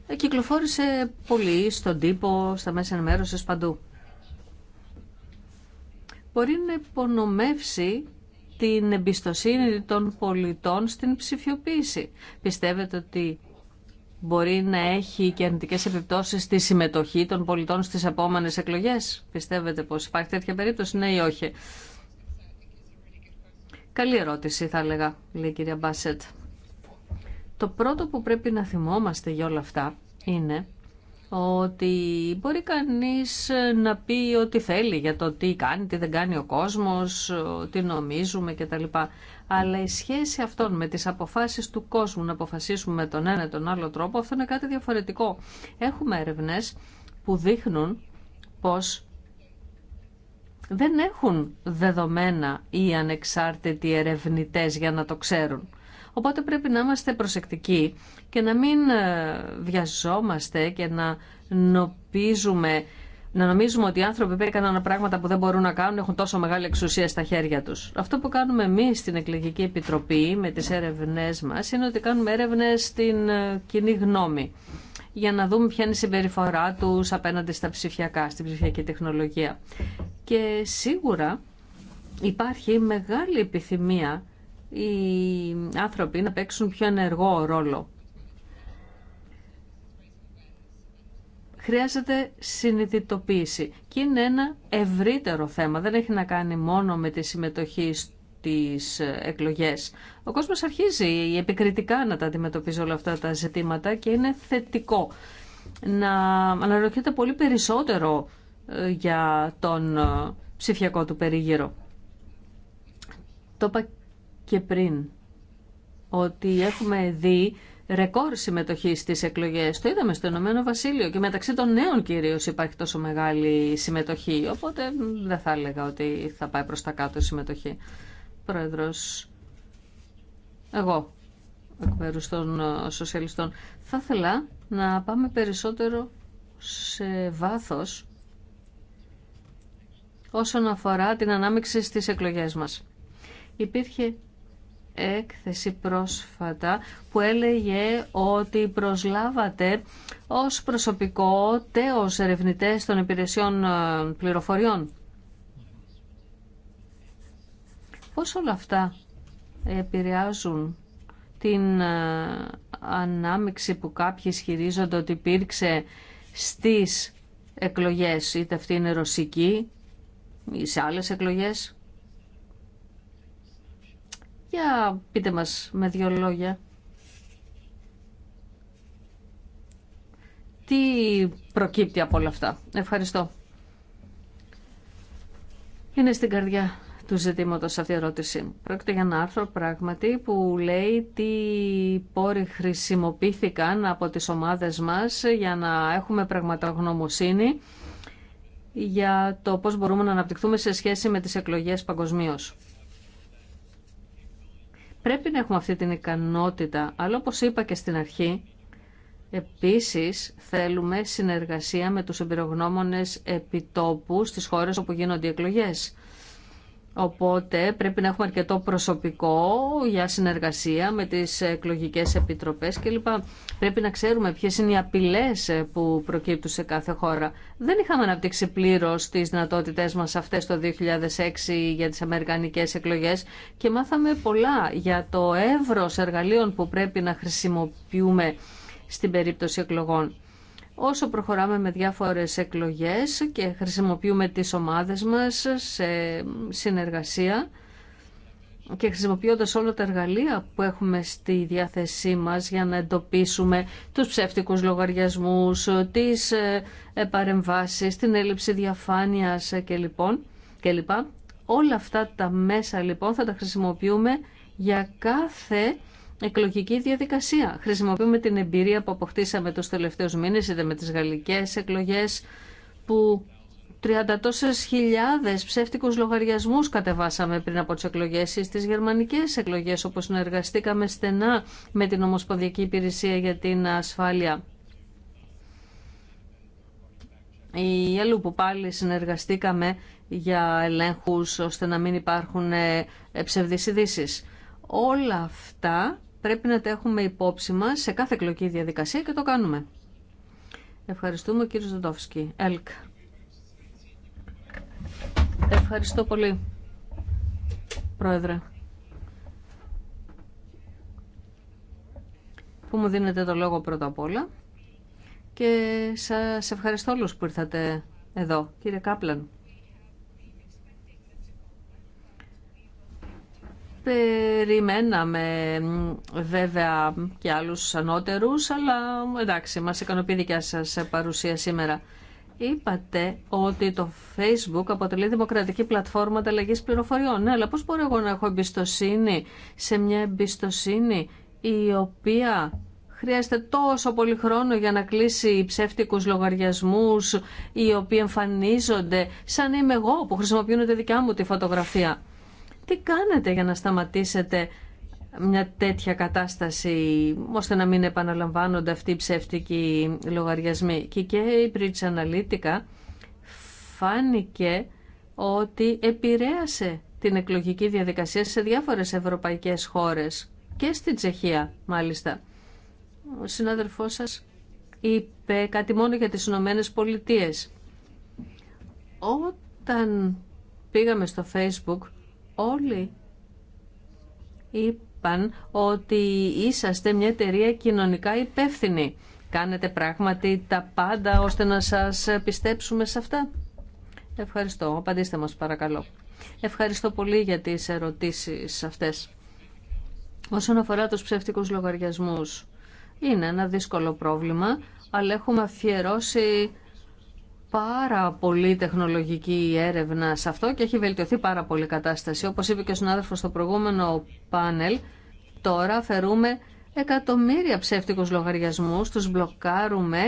ε, κυκλοφόρησε πολύ στον τύπο, στα μέσα ενημέρωσης παντού. Μπορεί να υπονομεύσει την εμπιστοσύνη των πολιτών στην ψηφιοποίηση. Πιστεύετε ότι μπορεί να έχει και αρνητικέ επιπτώσει στη συμμετοχή των πολιτών στι επόμενε εκλογέ. Πιστεύετε πω υπάρχει τέτοια περίπτωση, ναι ή όχι. Καλή ερώτηση θα έλεγα, λέει η κυρία Μπάσετ. Το πρώτο που πρέπει να θυμόμαστε για όλα αυτά είναι ότι μπορεί κανείς να πει ό,τι θέλει για το τι κάνει, τι δεν κάνει ο κόσμος, τι νομίζουμε κτλ. Αλλά η σχέση αυτών με τις αποφάσεις του κόσμου να αποφασίσουμε με τον ένα ή τον άλλο τρόπο, αυτό είναι κάτι διαφορετικό. Έχουμε έρευνες που δείχνουν πως δεν έχουν δεδομένα οι ανεξάρτητοι ερευνητές για να το ξέρουν. Οπότε πρέπει να είμαστε προσεκτικοί και να μην ε, βιαζόμαστε και να νοπίζουμε να νομίζουμε ότι οι άνθρωποι που έκαναν πράγματα που δεν μπορούν να κάνουν έχουν τόσο μεγάλη εξουσία στα χέρια του. Αυτό που κάνουμε εμεί στην Εκλογική Επιτροπή με τι έρευνέ μα είναι ότι κάνουμε έρευνε στην ε, κοινή γνώμη για να δούμε ποια είναι η συμπεριφορά του απέναντι στα ψηφιακά, στην ψηφιακή τεχνολογία. Και σίγουρα υπάρχει μεγάλη επιθυμία οι άνθρωποι να παίξουν πιο ενεργό ρόλο. Χρειάζεται συνειδητοποίηση και είναι ένα ευρύτερο θέμα. Δεν έχει να κάνει μόνο με τη συμμετοχή στις εκλογές. Ο κόσμος αρχίζει επικριτικά να τα αντιμετωπίζει όλα αυτά τα ζητήματα και είναι θετικό. Να αναρωτιέται πολύ περισσότερο ε, για τον ε, ψηφιακό του περίγυρο. Το και πριν ότι έχουμε δει ρεκόρ συμμετοχή στις εκλογές. Το είδαμε στο Ηνωμένο Βασίλειο και μεταξύ των νέων κυρίως υπάρχει τόσο μεγάλη συμμετοχή. Οπότε δεν θα έλεγα ότι θα πάει προς τα κάτω η συμμετοχή. Πρόεδρος, εγώ εκ μέρους των ε, σοσιαλιστών. Θα ήθελα να πάμε περισσότερο σε βάθος όσον αφορά την ανάμειξη στις εκλογές μας. Υπήρχε έκθεση πρόσφατα που έλεγε ότι προσλάβατε ως προσωπικό τέος ερευνητές των υπηρεσιών ε, πληροφοριών. Πώς όλα αυτά επηρεάζουν την ε, ανάμειξη που κάποιοι ισχυρίζονται ότι υπήρξε στις εκλογές, είτε αυτή είναι ρωσική ή σε άλλες εκλογές. Για πείτε μας με δύο λόγια. Τι προκύπτει από όλα αυτά. Ευχαριστώ. Είναι στην καρδιά του ζητήματος αυτή η ερώτηση. Πρόκειται για ένα άρθρο πράγματι που λέει τι πόροι χρησιμοποιήθηκαν από τις ομάδες μας για να έχουμε πραγματογνωμοσύνη για το πώς μπορούμε να αναπτυχθούμε σε σχέση με τις εκλογές παγκοσμίως. Πρέπει να έχουμε αυτή την ικανότητα, αλλά όπως είπα και στην αρχή, επίσης θέλουμε συνεργασία με τους εμπειρογνώμονες επιτόπου στις χώρες όπου γίνονται οι εκλογές. Οπότε πρέπει να έχουμε αρκετό προσωπικό για συνεργασία με τις εκλογικές επιτροπές κλπ. Πρέπει να ξέρουμε ποιες είναι οι απειλές που προκύπτουν σε κάθε χώρα. Δεν είχαμε αναπτύξει πλήρω τις δυνατότητές μας αυτές το 2006 για τις αμερικανικές εκλογές και μάθαμε πολλά για το εύρος εργαλείων που πρέπει να χρησιμοποιούμε στην περίπτωση εκλογών. Όσο προχωράμε με διάφορες εκλογές και χρησιμοποιούμε τις ομάδες μας σε συνεργασία και χρησιμοποιώντας όλα τα εργαλεία που έχουμε στη διάθεσή μας για να εντοπίσουμε τους ψεύτικους λογαριασμούς, τις ε, ε, παρεμβάσεις, την έλλειψη διαφάνειας ε, και λοιπόν και λοιπά. Όλα αυτά τα μέσα λοιπόν θα τα χρησιμοποιούμε για κάθε εκλογική διαδικασία. Χρησιμοποιούμε την εμπειρία που αποκτήσαμε τους τελευταίους μήνες, είδαμε με τις γαλλικές εκλογές που 30 τόσες χιλιάδες ψεύτικους λογαριασμούς κατεβάσαμε πριν από τις εκλογές ή στις γερμανικές εκλογές όπου συνεργαστήκαμε στενά με την Ομοσπονδιακή Υπηρεσία για την Ασφάλεια. Ή αλλού που πάλι συνεργαστήκαμε για ελέγχους ώστε να μην υπάρχουν ε, ψευδείς ειδήσει. Όλα αυτά πρέπει να τα έχουμε υπόψη μας σε κάθε εκλογική διαδικασία και το κάνουμε. Ευχαριστούμε κύριο Ζοντόφσκι. ΕΛΚ. Ευχαριστώ πολύ, Πρόεδρε. που μου δίνετε το λόγο πρώτα απ' όλα και σας ευχαριστώ όλους που ήρθατε εδώ, κύριε Κάπλαν. Περιμέναμε βέβαια και άλλους ανώτερους, αλλά εντάξει, μας ικανοποιεί δικιά σας παρουσία σήμερα. Είπατε ότι το Facebook αποτελεί δημοκρατική πλατφόρμα ανταλλαγής πληροφοριών. Ναι, αλλά πώς μπορώ εγώ να έχω εμπιστοσύνη σε μια εμπιστοσύνη η οποία χρειάζεται τόσο πολύ χρόνο για να κλείσει ψεύτικους λογαριασμούς οι οποίοι εμφανίζονται σαν είμαι εγώ που χρησιμοποιούν τη δικιά μου τη φωτογραφία. Τι κάνετε για να σταματήσετε μια τέτοια κατάσταση ώστε να μην επαναλαμβάνονται αυτοί οι ψεύτικοι λογαριασμοί. Και και η Bridge Analytica φάνηκε ότι επηρέασε την εκλογική διαδικασία σε διάφορες ευρωπαϊκές χώρες και στην Τσεχία μάλιστα. Ο συνάδελφός σας είπε κάτι μόνο για τις Ηνωμένε Πολιτείες. Όταν πήγαμε στο Facebook όλοι είπαν ότι είσαστε μια εταιρεία κοινωνικά υπεύθυνη. Κάνετε πράγματι τα πάντα ώστε να σας πιστέψουμε σε αυτά. Ευχαριστώ. Απαντήστε μας παρακαλώ. Ευχαριστώ πολύ για τις ερωτήσεις αυτές. Όσον αφορά τους ψεύτικους λογαριασμούς, είναι ένα δύσκολο πρόβλημα, αλλά έχουμε αφιερώσει πάρα πολύ τεχνολογική έρευνα σε αυτό και έχει βελτιωθεί πάρα πολύ η κατάσταση. Όπως είπε και ο συνάδελφος στο προηγούμενο πάνελ, τώρα φερούμε εκατομμύρια ψεύτικους λογαριασμούς, τους μπλοκάρουμε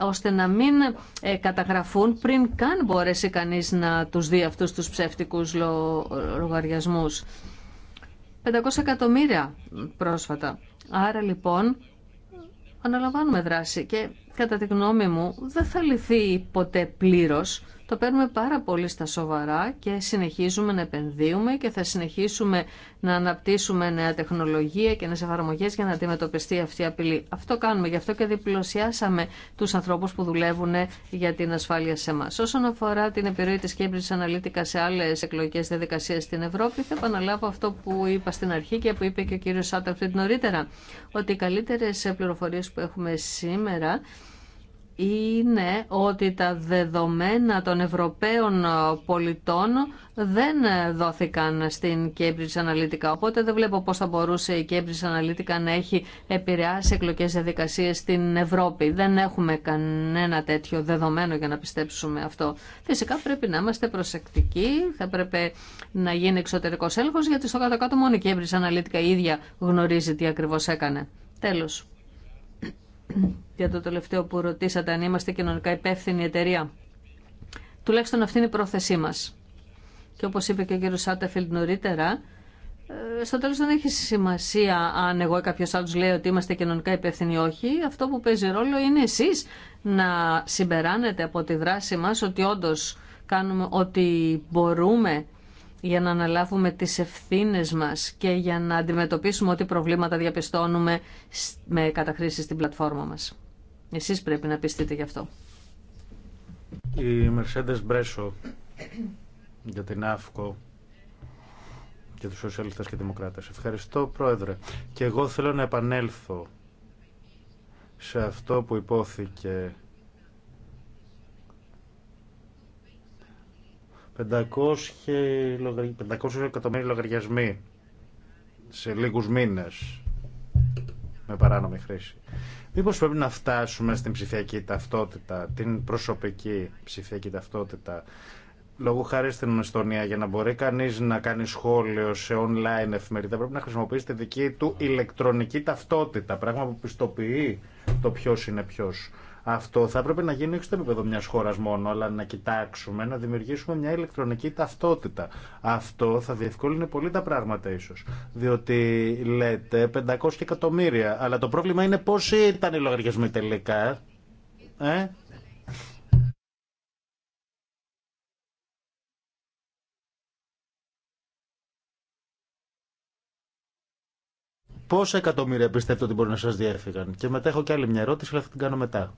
ώστε να μην ε, καταγραφούν πριν καν μπορέσει κανείς να τους δει αυτούς τους ψεύτικους λογαριασμούς. 500 εκατομμύρια πρόσφατα. Άρα λοιπόν αναλαμβάνουμε δράση και κατά τη γνώμη μου δεν θα λυθεί ποτέ πλήρως το παίρνουμε πάρα πολύ στα σοβαρά και συνεχίζουμε να επενδύουμε και θα συνεχίσουμε να αναπτύσσουμε νέα τεχνολογία και νέες εφαρμογές για να αντιμετωπιστεί αυτή η απειλή. Αυτό κάνουμε, γι' αυτό και διπλωσιάσαμε τους ανθρώπους που δουλεύουν για την ασφάλεια σε εμά. Όσον αφορά την επιρροή της Cambridge Analytica σε άλλες εκλογικές διαδικασίες στην Ευρώπη, θα επαναλάβω αυτό που είπα στην αρχή και που είπε και ο κύριος Σάτερφιντ νωρίτερα, ότι οι καλύτερες πληροφορίε που έχουμε σήμερα είναι ότι τα δεδομένα των Ευρωπαίων πολιτών δεν δόθηκαν στην Cambridge Analytica. Οπότε δεν βλέπω πώς θα μπορούσε η Cambridge Analytica να έχει επηρεάσει εκλογές διαδικασίε στην Ευρώπη. Δεν έχουμε κανένα τέτοιο δεδομένο για να πιστέψουμε αυτό. Φυσικά πρέπει να είμαστε προσεκτικοί, θα πρέπει να γίνει εξωτερικός έλεγχος, γιατί στο κάτω-κάτω μόνο η Cambridge Analytica η ίδια γνωρίζει τι ακριβώς έκανε. Τέλος για το τελευταίο που ρωτήσατε αν είμαστε κοινωνικά υπεύθυνη εταιρεία. Τουλάχιστον αυτή είναι η πρόθεσή μας. Και όπως είπε και ο κύριος Σάτεφιλτ νωρίτερα, ε, στο τέλο δεν έχει σημασία αν εγώ ή κάποιος άλλος λέει ότι είμαστε κοινωνικά υπεύθυνοι ή όχι. Αυτό που παίζει ρόλο είναι εσείς να συμπεράνετε από τη δράση μα ότι όντω κάνουμε ό,τι μπορούμε για να αναλάβουμε τις ευθύνες μας και για να αντιμετωπίσουμε ό,τι προβλήματα διαπιστώνουμε με καταχρήσεις στην πλατφόρμα μας. Εσείς πρέπει να πιστείτε γι' αυτό. Η Mercedes Μπρέσο για την ΑΦΚΟ και τους Σοσιαλιστές και Δημοκράτες. Ευχαριστώ, Πρόεδρε. Και εγώ θέλω να επανέλθω σε αυτό που υπόθηκε 500, εκατομμύρια λογαριασμοί σε λίγους μήνες με παράνομη χρήση. Μήπως πρέπει να φτάσουμε στην ψηφιακή ταυτότητα, την προσωπική ψηφιακή ταυτότητα, λόγω χάρη στην Εστονία, για να μπορεί κανείς να κάνει σχόλιο σε online εφημερίδα, πρέπει να χρησιμοποιήσει τη δική του ηλεκτρονική ταυτότητα, πράγμα που πιστοποιεί το ποιος είναι ποιος. Αυτό θα έπρεπε να γίνει όχι στο επίπεδο μια χώρα μόνο, αλλά να κοιτάξουμε να δημιουργήσουμε μια ηλεκτρονική ταυτότητα. Αυτό θα διευκόλυνε πολύ τα πράγματα ίσω. Διότι λέτε 500 εκατομμύρια, αλλά το πρόβλημα είναι πόσοι ήταν οι λογαριασμοί τελικά. Ε? Πόσα εκατομμύρια πιστεύετε ότι μπορεί να σας διέφυγαν. Και μετά έχω και άλλη μια ερώτηση, αλλά θα την κάνω μετά.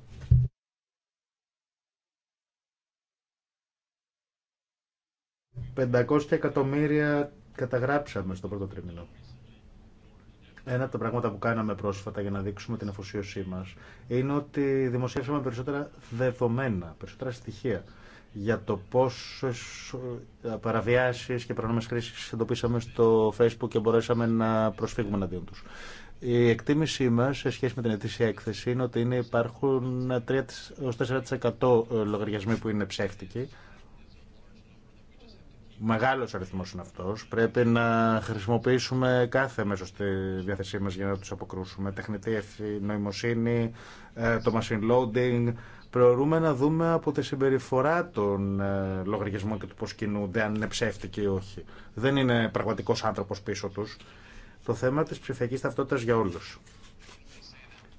«500 εκατομμύρια καταγράψαμε στο πρώτο τρίμηνο. Ένα από τα πράγματα που κάναμε πρόσφατα για να δείξουμε την αφοσίωσή μας είναι ότι δημοσίευσαμε περισσότερα δεδομένα, περισσότερα στοιχεία για το πόσε ε, παραβιάσεις και προνομές κρίσεις εντοπίσαμε στο Facebook και μπορέσαμε να προσφύγουμε εναντίον τους. Η εκτίμησή μα σε σχέση με την ετήσια έκθεση είναι ότι είναι, υπάρχουν 3-4% ε, λογαριασμοί που είναι ψεύτικοι. Μεγάλο αριθμό είναι αυτό. Πρέπει να χρησιμοποιήσουμε κάθε μέσο στη διάθεσή μα για να του αποκρούσουμε. Τεχνητή νοημοσύνη, ε, το machine loading, Προωρούμε να δούμε από τη συμπεριφορά των ε, λογαριασμών και του πώς κινούνται, αν είναι ψεύτικοι ή όχι. Δεν είναι πραγματικός άνθρωπος πίσω του. Το θέμα της ψηφιακή ταυτότητας για όλους.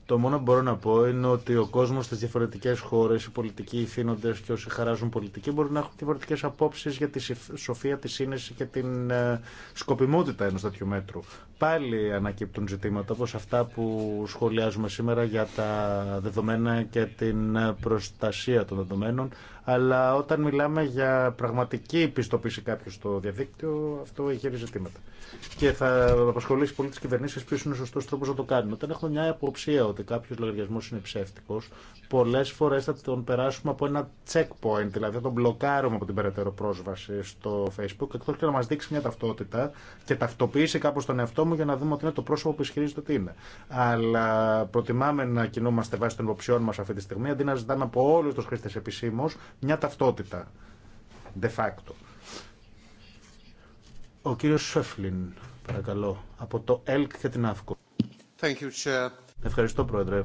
Το μόνο που μπορώ να πω είναι ότι ο κόσμο στι διαφορετικέ χώρε, οι πολιτικοί ηθήνοντε και όσοι χαράζουν πολιτική μπορούν να έχουν διαφορετικέ απόψει για τη σοφία, τη σύνεση και την ε, σκοπιμότητα ενό τέτοιου μέτρου πάλι ανακύπτουν ζητήματα όπως αυτά που σχολιάζουμε σήμερα για τα δεδομένα και την προστασία των δεδομένων αλλά όταν μιλάμε για πραγματική πιστοποίηση κάποιου στο διαδίκτυο αυτό έχει ζητήματα. Και θα απασχολήσει πολύ τι κυβερνήσει ποιο είναι ο σωστό τρόπο να το κάνουμε. Όταν έχουμε μια υποψία ότι κάποιο λογαριασμό είναι ψεύτικο, πολλέ φορέ θα τον περάσουμε από ένα checkpoint, δηλαδή θα τον μπλοκάρουμε από την περαιτέρω πρόσβαση στο Facebook, εκτό και να μα δείξει μια ταυτότητα και ταυτοποιήσει κάπω τον εαυτό μου για να δούμε ότι είναι το πρόσωπο που ισχυρίζεται ότι είναι. Αλλά προτιμάμε να κινούμαστε βάσει των υποψιών μα αυτή τη στιγμή αντί να ζητάμε από όλου του χρήστε επισήμω μια ταυτότητα. De facto. Ο κύριο Σέφλιν, παρακαλώ, από το ΕΛΚ και την ΑΦΚΟ. Ευχαριστώ, Πρόεδρε.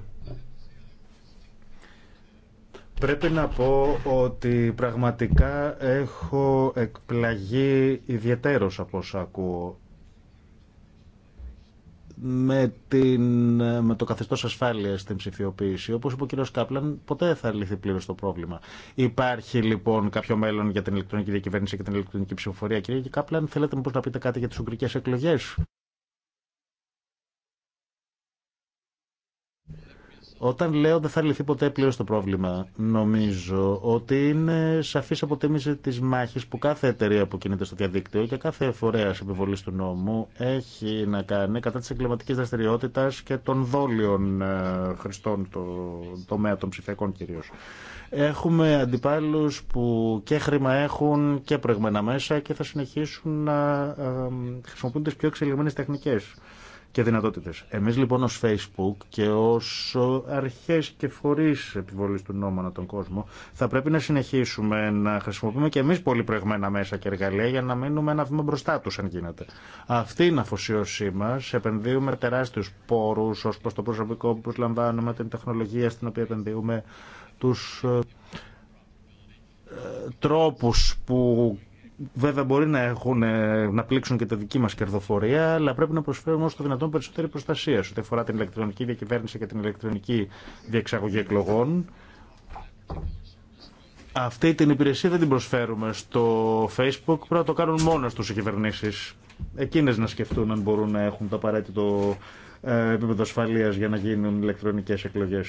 Πρέπει να πω ότι πραγματικά έχω εκπλαγεί ιδιαίτερος από όσα ακούω με, την, με το καθεστώς ασφάλειας στην ψηφιοποίηση. Όπως είπε ο κ. Κάπλαν, ποτέ θα λυθεί πλήρως το πρόβλημα. Υπάρχει λοιπόν κάποιο μέλλον για την ηλεκτρονική διακυβέρνηση και την ηλεκτρονική ψηφοφορία. Κύριε Κάπλαν, θέλετε μήπως να πείτε κάτι για τις ουγγρικές εκλογές. Όταν λέω δεν θα λυθεί ποτέ πλήρω το πρόβλημα, νομίζω ότι είναι σαφή αποτίμηση τη μάχη που κάθε εταιρεία που κινείται στο διαδίκτυο και κάθε φορέα επιβολή του νόμου έχει να κάνει κατά τη εγκληματική δραστηριότητα και των δόλειων ε, χρηστών, το τομέα των ψηφιακών κυρίω. Έχουμε αντιπάλου που και χρήμα έχουν και προηγμένα μέσα και θα συνεχίσουν να ε, ε, χρησιμοποιούν τι πιο εξελιγμένε τεχνικέ και δυνατότητες. Εμείς λοιπόν ως Facebook και ως αρχές και φορείς επιβολής του νόμου ανά τον κόσμο θα πρέπει να συνεχίσουμε να χρησιμοποιούμε και εμείς πολύ προηγμένα μέσα και εργαλεία για να μείνουμε ένα βήμα μπροστά τους αν γίνεται. Αυτή είναι αφοσίωσή μας. Επενδύουμε τεράστιους πόρους ως προς το προσωπικό που προσλαμβάνουμε, την τεχνολογία στην οποία επενδύουμε, τους ε, ε, τρόπους που Βέβαια μπορεί να, έχουν, ε, να πλήξουν και τα δική μας κερδοφορία, αλλά πρέπει να προσφέρουμε όσο το δυνατόν περισσότερη προστασία σε ό,τι αφορά την ηλεκτρονική διακυβέρνηση και την ηλεκτρονική διεξαγωγή εκλογών. Αυτή την υπηρεσία δεν την προσφέρουμε στο Facebook, πρέπει να το κάνουν μόνο του οι κυβερνήσεις. Εκείνες να σκεφτούν αν μπορούν να έχουν το απαραίτητο ε, επίπεδο ασφαλεία για να γίνουν ηλεκτρονικέ εκλογέ.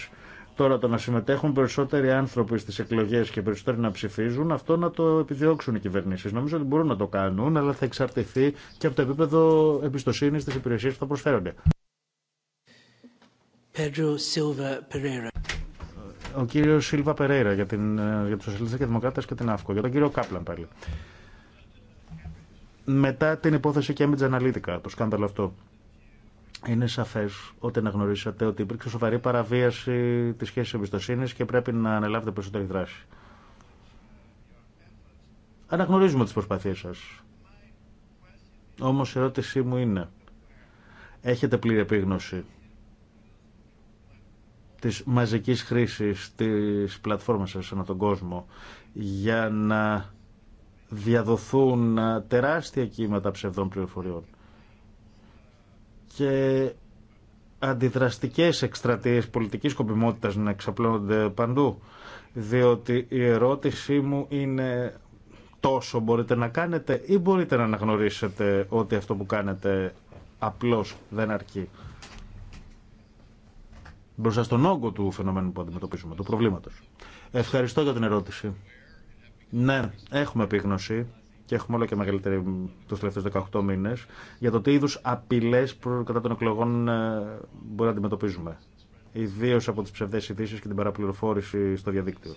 Τώρα το να συμμετέχουν περισσότεροι άνθρωποι στι εκλογέ και περισσότεροι να ψηφίζουν, αυτό να το επιδιώξουν οι κυβερνήσει. Νομίζω ότι μπορούν να το κάνουν, αλλά θα εξαρτηθεί και από το επίπεδο εμπιστοσύνη τη υπηρεσία που θα προσφέρονται. Ο κύριο Σίλβα Περέιρα για, την, για του Σοσιαλιστέ και Δημοκράτε και την ΑΦΚΟ. Για τον κύριο Κάπλαν πάλι. Μετά την υπόθεση Cambridge Analytica, το σκάνδαλο αυτό είναι σαφέ ότι αναγνωρίσατε ότι υπήρξε σοβαρή παραβίαση τη σχέση εμπιστοσύνη και πρέπει να αναλάβετε περισσότερη δράση. Αναγνωρίζουμε τι προσπαθίε σα. Όμω η ερώτησή μου είναι, έχετε πλήρη επίγνωση της μαζικής χρήσης της πλατφόρμας σα ανά τον κόσμο για να διαδοθούν τεράστια κύματα ψευδών πληροφοριών και αντιδραστικές εκστρατείε πολιτικής σκοπιμότητας να εξαπλώνονται παντού. Διότι η ερώτησή μου είναι τόσο μπορείτε να κάνετε ή μπορείτε να αναγνωρίσετε ότι αυτό που κάνετε απλώς δεν αρκεί. Μπροστά στον όγκο του φαινομένου που αντιμετωπίζουμε, του προβλήματος. Ευχαριστώ για την ερώτηση. Ναι, έχουμε επίγνωση και έχουμε όλο και μεγαλύτερη του τελευταίου 18 μήνε για το τι είδου απειλέ κατά των εκλογών ε, μπορεί να αντιμετωπίζουμε. Ιδίω από τι ψευδέ ειδήσει και την παραπληροφόρηση στο διαδίκτυο.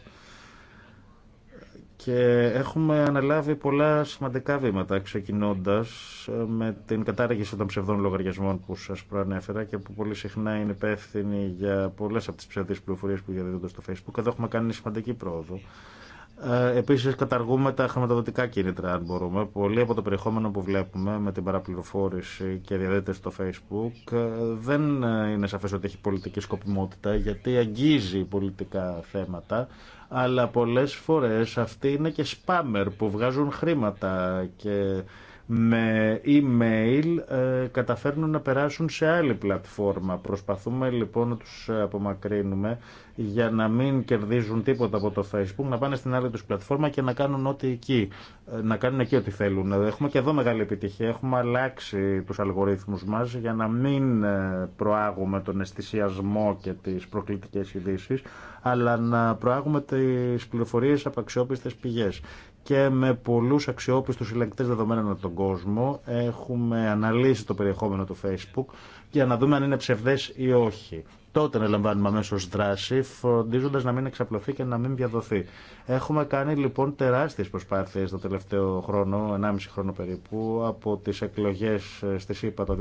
Και έχουμε αναλάβει πολλά σημαντικά βήματα, ξεκινώντα ε, με την κατάργηση των ψευδών λογαριασμών που σα προανέφερα και που πολύ συχνά είναι υπεύθυνοι για πολλέ από τι ψευδεί πληροφορίε που διαδίδονται στο Facebook. Εδώ έχουμε κάνει σημαντική πρόοδο ε, Επίση, καταργούμε τα χρηματοδοτικά κίνητρα αν μπορούμε. Πολλοί από το περιεχόμενο που βλέπουμε με την παραπληροφόρηση και διαδέτε στο facebook ε, δεν είναι σαφές ότι έχει πολιτική σκοπιμότητα γιατί αγγίζει πολιτικά θέματα αλλά πολλέ φορές αυτοί είναι και σπάμερ που βγάζουν χρήματα και με email ε, καταφέρνουν να περάσουν σε άλλη πλατφόρμα. Προσπαθούμε λοιπόν να τους ε, απομακρύνουμε για να μην κερδίζουν τίποτα από το Facebook, να πάνε στην άλλη τους πλατφόρμα και να κάνουν ό,τι εκεί, ε, να κάνουν εκεί ό,τι θέλουν. Έχουμε και εδώ μεγάλη επιτυχία, έχουμε αλλάξει τους αλγορίθμους μας για να μην προάγουμε τον αισθησιασμό και τις προκλητικές ειδήσει, αλλά να προάγουμε τις πληροφορίες από αξιόπιστες πηγές και με πολλούς αξιόπιστους συλλεκτές δεδομένων από τον κόσμο έχουμε αναλύσει το περιεχόμενο του Facebook για να δούμε αν είναι ψευδές ή όχι. Τότε να λαμβάνουμε αμέσω δράση, φροντίζοντα να μην εξαπλωθεί και να μην διαδοθεί. Έχουμε κάνει λοιπόν τεράστιε προσπάθειε το τελευταίο χρόνο, 1,5 χρόνο περίπου, από τι εκλογέ ε, στη ΣΥΠΑ το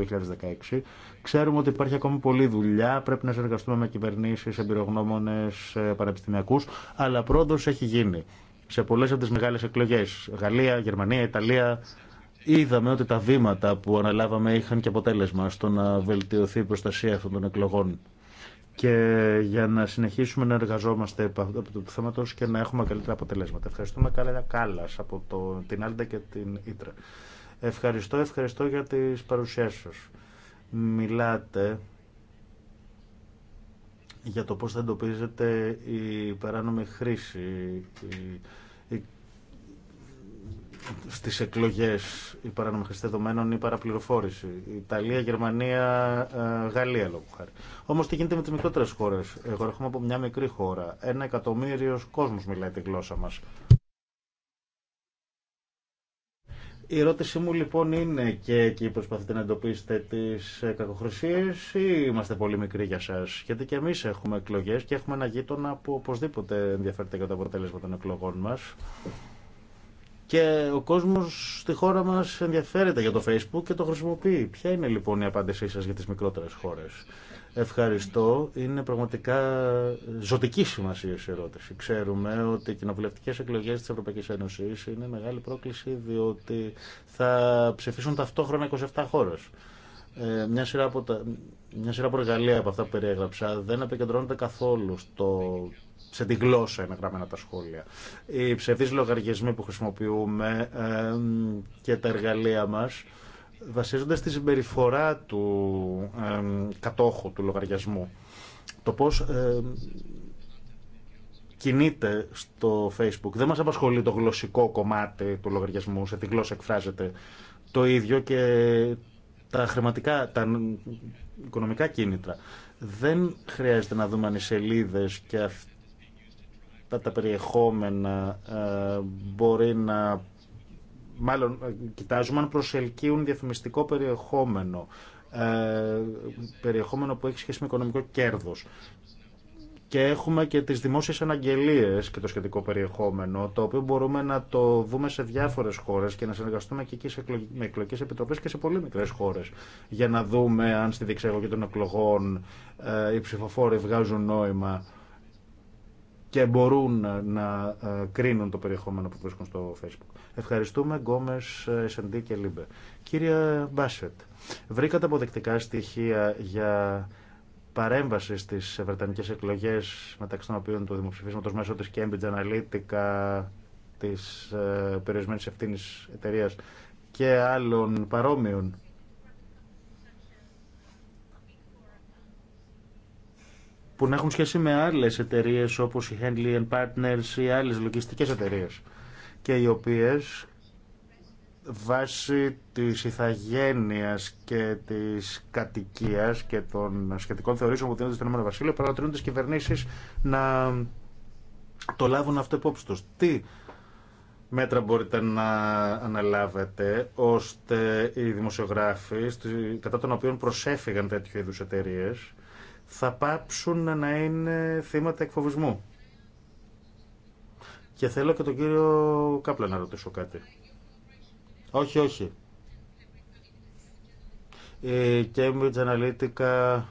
2016. Ξέρουμε ότι υπάρχει ακόμη πολλή δουλειά. Πρέπει να συνεργαστούμε με κυβερνήσει, εμπειρογνώμονε, πανεπιστημιακού, αλλά πρόοδο έχει γίνει σε πολλές από τι μεγάλες εκλογές, Γαλλία, Γερμανία, Ιταλία, είδαμε ότι τα βήματα που αναλάβαμε είχαν και αποτέλεσμα στο να βελτιωθεί η προστασία αυτών των εκλογών. Και για να συνεχίσουμε να εργαζόμαστε από το τόσο και να έχουμε καλύτερα αποτελέσματα. Ευχαριστούμε Κάλα καλά από το, την Άλντα και την Ήτρα. Ευχαριστώ, ευχαριστώ για τις παρουσιάσεις σας. Μιλάτε για το πώς θα εντοπίζεται η παράνομη χρήση η... στις εκλογές, η παράνομη χρήση δεδομένων ή παραπληροφόρηση. Η Ιταλία, Γερμανία, ε, Γαλλία λόγω χάρη. Όμως τι γίνεται με τις μικρότερες χώρες. Εγώ έρχομαι από μια μικρή χώρα. Ένα εκατομμύριο κόσμος μιλάει τη γλώσσα μας. Η ερώτησή μου λοιπόν είναι και εκεί προσπαθείτε να εντοπίσετε τις ε, κακοχρησίες ή είμαστε πολύ μικροί για σας. Γιατί και εμείς έχουμε εκλογές και έχουμε ένα γείτονα που οπωσδήποτε ενδιαφέρεται για το αποτέλεσμα των εκλογών μας. Και ο κόσμος στη χώρα μας ενδιαφέρεται για το Facebook και το χρησιμοποιεί. Ποια είναι λοιπόν η απάντησή σας για τις μικρότερες χώρες. Ευχαριστώ. Είναι πραγματικά ζωτική σημασία η ερώτηση. Ξέρουμε ότι οι κοινοβουλευτικέ εκλογέ τη Ευρωπαϊκή Ένωση είναι μεγάλη πρόκληση διότι θα ψηφίσουν ταυτόχρονα 27 χώρε. Ε, μια, σειρά από τα, μια σειρά από εργαλεία από αυτά που περιέγραψα δεν επικεντρώνονται καθόλου στο σε τη γλώσσα είναι γραμμένα τα σχόλια. Οι ψευδείς λογαριασμοί που χρησιμοποιούμε ε, και τα εργαλεία μας βασίζονται στη συμπεριφορά του κατόχου του λογαριασμού. Το πώς ε, κινείται στο Facebook. Δεν μας απασχολεί το γλωσσικό κομμάτι του λογαριασμού, σε τι γλώσσα εκφράζεται. Το ίδιο και τα χρηματικά, τα οικονομικά κίνητρα. Δεν χρειάζεται να δούμε αν οι σελίδες και αυτά τα περιεχόμενα ε, μπορεί να μάλλον ε, κοιτάζουμε αν προσελκύουν διαφημιστικό περιεχόμενο, ε, περιεχόμενο που έχει σχέση με οικονομικό κέρδος. Και έχουμε και τις δημόσιες αναγγελίες και το σχετικό περιεχόμενο, το οποίο μπορούμε να το δούμε σε διάφορες χώρες και να συνεργαστούμε και εκεί σε με εκλογικές επιτροπές και σε πολύ μικρές χώρες, για να δούμε αν στη διεξαγωγή των εκλογών ε, οι ψηφοφόροι βγάζουν νόημα και μπορούν να ε, κρίνουν το περιεχόμενο που βρίσκουν στο Facebook. Ευχαριστούμε Γκόμε, S&D και Λίμπε. Κύριε Μπάσετ, βρήκατε αποδεκτικά στοιχεία για παρέμβαση στι βρετανικέ εκλογέ μεταξύ των οποίων του δημοψηφίσματο μέσω τη Cambridge Analytica, τη ε, περιορισμένη ευθύνη εταιρεία και άλλων παρόμοιων που να έχουν σχέση με άλλες εταιρείες όπως η Henley Partners ή άλλες λογιστικές εταιρείες και οι οποίες βάσει της ηθαγένειας και της κατοικίας και των σχετικών θεωρήσεων που δίνονται στο Ηνωμένο Βασίλειο παρατηρούν τις κυβερνήσεις να το λάβουν αυτό υπόψη Τι μέτρα μπορείτε να αναλάβετε ώστε οι δημοσιογράφοι κατά των οποίων προσέφηγαν τέτοιου είδους εταιρείες θα πάψουν να είναι θύματα εκφοβισμού. Και θέλω και τον κύριο Κάπλα να ρωτήσω κάτι. Όχι, όχι. Η Cambridge Analytica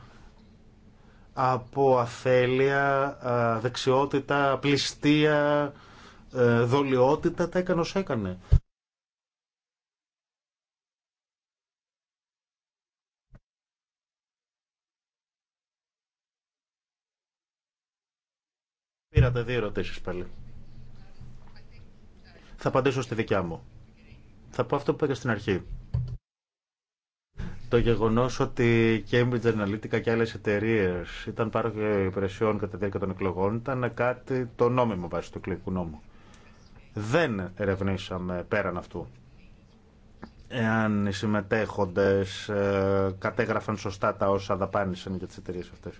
από αφέλεια, δεξιότητα, πληστία, ε, δολιότητα τα έκανε όσο έκανε. Πήρατε δύο ερωτήσει πάλι. Θα απαντήσω στη δικιά μου. Θα πω αυτό που είπα στην αρχή. Το γεγονό ότι Cambridge Analytica και άλλε εταιρείε ήταν πάροχοι υπηρεσιών κατά τη διάρκεια των εκλογών ήταν κάτι το νόμιμο βάσει του εκλογικού νόμου. Δεν ερευνήσαμε πέραν αυτού εάν οι συμμετέχοντες ε, κατέγραφαν σωστά τα όσα δαπάνησαν για τι εταιρείε αυτέ.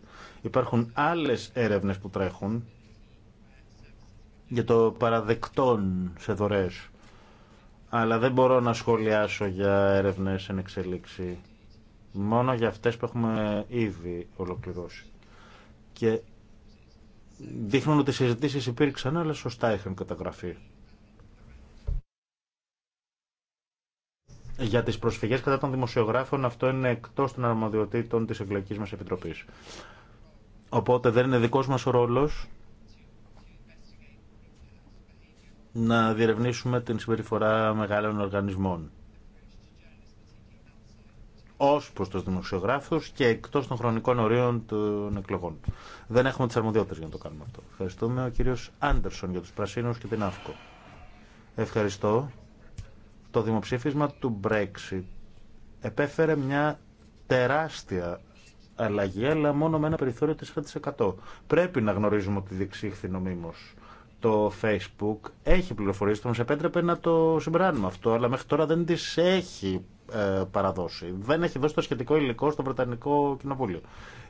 Υπάρχουν άλλε έρευνε που τρέχουν για το παραδεκτόν σε δωρές. Αλλά δεν μπορώ να σχολιάσω για έρευνες εν εξελίξη. Μόνο για αυτές που έχουμε ήδη ολοκληρώσει. Και δείχνουν ότι οι συζητήσεις υπήρξαν, αλλά σωστά είχαν καταγραφεί. Για τις προσφυγές κατά των δημοσιογράφων αυτό είναι εκτός των αρμοδιοτήτων της Εκλογικής μας Επιτροπής. Οπότε δεν είναι δικός μας ο ρόλος να διερευνήσουμε την συμπεριφορά μεγάλων οργανισμών ως προς τους δημοσιογράφους και εκτός των χρονικών ορίων των εκλογών. Δεν έχουμε τις αρμοδιότητες για να το κάνουμε αυτό. Ευχαριστούμε ο κύριο Άντερσον για τους Πρασίνους και την ΑΦΚΟ. Ευχαριστώ. Το δημοψήφισμα του Brexit επέφερε μια τεράστια αλλαγή, αλλά μόνο με ένα περιθώριο 4%. Πρέπει να γνωρίζουμε ότι διεξήχθη νομίμως το Facebook έχει πληροφορίες που μας επέτρεπε να το συμπεράνουμε αυτό, αλλά μέχρι τώρα δεν τις έχει ε, παραδώσει. Δεν έχει δώσει το σχετικό υλικό στο Βρετανικό Κοινοβούλιο.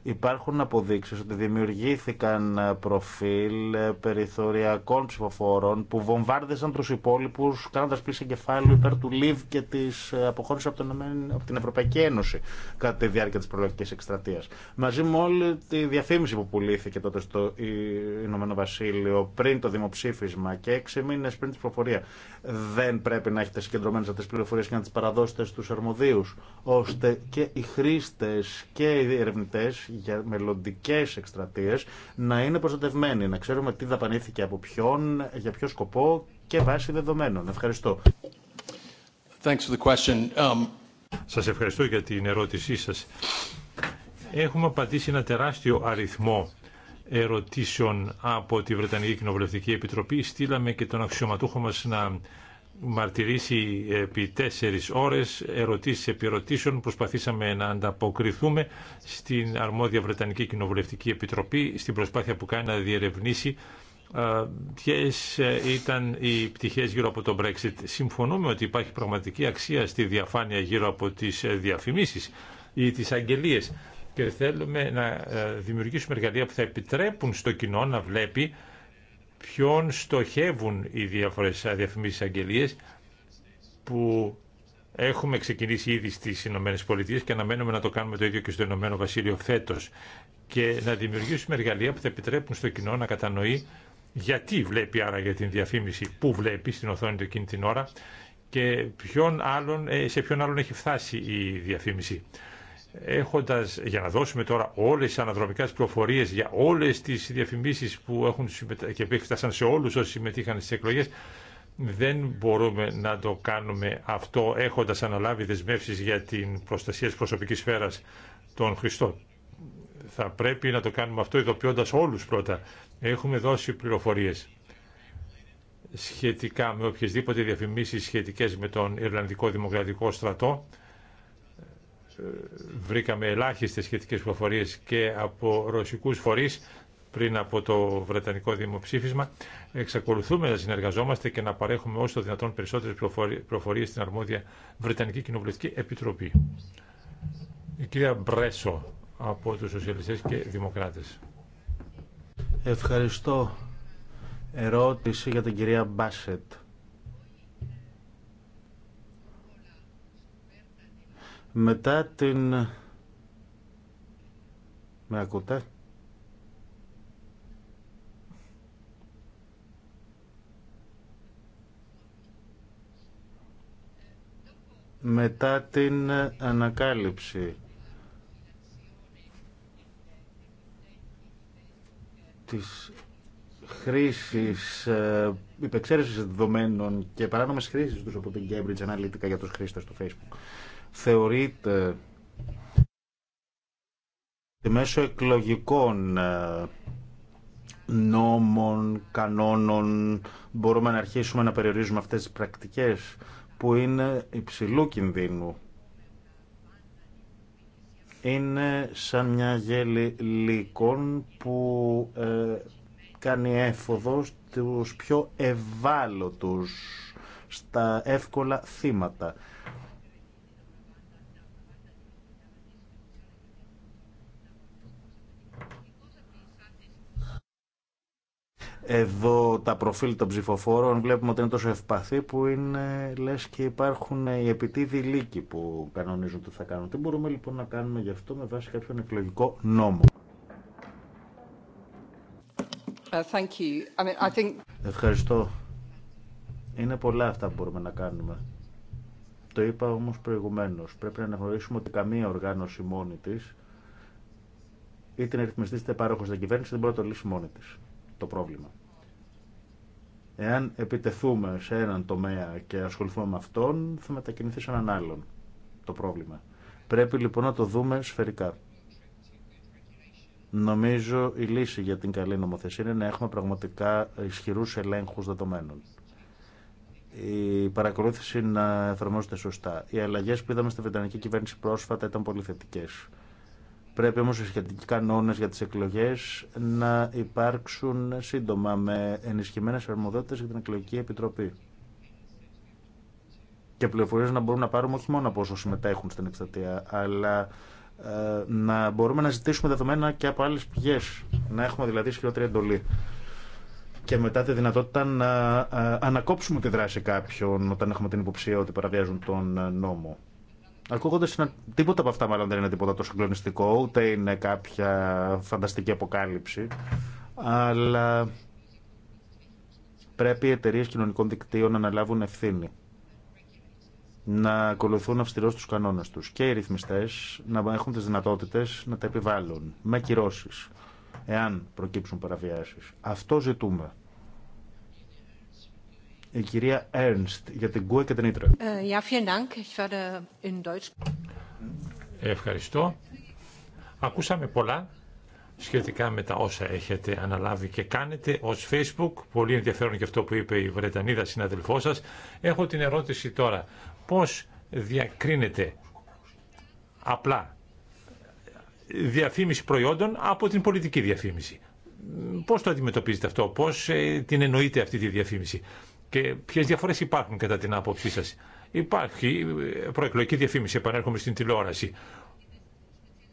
Υπάρχουν αποδείξεις ότι δημιουργήθηκαν ε, προφίλ ε, περιθωριακών ψηφοφόρων που βομβάρδιζαν τους υπόλοιπους κάνοντας πίσω κεφάλαιο υπέρ του ΛΙΒ και της ε, αποχώρησης από την Ευρωπαϊκή Ένωση κατά τη διάρκεια της προλογικής εκστρατείας. Μαζί με όλη τη διαφήμιση που πουλήθηκε τότε στο Ηνωμένο Βασίλειο πριν το δημοψήφισμα και έξι μήνες πριν την προφορία δεν πρέπει να έχετε συγκεντρωμένες αυτές τις πληροφορίε και να τις παραδώσετε στους αρμοδίους ώστε και οι χρήστε και οι ερευνητές για μελλοντικέ εκστρατείε να είναι προστατευμένοι, να ξέρουμε τι δαπανήθηκε από ποιον, για ποιο σκοπό και βάση δεδομένων. Ευχαριστώ. Thanks for the question. Um... Σας ευχαριστώ για την ερώτησή σας. Έχουμε απαντήσει ένα τεράστιο αριθμό ερωτήσεων από τη Βρετανική Κοινοβουλευτική Επιτροπή. Στείλαμε και τον αξιωματούχο μας να μαρτυρήσει επί τέσσερις ώρες, ερωτήσεις επί ερωτήσεων. Προσπαθήσαμε να ανταποκριθούμε στην αρμόδια Βρετανική Κοινοβουλευτική Επιτροπή στην προσπάθεια που κάνει να διερευνήσει Ποιε ε, ήταν οι πτυχές γύρω από το Brexit. Συμφωνούμε ότι υπάρχει πραγματική αξία στη διαφάνεια γύρω από τις ε, διαφημίσεις ή τις αγγελίες και θέλουμε να ε, δημιουργήσουμε εργαλεία που θα επιτρέπουν στο κοινό να βλέπει ποιον στοχεύουν οι διάφορες διαφημίσεις αγγελίες που έχουμε ξεκινήσει ήδη στις Ηνωμένες Πολιτείες και αναμένουμε να το κάνουμε το ίδιο και στο Ηνωμένο Βασίλειο φέτος και να δημιουργήσουμε εργαλεία που θα επιτρέπουν στο κοινό να κατανοεί γιατί βλέπει άρα για την διαφήμιση, πού βλέπει στην οθόνη του εκείνη την ώρα και άλλον, ε, σε ποιον άλλον έχει φτάσει η διαφήμιση έχοντας, για να δώσουμε τώρα όλες τις αναδρομικές προφορίες για όλες τις διαφημίσεις που έχουν και σε όλους όσοι συμμετείχαν στις εκλογές, δεν μπορούμε να το κάνουμε αυτό έχοντας αναλάβει δεσμεύσεις για την προστασία της προσωπικής σφαίρας των Χριστών. Θα πρέπει να το κάνουμε αυτό ειδοποιώντας όλους πρώτα. Έχουμε δώσει πληροφορίες σχετικά με οποιασδήποτε διαφημίσεις σχετικές με τον Ιρλανδικό Δημοκρατικό Στρατό βρήκαμε ελάχιστες σχετικές προφορίες και από ρωσικούς φορείς πριν από το Βρετανικό δημοψήφισμα. Εξακολουθούμε να συνεργαζόμαστε και να παρέχουμε όσο δυνατόν περισσότερες προφορίες στην αρμόδια Βρετανική Κοινοβουλευτική Επιτροπή. Η κυρία Μπρέσο από τους Σοσιαλιστές και Δημοκράτες. Ευχαριστώ. Ερώτηση για την κυρία Μπάσετ. Μετά την... Με ακούτε? Μετά την ανακάλυψη της χρήσης, ε, υπεξαίρεσης δεδομένων και παράνομες χρήσεις τους από την Cambridge Analytica για τους χρήστες του Facebook θεωρείται ότι μέσω εκλογικών ε, νόμων, κανόνων μπορούμε να αρχίσουμε να περιορίζουμε αυτές τις πρακτικές που είναι υψηλού κινδύνου. Είναι σαν μια γέλη λύκων που ε, κάνει έφοδο τους πιο ευάλωτους στα εύκολα θύματα. Εδώ τα προφίλ των ψηφοφόρων βλέπουμε ότι είναι τόσο ευπαθή που είναι λες και υπάρχουν ε, οι επιτίδοι λύκοι που κανονίζουν τι θα κάνουν. Τι μπορούμε λοιπόν να κάνουμε γι' αυτό με βάση κάποιον εκλογικό νόμο. Ε, thank you. I mean, I think... Ευχαριστώ. Είναι πολλά αυτά που μπορούμε να κάνουμε. Το είπα όμως προηγουμένως. Πρέπει να αναγνωρίσουμε ότι καμία οργάνωση μόνη της είτε είναι ρυθμιστή είτε στην κυβέρνηση δεν μπορεί να το λύσει μόνη της το πρόβλημα. Εάν επιτεθούμε σε έναν τομέα και ασχοληθούμε με αυτόν, θα μετακινηθεί σε έναν άλλον το πρόβλημα. Πρέπει λοιπόν να το δούμε σφαιρικά. Νομίζω η λύση για την καλή νομοθεσία είναι να έχουμε πραγματικά ισχυρούς ελέγχους δεδομένων. Η παρακολούθηση να εφαρμόζεται σωστά. Οι αλλαγέ που είδαμε στη Βρετανική κυβέρνηση πρόσφατα ήταν πολύ θετικέ. Πρέπει όμως οι σχετικοί κανόνες για τις εκλογές να υπάρξουν σύντομα με ενισχυμένες αρμοδότητες για την εκλογική επιτροπή. Και πληροφορίες να μπορούμε να πάρουμε όχι μόνο από όσους συμμετέχουν στην εκστατεία, αλλά ε, να μπορούμε να ζητήσουμε δεδομένα και από άλλες πηγές. Να έχουμε δηλαδή ισχυρότερη εντολή. Και μετά τη δυνατότητα να ε, ανακόψουμε τη δράση κάποιων όταν έχουμε την υποψία ότι παραβιάζουν τον νόμο. Ακούγοντα τίποτα από αυτά, μάλλον δεν είναι τίποτα τόσο κλονιστικό, ούτε είναι κάποια φανταστική αποκάλυψη. Αλλά πρέπει οι εταιρείε κοινωνικών δικτύων να αναλάβουν ευθύνη. Να ακολουθούν αυστηρό του κανόνε του και οι ρυθμιστέ να έχουν τι δυνατότητε να τα επιβάλλουν με κυρώσει, εάν προκύψουν παραβιάσει. Αυτό ζητούμε. Η κυρία Έρνστ για την ΚΟΕ e και την Ήτρα. Ε, Ευχαριστώ. Ακούσαμε πολλά σχετικά με τα όσα έχετε αναλάβει και κάνετε ως Facebook. Πολύ ενδιαφέρον και αυτό που είπε η Βρετανίδα συναδελφό σας. Έχω την ερώτηση τώρα. Πώς διακρίνετε απλά διαφήμιση προϊόντων από την πολιτική διαφήμιση. Πώς το αντιμετωπίζετε αυτό, πώς ε, την εννοείτε αυτή τη διαφήμιση και ποιε διαφορέ υπάρχουν κατά την άποψή σα, Υπάρχει ε, προεκλογική διαφήμιση, επανέρχομαι στην τηλεόραση,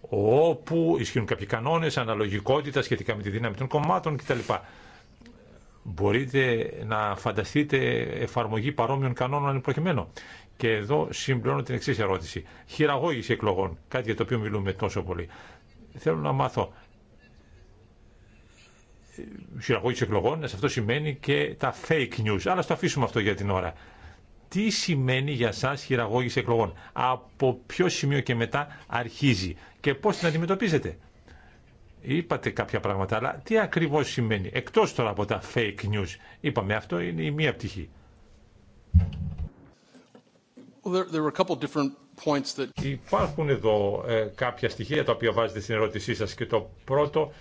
όπου ισχύουν κάποιοι κανόνε, αναλογικότητα σχετικά με τη δύναμη των κομμάτων κτλ. Μπορείτε να φανταστείτε εφαρμογή παρόμοιων κανόνων ανεπροχημένο. Και εδώ συμπληρώνω την εξή ερώτηση. Χειραγώγηση εκλογών, κάτι για το οποίο μιλούμε τόσο πολύ. Θέλω να μάθω χειραγώγηση εκλογών, ναι, αυτό σημαίνει και τα fake news. Αλλά στο αφήσουμε αυτό για την ώρα. Τι σημαίνει για σας χειραγώγηση εκλογών, από ποιο σημείο και μετά αρχίζει και πώς την αντιμετωπίζετε. Είπατε κάποια πράγματα, αλλά τι ακριβώς σημαίνει, εκτός τώρα από τα fake news. Είπαμε, αυτό είναι η μία πτυχή. Υπάρχουν εδώ ε, κάποια στοιχεία τα οποία βάζετε στην ερώτησή σας και το πρώτο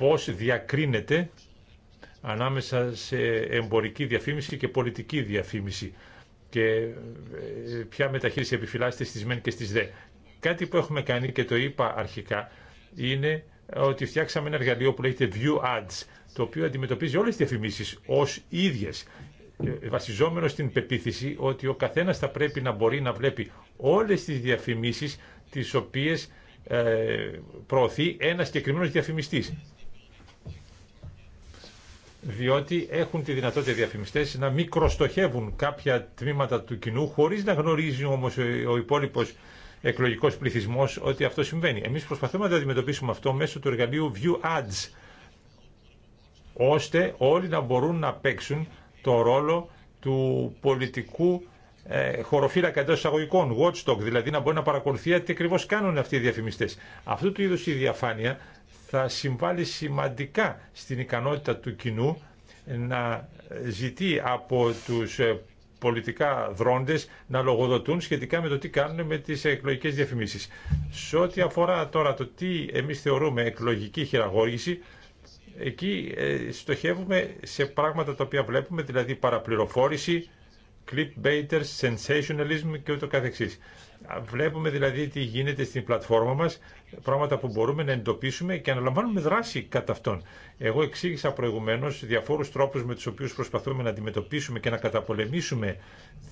πώς διακρίνεται ανάμεσα σε εμπορική διαφήμιση και πολιτική διαφήμιση και ε, ποια μεταχείριση επιφυλάσσεται στις μεν και στις δε. Κάτι που έχουμε κάνει και το είπα αρχικά είναι ότι φτιάξαμε ένα εργαλείο που λέγεται View Ads, το οποίο αντιμετωπίζει όλες τις διαφημίσεις ως ίδιες, ε, βασιζόμενο στην πεποίθηση ότι ο καθένας θα πρέπει να μπορεί να βλέπει όλες τις διαφημίσεις τις οποίες ε, προωθεί ένας συγκεκριμένο διαφημιστής διότι έχουν τη δυνατότητα οι διαφημιστές να μικροστοχεύουν κάποια τμήματα του κοινού χωρί να γνωρίζει όμω ο υπόλοιπο εκλογικό πληθυσμό ότι αυτό συμβαίνει. Εμεί προσπαθούμε να το αντιμετωπίσουμε αυτό μέσω του εργαλείου View Ads ώστε όλοι να μπορούν να παίξουν το ρόλο του πολιτικού ε, χωροφύλακα εντό εισαγωγικών, watchdog, δηλαδή να μπορεί να παρακολουθεί τι ακριβώ κάνουν αυτοί οι διαφημιστέ. Αυτού του είδου η διαφάνεια θα συμβάλλει σημαντικά στην ικανότητα του κοινού να ζητεί από τους ε, πολιτικά δρόντες να λογοδοτούν σχετικά με το τι κάνουν με τις εκλογικές διαφημίσεις. Σε ό,τι αφορά τώρα το τι εμείς θεωρούμε εκλογική χειραγώγηση, εκεί ε, στοχεύουμε σε πράγματα τα οποία βλέπουμε, δηλαδή παραπληροφόρηση, clip baiters, sensationalism και ούτω καθεξής. Βλέπουμε δηλαδή τι γίνεται στην πλατφόρμα μας, πράγματα που μπορούμε να εντοπίσουμε και αναλαμβάνουμε δράση κατά αυτόν. Εγώ εξήγησα προηγουμένως διαφόρους τρόπους με τους οποίους προσπαθούμε να αντιμετωπίσουμε και να καταπολεμήσουμε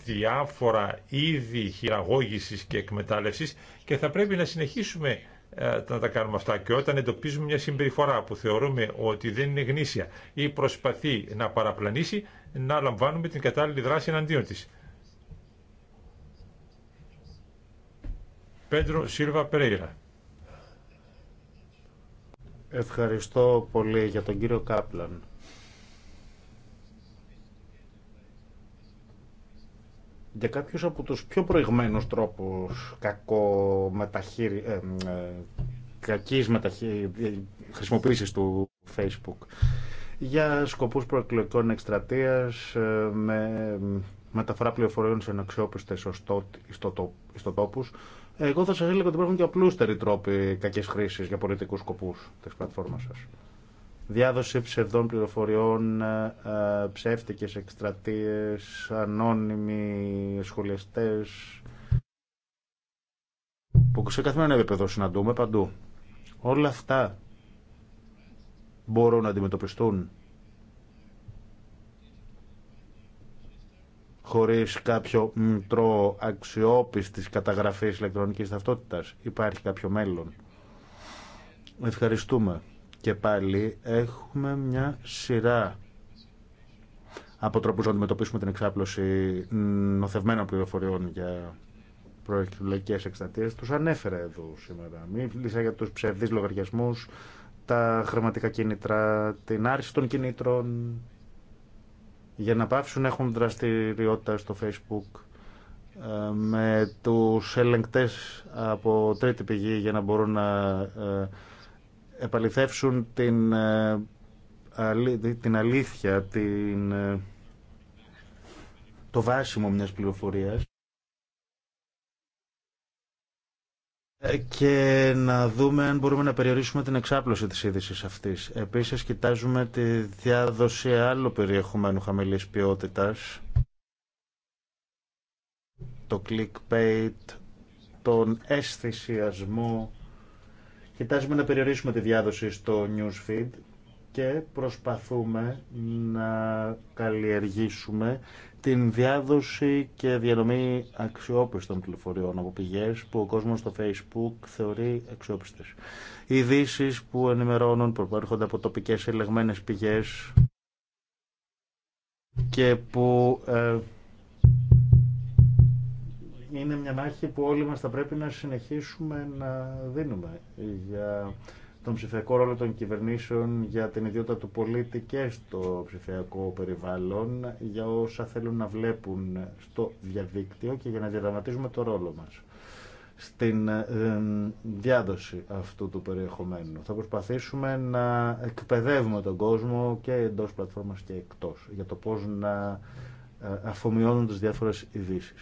διάφορα είδη χειραγώγησης και εκμετάλλευσης και θα πρέπει να συνεχίσουμε ε, να τα κάνουμε αυτά και όταν εντοπίζουμε μια συμπεριφορά που θεωρούμε ότι δεν είναι γνήσια ή προσπαθεί να παραπλανήσει να λαμβάνουμε την κατάλληλη δράση εναντίον της. Πέντρο Σίλβα Περέιρα. Ευχαριστώ πολύ για τον κύριο Κάπλαν. για κάποιους από τους πιο προηγμένους τρόπους κακό μεταχείρι, ε, ε, κακής μεταχείρι, ε, χρησιμοποίησης του Facebook για σκοπούς προεκλογικών εκστρατείας ε, με μεταφορά πληροφοριών σε στο ιστοτόπους. Εγώ θα σας έλεγα ότι υπάρχουν και απλούστεροι τρόποι κακές χρήσεις για πολιτικούς σκοπούς της πλατφόρμας σας. Διάδοση ψευδών πληροφοριών, ε, ε, ψεύτικες εκστρατείες, ανώνυμοι σχολιαστές, που σε καθημερινό επίπεδο συναντούμε παντού. Όλα αυτά μπορούν να αντιμετωπιστούν χωρίς κάποιο μητρό αξιόπιστης καταγραφής ηλεκτρονικής ταυτότητας. Υπάρχει κάποιο μέλλον. Ευχαριστούμε. Και πάλι έχουμε μια σειρά από τρόπους να αντιμετωπίσουμε την εξάπλωση νοθευμένων πληροφοριών για προεκλογικές εκστατείες. Τους ανέφερα εδώ σήμερα. Μίλησα για τους ψευδείς λογαριασμούς, τα χρηματικά κίνητρα, την άρση των κινήτρων, για να πάψουν να έχουν δραστηριότητα στο Facebook ε, με τους ελεγκτές από τρίτη πηγή για να μπορούν να ε, επαληθεύσουν την, ε, την αλήθεια, το βάσιμο μιας πληροφορίας. Ε, και να δούμε αν μπορούμε να περιορίσουμε την εξάπλωση της είδηση αυτής. Επίσης κοιτάζουμε τη διάδοση άλλου περιεχομένου χαμηλής ποιότητας, το clickbait, τον αισθησιασμό. Κοιτάζουμε να περιορίσουμε τη διάδοση στο newsfeed και προσπαθούμε να καλλιεργήσουμε την διάδοση και διανομή αξιόπιστων πληροφοριών από πηγές που ο κόσμος στο facebook θεωρεί αξιόπιστες. Ειδήσει που ενημερώνουν, που έρχονται από τοπικές ελεγμένες πηγές και που ε, είναι μια μάχη που όλοι μας θα πρέπει να συνεχίσουμε να δίνουμε για τον ψηφιακό ρόλο των κυβερνήσεων για την ιδιότητα του πολίτη και στο ψηφιακό περιβάλλον, για όσα θέλουν να βλέπουν στο διαδίκτυο και για να διαδραματίζουμε το ρόλο μας στην διάδοση αυτού του περιεχομένου. Θα προσπαθήσουμε να εκπαιδεύουμε τον κόσμο και εντός πλατφόρμας και εκτός για το πώς να ε, αφομοιώνουν τις διάφορες ειδήσει.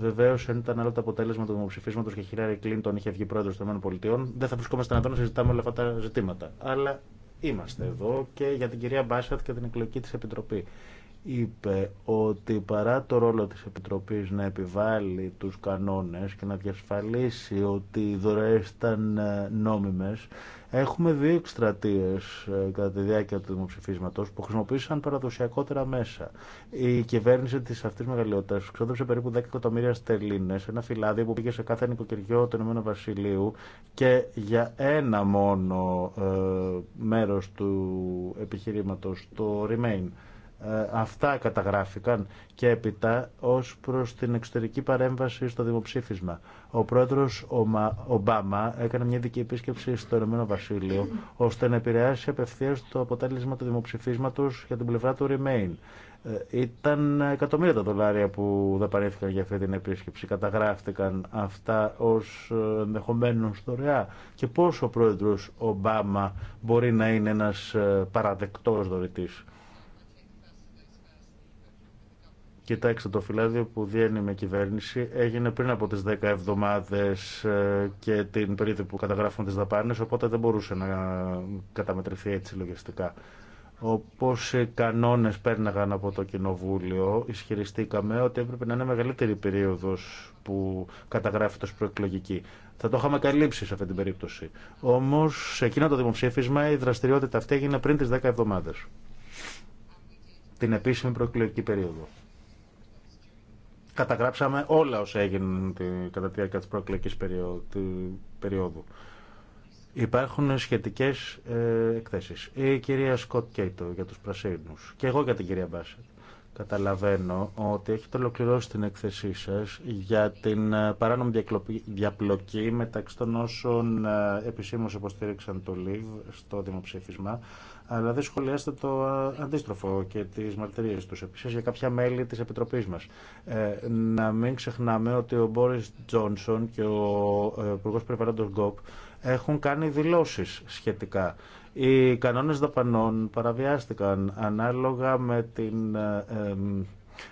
Βεβαίω, αν ήταν άλλο το αποτέλεσμα του δημοψηφίσματο και η Χιλάρη Κλίντον είχε βγει πρόεδρο των ΗΠΑ, δεν θα βρισκόμαστε εδώ να συζητάμε όλα αυτά τα ζητήματα. Αλλά είμαστε εδώ και για την κυρία Μπάσχατ και την εκλογική τη επιτροπή. Είπε ότι παρά το ρόλο της Επιτροπής να επιβάλλει τους κανόνε και να διασφαλίσει ότι οι δωρεέ ήταν ε, νόμιμε. Έχουμε δύο εκστρατείε ε, κατά τη διάρκεια του δημοψηφίσματο που χρησιμοποίησαν παραδοσιακότερα μέσα. Η κυβέρνηση τη αυτή μεγαλειότητα ξόδεψε περίπου 10 εκατομμύρια στελίνε, ένα φυλάδι που πήγε σε κάθε νοικοκυριό του Ηνωμένου Βασιλείου και για ένα μόνο ε, μέρο του επιχειρήματο, το Remain. Ε, αυτά καταγράφηκαν και έπειτα ως προς την εξωτερική παρέμβαση στο δημοψήφισμα. Ο πρόεδρος Ομπάμα έκανε μια δική επίσκεψη στο Ηνωμένο Βασίλειο ώστε να επηρεάσει απευθεία το αποτέλεσμα του δημοψηφίσματος για την πλευρά του Remain. Ε, ήταν εκατομμύρια τα δολάρια που δαπανήθηκαν για αυτή την επίσκεψη. Καταγράφτηκαν αυτά ως ε, ενδεχομένω δωρεά. Και πώς ο πρόεδρος Ομπάμα μπορεί να είναι ένας παραδεκτός δωρητής. Κοιτάξτε, το φυλάδιο που διένει με κυβέρνηση έγινε πριν από τις 10 εβδομάδες ε, και την περίοδο που καταγράφουν τις δαπάνες, οπότε δεν μπορούσε να καταμετρηθεί έτσι λογιστικά. Όπως οι κανόνες πέρναγαν από το Κοινοβούλιο, ισχυριστήκαμε ότι έπρεπε να είναι μεγαλύτερη περίοδος που καταγράφεται ως προεκλογική. Θα το είχαμε καλύψει σε αυτή την περίπτωση. Όμως, σε εκείνο το δημοψήφισμα η δραστηριότητα αυτή έγινε πριν τις 10 εβδομάδες. Την επίσημη προεκλογική περίοδο καταγράψαμε όλα όσα έγιναν κατά τη διάρκεια της προεκλογικής περίοδου. Υπάρχουν σχετικές ε, εκθέσεις. Η κυρία Σκοτ Κέιτο για τους Πρασίνους και εγώ για την κυρία Μπάσετ. Καταλαβαίνω ότι έχετε ολοκληρώσει την έκθεσή σας για την ε, παράνομη διαπλοκή μεταξύ των όσων ε, επισήμως υποστήριξαν το ΛΥΒ στο δημοψήφισμα αλλά δεν σχολιάστε το αντίστροφο και τι μαρτυρίε του επίση για κάποια μέλη τη επιτροπή μα. Ε, να μην ξεχνάμε ότι ο Μπόρις Τζόνσον και ο ε, Υπουργό Περιβάλλοντος Γκόπ έχουν κάνει δηλώσει σχετικά. Οι κανόνε δαπανών παραβιάστηκαν ανάλογα με την... Ε, ε,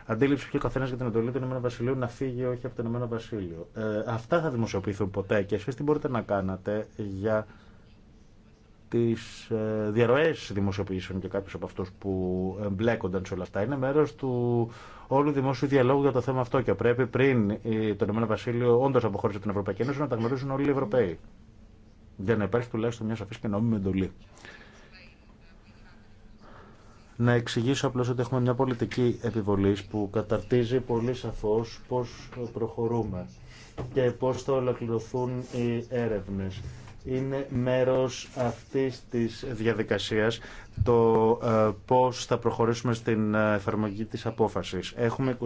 αντίληψη ο καθένα για την εντολή του Ηνωμένου Βασιλείου να φύγει όχι από το Ηνωμένο Βασίλειο. Ε, αυτά θα δημοσιοποιηθούν ποτέ και εσεί τι μπορείτε να κάνατε για τις ε, διαρροές δημοσιοποιήσεων και κάποιους από αυτούς που μπλέκονταν σε όλα αυτά. Είναι μέρος του όλου δημόσιου διαλόγου για το θέμα αυτό και πρέπει πριν το Ηνωμένο Βασίλειο όντως αποχώρησε την Ευρωπαϊκή Ένωση να τα γνωρίζουν όλοι οι Ευρωπαίοι. Για να υπάρχει τουλάχιστον μια σαφής και νόμιμη εντολή. Να εξηγήσω απλώ ότι έχουμε μια πολιτική επιβολή που καταρτίζει πολύ σαφώ πώ προχωρούμε και πώ θα ολοκληρωθούν οι έρευνε είναι μέρος αυτής της διαδικασίας το ε, πώς θα προχωρήσουμε στην ε, εφαρμογή της απόφασης. Έχουμε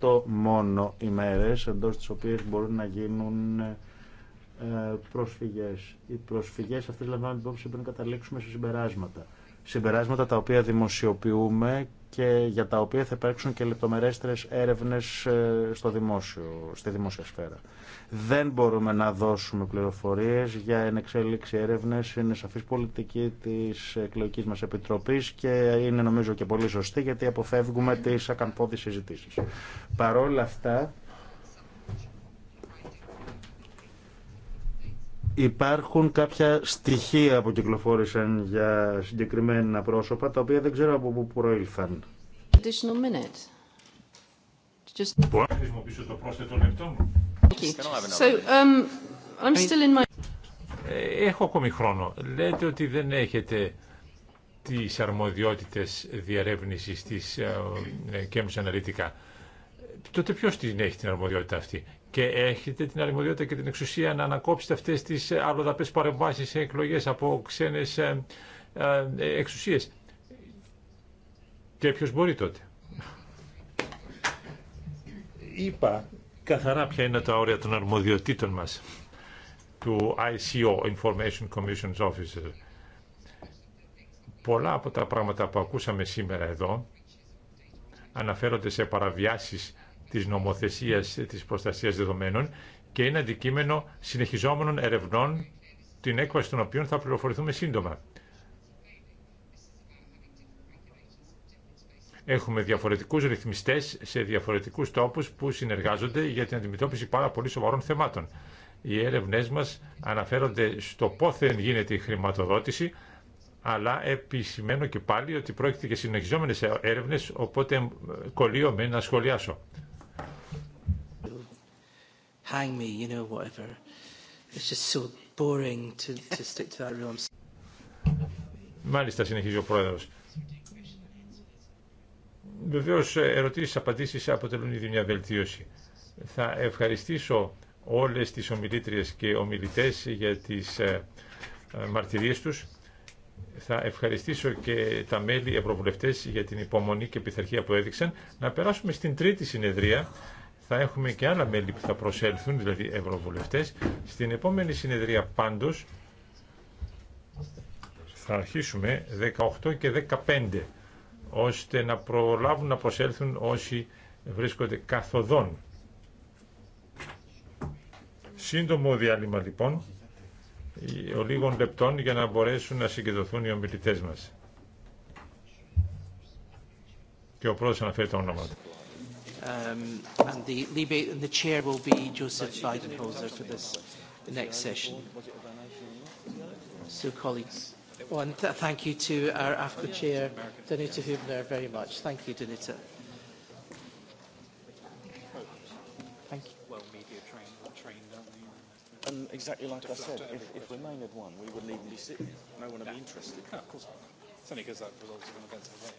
28 μόνο ημέρες εντός τις οποίες μπορούν να γίνουν ε, προσφυγές. Οι προσφυγές αυτές λαμβάνουν υπόψη να καταλήξουμε σε συμπεράσματα. Συμπεράσματα τα οποία δημοσιοποιούμε και για τα οποία θα υπάρξουν και λεπτομερέστερες έρευνες ε, στο δημόσιο, στη δημόσια σφαίρα. Δεν μπορούμε να δώσουμε πληροφορίες για ενεξέλιξη έρευνες, είναι σαφής πολιτική της εκλογική μας επιτροπής και είναι νομίζω και πολύ σωστή γιατί αποφεύγουμε τις ακαμπόδεις συζητήσεις. Παρόλα αυτά, Υπάρχουν κάποια στοιχεία που κυκλοφόρησαν για συγκεκριμένα πρόσωπα, τα οποία δεν ξέρω από πού προήλθαν. Έχω ακόμη χρόνο. Λέτε ότι δεν έχετε τις αρμοδιότητες διαρεύνησης της ε, ε, Cambridge αναλυτικά. Τότε ποιος την έχει την αρμοδιότητα αυτή και έχετε την αρμοδιότητα και την εξουσία να ανακόψετε αυτές τις αλλοδαπές παρεμβάσει σε εκλογές από ξένες ε, ε, εξουσίες. Και ποιο μπορεί τότε. Είπα καθαρά ποια είναι τα όρια των αρμοδιοτήτων μας του ICO, Information Commission Officer. Πολλά από τα πράγματα που ακούσαμε σήμερα εδώ αναφέρονται σε παραβιάσεις της νομοθεσίας της προστασίας δεδομένων και είναι αντικείμενο συνεχιζόμενων ερευνών, την έκβαση των οποίων θα πληροφορηθούμε σύντομα. Έχουμε διαφορετικούς ρυθμιστές σε διαφορετικούς τόπους που συνεργάζονται για την αντιμετώπιση πάρα πολύ σοβαρών θεμάτων. Οι έρευνές μας αναφέρονται στο πότε γίνεται η χρηματοδότηση, αλλά επισημαίνω και πάλι ότι πρόκειται για συνεχιζόμενες έρευνες, οπότε κολλείομαι να σχολιάσω. Hang me, you know, whatever. It's just so boring to, stick to Μάλιστα, συνεχίζει ο πρόεδρο. Βεβαίω, ε, ερωτήσεις, απαντήσεις αποτελούν ήδη μια βελτίωση. Θα ευχαριστήσω όλες τις ομιλήτριες και ομιλητές για τις ε, ε, μαρτυρίες τους θα ευχαριστήσω και τα μέλη ευρωβουλευτές για την υπομονή και πειθαρχία που έδειξαν. Να περάσουμε στην τρίτη συνεδρία. Θα έχουμε και άλλα μέλη που θα προσέλθουν, δηλαδή ευρωβουλευτές. Στην επόμενη συνεδρία πάντως θα αρχίσουμε 18 και 15, ώστε να προλάβουν να προσέλθουν όσοι βρίσκονται καθοδόν. Σύντομο διάλειμμα λοιπόν λίγων λεπτών για να μπορέσουν να συγκεντρωθούν οι ομιλητές μας. Και ο πρόεδρος αναφέρει τα ονόματα. Um, and the, and the chair will be Joseph Weidenholzer for this next session. So, colleagues, oh, and th thank you to our AFCO chair, Danuta Hubner, very much. Thank you, Danuta. And exactly like I said, if, if Remain had won, we wouldn't even be sitting. No one would be interested. No, of course not. It's only because that results was an against the way.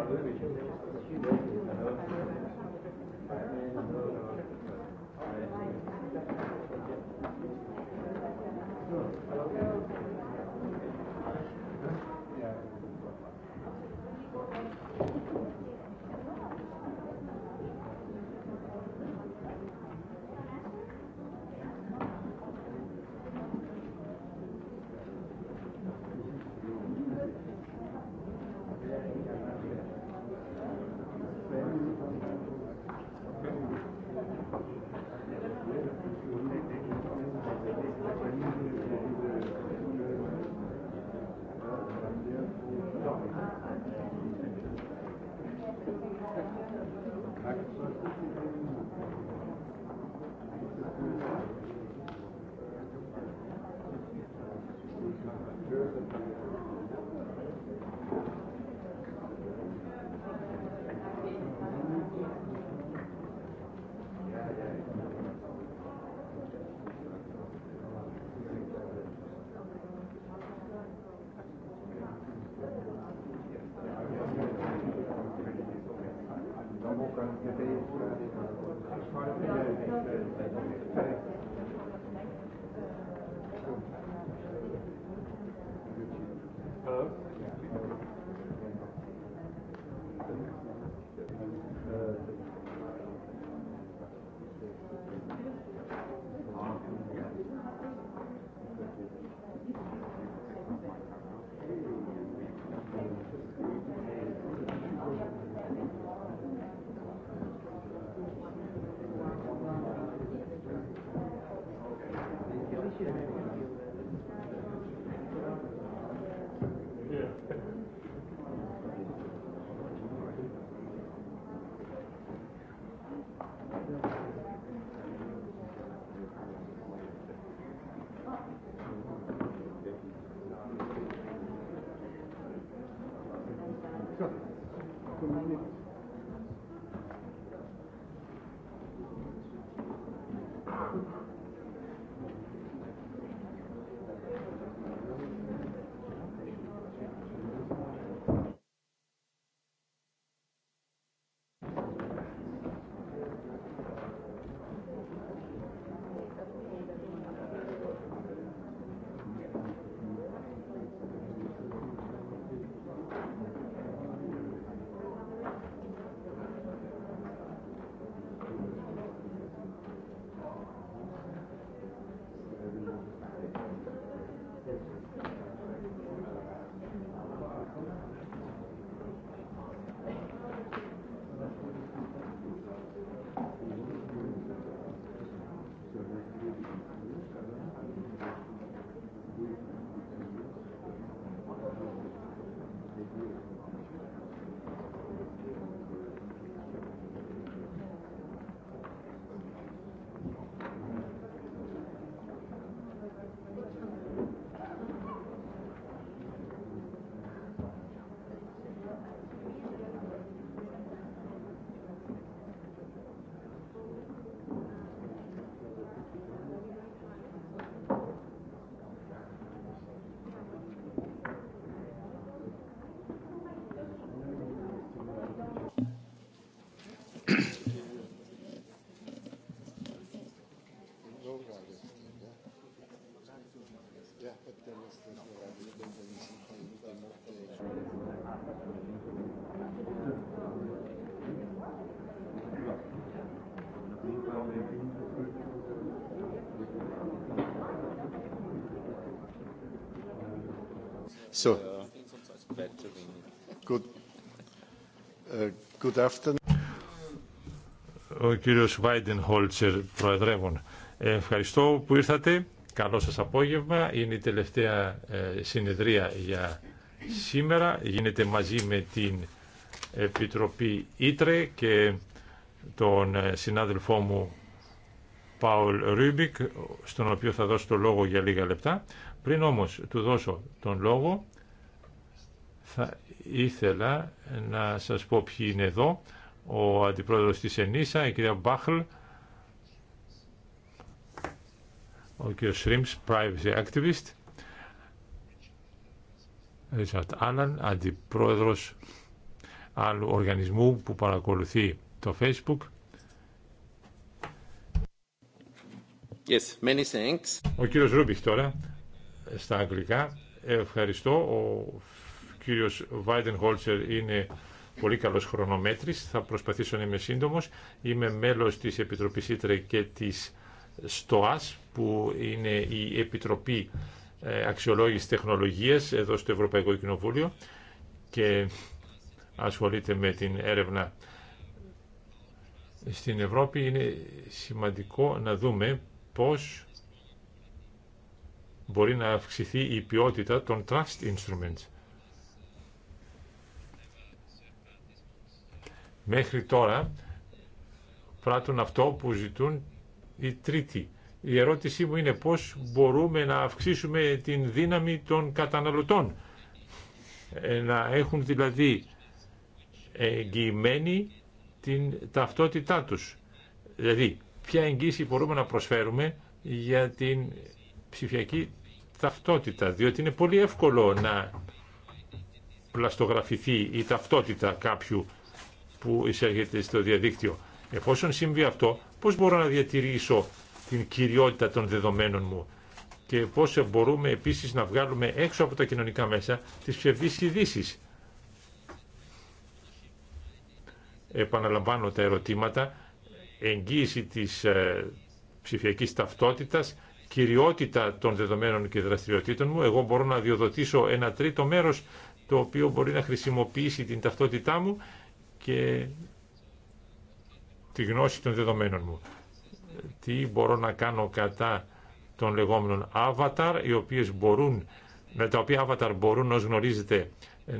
αλλά δεν είναι Ο κύριος Βάιντεν Χόλτσερ, Προεδρεύων. Ε, ευχαριστώ που ήρθατε. Καλό σας απόγευμα. Είναι η τελευταία ε, συνεδρία για σήμερα. Γίνεται μαζί με την Επιτροπή Ήτρε και τον ε, συνάδελφό μου Πάουλ Ρούμπικ, στον οποίο θα δώσω το λόγο για λίγα λεπτά. Πριν όμως του δώσω τον λόγο, θα ήθελα να σας πω ποιοι είναι εδώ. Ο αντιπρόεδρος της ΕΝΙΣΑ, η κυρία Μπάχλ, ο κύριος Σρίμς, privacy activist, Ρίτσαρτ Άλλαν, αντιπρόεδρος άλλου οργανισμού που παρακολουθεί το Facebook. Yes, many thanks. Ο κύριος Ρούμπιχ τώρα, στα αγγλικά. Ευχαριστώ. Ο κύριος Βάιντεν Χόλτσερ είναι πολύ καλός χρονομέτρης. Θα προσπαθήσω να είμαι σύντομος. Είμαι μέλος της Επιτροπής Ήτρε και της ΣΤΟΑΣ, που είναι η Επιτροπή ε, Αξιολόγηση Τεχνολογίας εδώ στο Ευρωπαϊκό Κοινοβούλιο και ασχολείται με την έρευνα στην Ευρώπη. Είναι σημαντικό να δούμε πώς μπορεί να αυξηθεί η ποιότητα των trust instruments. Μέχρι τώρα πράττουν αυτό που ζητούν οι τρίτοι. Η ερώτησή μου είναι πώς μπορούμε να αυξήσουμε την δύναμη των καταναλωτών. Ε, να έχουν δηλαδή εγγυημένη την ταυτότητά τους. Δηλαδή, ποια εγγύηση μπορούμε να προσφέρουμε για την ψηφιακή ταυτότητα, διότι είναι πολύ εύκολο να πλαστογραφηθεί η ταυτότητα κάποιου που εισέρχεται στο διαδίκτυο. Εφόσον συμβεί αυτό, πώς μπορώ να διατηρήσω την κυριότητα των δεδομένων μου και πώς μπορούμε επίσης να βγάλουμε έξω από τα κοινωνικά μέσα τις ψευδείς ειδήσει. Επαναλαμβάνω τα ερωτήματα, εγγύηση της ε, ψηφιακής ταυτότητας, κυριότητα των δεδομένων και δραστηριοτήτων μου. Εγώ μπορώ να διοδοτήσω ένα τρίτο μέρος το οποίο μπορεί να χρησιμοποιήσει την ταυτότητά μου και τη γνώση των δεδομένων μου. Τι μπορώ να κάνω κατά των λεγόμενων avatar, οι οποίες μπορούν, με τα οποία avatar μπορούν, ως γνωρίζετε,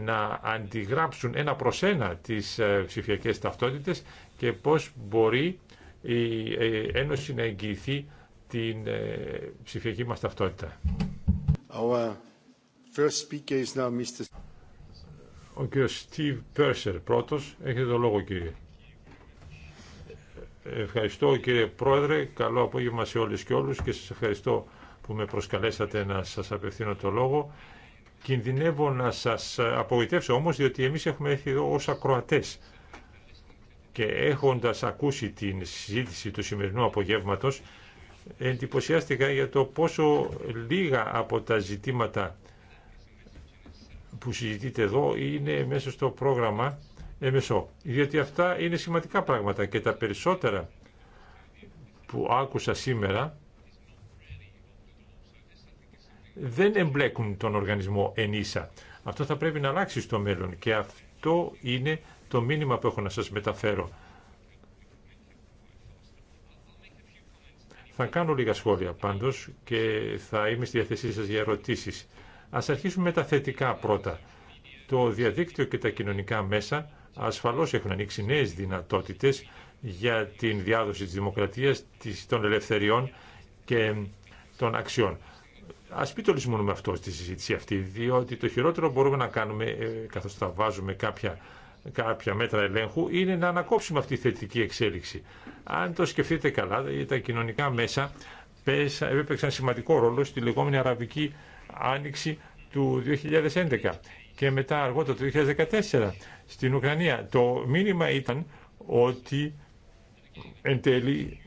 να αντιγράψουν ένα προς ένα τις ε, ψηφιακές ταυτότητες και πώς μπορεί η ε, Ένωση να εγγυηθεί την ε, ψηφιακή μας ταυτότητα. Our first speaker is now ο κύριος Στίβ Πέρσερ πρώτος. Έχετε το λόγο κύριε. Ευχαριστώ κύριε Πρόεδρε. Καλό απόγευμα σε όλες και όλους και σας ευχαριστώ που με προσκαλέσατε να σας απευθύνω το λόγο. Κινδυνεύω να σας απογοητεύσω όμως διότι εμείς έχουμε έρθει εδώ ως ακροατές και έχοντας ακούσει την συζήτηση του σημερινού απογεύματος εντυπωσιάστηκα για το πόσο λίγα από τα ζητήματα που συζητείτε εδώ είναι μέσα στο πρόγραμμα MSO. Διότι αυτά είναι σημαντικά πράγματα και τα περισσότερα που άκουσα σήμερα δεν εμπλέκουν τον οργανισμό ίσα. Αυτό θα πρέπει να αλλάξει στο μέλλον και αυτό είναι το μήνυμα που έχω να σας μεταφέρω. Θα κάνω λίγα σχόλια πάντως και θα είμαι στη διαθεσή σας για ερωτήσεις. Ας αρχίσουμε με τα θετικά πρώτα. Το διαδίκτυο και τα κοινωνικά μέσα ασφαλώς έχουν ανοίξει νέες δυνατότητες για την διάδοση της δημοκρατίας, των ελευθεριών και των αξιών. Α μην το αυτό στη συζήτηση αυτή, διότι το χειρότερο μπορούμε να κάνουμε, ε, καθώ θα βάζουμε κάποια, κάποια μέτρα ελέγχου, είναι να ανακόψουμε αυτή τη θετική εξέλιξη. Αν το σκεφτείτε καλά, τα κοινωνικά μέσα έπαιξαν σημαντικό ρόλο στη λεγόμενη αραβική άνοιξη του 2011 και μετά αργότερα το 2014 στην Ουκρανία. Το μήνυμα ήταν ότι εν τέλει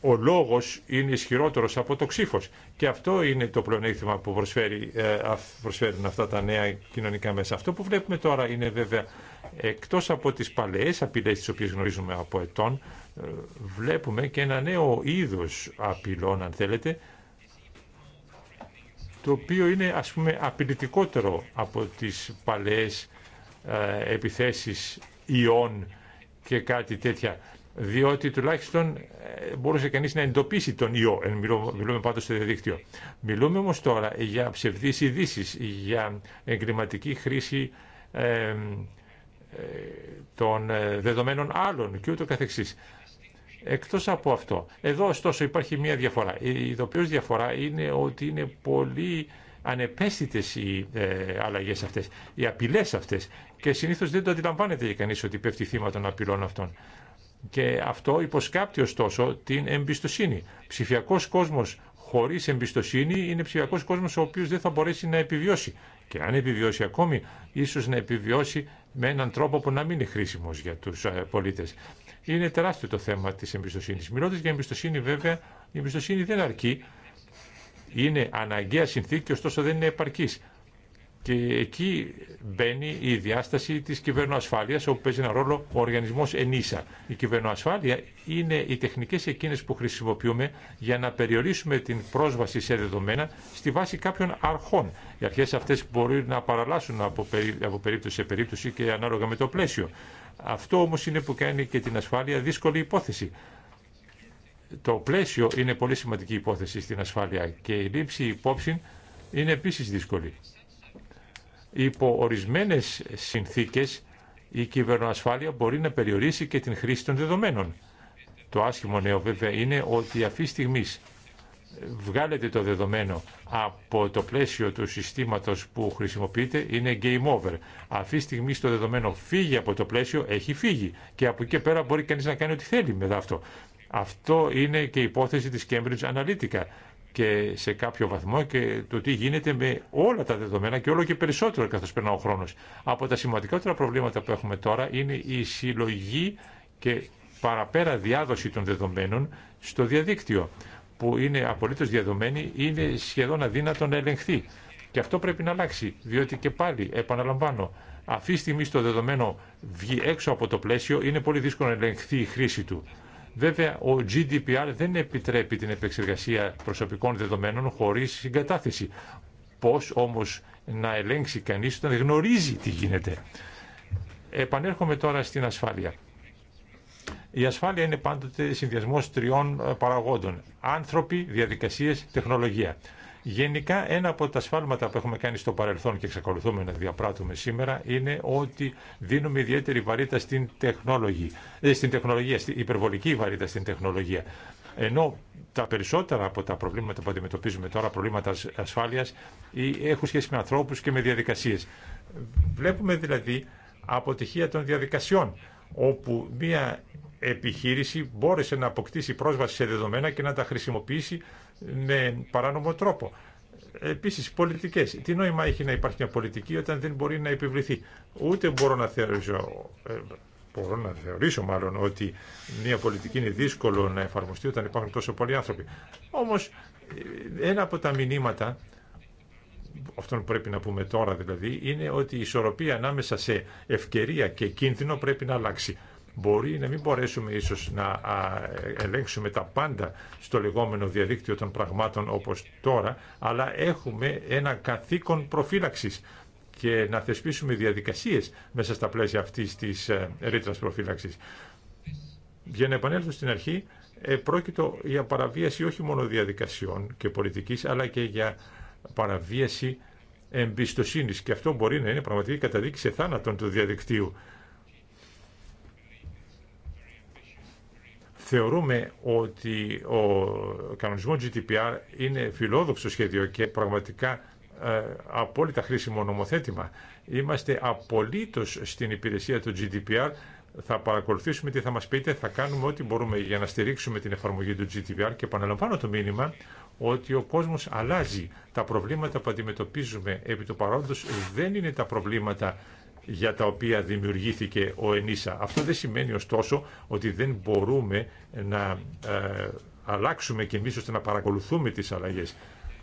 ο λόγος είναι ισχυρότερος από το ξύφο. Και αυτό είναι το πλεονέκτημα που προσφέρει, ε, προσφέρουν αυτά τα νέα κοινωνικά μέσα. Αυτό που βλέπουμε τώρα είναι βέβαια εκτός από τις παλαιές απειλές τις οποίες γνωρίζουμε από ετών, ε, βλέπουμε και ένα νέο είδος απειλών, αν θέλετε, το οποίο είναι ας πούμε απειλητικότερο από τις παλαιές ε, επιθέσεις ιών και κάτι τέτοια διότι τουλάχιστον ε, μπορούσε κανείς να εντοπίσει τον ιό, ε, μιλούμε, μιλούμε πάντως στο διαδίκτυο. Μιλούμε όμως τώρα για ψευδείς ειδήσει, για εγκληματική χρήση ε, των δεδομένων άλλων και ούτω καθεξής. Εκτός από αυτό, εδώ ωστόσο υπάρχει μία διαφορά. Η ειδοποιώς διαφορά είναι ότι είναι πολύ ανεπαίσθητες οι ε, αλλαγές αυτές, οι απειλές αυτές και συνήθως δεν το αντιλαμβάνεται για κανείς ότι πέφτει θύμα των απειλών αυτών. Και αυτό υποσκάπτει ωστόσο την εμπιστοσύνη. Ψηφιακός κόσμος χωρίς εμπιστοσύνη είναι ψηφιακός κόσμος ο οποίος δεν θα μπορέσει να επιβιώσει. Και αν επιβιώσει ακόμη, ίσως να επιβιώσει με έναν τρόπο που να μην είναι χρήσιμος για τους ε, πολίτες είναι τεράστιο το θέμα της εμπιστοσύνης. Μιλώντας για εμπιστοσύνη βέβαια, η εμπιστοσύνη δεν αρκεί. Είναι αναγκαία συνθήκη, ωστόσο δεν είναι επαρκής. Και εκεί μπαίνει η διάσταση της κυβερνοασφάλειας, όπου παίζει ένα ρόλο ο οργανισμός ΕΝΙΣΑ. Η κυβερνοασφάλεια είναι οι τεχνικές εκείνες που χρησιμοποιούμε για να περιορίσουμε την πρόσβαση σε δεδομένα στη βάση κάποιων αρχών. Οι αρχές αυτές μπορεί να παραλλάσσουν από περίπτωση σε περίπτωση και ανάλογα με το πλαίσιο. Αυτό όμως είναι που κάνει και την ασφάλεια δύσκολη υπόθεση. Το πλαίσιο είναι πολύ σημαντική υπόθεση στην ασφάλεια και η λήψη υπόψη είναι επίσης δύσκολη. Υπό ορισμένες συνθήκες η κυβερνοασφάλεια μπορεί να περιορίσει και την χρήση των δεδομένων. Το άσχημο νέο βέβαια είναι ότι αυτή τη βγάλετε το δεδομένο από το πλαίσιο του συστήματος που χρησιμοποιείτε είναι game over. Αυτή τη στιγμή το δεδομένο φύγει από το πλαίσιο, έχει φύγει και από εκεί και πέρα μπορεί κανείς να κάνει ό,τι θέλει με αυτό. Αυτό είναι και η υπόθεση της Cambridge Analytica και σε κάποιο βαθμό και το τι γίνεται με όλα τα δεδομένα και όλο και περισσότερο καθώς περνά ο χρόνος. Από τα σημαντικότερα προβλήματα που έχουμε τώρα είναι η συλλογή και παραπέρα διάδοση των δεδομένων στο διαδίκτυο που είναι απολύτως διαδομένη είναι σχεδόν αδύνατο να ελεγχθεί. Και αυτό πρέπει να αλλάξει, διότι και πάλι, επαναλαμβάνω, αυτή τη στιγμή στο δεδομένο βγει έξω από το πλαίσιο, είναι πολύ δύσκολο να ελεγχθεί η χρήση του. Βέβαια, ο GDPR δεν επιτρέπει την επεξεργασία προσωπικών δεδομένων χωρίς συγκατάθεση. Πώς όμως να ελέγξει κανείς όταν γνωρίζει τι γίνεται. Επανέρχομαι τώρα στην ασφάλεια. Η ασφάλεια είναι πάντοτε συνδυασμό τριών ε, παραγόντων. Άνθρωποι, διαδικασίε, τεχνολογία. Γενικά, ένα από τα σφάλματα που έχουμε κάνει στο παρελθόν και εξακολουθούμε να διαπράττουμε σήμερα είναι ότι δίνουμε ιδιαίτερη βαρύτητα στην τεχνολογία, ε, στην τεχνολογία, στην υπερβολική βαρύτητα στην τεχνολογία. Ενώ τα περισσότερα από τα προβλήματα που αντιμετωπίζουμε τώρα, προβλήματα ασφάλεια, ε, έχουν σχέση με ανθρώπου και με διαδικασίε. Βλέπουμε δηλαδή αποτυχία των διαδικασιών όπου μία επιχείρηση μπόρεσε να αποκτήσει πρόσβαση σε δεδομένα και να τα χρησιμοποιήσει με παράνομο τρόπο. Επίση, πολιτικέ. Τι νόημα έχει να υπάρχει μια πολιτική όταν δεν μπορεί να επιβληθεί. Ούτε μπορώ να θεωρήσω, ε, μπορώ να θεωρήσω μάλλον ότι μια πολιτική είναι δύσκολο να εφαρμοστεί όταν υπάρχουν τόσο πολλοί άνθρωποι. Όμω, ε, ένα από τα μηνύματα αυτόν που πρέπει να πούμε τώρα δηλαδή, είναι ότι η ισορροπία ανάμεσα σε ευκαιρία και κίνδυνο πρέπει να αλλάξει. Μπορεί να μην μπορέσουμε ίσως να ελέγξουμε τα πάντα στο λεγόμενο διαδίκτυο των πραγμάτων όπως τώρα, αλλά έχουμε ένα καθήκον προφύλαξης και να θεσπίσουμε διαδικασίες μέσα στα πλαίσια αυτής της ε, ρήτρας προφύλαξης. Για να επανέλθω στην αρχή, ε, πρόκειται για παραβίαση όχι μόνο διαδικασιών και πολιτικής, αλλά και για παραβίαση εμπιστοσύνης και αυτό μπορεί να είναι πραγματική καταδίκη σε θάνατον του διαδικτύου. Θεωρούμε ότι ο κανονισμός GDPR είναι φιλόδοξο σχέδιο και πραγματικά ε, απόλυτα χρήσιμο νομοθέτημα. Είμαστε απολύτως στην υπηρεσία του GDPR. Θα παρακολουθήσουμε τι θα μας πείτε, θα κάνουμε ό,τι μπορούμε για να στηρίξουμε την εφαρμογή του GDPR και επαναλαμβάνω το μήνυμα ότι ο κόσμος αλλάζει. Τα προβλήματα που αντιμετωπίζουμε επί του παρόντος δεν είναι τα προβλήματα για τα οποία δημιουργήθηκε ο ΕΝΙΣΑ. Αυτό δεν σημαίνει ωστόσο ότι δεν μπορούμε να ε, αλλάξουμε και εμείς ώστε να παρακολουθούμε τις αλλαγές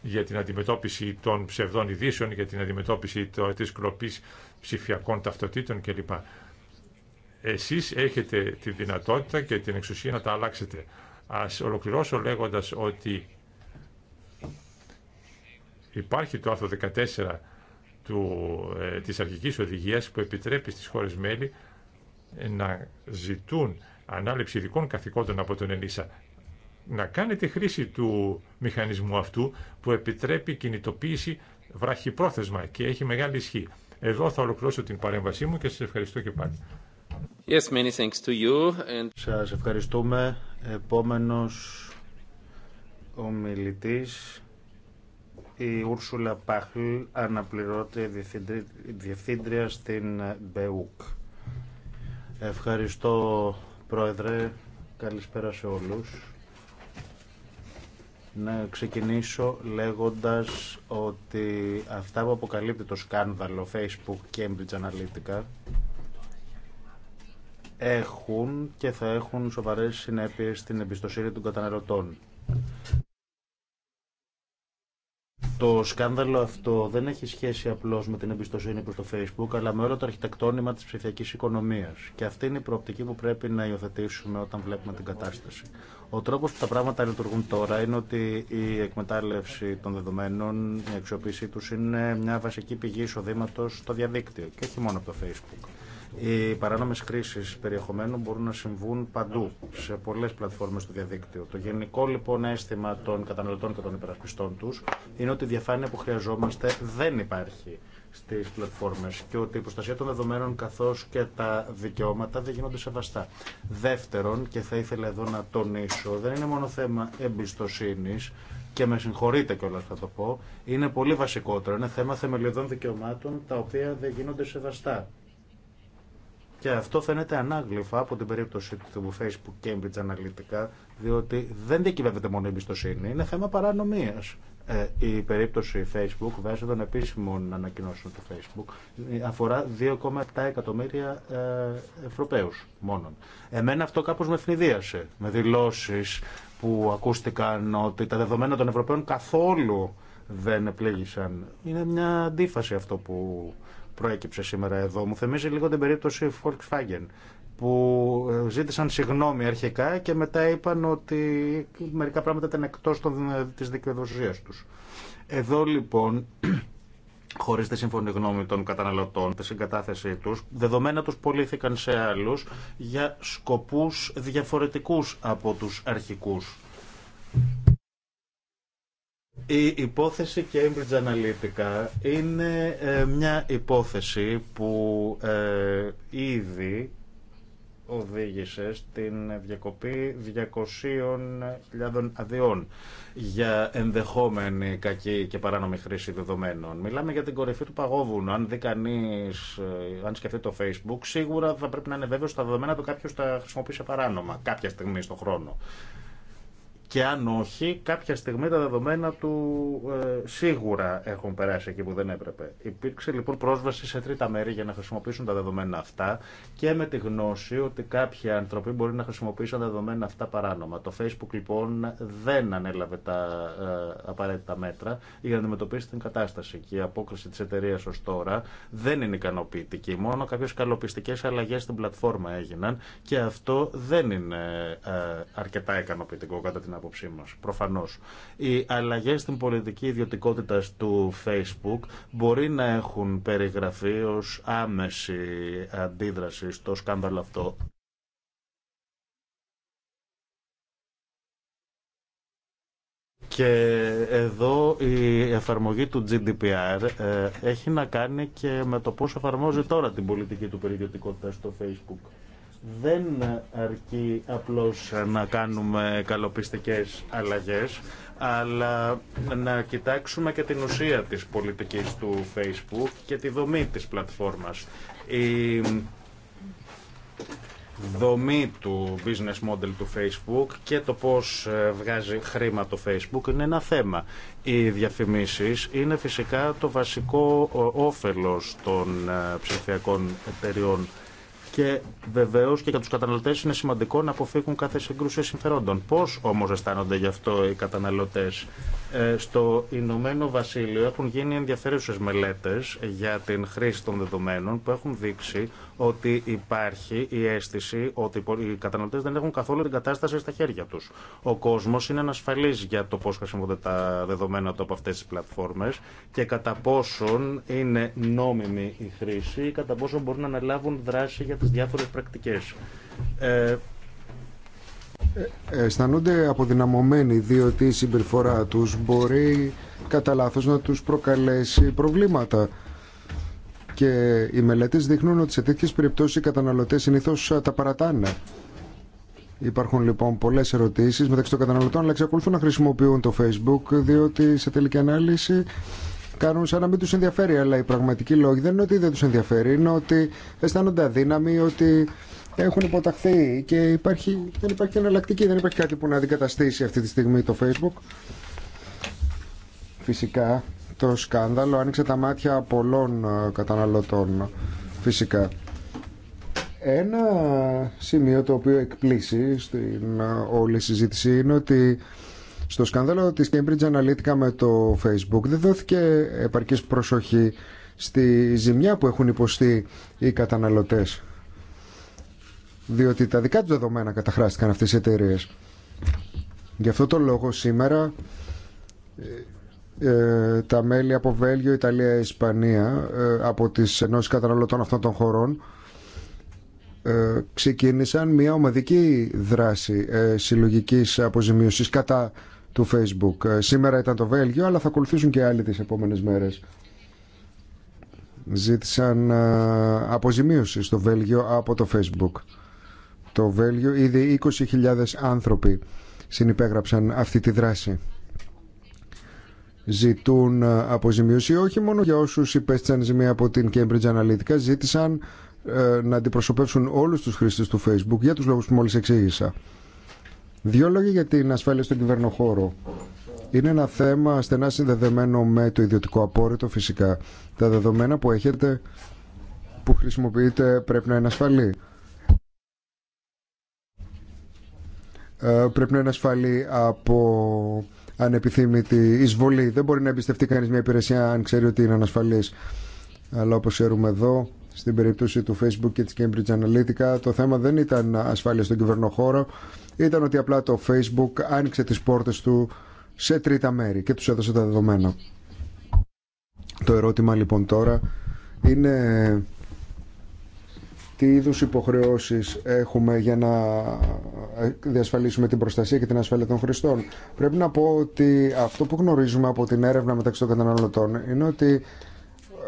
για την αντιμετώπιση των ψευδών ειδήσεων, για την αντιμετώπιση της κλοπής ψηφιακών ταυτοτήτων κλπ. Εσείς έχετε τη δυνατότητα και την εξουσία να τα αλλάξετε. Ας ολοκληρώσω λέγοντας ότι Υπάρχει το άρθρο 14 του, ε, της αρχικής οδηγίας που επιτρέπει στις χώρες μέλη ε, να ζητούν ανάληψη ειδικών καθηκόντων από τον ΕΛΙΣΑ. Να κάνετε χρήση του μηχανισμού αυτού που επιτρέπει κινητοποίηση βραχυπρόθεσμα και έχει μεγάλη ισχύ. Εδώ θα ολοκληρώσω την παρέμβασή μου και σας ευχαριστώ και πάλι. Yes, many thanks to you and... Σας ευχαριστούμε. Επόμενος ομιλητής η Ούρσουλα Πάχλ αναπληρώτη διευθύντρια στην Μπεούκ. Ευχαριστώ Πρόεδρε, καλησπέρα σε όλους. Να ξεκινήσω λέγοντας ότι αυτά που αποκαλύπτει το σκάνδαλο Facebook Cambridge Analytica έχουν και θα έχουν σοβαρές συνέπειες στην εμπιστοσύνη των καταναλωτών. Το σκάνδαλο αυτό δεν έχει σχέση απλώ με την εμπιστοσύνη προ το Facebook, αλλά με όλο το αρχιτεκτόνιμα τη ψηφιακή οικονομία. Και αυτή είναι η προοπτική που πρέπει να υιοθετήσουμε όταν βλέπουμε την κατάσταση. Ο τρόπο που τα πράγματα λειτουργούν τώρα είναι ότι η εκμετάλλευση των δεδομένων, η αξιοποίησή του είναι μια βασική πηγή εισοδήματο στο διαδίκτυο και όχι μόνο από το Facebook. Οι παράνομε χρήσει περιεχομένου μπορούν να συμβούν παντού, σε πολλέ πλατφόρμε του διαδίκτυου. Το γενικό λοιπόν αίσθημα των καταναλωτών και των υπερασπιστών του είναι ότι η διαφάνεια που χρειαζόμαστε δεν υπάρχει στι πλατφόρμε και ότι η προστασία των δεδομένων καθώ και τα δικαιώματα δεν γίνονται σεβαστά. Δεύτερον, και θα ήθελα εδώ να τονίσω, δεν είναι μόνο θέμα εμπιστοσύνη και με συγχωρείτε κιόλα θα το πω, είναι πολύ βασικότερο. Είναι θέμα θεμελιωδών δικαιωμάτων τα οποία δεν γίνονται σεβαστά και αυτό φαίνεται ανάγλυφα από την περίπτωση του Facebook Cambridge Analytica, διότι δεν διακυβεύεται μόνο η εμπιστοσύνη, είναι θέμα παρανομίας. Ε, η περίπτωση Facebook, βάσει των επίσημων ανακοινώσεων του Facebook, αφορά 2,7 εκατομμύρια ε, Ευρωπαίους μόνον. Εμένα αυτό κάπως με φνηδίασε, με δηλώσεις που ακούστηκαν ότι τα δεδομένα των Ευρωπαίων καθόλου δεν επλήγησαν. Είναι μια αντίφαση αυτό που προέκυψε σήμερα εδώ. Μου θυμίζει λίγο την περίπτωση Volkswagen που ε, ζήτησαν συγγνώμη αρχικά και μετά είπαν ότι μερικά πράγματα ήταν εκτός των, ε, της δικαιοδοσίας τους. Εδώ λοιπόν, χωρίς τη σύμφωνη γνώμη των καταναλωτών, τη συγκατάθεσή τους, δεδομένα τους πωλήθηκαν σε άλλους για σκοπούς διαφορετικούς από τους αρχικούς. Η υπόθεση Cambridge Analytica είναι ε, μια υπόθεση που ε, ήδη οδήγησε στην διακοπή 200.000 αδειών για ενδεχόμενη κακή και παράνομη χρήση δεδομένων. Μιλάμε για την κορυφή του παγόβουνου. Αν δει ε, αν σκεφτεί το Facebook, σίγουρα θα πρέπει να είναι βέβαιο τα δεδομένα του κάποιο τα χρησιμοποίησε παράνομα κάποια στιγμή στον χρόνο. Και αν όχι, κάποια στιγμή τα δεδομένα του ε, σίγουρα έχουν περάσει εκεί που δεν έπρεπε. Υπήρξε λοιπόν πρόσβαση σε τρίτα μέρη για να χρησιμοποιήσουν τα δεδομένα αυτά και με τη γνώση ότι κάποιοι άνθρωποι μπορεί να χρησιμοποιήσουν τα δεδομένα αυτά παράνομα. Το Facebook λοιπόν δεν ανέλαβε τα ε, απαραίτητα μέτρα για να αντιμετωπίσει την κατάσταση. Και η απόκριση τη εταιρεία ω τώρα δεν είναι ικανοποιητική. Μόνο κάποιε καλοπιστικέ αλλαγέ στην πλατφόρμα έγιναν και αυτό δεν είναι ε, αρκετά ικανοποιητικό κατά την άποψή Προφανώ. Οι αλλαγέ στην πολιτική ιδιωτικότητα του Facebook μπορεί να έχουν περιγραφεί ω άμεση αντίδραση στο σκάνδαλο αυτό. Και εδώ η εφαρμογή του GDPR ε, έχει να κάνει και με το πώς εφαρμόζει τώρα την πολιτική του περιδιωτικότητα στο Facebook δεν αρκεί απλώς να κάνουμε καλοπιστικές αλλαγές, αλλά να κοιτάξουμε και την ουσία της πολιτικής του Facebook και τη δομή της πλατφόρμας. Η δομή του business model του Facebook και το πώς ε, βγάζει χρήμα το Facebook είναι ένα θέμα. Οι διαφημίσεις είναι φυσικά το βασικό όφελος των ε, ψηφιακών εταιριών και βεβαίω και για του καταναλωτέ είναι σημαντικό να αποφύγουν κάθε σύγκρουση συμφερόντων. Πώ όμω αισθάνονται γι' αυτό οι καταναλωτέ, ε, στο Ηνωμένο Βασίλειο έχουν γίνει ενδιαφέρουσες μελέτες για την χρήση των δεδομένων που έχουν δείξει ότι υπάρχει η αίσθηση ότι οι καταναλωτές δεν έχουν καθόλου την κατάσταση στα χέρια τους. Ο κόσμος είναι ανασφαλής για το πώς χρησιμοποιούνται τα δεδομένα από αυτές τις πλατφόρμες και κατά πόσον είναι νόμιμη η χρήση ή κατά πόσον μπορούν να αναλάβουν δράση για τις διάφορες πρακτικές. Ε, ε, αισθανούνται αποδυναμωμένοι διότι η συμπεριφορά τους μπορεί κατά λάθο να τους προκαλέσει προβλήματα. Και οι μελέτες δείχνουν ότι σε τέτοιες περιπτώσεις οι καταναλωτές συνήθως τα παρατάνε. Υπάρχουν λοιπόν πολλές ερωτήσεις μεταξύ των καταναλωτών αλλά εξακολουθούν να χρησιμοποιούν το Facebook διότι σε τελική ανάλυση κάνουν σαν να μην τους ενδιαφέρει αλλά οι πραγματικοί λόγοι δεν είναι ότι δεν τους ενδιαφέρει είναι ότι αισθάνονται αδύναμοι ότι έχουν υποταχθεί και υπάρχει, δεν υπάρχει εναλλακτική, δεν υπάρχει κάτι που να αντικαταστήσει αυτή τη στιγμή το Facebook. Φυσικά το σκάνδαλο άνοιξε τα μάτια πολλών ε, καταναλωτών φυσικά. Ένα σημείο το οποίο εκπλήσει στην ε, όλη συζήτηση είναι ότι στο σκάνδαλο της Cambridge Analytica με το Facebook δεν δόθηκε επαρκής προσοχή στη ζημιά που έχουν υποστεί οι καταναλωτές διότι τα δικά του δεδομένα καταχράστηκαν αυτές οι εταιρείε. Γι' αυτό το λόγο σήμερα ε, ε, τα μέλη από Βέλγιο, Ιταλία, Ισπανία ε, από τις ενώσεις καταναλωτών αυτών των χωρών ε, ξεκίνησαν μια ομαδική δράση συλλογικής αποζημίωσης κατά του Facebook. Σήμερα ήταν το Βέλγιο, αλλά θα ακολουθήσουν και άλλοι τις επόμενες μέρες. Ζήτησαν αποζημίωση στο Βέλγιο από το Facebook το Βέλγιο ήδη 20.000 άνθρωποι συνυπέγραψαν αυτή τη δράση. Ζητούν ε, αποζημίωση όχι μόνο για όσους υπέστησαν ζημία από την Cambridge Analytica, ζήτησαν ε, να αντιπροσωπεύσουν όλους τους χρήστες του Facebook για τους λόγους που μόλις εξήγησα. Δύο λόγοι για την ασφάλεια στον κυβερνοχώρο. Είναι ένα θέμα στενά συνδεδεμένο με το ιδιωτικό απόρριτο φυσικά. Τα δεδομένα που έχετε, που χρησιμοποιείτε πρέπει να είναι ασφαλή. Ε, πρέπει να είναι ασφαλή από ανεπιθύμητη εισβολή. Δεν μπορεί να εμπιστευτεί κανείς μια υπηρεσία αν ξέρει ότι είναι ανασφαλής. Αλλά όπως ξέρουμε εδώ, στην περίπτωση του Facebook και της Cambridge Analytica, το θέμα δεν ήταν ασφάλεια στον κυβερνοχώρο, ήταν ότι απλά το Facebook άνοιξε τις πόρτες του σε τρίτα μέρη και τους έδωσε τα δεδομένα. Το ερώτημα λοιπόν τώρα είναι τι είδους υποχρεώσεις έχουμε για να ε, διασφαλίσουμε την προστασία και την ασφάλεια των χρηστών. Πρέπει να πω ότι αυτό που γνωρίζουμε από την έρευνα μεταξύ των καταναλωτών είναι ότι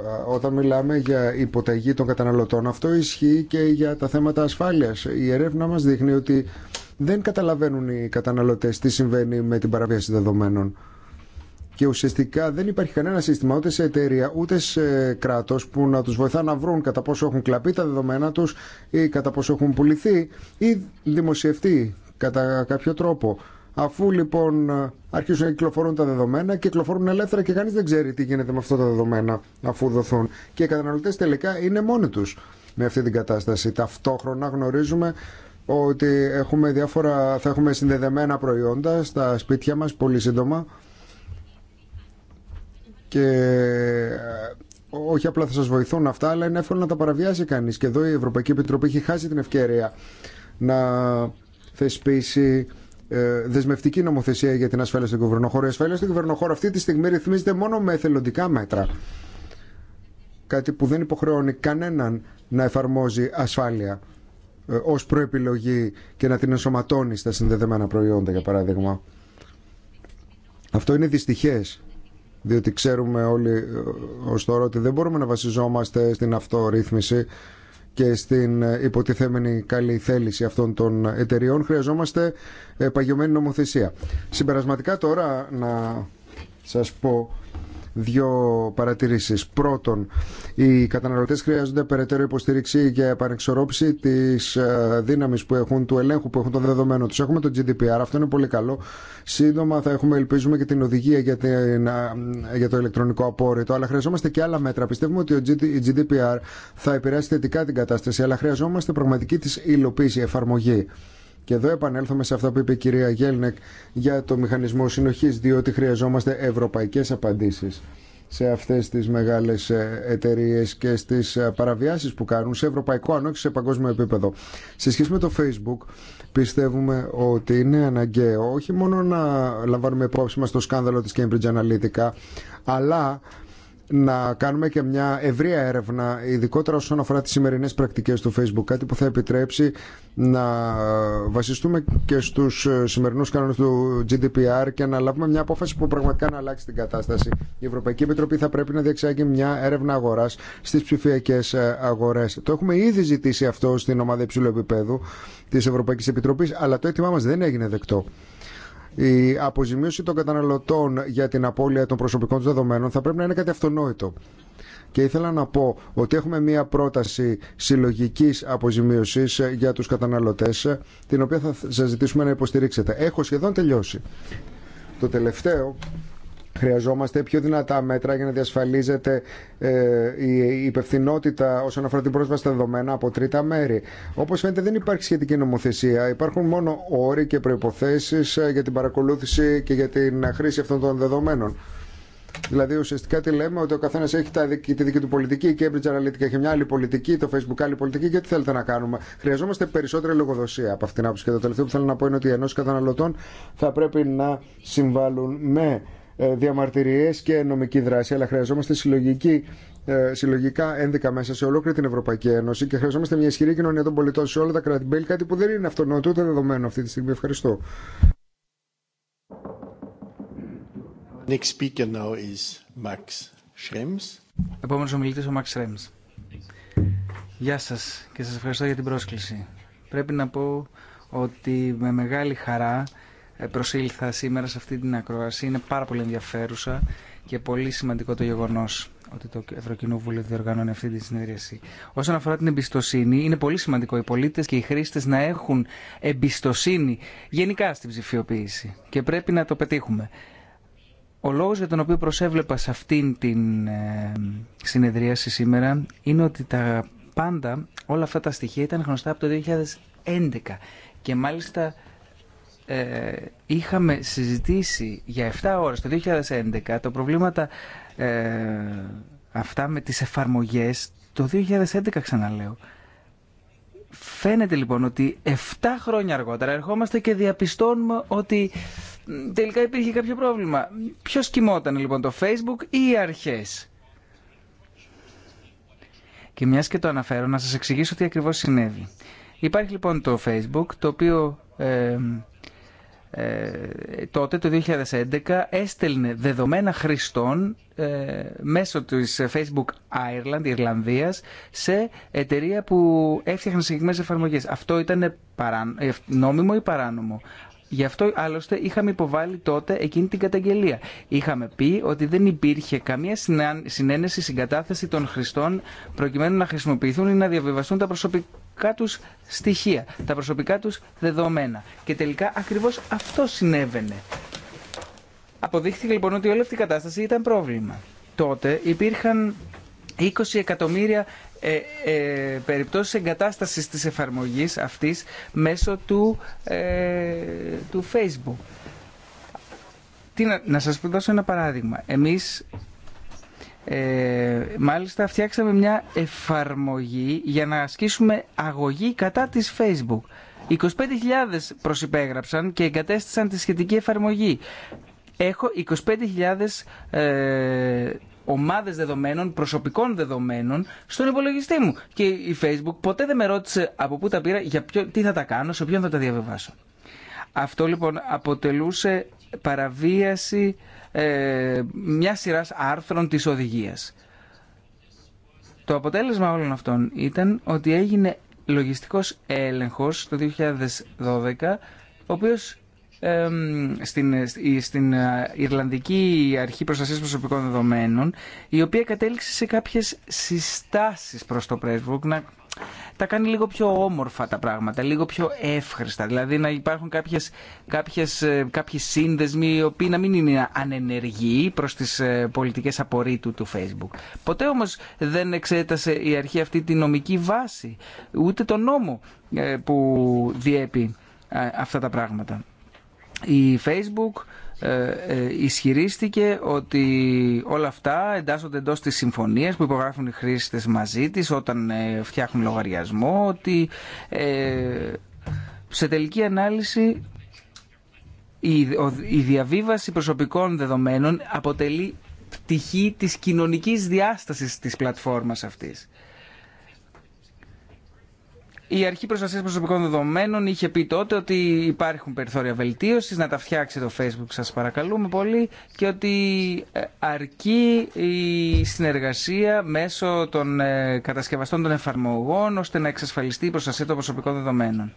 ε, όταν μιλάμε για υποταγή των καταναλωτών αυτό ισχύει και για τα θέματα ασφάλειας. Η έρευνα μας δείχνει ότι δεν καταλαβαίνουν οι καταναλωτές τι συμβαίνει με την παραβίαση δεδομένων. Και ουσιαστικά δεν υπάρχει κανένα σύστημα ούτε σε εταιρεία ούτε σε κράτο που να του βοηθά να βρουν κατά πόσο έχουν κλαπεί τα δεδομένα του ή κατά πόσο έχουν πουληθεί ή δημοσιευτεί κατά κάποιο τρόπο. Αφού λοιπόν αρχίζουν να κυκλοφορούν τα δεδομένα, κυκλοφορούν ελεύθερα και κανεί δεν ξέρει τι γίνεται με αυτά τα δεδομένα αφού δοθούν. Και οι καταναλωτέ τελικά είναι μόνοι του με αυτή την κατάσταση. Ταυτόχρονα γνωρίζουμε ότι έχουμε διάφορα, θα έχουμε συνδεδεμένα προϊόντα στα σπίτια μα πολύ σύντομα και ε, όχι απλά θα σας βοηθούν αυτά, αλλά είναι εύκολο να τα παραβιάσει κανείς. Και εδώ η Ευρωπαϊκή Επιτροπή έχει χάσει την ευκαιρία να θεσπίσει ε, δεσμευτική νομοθεσία για την ασφάλεια στον κυβερνοχώρο. Η ασφάλεια στον κυβερνοχώρο αυτή τη στιγμή ρυθμίζεται μόνο με εθελοντικά μέτρα. Κάτι που δεν υποχρεώνει κανέναν να εφαρμόζει ασφάλεια ε, ως προεπιλογή και να την ενσωματώνει στα συνδεδεμένα προϊόντα, για παράδειγμα. Αυτό είναι δυστυχές διότι ξέρουμε όλοι ε, ως τώρα ότι δεν μπορούμε να βασιζόμαστε στην αυτορύθμιση και στην ε, υποτιθέμενη καλή θέληση αυτών των εταιριών χρειαζόμαστε ε, παγιωμένη νομοθεσία. Συμπερασματικά τώρα να σας πω δύο παρατηρήσει. Πρώτον, οι καταναλωτέ χρειάζονται περαιτέρω υποστήριξη για επανεξορρόψη τη ε, δύναμη που έχουν, του ελέγχου που έχουν των δεδομένων του. Έχουμε το GDPR, αυτό είναι πολύ καλό. Σύντομα θα έχουμε, ελπίζουμε, και την οδηγία για, την, ε, για το ηλεκτρονικό απόρριτο, αλλά χρειαζόμαστε και άλλα μέτρα. Πιστεύουμε ότι η GDPR θα επηρεάσει θετικά την κατάσταση, αλλά χρειαζόμαστε πραγματική τη υλοποίηση, εφαρμογή. Και εδώ επανέλθουμε σε αυτά που είπε η κυρία Γέλνεκ για το μηχανισμό συνοχή, διότι χρειαζόμαστε ευρωπαϊκέ απαντήσει σε αυτέ τι μεγάλε εταιρείε και στι ε, παραβιάσει που κάνουν σε ευρωπαϊκό αν όχι σε παγκόσμιο επίπεδο. Σε σχέση με το Facebook πιστεύουμε ότι είναι αναγκαίο όχι μόνο να λαμβάνουμε υπόψη μα το σκάνδαλο τη Cambridge Analytica αλλά να κάνουμε και μια ευρεία έρευνα, ειδικότερα όσον αφορά τις σημερινές πρακτικές του Facebook, κάτι που θα επιτρέψει να βασιστούμε και στους ε, σημερινούς κανόνες του GDPR και να λάβουμε μια απόφαση που πραγματικά να αλλάξει την κατάσταση. Η Ευρωπαϊκή Επιτροπή θα πρέπει να διεξάγει μια έρευνα αγοράς στις ψηφιακές ε, αγορές. Το έχουμε ήδη ζητήσει αυτό στην ομάδα υψηλού επίπεδου της Ευρωπαϊκής Επιτροπής, αλλά το αίτημά μας δεν έγινε δεκτό η αποζημίωση των καταναλωτών για την απώλεια των προσωπικών του δεδομένων θα πρέπει να είναι κάτι αυτονόητο. Και ήθελα να πω ότι έχουμε μία πρόταση συλλογική αποζημίωση ε, για του καταναλωτέ, ε, την οποία θα σα ζητήσουμε να υποστηρίξετε. Έχω σχεδόν τελειώσει. Το τελευταίο Χρειαζόμαστε πιο δυνατά μέτρα για να διασφαλίζεται ε, η υπευθυνότητα όσον αφορά την πρόσβαση στα δεδομένα από τρίτα μέρη. Όπω φαίνεται, δεν υπάρχει σχετική νομοθεσία. Υπάρχουν μόνο όροι και προποθέσει ε, για την παρακολούθηση και για την χρήση αυτών των δεδομένων. Δηλαδή, ουσιαστικά τι λέμε, ότι ο καθένα έχει τα, τη δική του πολιτική, η Cambridge Analytica έχει μια άλλη πολιτική, το Facebook άλλη πολιτική και τι θέλετε να κάνουμε. Χρειαζόμαστε περισσότερη λογοδοσία από αυτήν την άποψη. Και το τελευταίο που θέλω να πω είναι ότι οι καταναλωτών θα πρέπει να συμβάλλουν με ε, διαμαρτυρίες και νομική δράση, αλλά χρειαζόμαστε συλλογική, ε, συλλογικά ένδικα μέσα σε ολόκληρη την Ευρωπαϊκή Ένωση και χρειαζόμαστε μια ισχυρή κοινωνία των πολιτών σε όλα τα κράτη-μέλη, κάτι που δεν είναι αυτονόητο ούτε δεδομένο αυτή τη στιγμή. Ευχαριστώ. Επόμενο ομιλήτή ο Μαξ Schrems. Γεια σας και σας ευχαριστώ για την πρόσκληση. Πρέπει να πω ότι με μεγάλη χαρά ε, προσήλθα σήμερα σε αυτή την ακρόαση. Είναι πάρα πολύ ενδιαφέρουσα και πολύ σημαντικό το γεγονό ότι το Ευρωκοινοβούλιο διοργανώνει αυτή τη συνεδρίαση. Όσον αφορά την εμπιστοσύνη, είναι πολύ σημαντικό οι πολίτε και οι χρήστε να έχουν εμπιστοσύνη γενικά στην ψηφιοποίηση και πρέπει να το πετύχουμε. Ο λόγος για τον οποίο προσέβλεπα σε αυτήν την ε, συνεδρίαση σήμερα είναι ότι τα πάντα όλα αυτά τα στοιχεία ήταν γνωστά από το 2011 και μάλιστα ε, είχαμε συζητήσει για 7 ώρες το 2011 τα προβλήματα ε, αυτά με τις εφαρμογές το 2011 ξαναλέω. Φαίνεται λοιπόν ότι 7 χρόνια αργότερα ερχόμαστε και διαπιστώνουμε ότι τελικά υπήρχε κάποιο πρόβλημα. Ποιος κοιμόταν λοιπόν το Facebook ή οι αρχές. Και μιας και το αναφέρω να σας εξηγήσω τι ακριβώς συνέβη. Υπάρχει λοιπόν το Facebook το οποίο ε, ε, τότε το 2011 έστελνε δεδομένα χρηστών ε, μέσω της Facebook Ireland, Ιρλανδίας, σε εταιρεία που έφτιαχνε συγκεκριμένες εφαρμογές. Αυτό ήταν ε, νόμιμο ή παράνομο. Γι' αυτό άλλωστε είχαμε υποβάλει τότε εκείνη την καταγγελία. Είχαμε πει ότι δεν υπήρχε καμία συνένεση συγκατάθεση των χρηστών προκειμένου να χρησιμοποιηθούν ή να διαβιβαστούν τα προσωπικά του στοιχεία, τα προσωπικά τους δεδομένα. Και τελικά ακριβώς αυτό συνέβαινε. Αποδείχθηκε λοιπόν ότι όλη αυτή η κατάσταση ήταν πρόβλημα. Τότε υπήρχαν 20 εκατομμύρια ε, ε, περιπτώσεις εγκατάστασης της εφαρμογής αυτής μέσω του, ε, Facebook. Τι να, να σας δώσω ένα παράδειγμα. Εμείς ε, μάλιστα φτιάξαμε μια εφαρμογή για να ασκήσουμε αγωγή κατά της Facebook. 25.000 προσυπέγραψαν και εγκατέστησαν τη σχετική εφαρμογή. Έχω 25.000 ε, ομάδες δεδομένων, προσωπικών δεδομένων στον υπολογιστή μου. Και η Facebook ποτέ δεν με ρώτησε από πού τα πήρα, για ποιο, τι θα τα κάνω, σε ποιον θα τα διαβεβάσω. Αυτό λοιπόν αποτελούσε παραβίαση ε, μια σειρά άρθρων της οδηγίας. Το αποτέλεσμα όλων αυτών ήταν ότι έγινε λογιστικός έλεγχος το 2012, ο οποίος στην, στην ε, Ιρλανδική Αρχή Προστασίας Προσωπικών Δεδομένων, η οποία κατέληξε σε κάποιες συστάσεις προς το Πρέσβουκ, τα κάνει λίγο πιο όμορφα τα πράγματα, λίγο πιο εύχριστα. Δηλαδή να υπάρχουν κάποιες, κάποιες, ε, σύνδεσμοι οι οποίοι να μην είναι ανενεργοί προς τις ε, πολιτικές απορρίτου του Facebook. Ποτέ όμως δεν εξέτασε η αρχή αυτή τη νομική βάση, ούτε τον νόμο ε, που διέπει αυτά τα πράγματα. Η Facebook ε, ε, ισχυρίστηκε ότι όλα αυτά εντάσσονται εντός της συμφωνίας που υπογράφουν οι χρήστες μαζί της όταν ε, φτιάχνουν λογαριασμό ότι σε τελική ανάλυση η διαβίβαση προσωπικών δεδομένων αποτελεί πτυχή της κοινωνικής διάστασης της πλατφόρμας αυτής. Η Αρχή Προστασία Προσωπικών Δεδομένων είχε πει τότε ότι υπάρχουν περιθώρια βελτίωση, να τα φτιάξει το Facebook σα παρακαλούμε πολύ και ότι ε, αρκεί η συνεργασία μέσω των ε, κατασκευαστών των εφαρμογών ώστε να εξασφαλιστεί η προστασία των προσωπικών δεδομένων.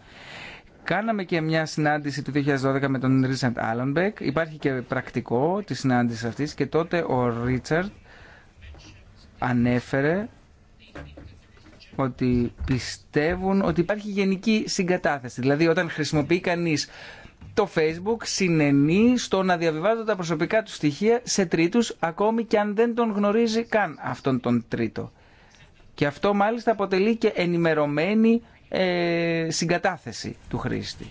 Κάναμε και μια συνάντηση του 2012 με τον Ρίτσαρντ Άλανμπεκ. Υπάρχει και πρακτικό τη συνάντηση αυτή και τότε ο Ρίτσαρντ ανέφερε ότι πιστεύουν ότι υπάρχει γενική συγκατάθεση. Δηλαδή όταν χρησιμοποιεί κανείς το Facebook συνενεί στο να διαβιβάζουν τα προσωπικά του στοιχεία σε τρίτους ακόμη και αν δεν τον γνωρίζει καν αυτόν τον τρίτο. Και αυτό μάλιστα αποτελεί και ενημερωμένη ε, συγκατάθεση του χρήστη.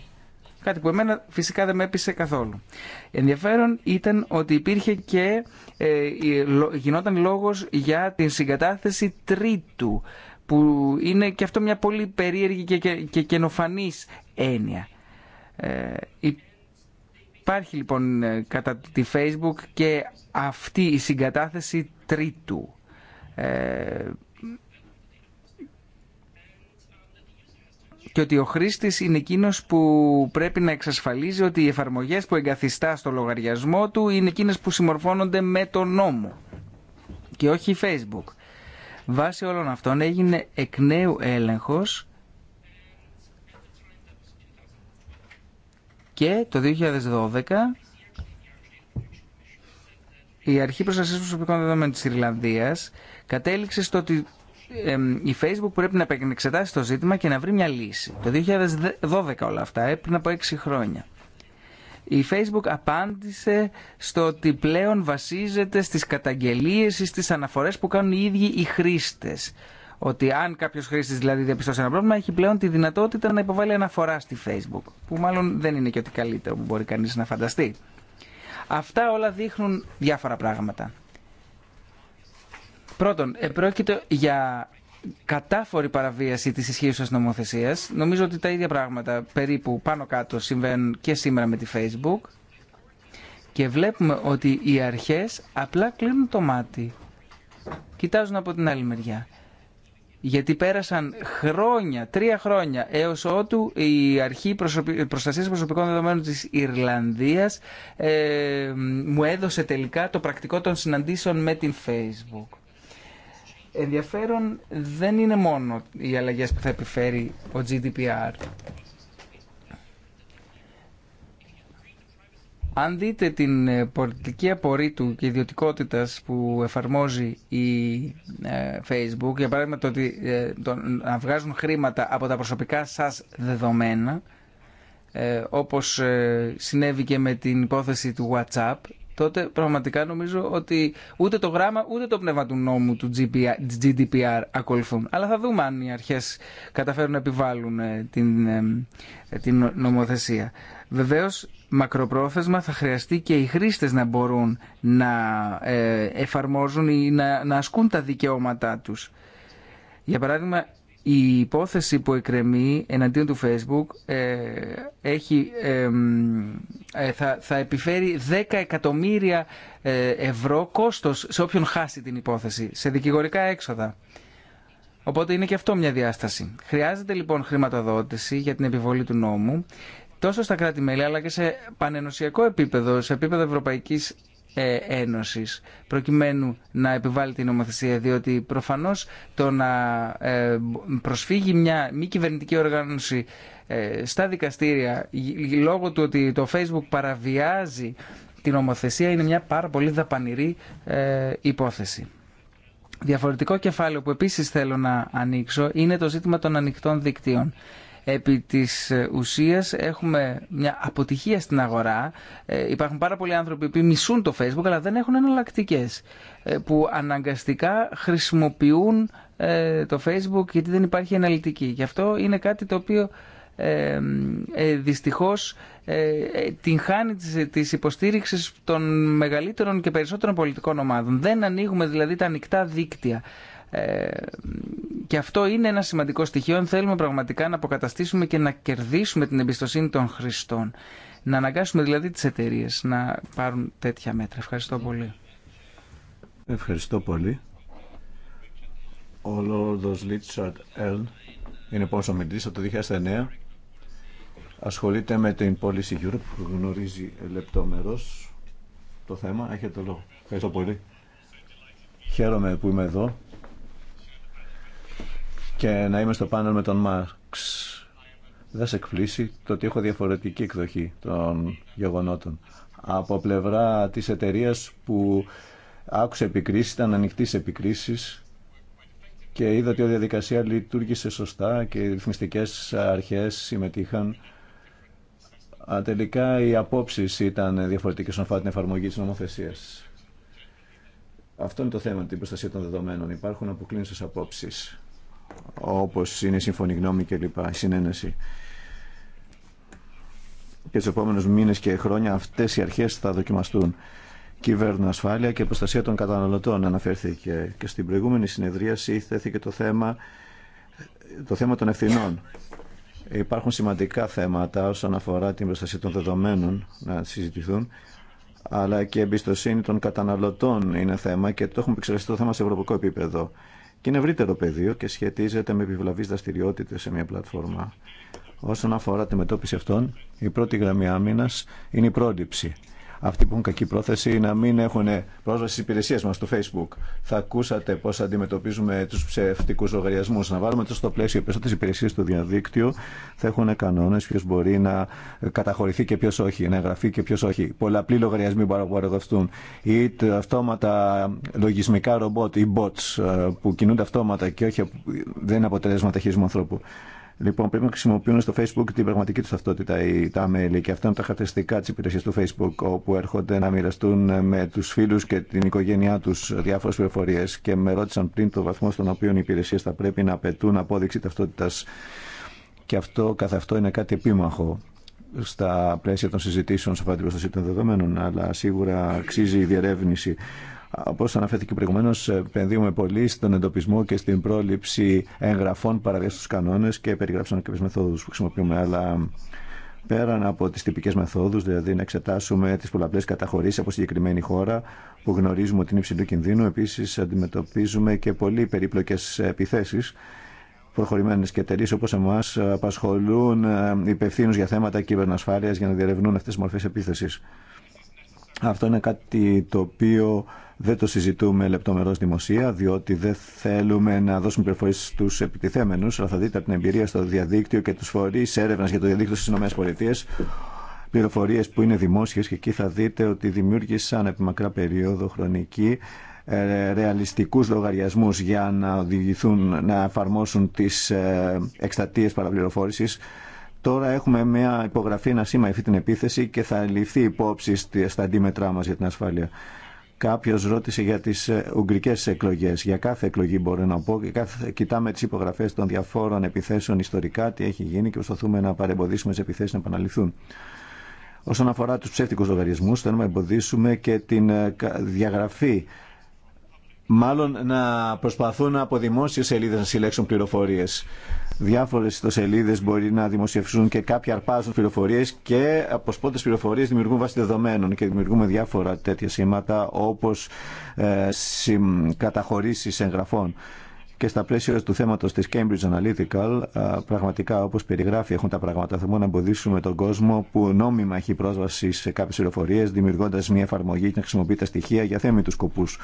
Κάτι που εμένα φυσικά δεν με έπεισε καθόλου. Ενδιαφέρον ήταν ότι υπήρχε και ε, γινόταν λόγος για την συγκατάθεση τρίτου που είναι και αυτό μια πολύ περίεργη και, και, και καινοφανής έννοια. Ε, υπάρχει λοιπόν ε, κατά τη Facebook και αυτή η συγκατάθεση τρίτου. Ε, και ότι ο χρήστης είναι εκείνο που πρέπει να εξασφαλίζει ότι οι εφαρμογές που εγκαθιστά στο λογαριασμό του είναι εκείνε που συμμορφώνονται με τον νόμο και όχι η Facebook. Βάσει όλων αυτών έγινε εκ νέου έλεγχος και το 2012 η Αρχή Προστασίας Προσωπικών Δεδομένων της Ιρλανδίας κατέληξε στο ότι η Facebook πρέπει να εξετάσει το ζήτημα και να βρει μια λύση. Το 2012 όλα αυτά, ε, πριν από 6 χρόνια η Facebook απάντησε στο ότι πλέον βασίζεται στις καταγγελίες ή στις αναφορές που κάνουν οι ίδιοι οι χρήστες. Ότι αν κάποιο χρήστη δηλαδή διαπιστώσει ένα πρόβλημα, έχει πλέον τη δυνατότητα να υποβάλει αναφορά στη Facebook. Που μάλλον δεν είναι και ότι καλύτερο που μπορεί κανεί να φανταστεί. Αυτά όλα δείχνουν διάφορα πράγματα. Πρώτον, επρόκειτο για κατάφορη παραβίαση της ισχύουσα νομοθεσία. Νομίζω ότι τα ίδια πράγματα περίπου πάνω κάτω συμβαίνουν και σήμερα με τη Facebook. Και βλέπουμε ότι οι αρχές απλά κλείνουν το μάτι. Κοιτάζουν από την άλλη μεριά. Γιατί πέρασαν χρόνια, τρία χρόνια, έως ότου η Αρχή Προστασίας Προσωπικών Δεδομένων της Ιρλανδίας ε, μου έδωσε τελικά το πρακτικό των συναντήσεων με την Facebook ενδιαφέρον δεν είναι μόνο οι αλλαγές που θα επιφέρει ο GDPR. Αν δείτε την ε, πολιτική του και ιδιωτικότητας που εφαρμόζει η ε, Facebook, για παράδειγμα το ότι ε, να βγάζουν χρήματα από τα προσωπικά σας δεδομένα, όπως συνέβη και με την υπόθεση του WhatsApp, τότε πραγματικά νομίζω ότι ούτε το γράμμα ούτε το πνεύμα του νόμου του GDPR ακολουθούν. Αλλά θα δούμε αν οι αρχές καταφέρουν να επιβάλλουν ε, την, ε, την νομοθεσία. Βεβαίως, μακροπρόθεσμα θα χρειαστεί και οι χρήστες να μπορούν να ε, εφαρμόζουν ή να, να ασκούν τα δικαιώματά τους. Για παράδειγμα, η υπόθεση που εκκρεμεί εναντίον του Facebook ε, έχει, ε, θα, θα επιφέρει 10 εκατομμύρια ε, ευρώ κόστος σε όποιον χάσει την υπόθεση, σε δικηγορικά έξοδα. Οπότε είναι και αυτό μια διάσταση. Χρειάζεται λοιπόν χρηματοδότηση για την επιβολή του νόμου τόσο στα κράτη-μέλη αλλά και σε πανενωσιακό επίπεδο, σε επίπεδο Ευρωπαϊκής ε, Ένωσης προκειμένου να επιβάλλει την νομοθεσία διότι προφανώς το να ε, προσφύγει μια μη κυβερνητική οργάνωση ε, στα δικαστήρια λόγω του ότι το Facebook παραβιάζει την νομοθεσία είναι μια πάρα πολύ δαπανηρή υπόθεση. Διαφορετικό κεφάλαιο που επίσης θέλω να ανοίξω είναι το ζήτημα των ανοιχτών δικτύων. Επί της ε, ουσίας έχουμε μια αποτυχία στην αγορά. Ε, υπάρχουν πάρα πολλοί άνθρωποι που μισούν το Facebook αλλά δεν έχουν εναλλακτικέ ε, που αναγκαστικά χρησιμοποιούν το Facebook γιατί δεν υπάρχει αναλυτική. Γι' αυτό είναι κάτι το οποίο ε, ε, δυστυχώς την χάνει της, της υποστήριξης των μεγαλύτερων και περισσότερων πολιτικών ομάδων. Δεν ανοίγουμε δηλαδή τα ανοιχτά δίκτυα. Ε, και αυτό είναι ένα σημαντικό στοιχείο αν θέλουμε πραγματικά να αποκαταστήσουμε και να κερδίσουμε την εμπιστοσύνη των χρηστών. Να αναγκάσουμε δηλαδή τις εταιρείε να πάρουν τέτοια μέτρα. Ευχαριστώ πολύ. Ευχαριστώ πολύ. Ο Λόρδος Λίτσαρτ Ελν είναι πόσο μιλής από το 2009. Ασχολείται με την πώληση Europe γνωρίζει λεπτόμερος το θέμα. Έχετε λόγο. Ευχαριστώ πολύ. Χαίρομαι που είμαι εδώ και να είμαι στο πάνελ με τον Μάρξ. Δεν σε εκπλήσει το ότι έχω διαφορετική εκδοχή των γεγονότων. Από πλευρά της εταιρεία που άκουσε επικρίσεις, ήταν ανοιχτή σε επικρίσεις και είδα ότι η διαδικασία λειτουργήσε σωστά και οι ρυθμιστικές αρχές συμμετείχαν. Τελικά οι απόψει ήταν διαφορετικέ όσον αφορά την εφαρμογή τη νομοθεσία. Αυτό είναι το θέμα, την προστασία των δεδομένων. Υπάρχουν αποκλίνουσε απόψει όπως είναι η σύμφωνη γνώμη και λοιπά, η συνένεση. Και στους επόμενου μήνες και χρόνια αυτές οι αρχές θα δοκιμαστούν. κυβέρνηση, ασφάλεια και προστασία των καταναλωτών αναφέρθηκε και στην προηγούμενη συνεδρίαση θέθηκε το θέμα, το θέμα των ευθυνών. Υπάρχουν σημαντικά θέματα όσον αφορά την προστασία των δεδομένων να συζητηθούν αλλά και η εμπιστοσύνη των καταναλωτών είναι θέμα και το έχουμε επεξεργαστεί το θέμα σε ευρωπαϊκό επίπεδο και είναι ευρύτερο πεδίο και σχετίζεται με επιβλαβεί δραστηριότητε σε μια πλατφόρμα. Όσον αφορά τη μετώπιση αυτών, η πρώτη γραμμή άμυνα είναι η πρόληψη αυτοί που έχουν κακή πρόθεση να μην έχουν πρόσβαση στι υπηρεσίε μα στο Facebook. Θα ακούσατε πώ αντιμετωπίζουμε του ψευτικού λογαριασμού. Να βάλουμε το στο πλαίσιο περισσότερε υπηρεσίε στο διαδίκτυο θα έχουν κανόνε ποιο μπορεί να καταχωρηθεί και ποιο όχι, να εγγραφεί και ποιο όχι. Πολλαπλοί λογαριασμοί μπορούν να παραδοθούν ή αυτόματα λογισμικά ρομπότ ή bots ε, που κινούνται αυτόματα και όχι δεν είναι αποτελέσμα ταχύσμου ανθρώπου. Λοιπόν, πρέπει να χρησιμοποιούν στο Facebook την πραγματική του ταυτότητα ή τα μέλη και αυτά είναι τα χαρακτηριστικά τη υπηρεσία του Facebook, όπου έρχονται να μοιραστούν με του φίλου και την οικογένειά του διάφορε πληροφορίε. Και με ρώτησαν πριν το βαθμό στον οποίο οι υπηρεσίε θα πρέπει να απαιτούν απόδειξη ταυτότητα. Και αυτό καθ' αυτό είναι κάτι επίμαχο στα πλαίσια των συζητήσεων σε αυτή την προστασία των δεδομένων, αλλά σίγουρα αξίζει η διερεύνηση Όπω αναφέρθηκε προηγουμένω, επενδύουμε πολύ στον εντοπισμό και στην πρόληψη εγγραφών παραβίαση στου κανόνες και περιγράψαμε κάποιε μεθόδου που χρησιμοποιούμε, αλλά πέραν από τι τυπικέ μεθόδου, δηλαδή να εξετάσουμε τι πολλαπλές καταχωρήσει από συγκεκριμένη χώρα που γνωρίζουμε ότι είναι υψηλού κινδύνου, Επίση, αντιμετωπίζουμε και πολύ περίπλοκες επιθέσει, προχωρημένε και εταιρείε όπως εμά απασχολούν ε, υπευθύνου για θέματα κυβερνοασφάλεια για να διερευνούν αυτέ τι μορφέ επίθεση. Αυτό είναι κάτι το οποίο δεν το συζητούμε λεπτομερώς δημοσία, διότι δεν θέλουμε να δώσουμε πληροφορίε στου επιτιθέμενους, αλλά θα δείτε από την εμπειρία στο διαδίκτυο και του φορεί έρευνα για το διαδίκτυο στι ΗΠΑ, πληροφορίε που είναι δημόσιε και εκεί θα δείτε ότι δημιούργησαν επί μακρά περίοδο χρονική ε, ρεαλιστικού λογαριασμού για να οδηγηθούν, να εφαρμόσουν τι ε, εκστατείε παραπληροφόρηση. Τώρα έχουμε μια υπογραφή, ένα σήμα αυτή την επίθεση και θα ληφθεί υπόψη στα αντίμετρά μα για την ασφάλεια. Κάποιος ρώτησε για τις ε, ουγγρικές εκλογές. Για κάθε εκλογή μπορώ να πω. Κοιτάμε τις υπογραφές των διαφόρων επιθέσεων ιστορικά, τι έχει γίνει και προσπαθούμε να παρεμποδίσουμε τις επιθέσεις να επαναληφθούν. Όσον αφορά τους ψεύτικους λογαριασμούς, θέλουμε να εμποδίσουμε και την ε, διαγραφή μάλλον να προσπαθούν από δημόσιες σελίδες να συλλέξουν πληροφορίες. Διάφορες ιστοσελίδε μπορεί να δημοσιευσούν και κάποιοι αρπάζουν πληροφορίε και από πληροφορίε πληροφορίες δημιουργούν βάση δεδομένων και δημιουργούμε διάφορα τέτοια σήματα όπω ε, καταχωρήσει εγγραφών. Και στα πλαίσια του θέματος της Cambridge Analytical, ε, πραγματικά όπως περιγράφει έχουν τα πράγματα, θέλουμε να εμποδίσουμε τον κόσμο που νόμιμα έχει πρόσβαση σε κάποιες πληροφορίε, δημιουργώντας μια εφαρμογή και να χρησιμοποιεί τα στοιχεία για του σκοπούς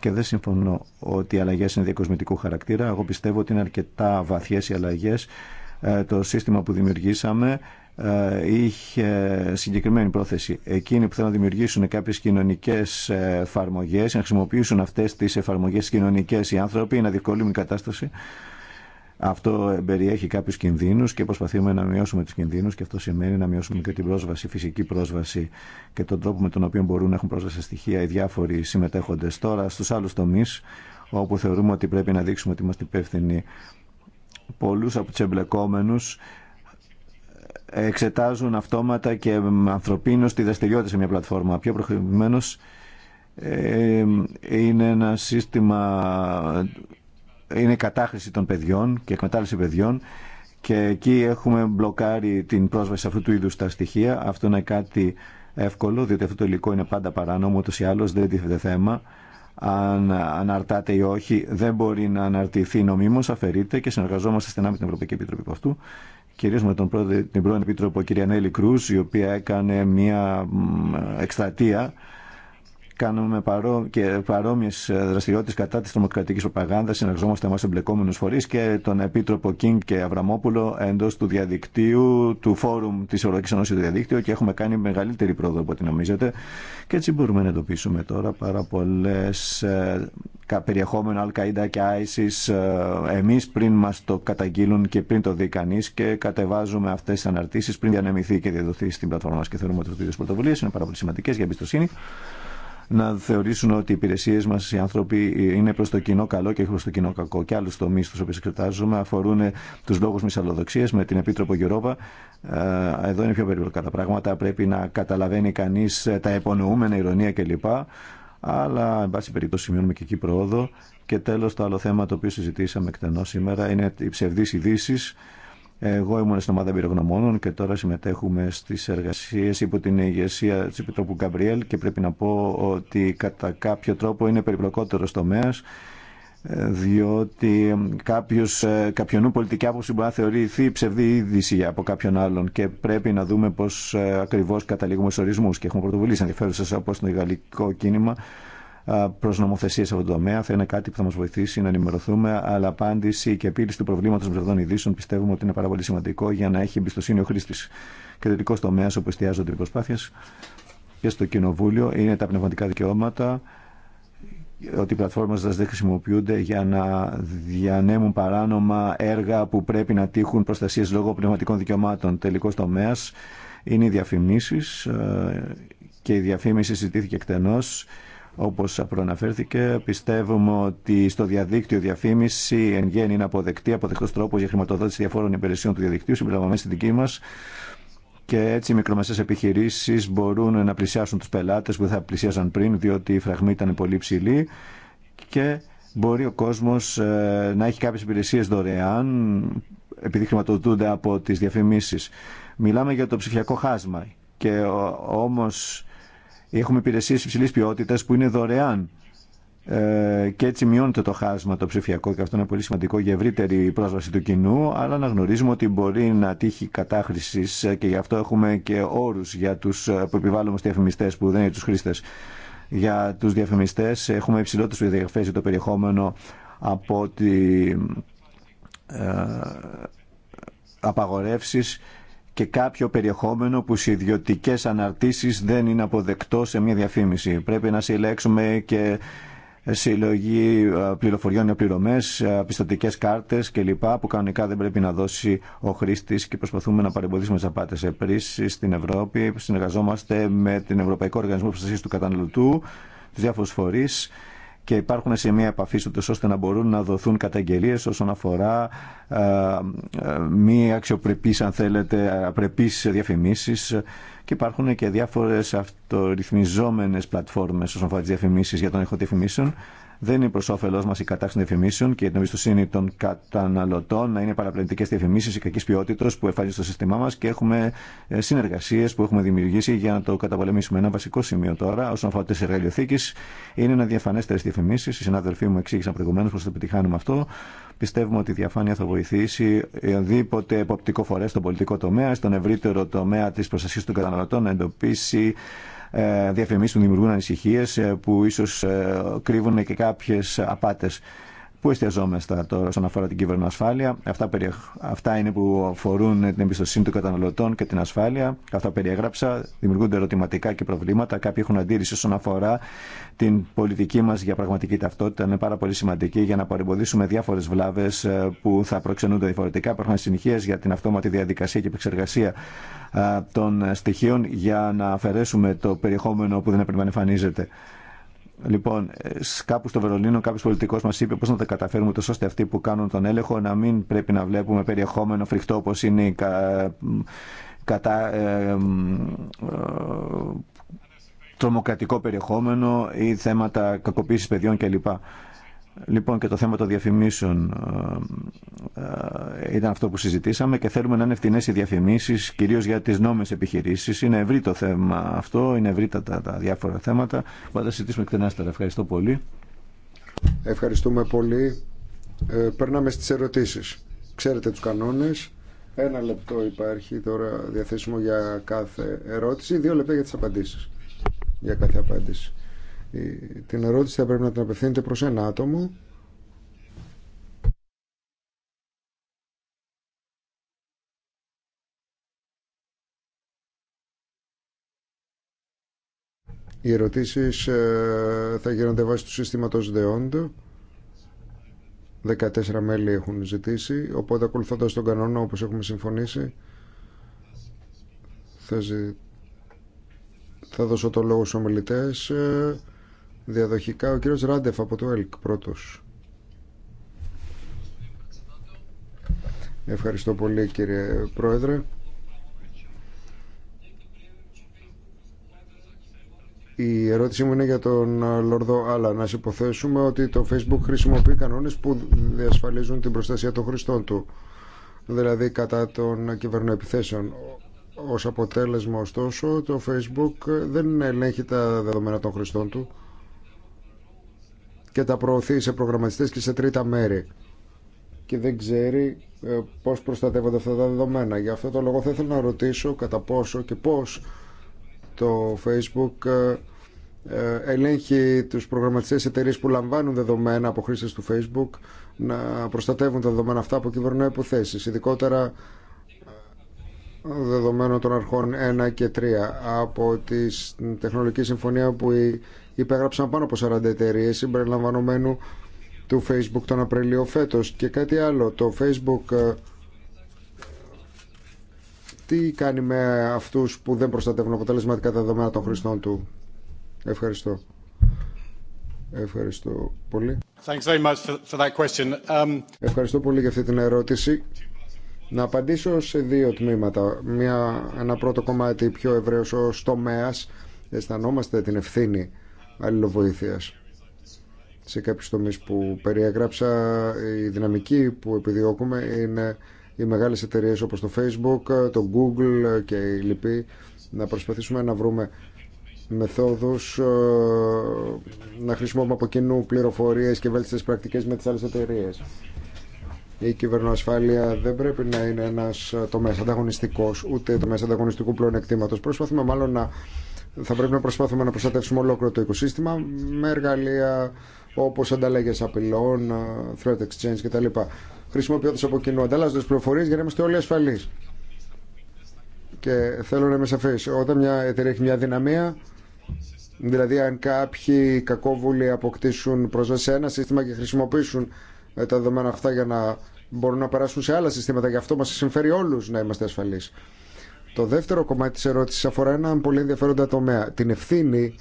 και δεν συμφωνώ ότι οι αλλαγές είναι διακοσμητικού χαρακτήρα. Εγώ πιστεύω ότι είναι αρκετά βαθιές οι αλλαγές. Ε, το σύστημα που δημιουργήσαμε ε, είχε συγκεκριμένη πρόθεση. Εκείνοι που θέλουν να δημιουργήσουν κάποιες κοινωνικές ε, εφαρμογές, να χρησιμοποιήσουν αυτές τις εφαρμογές κοινωνικές οι άνθρωποι, να διευκολύνουν κατάσταση, αυτό περιέχει κάποιου κινδύνου και προσπαθούμε να μειώσουμε του κινδύνου και αυτό σημαίνει να μειώσουμε και την πρόσβαση, φυσική πρόσβαση και τον τρόπο με τον οποίο μπορούν να έχουν πρόσβαση στοιχεία οι διάφοροι συμμετέχοντε. Τώρα στου άλλου τομεί, όπου θεωρούμε ότι πρέπει να δείξουμε ότι είμαστε υπεύθυνοι, πολλού από του εμπλεκόμενου εξετάζουν αυτόματα και ανθρωπίνω τη δραστηριότητα σε μια πλατφόρμα. Πιο προχωρημένο ε, είναι ένα σύστημα είναι κατάχρηση των παιδιών και εκμετάλλευση παιδιών και εκεί έχουμε μπλοκάρει την πρόσβαση σε αυτού του είδους τα στοιχεία. Αυτό είναι κάτι εύκολο, διότι αυτό το υλικό είναι πάντα παράνομο, ούτως ή άλλως δεν τίθεται θέμα. Αν αναρτάται ή όχι, δεν μπορεί να αναρτηθεί νομίμως, αφαιρείται και συνεργαζόμαστε στενά με την Ευρωπαϊκή Επιτροπή από αυτού. Κυρίως με τον πρώτη, την πρώην Επίτροπο κυρία Νέλη Κρούς, η οποία έκανε μια εκστρατεία κάνουμε παρό... και παρόμοιε δραστηριότητε κατά τη τρομοκρατική προπαγάνδα. Συνεργαζόμαστε με εμπλεκόμενου φορεί και τον Επίτροπο Κίνγκ και Αβραμόπουλο εντό του διαδικτύου, του Φόρουμ τη Ευρωπαϊκή Ένωση του Διαδίκτυου και έχουμε κάνει μεγαλύτερη πρόοδο από ό,τι νομίζετε. Και έτσι μπορούμε να εντοπίσουμε τώρα πάρα πολλέ ε, περιεχόμενο Αλκαίδα και Άισι. Ε, Εμεί πριν μα το καταγγείλουν και πριν το δει κανεί και κατεβάζουμε αυτέ τι αναρτήσει πριν διανεμηθεί και διαδοθεί στην πλατφόρμα μας και θεωρούμε ότι πρωτοβουλίε είναι πάρα πολύ σημαντικέ για εμπιστοσύνη να θεωρήσουν ότι οι υπηρεσίε μα, οι άνθρωποι, είναι προ το κοινό καλό και όχι προ το κοινό κακό. Και άλλου τομεί του οποίου εξετάζουμε αφορούν του λόγου μυσαλλοδοξία με την Επίτροπο Γερόβα. Ε, εδώ είναι πιο περίπλοκα τα πράγματα. Πρέπει να καταλαβαίνει κανεί ε, τα υπονοούμενα, ηρωνία κλπ. Αλλά, εν πάση περιπτώσει, σημειώνουμε και εκεί πρόοδο. Και τέλο, το άλλο θέμα το οποίο συζητήσαμε εκτενώ σήμερα είναι οι ψευδεί ειδήσει εγώ ήμουν στην ομάδα εμπειρογνωμόνων και τώρα συμμετέχουμε στις εργασίες υπό την ηγεσία της Επιτρόπου Γκαμπριέλ και πρέπει να πω ότι κατά κάποιο τρόπο είναι περιπλοκότερος τομέας ε, διότι κάποιος, ε, κάποιον πολιτική άποψη μπορεί να θεωρηθεί ψευδή είδηση από κάποιον άλλον και πρέπει να δούμε πώς ε, ακριβώς καταλήγουμε στους ορισμούς και έχουμε πρωτοβουλίες ενδιαφέρουσες όπως το γαλλικό κίνημα προ νομοθεσίε σε αυτό το τομέα. Θα είναι κάτι που θα μα βοηθήσει να ενημερωθούμε, αλλά απάντηση και επίλυση του προβλήματο των ειδήσεων πιστεύουμε ότι είναι πάρα πολύ σημαντικό για να έχει εμπιστοσύνη ο χρήστη. Κεντρικό τομέα όπου εστιάζονται οι προσπάθειε και στο Κοινοβούλιο είναι τα πνευματικά δικαιώματα ότι οι πλατφόρμες δεν χρησιμοποιούνται για να διανέμουν παράνομα έργα που πρέπει να τύχουν προστασίες λόγω πνευματικών δικαιωμάτων. Τελικό τομέα είναι οι διαφημίσεις ε, και η διαφήμιση συζητήθηκε εκτενώς όπως προαναφέρθηκε, πιστεύουμε ότι στο διαδίκτυο διαφήμιση εν γέννη είναι αποδεκτή, αποδεκτός τρόπος για χρηματοδότηση διαφόρων υπηρεσιών του διαδικτύου, συμπεριλαμβανομένη στην δική μας, και έτσι οι μικρομεσαίες επιχειρήσεις μπορούν να πλησιάσουν τους πελάτες που θα πλησιάζαν πριν, διότι η φραγμή ήταν πολύ ψηλή και μπορεί ο κόσμος ε, να έχει κάποιες υπηρεσίες δωρεάν, επειδή χρηματοδοτούνται από τις διαφημίσεις. Μιλάμε για το ψηφιακό χάσμα και όμως Έχουμε υπηρεσίε υψηλής ποιότητα που είναι δωρεάν ε, και έτσι μειώνεται το χάσμα το ψηφιακό και αυτό είναι πολύ σημαντικό για ευρύτερη πρόσβαση του κοινού αλλά να γνωρίζουμε ότι μπορεί να τύχει κατάχρηση και γι' αυτό έχουμε και όρους για τους ε, που επιβάλλουμε στους διαφημιστές που δεν είναι τους χρήστες για τους διαφημιστές έχουμε υψηλότερες διαγραφέ για το περιεχόμενο από ότι ε, απαγορεύσεις και κάποιο περιεχόμενο που σε ιδιωτικέ αναρτήσεις δεν είναι αποδεκτό σε μια διαφήμιση. Πρέπει να συλλέξουμε και συλλογή πληροφοριών για πληρωμές, πιστοτικές κάρτες κλπ. που κανονικά δεν πρέπει να δώσει ο χρήστης και προσπαθούμε να παρεμποδίσουμε τι απάτες. Επίση στην Ευρώπη συνεργαζόμαστε με την Ευρωπαϊκό Οργανισμό Προστασία του Καταναλωτού, του διάφορου φορεί και υπάρχουν σημεία επαφή του ώστε να μπορούν να δοθούν καταγγελίε όσον αφορά μη αξιοπρεπεί, αν θέλετε, απρεπεί διαφημίσεις και υπάρχουν και διάφορες αυτορυθμιζόμενες πλατφόρμες όσον αφορά τι διαφημίσεις για τον ηχό δεν είναι προ όφελό μα η κατάξυνση των διαφημίσεων και η εμπιστοσύνη των καταναλωτών να είναι παραπλανητικέ διαφημίσει ή κακή ποιότητα που εμφανίζονται στο σύστημά μα και έχουμε ε, συνεργασίε που έχουμε δημιουργήσει για να το καταπολεμήσουμε. Ένα βασικό σημείο τώρα, όσον αφορά τι εργαλειοθήκε, είναι να διαφανέστερε διαφημίσει. Οι συναδελφοί μου εξήγησαν προηγουμένω πώ το επιτυχάνουμε αυτό. Πιστεύουμε ότι η διαφάνεια θα βοηθήσει οδήποτε εποπτικό φορέα στον πολιτικό τομέα, στον ευρύτερο τομέα τη προστασία των καταναλωτών εντοπίσει ε, διαφημίσεις που δημιουργούν ανησυχίες ε, που ίσως ε, κρύβουν και κάποιες απάτες. Πού εστιαζόμαστε τώρα όσον αφορά την κυβερνοασφάλεια. Αυτά, περι... Αυτά είναι που αφορούν την εμπιστοσύνη των καταναλωτών και την ασφάλεια. Αυτά περιέγραψα. Δημιουργούνται ερωτηματικά και προβλήματα. Κάποιοι έχουν αντίρρηση όσον αφορά την πολιτική μα για πραγματική ταυτότητα. Είναι πάρα πολύ σημαντική για να παρεμποδίσουμε διάφορε βλάβε ε, που θα προξενούνται διαφορετικά. Υπάρχουν συνεχίε για την αυτόματη διαδικασία και επεξεργασία ε, των στοιχείων για να αφαιρέσουμε το περιεχόμενο που δεν έπρεπε να εμφανίζεται. Λοιπόν, κάπου στο Βερολίνο κάποιο πολιτικό μα είπε πώ να τα καταφέρουμε τόσο ώστε αυτοί που κάνουν τον έλεγχο να μην πρέπει να βλέπουμε περιεχόμενο φρικτό όπω είναι κατά, ε, ε, τρομοκρατικό περιεχόμενο ή θέματα κακοποίησης παιδιών κλπ. Λοιπόν και το θέμα των διαφημίσεων ε, ε, ήταν αυτό που συζητήσαμε και θέλουμε να είναι φτηνέ οι διαφημίσεις κυρίως για τις νόμες επιχειρήσεις. Είναι ευρύ το θέμα αυτό, είναι ευρύτατα τα διάφορα θέματα. Θα συζητήσουμε εκτενάστερα. Ευχαριστώ πολύ. Ευχαριστούμε πολύ. Ε, περνάμε στις ερωτήσεις. Ξέρετε τους κανόνες. Ένα λεπτό υπάρχει τώρα διαθέσιμο για κάθε ερώτηση. Δύο λεπτά για τις απαντήσεις. Για κάθε απάντηση την ερώτηση θα πρέπει να την απευθύνετε προς ένα άτομο Οι ερωτήσεις ε, θα γίνονται βάσει του συστήματος ΔΕΟΝΤΟ. 14 μέλη έχουν ζητήσει, οπότε ακολουθώντας τον κανόνα όπως έχουμε συμφωνήσει θα, θα δώσω το λόγο στους ομιλητές ε, διαδοχικά. Ο κύριος Ράντεφ από το ΕΛΚ πρώτος. Ευχαριστώ πολύ κύριε Πρόεδρε. Η ερώτησή μου είναι για τον Λορδό Άλλα. Να υποθέσουμε ότι το Facebook χρησιμοποιεί κανόνες που διασφαλίζουν την προστασία των χρηστών του, δηλαδή κατά των κυβερνοεπιθέσεων. Ως αποτέλεσμα, ωστόσο, το Facebook δεν ελέγχει τα δεδομένα των χρηστών του και τα προωθεί σε προγραμματιστές και σε τρίτα μέρη και δεν ξέρει ε, πώς προστατεύονται αυτά τα δεδομένα. Γι' αυτό το λόγο θα ήθελα να ρωτήσω κατά πόσο και πώς το Facebook ε, ε, ελέγχει τους προγραμματιστές εταιρείε που λαμβάνουν δεδομένα από χρήστες του Facebook να προστατεύουν τα δεδομένα αυτά από κυβερνού υποθέσεις, ειδικότερα δεδομένων των αρχών 1 και 3 από τη τεχνολογική συμφωνία που η υπέγραψαν πάνω από 40 εταιρείε συμπεριλαμβανομένου του Facebook τον Απριλίο φέτο. και κάτι άλλο το Facebook ε, τι κάνει με αυτούς που δεν προστατεύουν αποτελεσματικά τα δεδομένα των χρηστών του ευχαριστώ Ευχαριστώ πολύ. Very much for that um, Ευχαριστώ πολύ για αυτή την ερώτηση. Να απαντήσω σε δύο τμήματα. Μια, ένα πρώτο κομμάτι πιο ευρέως ως τομέας. Αισθανόμαστε την ευθύνη αλληλοβοήθειας. Σε κάποιους τομείς που περιέγραψα, η δυναμική που επιδιώκουμε είναι οι μεγάλες εταιρείες όπως το Facebook, το Google και οι λοιποί να προσπαθήσουμε να βρούμε μεθόδους ε, να χρησιμοποιούμε από κοινού πληροφορίες και βέλτιστες πρακτικές με τις άλλες εταιρείε. Η κυβερνοασφάλεια δεν πρέπει να είναι ένας τομέας ανταγωνιστικός ούτε τομέας ανταγωνιστικού πλεονεκτήματος. Προσπαθούμε μάλλον να θα πρέπει να προσπαθούμε να προστατεύσουμε ολόκληρο το οικοσύστημα με εργαλεία όπως ανταλλαγές απειλών, threat exchange κτλ. Χρησιμοποιώντα από κοινού, ανταλλάσσοντα πληροφορίε για να είμαστε όλοι ασφαλεί. Και θέλω να είμαι σαφή. Όταν μια εταιρεία έχει μια δυναμία, δηλαδή αν κάποιοι κακόβουλοι αποκτήσουν πρόσβαση σε ένα σύστημα και χρησιμοποιήσουν ε, τα δεδομένα αυτά για να μπορούν να περάσουν σε άλλα συστήματα, γι' αυτό μα συμφέρει όλου να είμαστε ασφαλεί. Το δεύτερο κομμάτι της ερώτησης αφορά έναν πολύ ενδιαφέροντα τομέα. Την ευθύνη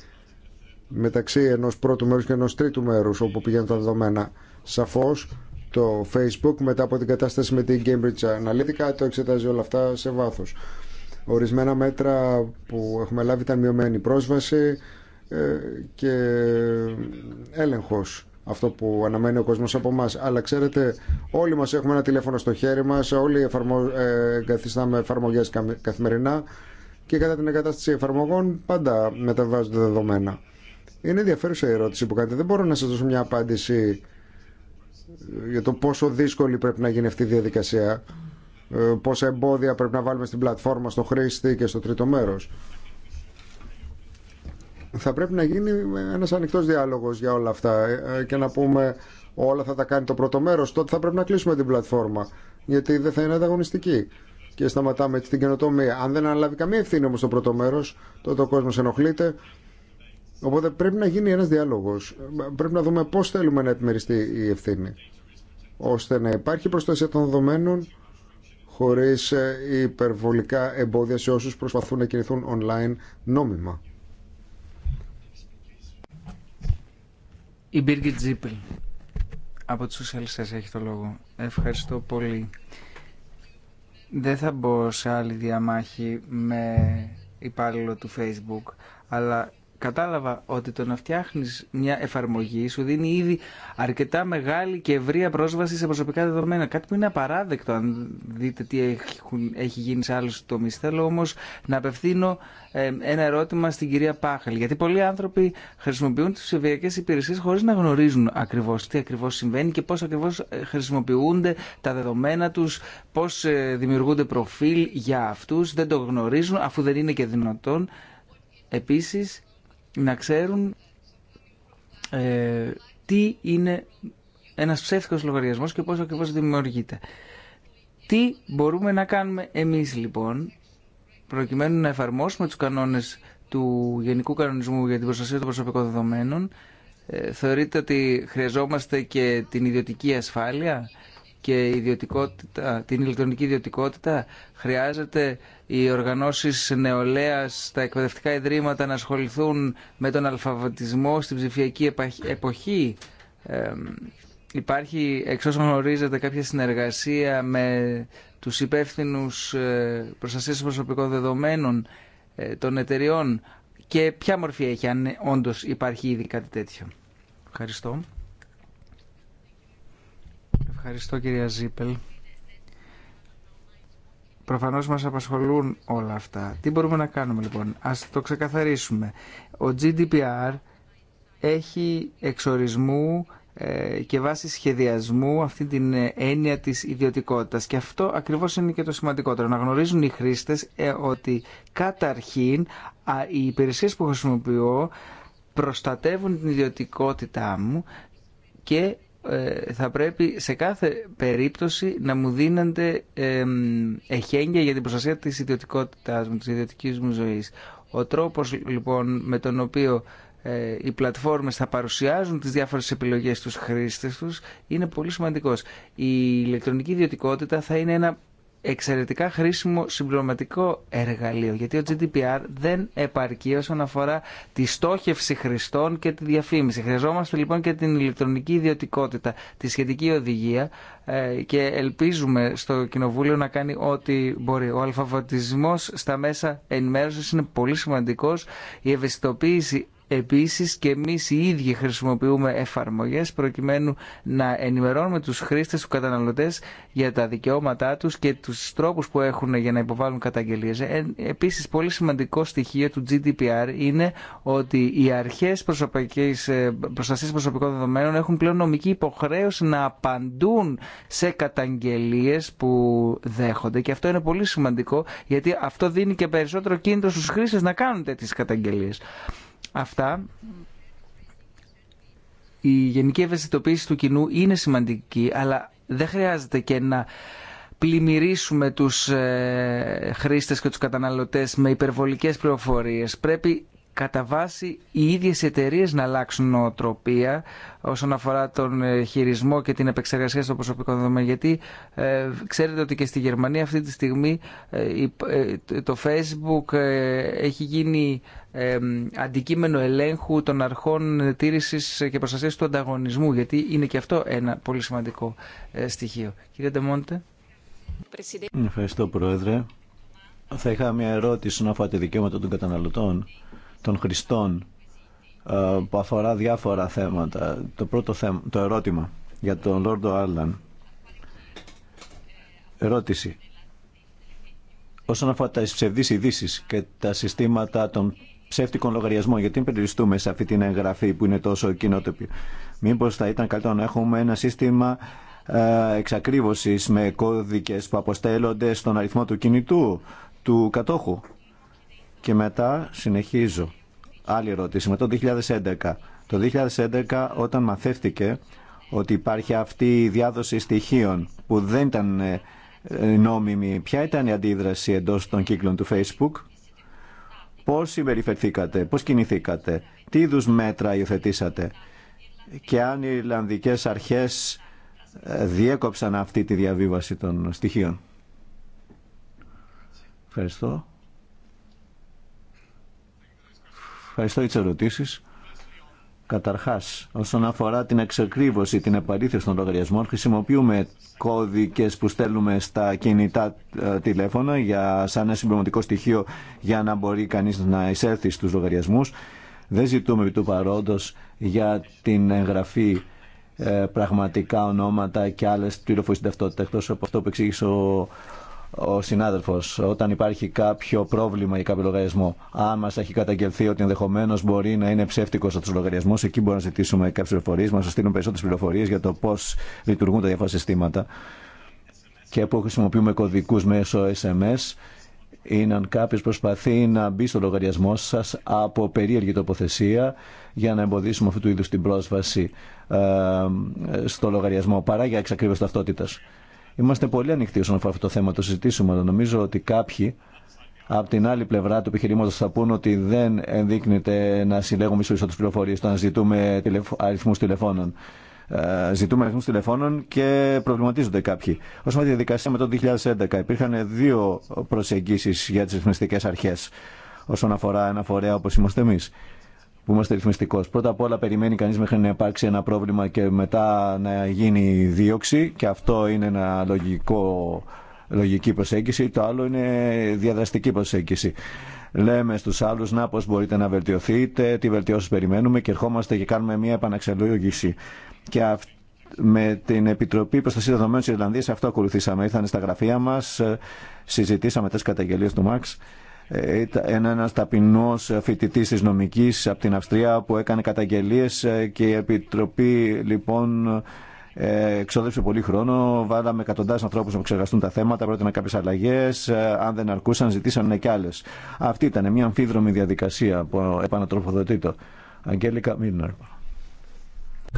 μεταξύ ενός πρώτου μέρους και ενός τρίτου μέρους όπου πηγαίνουν τα δεδομένα. Σαφώς το Facebook μετά από την κατάσταση με την Cambridge Analytica το εξετάζει όλα αυτά σε βάθος. Ορισμένα μέτρα που έχουμε λάβει ήταν μειωμένη πρόσβαση ε, και έλεγχος αυτό που αναμένει ο κόσμος από εμά. Αλλά ξέρετε, όλοι μας έχουμε ένα τηλέφωνο στο χέρι μας, όλοι εφαρμο... Ε, καθιστάμε εφαρμογές καθημερινά και κατά την εγκατάσταση εφαρμογών πάντα μεταβάζονται δεδομένα. Είναι ενδιαφέρουσα η ερώτηση που κάνετε. Δεν μπορώ να σας δώσω μια απάντηση ε, για το πόσο δύσκολη πρέπει να γίνει αυτή η διαδικασία, ε, πόσα εμπόδια πρέπει να βάλουμε στην πλατφόρμα, στο χρήστη και στο τρίτο μέρος θα πρέπει να γίνει ένας ανοιχτός διάλογος για όλα αυτά ε, ε, και να πούμε όλα θα τα κάνει το πρώτο μέρος, τότε θα πρέπει να κλείσουμε την πλατφόρμα γιατί δεν θα είναι ανταγωνιστική και σταματάμε την καινοτομία. Αν δεν αναλάβει καμία ευθύνη όμως το πρώτο μέρος, τότε ο κόσμος ενοχλείται. Οπότε πρέπει να γίνει ένας διάλογος. Πρέπει να δούμε πώς θέλουμε να επιμεριστεί η ευθύνη ώστε να υπάρχει προστασία των δεδομένων χωρίς ε, υπερβολικά εμπόδια σε όσους προσπαθούν να κινηθούν online νόμιμα. Η Birgit Zippel από τους σοσιαλιστές έχει το λόγο. Ευχαριστώ πολύ. Δεν θα μπω σε άλλη διαμάχη με υπάλληλο του Facebook, αλλά κατάλαβα ότι το να φτιάχνει μια εφαρμογή σου δίνει ήδη αρκετά μεγάλη και ευρεία πρόσβαση σε προσωπικά δεδομένα. Κάτι που είναι απαράδεκτο αν δείτε τι έχουν, έχει γίνει σε άλλου τομεί. Θέλω όμω να απευθύνω ένα ερώτημα στην κυρία Πάχαλ. Γιατί πολλοί άνθρωποι χρησιμοποιούν τι ψηφιακέ υπηρεσίε χωρί να γνωρίζουν ακριβώ τι ακριβώ συμβαίνει και πώ ακριβώ ε, χρησιμοποιούνται τα δεδομένα του, πώ ε, δημιουργούνται προφίλ για αυτού. Δεν το γνωρίζουν αφού δεν είναι και δυνατόν. Επίσης, να ξέρουν ε, τι είναι ένας ψεύτικος λογαριασμός και πώς ακριβώς δημιουργείται. Τι μπορούμε να κάνουμε εμείς λοιπόν, προκειμένου να εφαρμόσουμε τους κανόνες του Γενικού Κανονισμού για την Προστασία των Προσωπικών Δεδομένων, ε, θεωρείτε ότι χρειαζόμαστε και την ιδιωτική ασφάλεια και ιδιωτικότητα, την ηλεκτρονική ιδιωτικότητα, χρειάζεται οι οργανώσεις νεολαίας, τα εκπαιδευτικά ιδρύματα να ασχοληθούν με τον αλφαβητισμό στην ψηφιακή εποχή. υπάρχει, εξ όσων γνωρίζετε, κάποια συνεργασία με τους υπεύθυνου ε, προστασίας προσωπικών δεδομένων ε, των εταιριών και ποια μορφή έχει, αν όντως υπάρχει ήδη κάτι τέτοιο. Ευχαριστώ. Ευχαριστώ κυρία Ζίπελ. Προφανώς μας απασχολούν όλα αυτά. Τι μπορούμε να κάνουμε λοιπόν, ας το ξεκαθαρίσουμε. Ο GDPR έχει εξορισμού ε, και βάση σχεδιασμού αυτή την ε, έννοια της ιδιωτικότητας. Και αυτό ακριβώς είναι και το σημαντικότερο. Να γνωρίζουν οι χρήστες ε, ότι καταρχήν οι υπηρεσίες που χρησιμοποιώ προστατεύουν την ιδιωτικότητά μου και ε, θα πρέπει σε κάθε περίπτωση να μου δίνονται εχέγγυα για την προστασία της ιδιωτικότητάς μου, της ιδιωτικής μου ζωής. Ο τρόπος λοιπόν με τον οποίο ε, οι πλατφόρμες θα παρουσιάζουν τις διάφορες επιλογές στους χρήστες τους είναι πολύ σημαντικός. Η ηλεκτρονική ιδιωτικότητα θα είναι ένα εξαιρετικά χρήσιμο συμπληρωματικό εργαλείο, γιατί ο GDPR δεν επαρκεί όσον αφορά τη στόχευση χρηστών και τη διαφήμιση. Χρειαζόμαστε λοιπόν και την ηλεκτρονική ιδιωτικότητα, τη σχετική οδηγία ε, και ελπίζουμε στο Κοινοβούλιο να κάνει ό,τι μπορεί. Ο αλφαβοτισμός στα μέσα ενημέρωσης είναι πολύ σημαντικός, η ευαισθητοποίηση Επίσης και εμείς οι ίδιοι χρησιμοποιούμε εφαρμογές προκειμένου να ενημερώνουμε τους χρήστες, τους καταναλωτές για τα δικαιώματά τους και τους τρόπους που έχουν για να υποβάλουν καταγγελίες. Ε, επίσης πολύ σημαντικό στοιχείο του GDPR είναι ότι οι αρχές ε, προστασίας προσωπικών δεδομένων έχουν πλέον νομική υποχρέωση να απαντούν σε καταγγελίες που δέχονται και αυτό είναι πολύ σημαντικό γιατί αυτό δίνει και περισσότερο κίνητρο στους χρήστες να κάνουν τέτοιες καταγγελίες αυτά η γενική ευαισθητοποίηση του κοινού είναι σημαντική, αλλά δεν χρειάζεται και να πλημμυρίσουμε τους ε, χρήστες και τους καταναλωτές με υπερβολικές πληροφορίες. Πρέπει κατά βάση οι ίδιες εταιρείε να αλλάξουν νοοτροπία όσον αφορά τον ε, χειρισμό και την επεξεργασία στο προσωπικό δεδομένο. Γιατί ε, ξέρετε ότι και στη Γερμανία αυτή τη στιγμή ε, το Facebook έχει γίνει αντικείμενο ελέγχου των αρχών τήρησης και προστασίας του ανταγωνισμού. Γιατί είναι και αυτό ένα πολύ σημαντικό στοιχείο. Κύριε Ντεμόντε. Ευχαριστώ Πρόεδρε. Θα είχα μια ερώτηση να αφορά τα δικαιώματα των καταναλωτών των χρηστών ε, που αφορά διάφορα θέματα. Το πρώτο θέμα, το ερώτημα για τον Λόρντο Άρλαν. Ερώτηση. Όσον αφορά τα ψευδείς ειδήσει και τα συστήματα των ψεύτικων λογαριασμών, γιατί περιοριστούμε σε αυτή την εγγραφή που είναι τόσο κοινότοπη. Μήπως θα ήταν καλύτερο να έχουμε ένα σύστημα ε, εξακρίβωσης με κώδικες που αποστέλλονται στον αριθμό του κινητού του κατόχου και μετά συνεχίζω. Άλλη ερώτηση. Με το 2011. Το 2011 όταν μαθεύτηκε ότι υπάρχει αυτή η διάδοση στοιχείων που δεν ήταν ε, νόμιμη, ποια ήταν η αντίδραση εντός των κύκλων του Facebook, πώς συμπεριφερθήκατε, πώς κινηθήκατε, τι είδου μέτρα υιοθετήσατε και αν οι Ιρλανδικές αρχές ε, διέκοψαν αυτή τη διαβίβαση των στοιχείων. Ευχαριστώ. Ευχαριστώ για τι ερωτήσει. Καταρχάς, όσον αφορά την εξεκρίβωση, την επαλήθευση των λογαριασμών, χρησιμοποιούμε κώδικες που στέλνουμε στα κινητά ε, τηλέφωνα για, σαν ένα συμπληρωματικό στοιχείο για να μπορεί κανείς να εισέλθει στους λογαριασμούς. Δεν ζητούμε επί του παρόντος για την εγγραφή ε, πραγματικά ονόματα και άλλες πληροφορίες ταυτότητα, εκτό από αυτό που εξήγησε ο ο συνάδελφο, όταν υπάρχει κάποιο πρόβλημα ή κάποιο λογαριασμό. Αν μα έχει καταγγελθεί ότι ενδεχομένω μπορεί να είναι ψεύτικο αυτό ο λογαριασμό, εκεί μπορούμε να ζητήσουμε κάποιες πληροφορίες, μας στείλουν περισσότερε πληροφορίε για το πώ λειτουργούν τα διάφορα συστήματα και που χρησιμοποιούμε κωδικού μέσω SMS είναι αν κάποιο προσπαθεί να μπει στο λογαριασμό σα από περίεργη τοποθεσία για να εμποδίσουμε αυτού του είδου την πρόσβαση ε, στο λογαριασμό παρά για εξακρίβωση ταυτότητα. Είμαστε πολύ ανοιχτοί όσον αφορά αυτό το θέμα, το συζητήσουμε, αλλά νομίζω ότι κάποιοι από την άλλη πλευρά του επιχειρήματο θα πούν ότι δεν ενδείκνεται να συλλέγουμε ίσω τι πληροφορίε να ζητούμε αριθμού τηλεφώνων. Ε, ζητούμε αριθμού τηλεφώνων και προβληματίζονται κάποιοι. Όσον αφορά τη διαδικασία μετά το 2011, υπήρχαν δύο προσεγγίσει για τι ρυθμιστικέ αρχέ όσον αφορά ένα φορέα όπω είμαστε εμεί που είμαστε ρυθμιστικό. Πρώτα απ' όλα περιμένει κανεί μέχρι να υπάρξει ένα πρόβλημα και μετά να γίνει δίωξη και αυτό είναι ένα λογικό, λογική προσέγγιση. Το άλλο είναι διαδραστική προσέγγιση. Λέμε στου άλλου να πώ μπορείτε να βελτιωθείτε, τι βελτιώσει περιμένουμε και ερχόμαστε και κάνουμε μια επαναξελόγηση. Και με την Επιτροπή Προστασία Δεδομένων τη Ιρλανδία. Αυτό ακολουθήσαμε. Ήρθαν στα γραφεία μα, συζητήσαμε τι καταγγελίε του Μαξ ε, ένα ένας ταπεινός φοιτητής της νομικής από την Αυστρία που έκανε καταγγελίες ε, και η Επιτροπή λοιπόν ε, εξόδευσε πολύ χρόνο. Βάλαμε εκατοντάδε ανθρώπου να εξεργαστούν τα θέματα, πρότειναν κάποιε αλλαγέ. Αν δεν αρκούσαν, ζητήσαν ναι και άλλε. Αυτή ήταν μια αμφίδρομη διαδικασία που επανατροφοδοτεί το. Αγγέλικα Μίρνερ.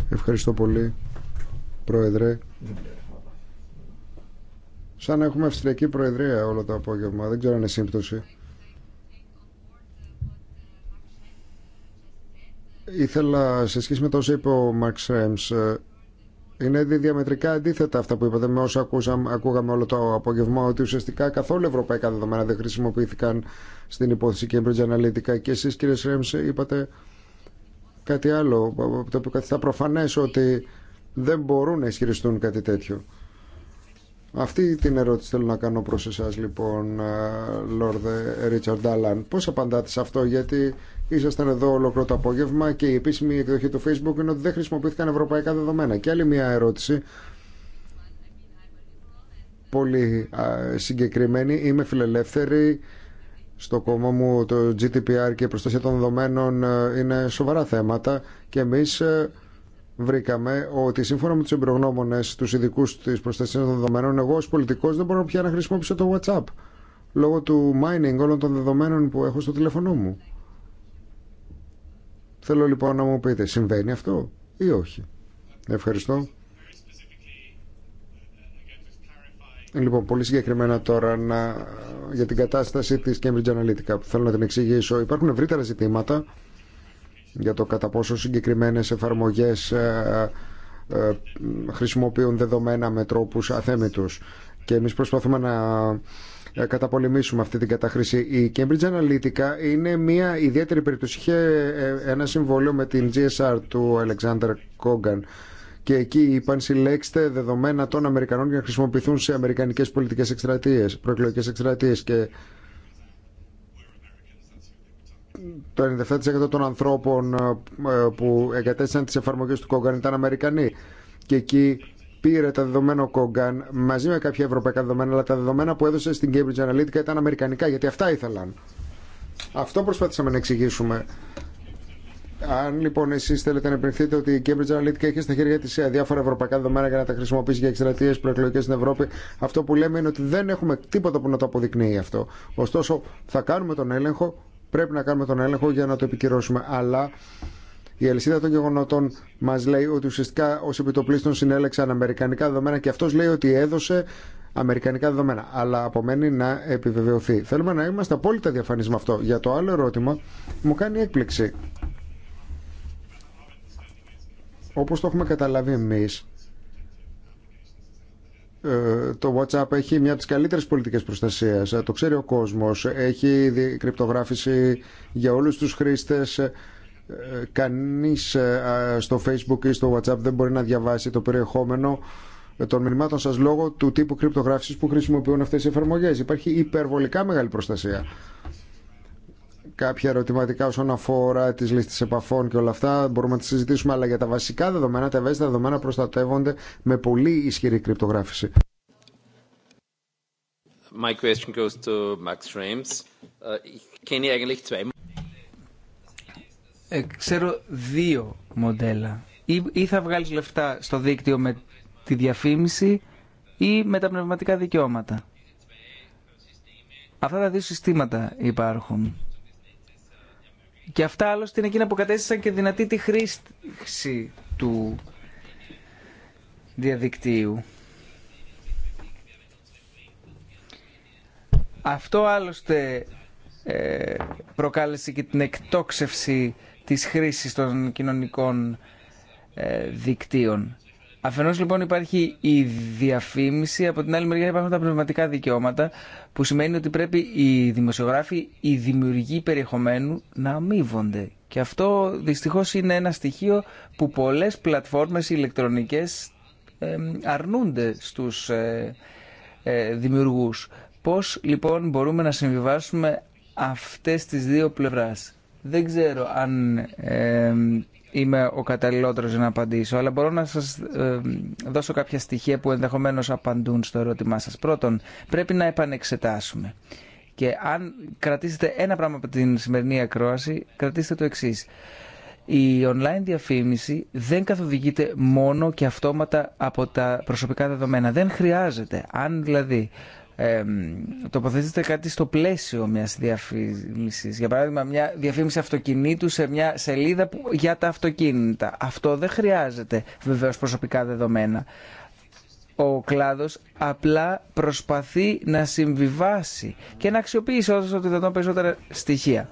Ευχαριστώ πολύ, Πρόεδρε. Σαν να έχουμε Αυστριακή Προεδρία όλο το απόγευμα. Δεν ξέρω αν είναι σύμπτωση. Ήθελα σε σχέση με το όσο είπε ο Μαρκ Σρέμς ε, είναι διαμετρικά αντίθετα αυτά που είπατε με όσα ακούσαμε, ακούγαμε όλο το απόγευμα ότι ουσιαστικά καθόλου ευρωπαϊκά δεδομένα δεν χρησιμοποιήθηκαν στην υπόθεση Cambridge Analytica και εσείς κύριε Σρέμς είπατε κάτι άλλο το οποίο καθιστά προφανές ότι δεν μπορούν να ισχυριστούν κάτι τέτοιο. Αυτή την ερώτηση θέλω να κάνω προς εσάς λοιπόν, ε, Λόρδε Ρίτσαρντ Άλαν. Πώς απαντάτε σε αυτό, γιατί ήσασταν εδώ ολόκληρο το απόγευμα και η επίσημη εκδοχή του Facebook είναι ότι δεν χρησιμοποιήθηκαν ευρωπαϊκά δεδομένα. Και άλλη μια ερώτηση, πολύ συγκεκριμένη, είμαι φιλελεύθερη, στο κόμμα μου το GDPR και η προστασία των δεδομένων ε, είναι σοβαρά θέματα και εμείς ε, βρήκαμε ότι σύμφωνα με του εμπειρογνώμονε, του ειδικού τη προστασία των δεδομένων, εγώ ω πολιτικό δεν μπορώ πια να χρησιμοποιήσω το WhatsApp λόγω του mining όλων των δεδομένων που έχω στο τηλέφωνό μου. Θέλω λοιπόν να μου πείτε, συμβαίνει αυτό ή όχι. Ευχαριστώ. Λοιπόν, πολύ συγκεκριμένα τώρα για την κατάσταση της Cambridge Analytica που θέλω να την εξηγήσω. Υπάρχουν ευρύτερα ζητήματα για το κατά πόσο συγκεκριμένες εφαρμογές ε, ε, χρησιμοποιούν δεδομένα με τρόπους αθέμητους. Και εμείς προσπαθούμε να ε, καταπολεμήσουμε αυτή την κατάχρηση. Η Cambridge Analytica είναι μια ιδιαίτερη περίπτωση. Είχε ένα συμβόλαιο με την GSR του Alexander Kogan και εκεί είπαν συλλέξτε δεδομένα των Αμερικανών για να χρησιμοποιηθούν σε αμερικανικές πολιτικές εκστρατείες, προεκλογικές εκστρατείες και το 97% των ανθρώπων ε, που εγκατέστησαν τις εφαρμογές του Κόγκαν ήταν Αμερικανοί και εκεί πήρε τα δεδομένα ο Κόγκαν μαζί με κάποια ευρωπαϊκά δεδομένα αλλά τα δεδομένα που έδωσε στην Cambridge Analytica ήταν αμερικανικά γιατί αυτά ήθελαν. Αυτό προσπαθήσαμε να εξηγήσουμε. Αν λοιπόν εσεί θέλετε να επενδύετε ότι η Cambridge Analytica έχει στα χέρια τη ε, διάφορα ευρωπαϊκά δεδομένα για να τα χρησιμοποιήσει για εκστρατείε προεκλογικέ στην Ευρώπη, αυτό που λέμε είναι ότι δεν έχουμε τίποτα που να το αποδεικνύει αυτό. Ωστόσο, θα κάνουμε τον έλεγχο πρέπει να κάνουμε τον έλεγχο για να το επικυρώσουμε. Αλλά η αλυσίδα των γεγονότων μα λέει ότι ουσιαστικά ω επιτοπλίστων συνέλεξαν αμερικανικά δεδομένα και αυτό λέει ότι έδωσε αμερικανικά δεδομένα. Αλλά απομένει να επιβεβαιωθεί. Θέλουμε να είμαστε απόλυτα διαφανεί με αυτό. Για το άλλο ερώτημα, μου κάνει έκπληξη. Όπω το έχουμε καταλάβει εμεί, ε, το WhatsApp έχει μια από τις καλύτερες πολιτικές προστασίας. Ε, το ξέρει ο κόσμος. Έχει κρυπτογράφηση για όλους τους χρήστες. Ε, κανείς στο Facebook ή στο WhatsApp δεν μπορεί να διαβάσει το περιεχόμενο των μηνυμάτων σας λόγω του τύπου κρυπτογράφησης που χρησιμοποιούν αυτές οι εφαρμογές. Υπάρχει υπερβολικά μεγάλη προστασία κάποια ερωτηματικά όσον αφορά τι λίστε επαφών και όλα αυτά. Μπορούμε να τι συζητήσουμε, αλλά για τα βασικά δεδομένα, τα ευαίσθητα δεδομένα προστατεύονται με πολύ ισχυρή κρυπτογράφηση. My question goes to Max uh, ε, ξέρω δύο μοντέλα. Ή, ή θα βγάλεις λεφτά στο δίκτυο με τη διαφήμιση ή με τα πνευματικά δικαιώματα. Αυτά τα δύο συστήματα υπάρχουν. Και αυτά άλλωστε είναι εκείνα που κατέστησαν και δυνατή τη χρήση του διαδικτύου. Αυτό άλλωστε ε, προκάλεσε και την εκτόξευση της χρήσης των κοινωνικών ε, δικτύων. Αφενό λοιπόν υπάρχει η διαφήμιση, από την άλλη μεριά υπάρχουν τα πνευματικά δικαιώματα, που σημαίνει ότι πρέπει οι δημοσιογράφοι, οι δημιουργοί περιεχομένου να αμείβονται. Και αυτό δυστυχώς είναι ένα στοιχείο που πολλές πλατφόρμες ηλεκτρονικές αρνούνται στους ε, ε, δημιουργούς. Πώς λοιπόν μπορούμε να συμβιβάσουμε αυτέ τι δύο πλευράς. Δεν ξέρω αν είμαι ο καταλληλότερος για να απαντήσω, αλλά μπορώ να σας ε, δώσω κάποια στοιχεία που ενδεχομένως απαντούν στο ερώτημά σας. Πρώτον, πρέπει να επανεξετάσουμε. Και αν κρατήσετε ένα πράγμα από την σημερινή ακρόαση, κρατήστε το εξή. Η online διαφήμιση δεν καθοδηγείται μόνο και αυτόματα από τα προσωπικά δεδομένα. Δεν χρειάζεται. Αν δηλαδή ε, κάτι στο πλαίσιο μιας διαφήμιση. Για παράδειγμα, μια διαφήμιση αυτοκινήτου σε μια σελίδα που, για τα αυτοκίνητα. Αυτό δεν χρειάζεται βεβαίως προσωπικά δεδομένα. Ο κλάδος απλά προσπαθεί να συμβιβάσει και να αξιοποιήσει όσο το δυνατόν περισσότερα στοιχεία.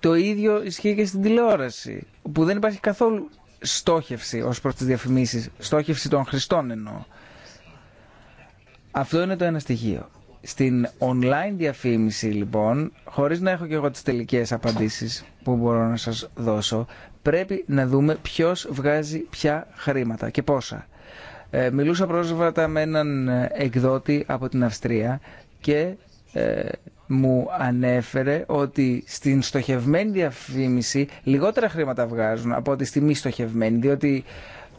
Το ίδιο ισχύει και στην τηλεόραση, που δεν υπάρχει καθόλου στόχευση ως προς τις διαφημίσεις, στόχευση των χρηστών εννοώ. Αυτό είναι το ένα στοιχείο. Στην online διαφήμιση λοιπόν, χωρίς να έχω και εγώ τις τελικές απαντήσεις που μπορώ να σας δώσω, πρέπει να δούμε ποιος βγάζει ποια χρήματα και πόσα. Ε, μιλούσα πρόσφατα με έναν ε, εκδότη από την Αυστρία και ε, μου ανέφερε ότι στην στοχευμένη διαφήμιση λιγότερα χρήματα βγάζουν από ότι στη μη στοχευμένη, διότι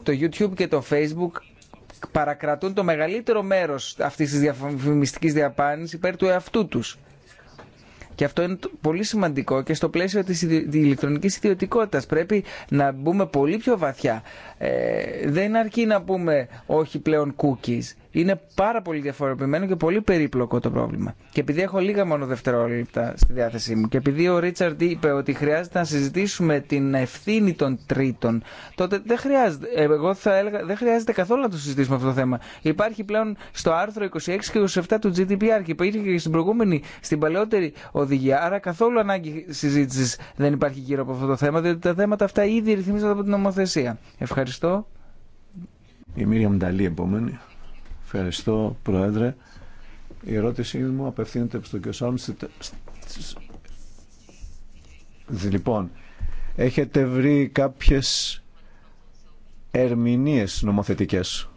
το YouTube και το Facebook παρακρατούν το μεγαλύτερο μέρος αυτής της διαφημιστικής διαπάνησης υπέρ του εαυτού τους. Και αυτό είναι πολύ σημαντικό και στο πλαίσιο της ηλεκτρονικής ιδιωτικότητας πρέπει να μπούμε πολύ πιο βαθιά. Ε, δεν αρκεί να πούμε όχι πλέον cookies. Είναι πάρα πολύ διαφοροποιημένο και πολύ περίπλοκο το πρόβλημα. Και επειδή έχω λίγα μόνο δευτερόλεπτα στη διάθεσή μου και επειδή ο Ρίτσαρντ είπε ότι χρειάζεται να συζητήσουμε την ευθύνη των τρίτων, τότε δεν χρειάζεται, ε, εγώ θα έλεγα, δεν χρειάζεται καθόλου να το συζητήσουμε αυτό το θέμα. Υπάρχει πλέον στο άρθρο 26 και 27 του GDPR και υπήρχε και στην προηγούμενη, στην παλαιότερη οδηγία. Άρα καθόλου ανάγκη συζήτηση δεν υπάρχει γύρω από αυτό το θέμα, διότι τα θέματα αυτά ήδη ρυθμίζονται από την νομοθεσία. Ευχαριστώ. Η Μίρια Μνταλή, επόμενη. Ευχαριστώ, Πρόεδρε. Η ερώτησή μου απευθύνεται στον κ. Σάλμστιτ. Λοιπόν, έχετε βρει κάποιες ερμηνείες νομοθετικές,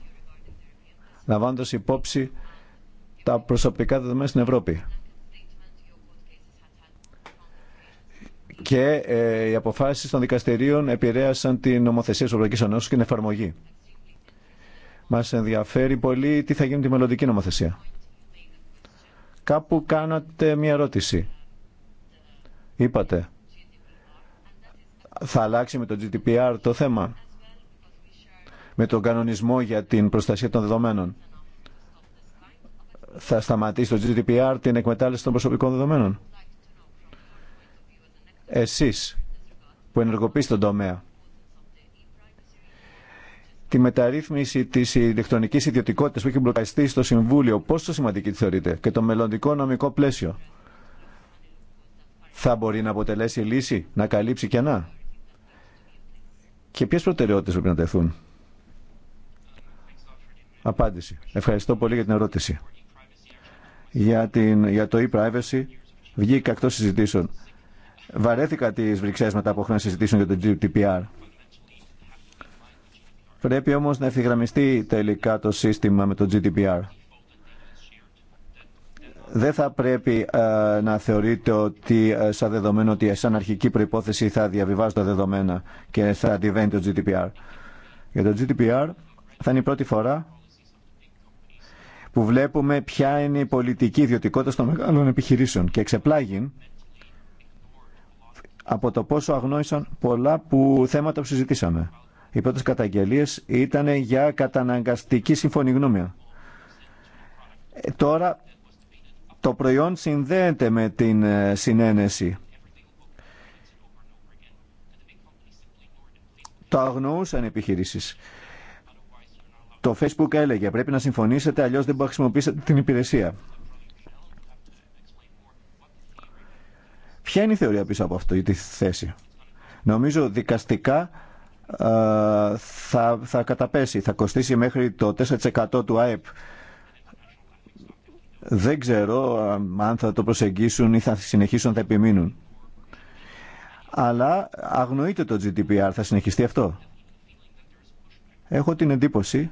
λαμβάνοντας υπόψη τα προσωπικά δεδομένα στην Ευρώπη. Και ε, οι αποφάσεις των δικαστηρίων επηρέασαν την νομοθεσία της Ευρωπαϊκής Ανώσης και την εφαρμογή. Μας ενδιαφέρει πολύ τι θα γίνει με τη μελλοντική νομοθεσία. Κάπου κάνατε μια ερώτηση. Είπατε. Θα αλλάξει με το GDPR το θέμα. Με τον κανονισμό για την προστασία των δεδομένων. Θα σταματήσει το GDPR την εκμετάλλευση των προσωπικών δεδομένων. Εσείς που ενεργοποιείς τον τομέα τη μεταρρύθμιση τη ηλεκτρονική ιδιωτικότητα που έχει μπλοκαριστεί στο Συμβούλιο, πόσο σημαντική τη θεωρείτε και το μελλοντικό νομικό πλαίσιο θα μπορεί να αποτελέσει λύση, να καλύψει κενά. Και ποιες προτεραιότητες πρέπει να τεθούν. Απάντηση. Ευχαριστώ πολύ για την ερώτηση. Για, την, για το e-privacy βγήκα εκτός συζητήσεων. Βαρέθηκα τις βρυξές μετά από χρόνια συζητήσεων για το GDPR. Πρέπει όμως να ευθυγραμμιστεί τελικά το σύστημα με το GDPR. Δεν θα πρέπει ε, να θεωρείτε ότι ε, σαν δεδομένο ότι σαν αρχική προϋπόθεση θα διαβιβάζω τα δεδομένα και θα αντιβαίνει το GDPR. Για το GDPR θα είναι η πρώτη φορά που βλέπουμε ποια είναι η πολιτική ιδιωτικότητα των μεγάλων επιχειρήσεων και εξεπλάγει από το πόσο αγνόησαν πολλά που θέματα που συζητήσαμε. Οι πρώτες καταγγελίες ήταν για καταναγκαστική σύμφωνη ε, Τώρα το προϊόν συνδέεται με την ε, συνένεση. Το αγνοούσαν οι επιχειρήσει. Το Facebook έλεγε πρέπει να συμφωνήσετε αλλιώς δεν μπορεί να χρησιμοποιήσετε την υπηρεσία. Ποια είναι η θεωρία πίσω από αυτή τη θέση. Νομίζω δικαστικά θα, θα καταπέσει, θα κοστίσει μέχρι το 4% του ΑΕΠ. Δεν ξέρω αν θα το προσεγγίσουν ή θα συνεχίσουν θα επιμείνουν. Αλλά αγνοείται το GDPR, θα συνεχιστεί αυτό. Έχω την εντύπωση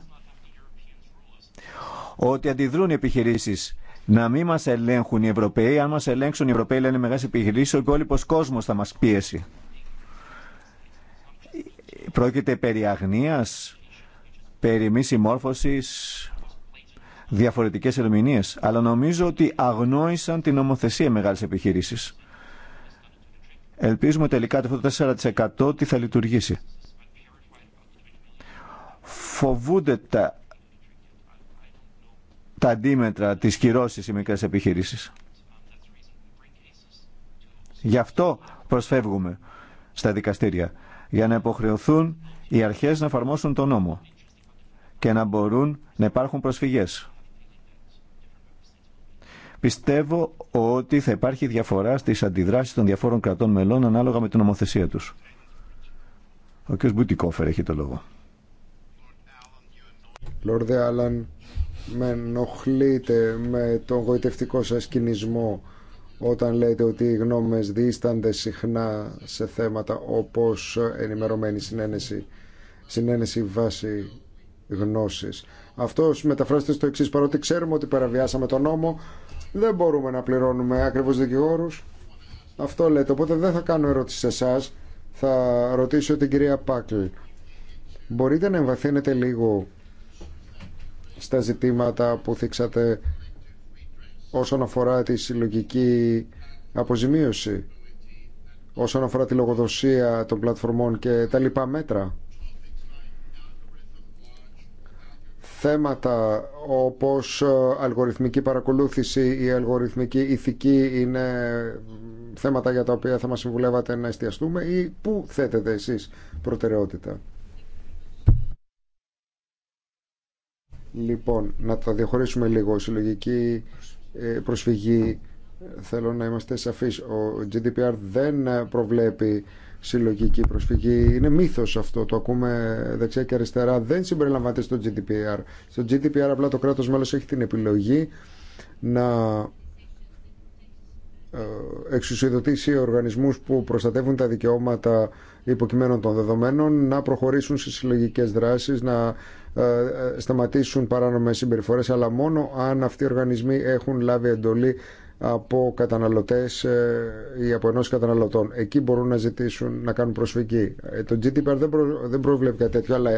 ότι αντιδρούν οι επιχειρήσεις να μην μας ελέγχουν οι Ευρωπαίοι. Αν μας ελέγξουν οι Ευρωπαίοι λένε μεγάλες επιχειρήσεις, ο υπόλοιπος κόσμος θα μας πίεσει. Πρόκειται περί αγνίας, περί μη συμμόρφωσης, διαφορετικές ερμηνείες. Αλλά νομίζω ότι αγνόησαν την νομοθεσία μεγάλες επιχειρήσεις. Ελπίζουμε τελικά το 4% ότι θα λειτουργήσει. Φοβούνται τα, τα αντίμετρα της κυρώσεις οι μικρές επιχειρήσεις. Γι' αυτό προσφεύγουμε στα δικαστήρια για να υποχρεωθούν οι αρχές να εφαρμόσουν τον νόμο και να μπορούν να υπάρχουν προσφυγές. Πιστεύω ότι θα υπάρχει διαφορά στις αντιδράσεις των διαφόρων κρατών μελών ανάλογα με την νομοθεσία τους. Ο κ. Μπουτικόφερ έχει το λόγο. Λόρδε Άλλαν, με ενοχλείτε με τον γοητευτικό σας κινησμό όταν λέτε ότι οι γνώμες δίστανται συχνά σε θέματα όπως ενημερωμένη συνένεση, συνένεση βάση γνώσης. Αυτός μεταφράζεται στο εξή. Παρότι ξέρουμε ότι παραβιάσαμε τον νόμο, δεν μπορούμε να πληρώνουμε ακριβώ δικηγόρου. Αυτό λέτε. Οπότε δεν θα κάνω ερώτηση σε εσά. Θα ρωτήσω την κυρία Πάκλ. Μπορείτε να εμβαθύνετε λίγο στα ζητήματα που θίξατε όσον αφορά τη συλλογική αποζημίωση, όσον αφορά τη λογοδοσία των πλατφορμών και τα λοιπά μέτρα. Θέματα όπως αλγοριθμική παρακολούθηση ή αλγοριθμική ηθική είναι θέματα για τα οποία θα μας συμβουλεύατε να εστιαστούμε ή πού θέτετε εσείς προτεραιότητα. Λοιπόν, να τα διαχωρίσουμε λίγο. Η συλλογική ε, προσφυγή θέλω να είμαστε σαφείς ο GDPR δεν προβλέπει συλλογική προσφυγή είναι μύθος αυτό το ακούμε δεξιά και αριστερά δεν συμπεριλαμβάνεται στο GDPR στο GDPR απλά το κράτος μέλος έχει την επιλογή να ε, εξουσιοδοτήσει οργανισμούς που προστατεύουν τα δικαιώματα υποκειμένων των δεδομένων να προχωρήσουν σε συλλογικές δράσεις, να ε, ε, σταματήσουν παράνομες συμπεριφορές, αλλά μόνο αν αυτοί οι οργανισμοί έχουν λάβει εντολή από καταναλωτές ή από ενός καταναλωτών. Εκεί μπορούν να ζητήσουν να κάνουν προσφυγή. Το GDPR δεν, δεν προβλέπει κάτι τέτοιο, αλλά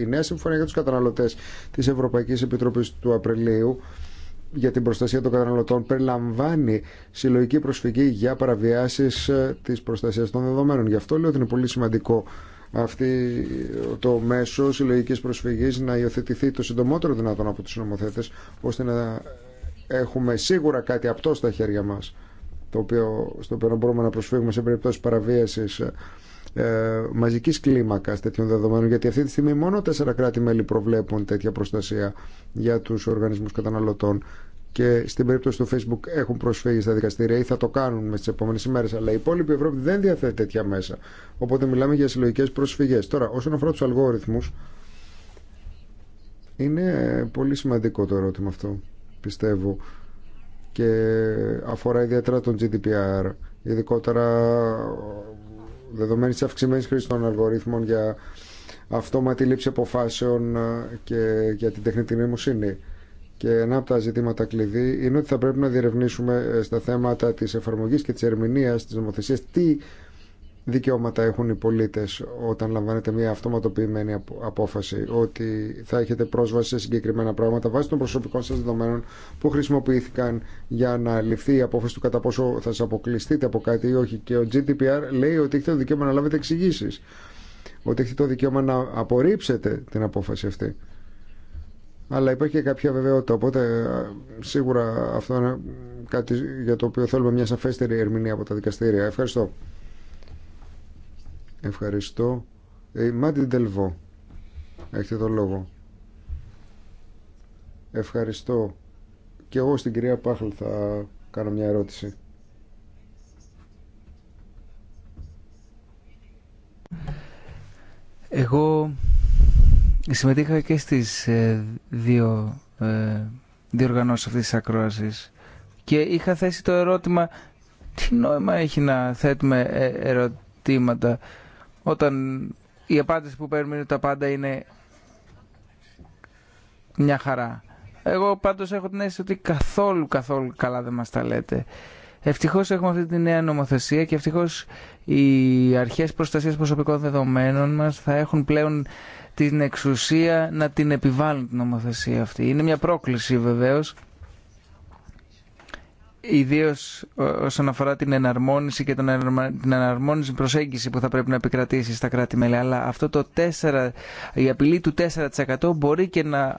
η νέα συμφωνία για τους καταναλωτές της Ευρωπαϊκής Επιτροπής του Απριλίου για την προστασία των καταναλωτών περιλαμβάνει συλλογική προσφυγή για παραβιάσεις ε, της προστασίας των δεδομένων. Γι' αυτό λέω ότι είναι πολύ σημαντικό αυτή το μέσο συλλογική προσφυγής να υιοθετηθεί το συντομότερο δυνατόν από τους νομοθέτες ώστε να έχουμε σίγουρα κάτι απτό στα χέρια μας το οποίο, στο οποίο μπορούμε να προσφύγουμε σε περίπτωση παραβίαση ε, ε, μαζικής κλίμακας τέτοιων δεδομένων γιατί αυτή τη στιγμή μόνο τέσσερα κράτη-μέλη προβλέπουν τέτοια προστασία για τους οργανισμούς καταναλωτών και στην περίπτωση του Facebook έχουν προσφύγει στα δικαστήρια ή θα το κάνουν με τι επόμενε ημέρε. Αλλά η υπόλοιπη Ευρώπη δεν διαθέτει τέτοια μέσα. Οπότε μιλάμε για συλλογικέ προσφυγέ. Τώρα, όσον αφορά του αλγόριθμου, είναι πολύ σημαντικό το ερώτημα αυτό, πιστεύω. Και αφορά ιδιαίτερα τον GDPR, ειδικότερα δεδομένη τη αυξημένη χρήση των αλγορίθμων για αυτόματη λήψη αποφάσεων ε, και για την τεχνητή νοημοσύνη. Και ένα από τα ζητήματα κλειδί είναι ότι θα πρέπει να διερευνήσουμε ε, στα θέματα τη εφαρμογή και τη ερμηνεία τη νομοθεσία τι δικαιώματα έχουν οι πολίτες όταν λαμβάνετε μια αυτοματοποιημένη απόφαση ότι θα έχετε πρόσβαση σε συγκεκριμένα πράγματα βάσει των προσωπικών σας δεδομένων που χρησιμοποιήθηκαν για να ληφθεί η απόφαση του κατά πόσο θα σας αποκλειστείτε από κάτι ή όχι και ο GDPR λέει ότι έχετε το δικαίωμα να λάβετε εξηγήσει. ότι έχετε το δικαίωμα να απορρίψετε την απόφαση αυτή αλλά υπάρχει και κάποια βεβαιότητα. Οπότε ε, σίγουρα αυτό είναι κάτι για το οποίο θέλουμε μια σαφέστερη ερμηνεία από τα δικαστήρια. Ευχαριστώ. Ευχαριστώ. Ε, Τελβό, Έχετε το λόγο. Ευχαριστώ. Και εγώ στην κυρία Πάχλ θα κάνω μια ερώτηση. Εγώ συμμετείχα και στις ε, δύο ε, διοργανώσεις αυτής της ακρόασης και είχα θέσει το ερώτημα τι νόημα έχει να θέτουμε ε, ερωτήματα όταν η απάντηση που παίρνουμε είναι τα πάντα είναι μια χαρά. Εγώ πάντως έχω την αίσθηση ότι καθόλου καθόλου καλά δεν μας τα λέτε. Ευτυχώς έχουμε αυτή τη νέα νομοθεσία και ευτυχώς οι αρχές προστασίας προσωπικών δεδομένων μας θα έχουν πλέον την εξουσία να την επιβάλλουν την νομοθεσία αυτή. Είναι μια πρόκληση βεβαίως Ιδίω ε, όσον αφορά την εναρμόνιση και την εναρμόνιση προσέγγιση που θα πρέπει να επικρατήσει στα κράτη-μέλη. Αλλά αυτό το 4, η απειλή του 4% μπορεί και να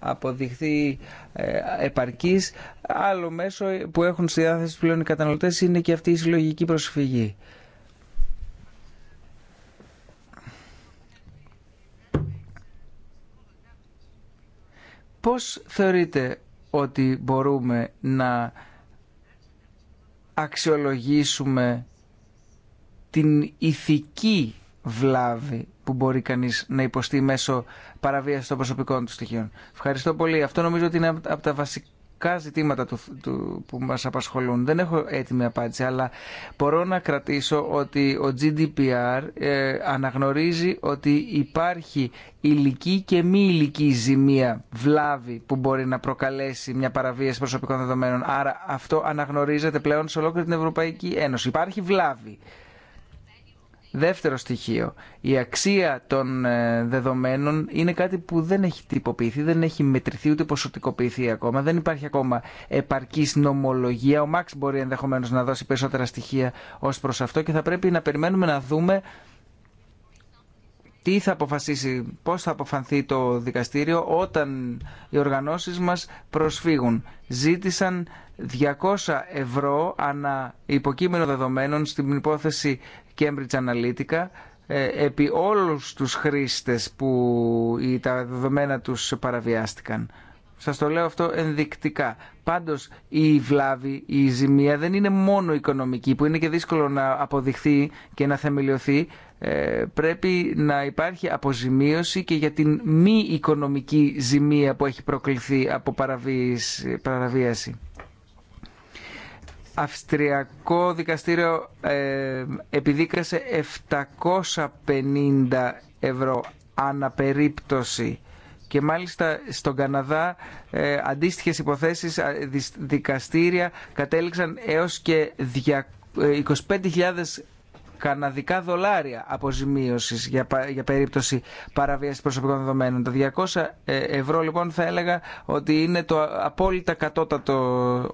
αποδειχθεί ε, επαρκής. Άλλο μέσο που έχουν στη διάθεση πλέον οι καταναλωτέ είναι και αυτή η συλλογική προσφυγή. Πώς θεωρείτε ότι μπορούμε να αξιολογήσουμε την ηθική βλάβη που μπορεί κανείς να υποστεί μέσω παραβίασης των προσωπικών του στοιχείων. Ευχαριστώ πολύ. Αυτό νομίζω ότι είναι από τα βασικά βασικά ζητήματα του, που μας απασχολούν. Δεν έχω έτοιμη απάντηση, αλλά μπορώ να κρατήσω ότι ο GDPR ε, αναγνωρίζει ότι υπάρχει υλική και μη υλική ζημία, βλάβη που μπορεί να προκαλέσει μια παραβίαση προσωπικών δεδομένων. Άρα αυτό αναγνωρίζεται πλέον σε ολόκληρη την Ευρωπαϊκή Ένωση. Υπάρχει βλάβη. Δεύτερο στοιχείο, η αξία των ε, δεδομένων είναι κάτι που δεν έχει τυποποιηθεί, δεν έχει μετρηθεί ούτε ποσοτικοποιηθεί ακόμα, δεν υπάρχει ακόμα επαρκής νομολογία. Ο Μαξ μπορεί ενδεχομένω να δώσει περισσότερα στοιχεία ως προς αυτό και θα πρέπει να περιμένουμε να δούμε τι θα αποφασίσει, πώς θα αποφανθεί το δικαστήριο όταν οι οργανώσεις μας προσφύγουν. Ζήτησαν 200 ευρώ ανά υποκείμενο δεδομένων στην υπόθεση Cambridge Analytica ε, επί όλους τους χρήστες που τα δεδομένα τους παραβιάστηκαν. Σας το λέω αυτό ενδεικτικά. Πάντως η βλάβη, η ζημία δεν είναι μόνο οικονομική που είναι και δύσκολο να αποδειχθεί και να θεμελιωθεί. Ε, πρέπει να υπάρχει αποζημίωση και για την μη οικονομική ζημία που έχει προκληθεί από παραβίαση. Αυστριακό δικαστήριο ε, επιδίκασε 750 ευρώ αναπερίπτωση και μάλιστα στον Καναδά ε, αντίστοιχες υποθέσεις δικαστήρια κατέληξαν έως και 25.000 ευρώ καναδικά δολάρια αποζημίωση για, για περίπτωση παραβίασης προσωπικών δεδομένων. Τα 200 ε, ευρώ λοιπόν θα έλεγα ότι είναι το απόλυτα κατώτατο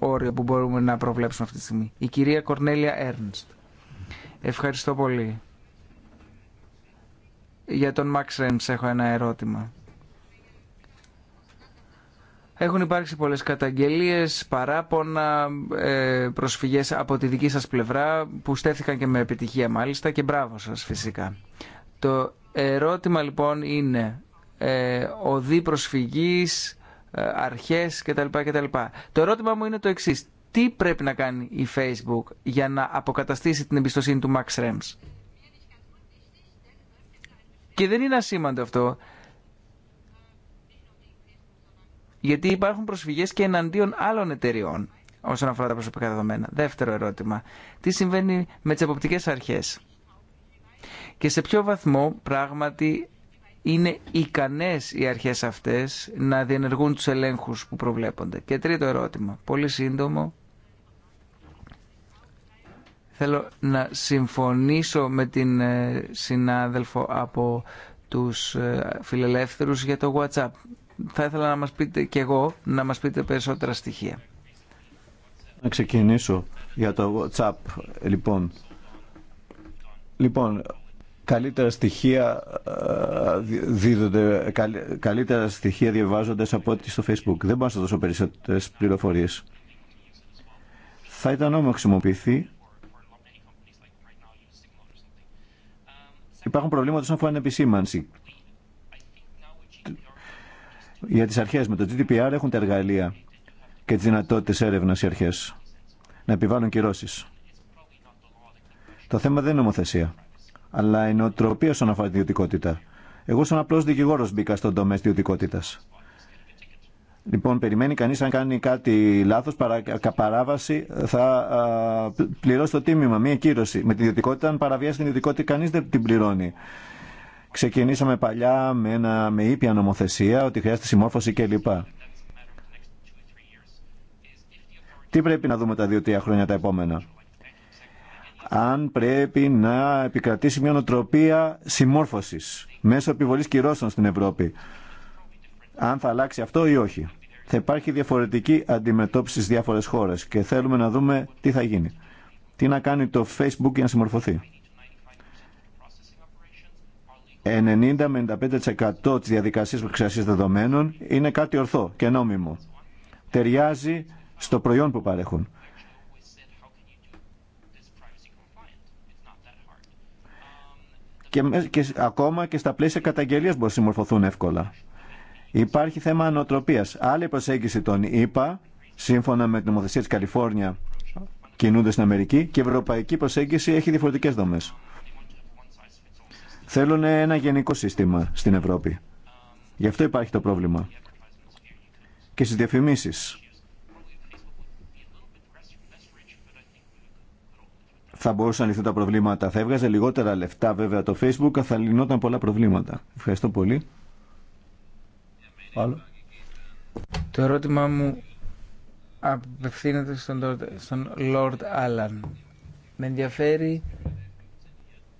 όριο που μπορούμε να προβλέψουμε αυτή τη στιγμή. Η κυρία Κορνέλια Έρνστ. Ευχαριστώ πολύ. Για τον Μαξ έχω ένα ερώτημα. Έχουν υπάρξει πολλές καταγγελίες, παράπονα, ε, προσφυγές από τη δική σας πλευρά που στέφθηκαν και με επιτυχία μάλιστα και μπράβο σας φυσικά. Το ερώτημα λοιπόν είναι ε, οδή προσφυγής, ε, αρχές κτλ. Το ερώτημα μου είναι το εξή. Τι πρέπει να κάνει η Facebook για να αποκαταστήσει την εμπιστοσύνη του Max Rems. Και δεν είναι ασήμαντο αυτό, γιατί υπάρχουν προσφυγέ και εναντίον άλλων εταιριών όσον αφορά τα προσωπικά δεδομένα. Δεύτερο ερώτημα. Τι συμβαίνει με τις εποπτικέ αρχές και σε ποιο βαθμό πράγματι είναι ικανές οι αρχές αυτές να διενεργούν τους ελέγχους που προβλέπονται. Και τρίτο ερώτημα, πολύ σύντομο. Θέλω να συμφωνήσω με την ε, συνάδελφο από τους ε, φιλελεύθερους για το WhatsApp θα ήθελα να μας πείτε και εγώ να μας πείτε περισσότερα στοιχεία. Να ξεκινήσω για το WhatsApp, λοιπόν. Λοιπόν, καλύτερα στοιχεία ε, δίδονται, καλύτερα στοιχεία διαβάζονται από ό,τι στο Facebook. Δεν μπορώ να σα δώσω περισσότερες πληροφορίες. Θα ήταν όμως χρησιμοποιηθεί. Υπάρχουν προβλήματα όσον αφορά την επισήμανση για τις αρχές. Με το GDPR έχουν τα εργαλεία και τις δυνατότητες έρευνας οι αρχές να επιβάλλουν κυρώσεις. Το θέμα δεν είναι νομοθεσία, αλλά η νοοτροπία όσον αφορά την ιδιωτικότητα. Εγώ, σαν απλός δικηγόρο, μπήκα στον τομέα της ιδιωτικότητα. Λοιπόν, περιμένει κανείς αν κάνει κάτι λάθο, παράβαση, θα πληρώσει το τίμημα, μία κύρωση. Με την ιδιωτικότητα, αν παραβιάσει την ιδιωτικότητα, κανείς δεν την πληρώνει. Ξεκινήσαμε παλιά με, ένα, με ήπια νομοθεσία ότι χρειάζεται συμμόρφωση κλπ. Τι πρέπει να δούμε τα δύο-τρία χρόνια τα επόμενα. Αν πρέπει να επικρατήσει μια νοοτροπία συμμόρφωσης μέσω επιβολής κυρώσεων στην Ευρώπη. Αν θα αλλάξει αυτό ή όχι. Θα υπάρχει διαφορετική αντιμετώπιση στις διάφορες χώρες και θέλουμε να δούμε τι θα γίνει. Τι να κάνει το Facebook για να συμμορφωθεί. 90 με 95% της διαδικασίας επεξεργασίας δεδομένων είναι κάτι ορθό και νόμιμο. Ταιριάζει στο προϊόν που παρέχουν. Και, και ακόμα και στα πλαίσια καταγγελία μπορούν να συμμορφωθούν εύκολα. Υπάρχει θέμα ανοτροπίας. Άλλη προσέγγιση των ΗΠΑ, σύμφωνα με την νομοθεσία τη Καλιφόρνια, κινούνται στην Αμερική και η ευρωπαϊκή προσέγγιση έχει διαφορετικές δομέ. Θέλουν ένα γενικό σύστημα στην Ευρώπη. Γι' αυτό υπάρχει το πρόβλημα. Και στις διαφημίσεις. Θα μπορούσαν να λυθούν τα προβλήματα. Θα έβγαζε λιγότερα λεφτά βέβαια το Facebook, θα λυνόταν πολλά προβλήματα. Ευχαριστώ πολύ. Άλλο. Το ερώτημά μου απευθύνεται στον, Λόρτ Άλλαν. Με ενδιαφέρει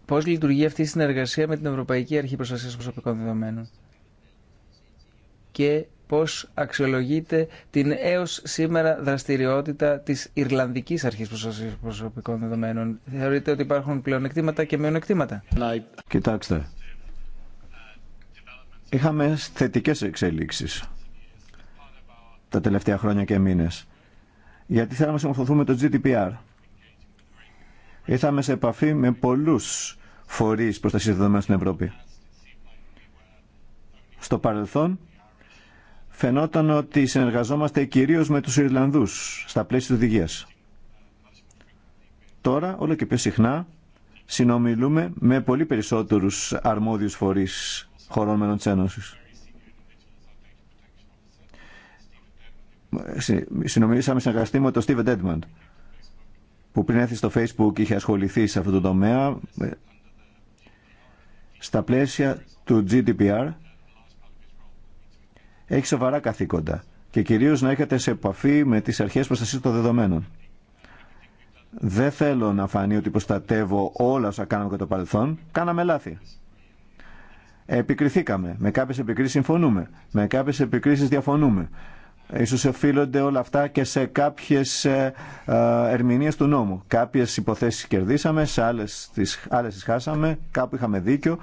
Πώς λειτουργεί αυτή η συνεργασία με την Ευρωπαϊκή Αρχή Προστασίας Προσωπικών Δεδομένων και πώς αξιολογείται την έως σήμερα δραστηριότητα της Ιρλανδικής Αρχής Προστασίας Προσωπικών Δεδομένων. Θεωρείτε ότι υπάρχουν πλεονεκτήματα και μειονεκτήματα. Κοιτάξτε, είχαμε θετικές εξελίξεις τα τελευταία χρόνια και μήνες. Γιατί θέλαμε να συμμορφωθούμε το GDPR. Ήρθαμε σε επαφή με πολλούς φορείς προστασίας δεδομένων στην Ευρώπη. Στο παρελθόν φαινόταν ότι συνεργαζόμαστε κυρίως με τους Ιρλανδούς στα πλαίσια του οδηγίας. Τώρα, όλο και πιο συχνά, συνομιλούμε με πολύ περισσότερους αρμόδιους φορείς χωρών μελών της Ένωσης. Συνομιλήσαμε συνεργαστή με τον Στίβεν Τέντμαντ που πριν έρθει στο Facebook είχε ασχοληθεί σε αυτό το τομέα ε, στα πλαίσια του GDPR έχει σοβαρά καθήκοντα και κυρίως να έχετε σε επαφή με τις αρχές προστασίας των δεδομένων. Δεν θέλω να φανεί ότι προστατεύω όλα όσα κάναμε κατά το παρελθόν. Κάναμε λάθη. Επικριθήκαμε. Με κάποιες επικρίσεις συμφωνούμε. Με κάποιες επικρίσεις διαφωνούμε. Ίσως οφείλονται όλα αυτά και σε κάποιες ε, ε, ερμηνείες του νόμου. Κάποιες υποθέσεις κερδίσαμε, σε άλλες τις, άλλες χάσαμε, κάπου είχαμε δίκιο,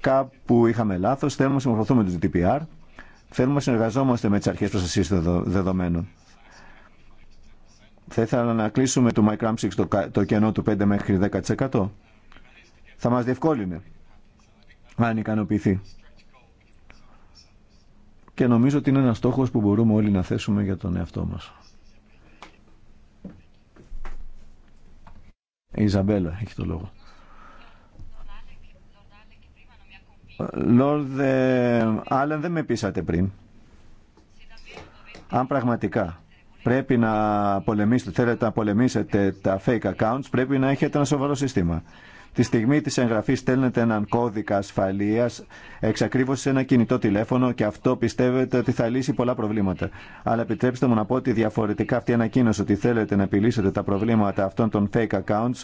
κάπου είχαμε λάθος. Θέλουμε να συμμορφωθούμε το GDPR. θέλουμε να συνεργαζόμαστε με τις αρχές προστασίας δεδομένων. Θα ήθελα να κλείσουμε το MyCrump το, το κενό του 5 μέχρι 10%. Θα μας διευκόλυνε αν ικανοποιηθεί και νομίζω ότι είναι ένας στόχος που μπορούμε όλοι να θέσουμε για τον εαυτό μας. Η Ιζαμπέλα έχει το λόγο. Λόρδε Άλεν δεν με πείσατε πριν. Αν πραγματικά πρέπει να πολεμήσετε, θέλετε να πολεμήσετε τα fake accounts, πρέπει να έχετε ένα σοβαρό σύστημα. Τη στιγμή τη εγγραφή στέλνετε έναν κώδικα ασφαλεία, εξακρίβωση σε ένα κινητό τηλέφωνο και αυτό πιστεύετε ότι θα λύσει πολλά προβλήματα. Αλλά επιτρέψτε μου να πω ότι διαφορετικά αυτή η ανακοίνωση ότι θέλετε να επιλύσετε τα προβλήματα αυτών των fake accounts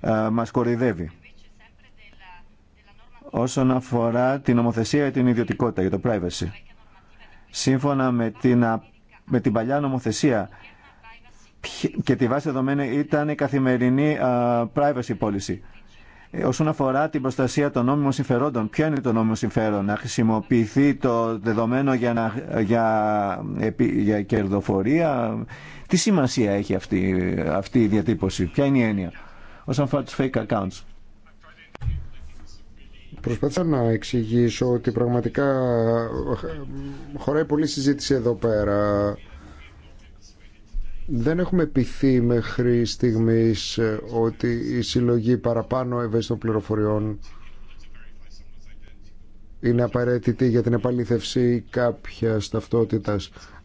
ε, μας κορυδεύει. Όσον αφορά την νομοθεσία ή την ιδιωτικότητα για το privacy. Σύμφωνα με την, με την παλιά νομοθεσία και τη βάση δεδομένη ήταν η καθημερινή ε, privacy policy όσον αφορά την προστασία των νόμιμων συμφερόντων, ποιο είναι το νόμιμο συμφέρον, να χρησιμοποιηθεί το δεδομένο για, να, για, για κερδοφορία. Τι σημασία έχει αυτή, αυτή η διατύπωση, ποια είναι η έννοια όσον αφορά τους fake accounts. Προσπάθησα να εξηγήσω ότι πραγματικά χωράει πολλή συζήτηση εδώ πέρα δεν έχουμε πειθεί μέχρι στιγμής ε, ότι η συλλογή παραπάνω ευαίσθητων πληροφοριών είναι απαραίτητη για την επαλήθευση κάποια ταυτότητα.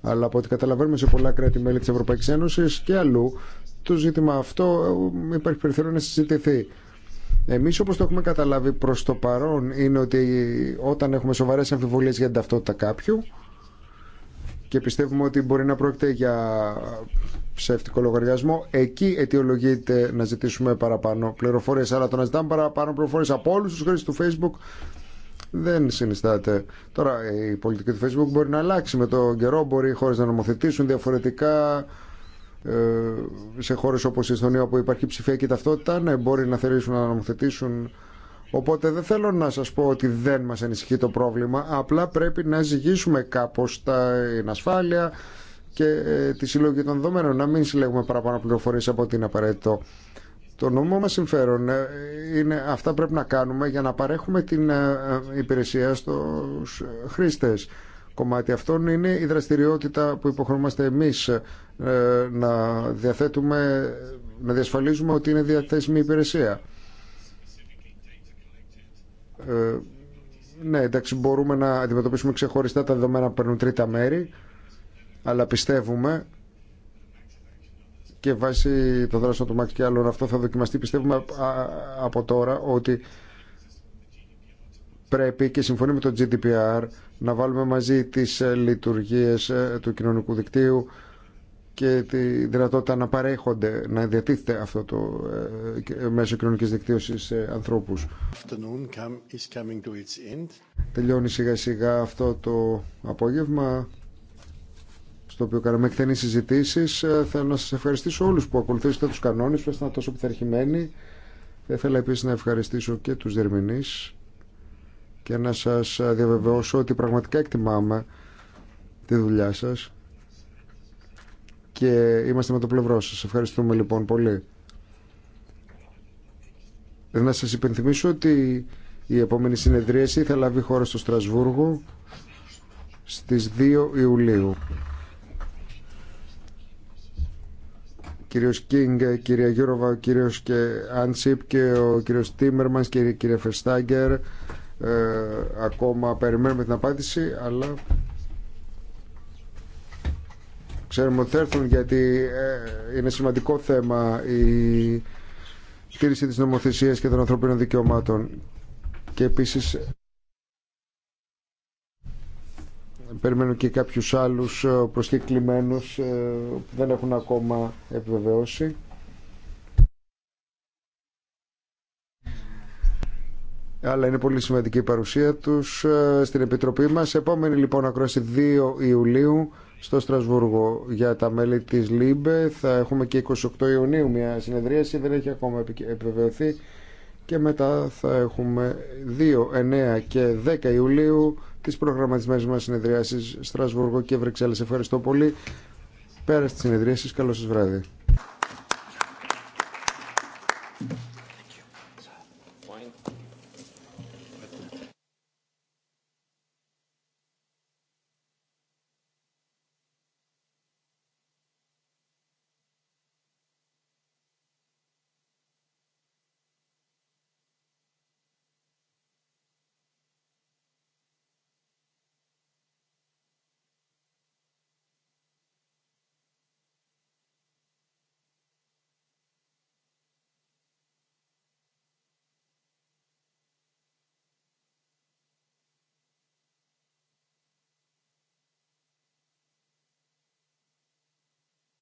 Αλλά από ό,τι καταλαβαίνουμε σε πολλά κράτη-μέλη τη Ευρωπαϊκή Ένωση και αλλού, το ζήτημα αυτό ε, υπάρχει περιθώριο να συζητηθεί. Εμεί, όπω το έχουμε καταλάβει προ το παρόν, είναι ότι όταν έχουμε σοβαρέ αμφιβολίε για την ταυτότητα κάποιου, και πιστεύουμε ότι μπορεί να πρόκειται για ψεύτικο λογαριασμό. Εκεί αιτιολογείται να ζητήσουμε παραπάνω πληροφορίε. Αλλά το να ζητάμε παραπάνω πληροφορίε από όλου του χρήστε του Facebook δεν συνιστάται. Τώρα η πολιτική του Facebook μπορεί να αλλάξει με τον καιρό, μπορεί οι χώρε να νομοθετήσουν διαφορετικά ε, σε χώρε όπω η Εστονία όπου υπάρχει ψηφιακή ταυτότητα, ναι, μπορεί να θελήσουν να νομοθετήσουν Οπότε δεν θέλω να σας πω ότι δεν μας ανησυχεί το πρόβλημα, απλά πρέπει να ζυγίσουμε κάπως τα ασφάλεια και ε, τη συλλογή των δεδομένων, να μην συλλέγουμε παραπάνω πληροφορίες από ό,τι είναι απαραίτητο. Το νομό μας συμφέρον ε, είναι αυτά πρέπει να κάνουμε για να παρέχουμε την ε, υπηρεσία στους χρήστες. Κομμάτι αυτών είναι η δραστηριότητα που υποχρεούμαστε εμείς να διαθέτουμε, να διασφαλίζουμε ότι είναι διαθέσιμη υπηρεσία. Ε, ναι, εντάξει, μπορούμε να αντιμετωπίσουμε ξεχωριστά τα δεδομένα που παίρνουν τρίτα μέρη, αλλά πιστεύουμε και βάσει το δράσμα του Μαξ και άλλων αυτό θα δοκιμαστεί, πιστεύουμε από τώρα ότι πρέπει και συμφωνεί με το GDPR να βάλουμε μαζί τις ε, λειτουργίες ε, του κοινωνικού δικτύου, και τη δυνατότητα να παρέχονται, να διατίθεται αυτό το ε, ε μέσο κοινωνική δικτύωση σε ανθρώπου. Τελειώνει σιγά σιγά αυτό το απόγευμα στο οποίο κάναμε εκτενεί συζητήσει. Ε, θέλω να σα ευχαριστήσω όλου που ακολουθήσατε του κανόνε, που ήσασταν τόσο πειθαρχημένοι. Θα ήθελα επίση να ευχαριστήσω και του δερμηνεί και να σα διαβεβαιώσω ότι πραγματικά εκτιμάμε τη δουλειά σας και είμαστε με το πλευρό σας. Ευχαριστούμε λοιπόν πολύ. Να σας υπενθυμίσω ότι η επόμενη συνεδρίαση θα λάβει χώρα στο Στρασβούργο στις 2 Ιουλίου. Κύριος Κίνγκ, κυρία Γιώροβα, κύριος και Άντσιπ και ο κύριος Τίμερμανς και Φερστάγκερ Φεστάγκερ ακόμα περιμένουμε την απάντηση αλλά Ξέρουμε ότι θα έρθουν γιατί ε, είναι σημαντικό θέμα η στήριξη της νομοθεσίας και των ανθρωπίνων δικαιωμάτων. Και επίσης περιμένω και κάποιους άλλους ε, προσκεκλημένους ε, που δεν έχουν ακόμα επιβεβαιώσει. αλλά είναι πολύ σημαντική η παρουσία τους στην Επιτροπή μας. Επόμενη λοιπόν ακρόαση 2 Ιουλίου στο Στρασβούργο για τα μέλη της ΛΥΜΠΕ. Θα έχουμε και 28 Ιουνίου μια συνεδρίαση, δεν έχει ακόμα επιβεβαιωθεί. Και μετά θα έχουμε 2, 9 και 10 Ιουλίου τις προγραμματισμένες μας συνεδριάσεις Στρασβούργο και Βρυξέλλες. Ευχαριστώ πολύ. Πέρα στις συνεδρίασεις. Καλό σας βράδυ.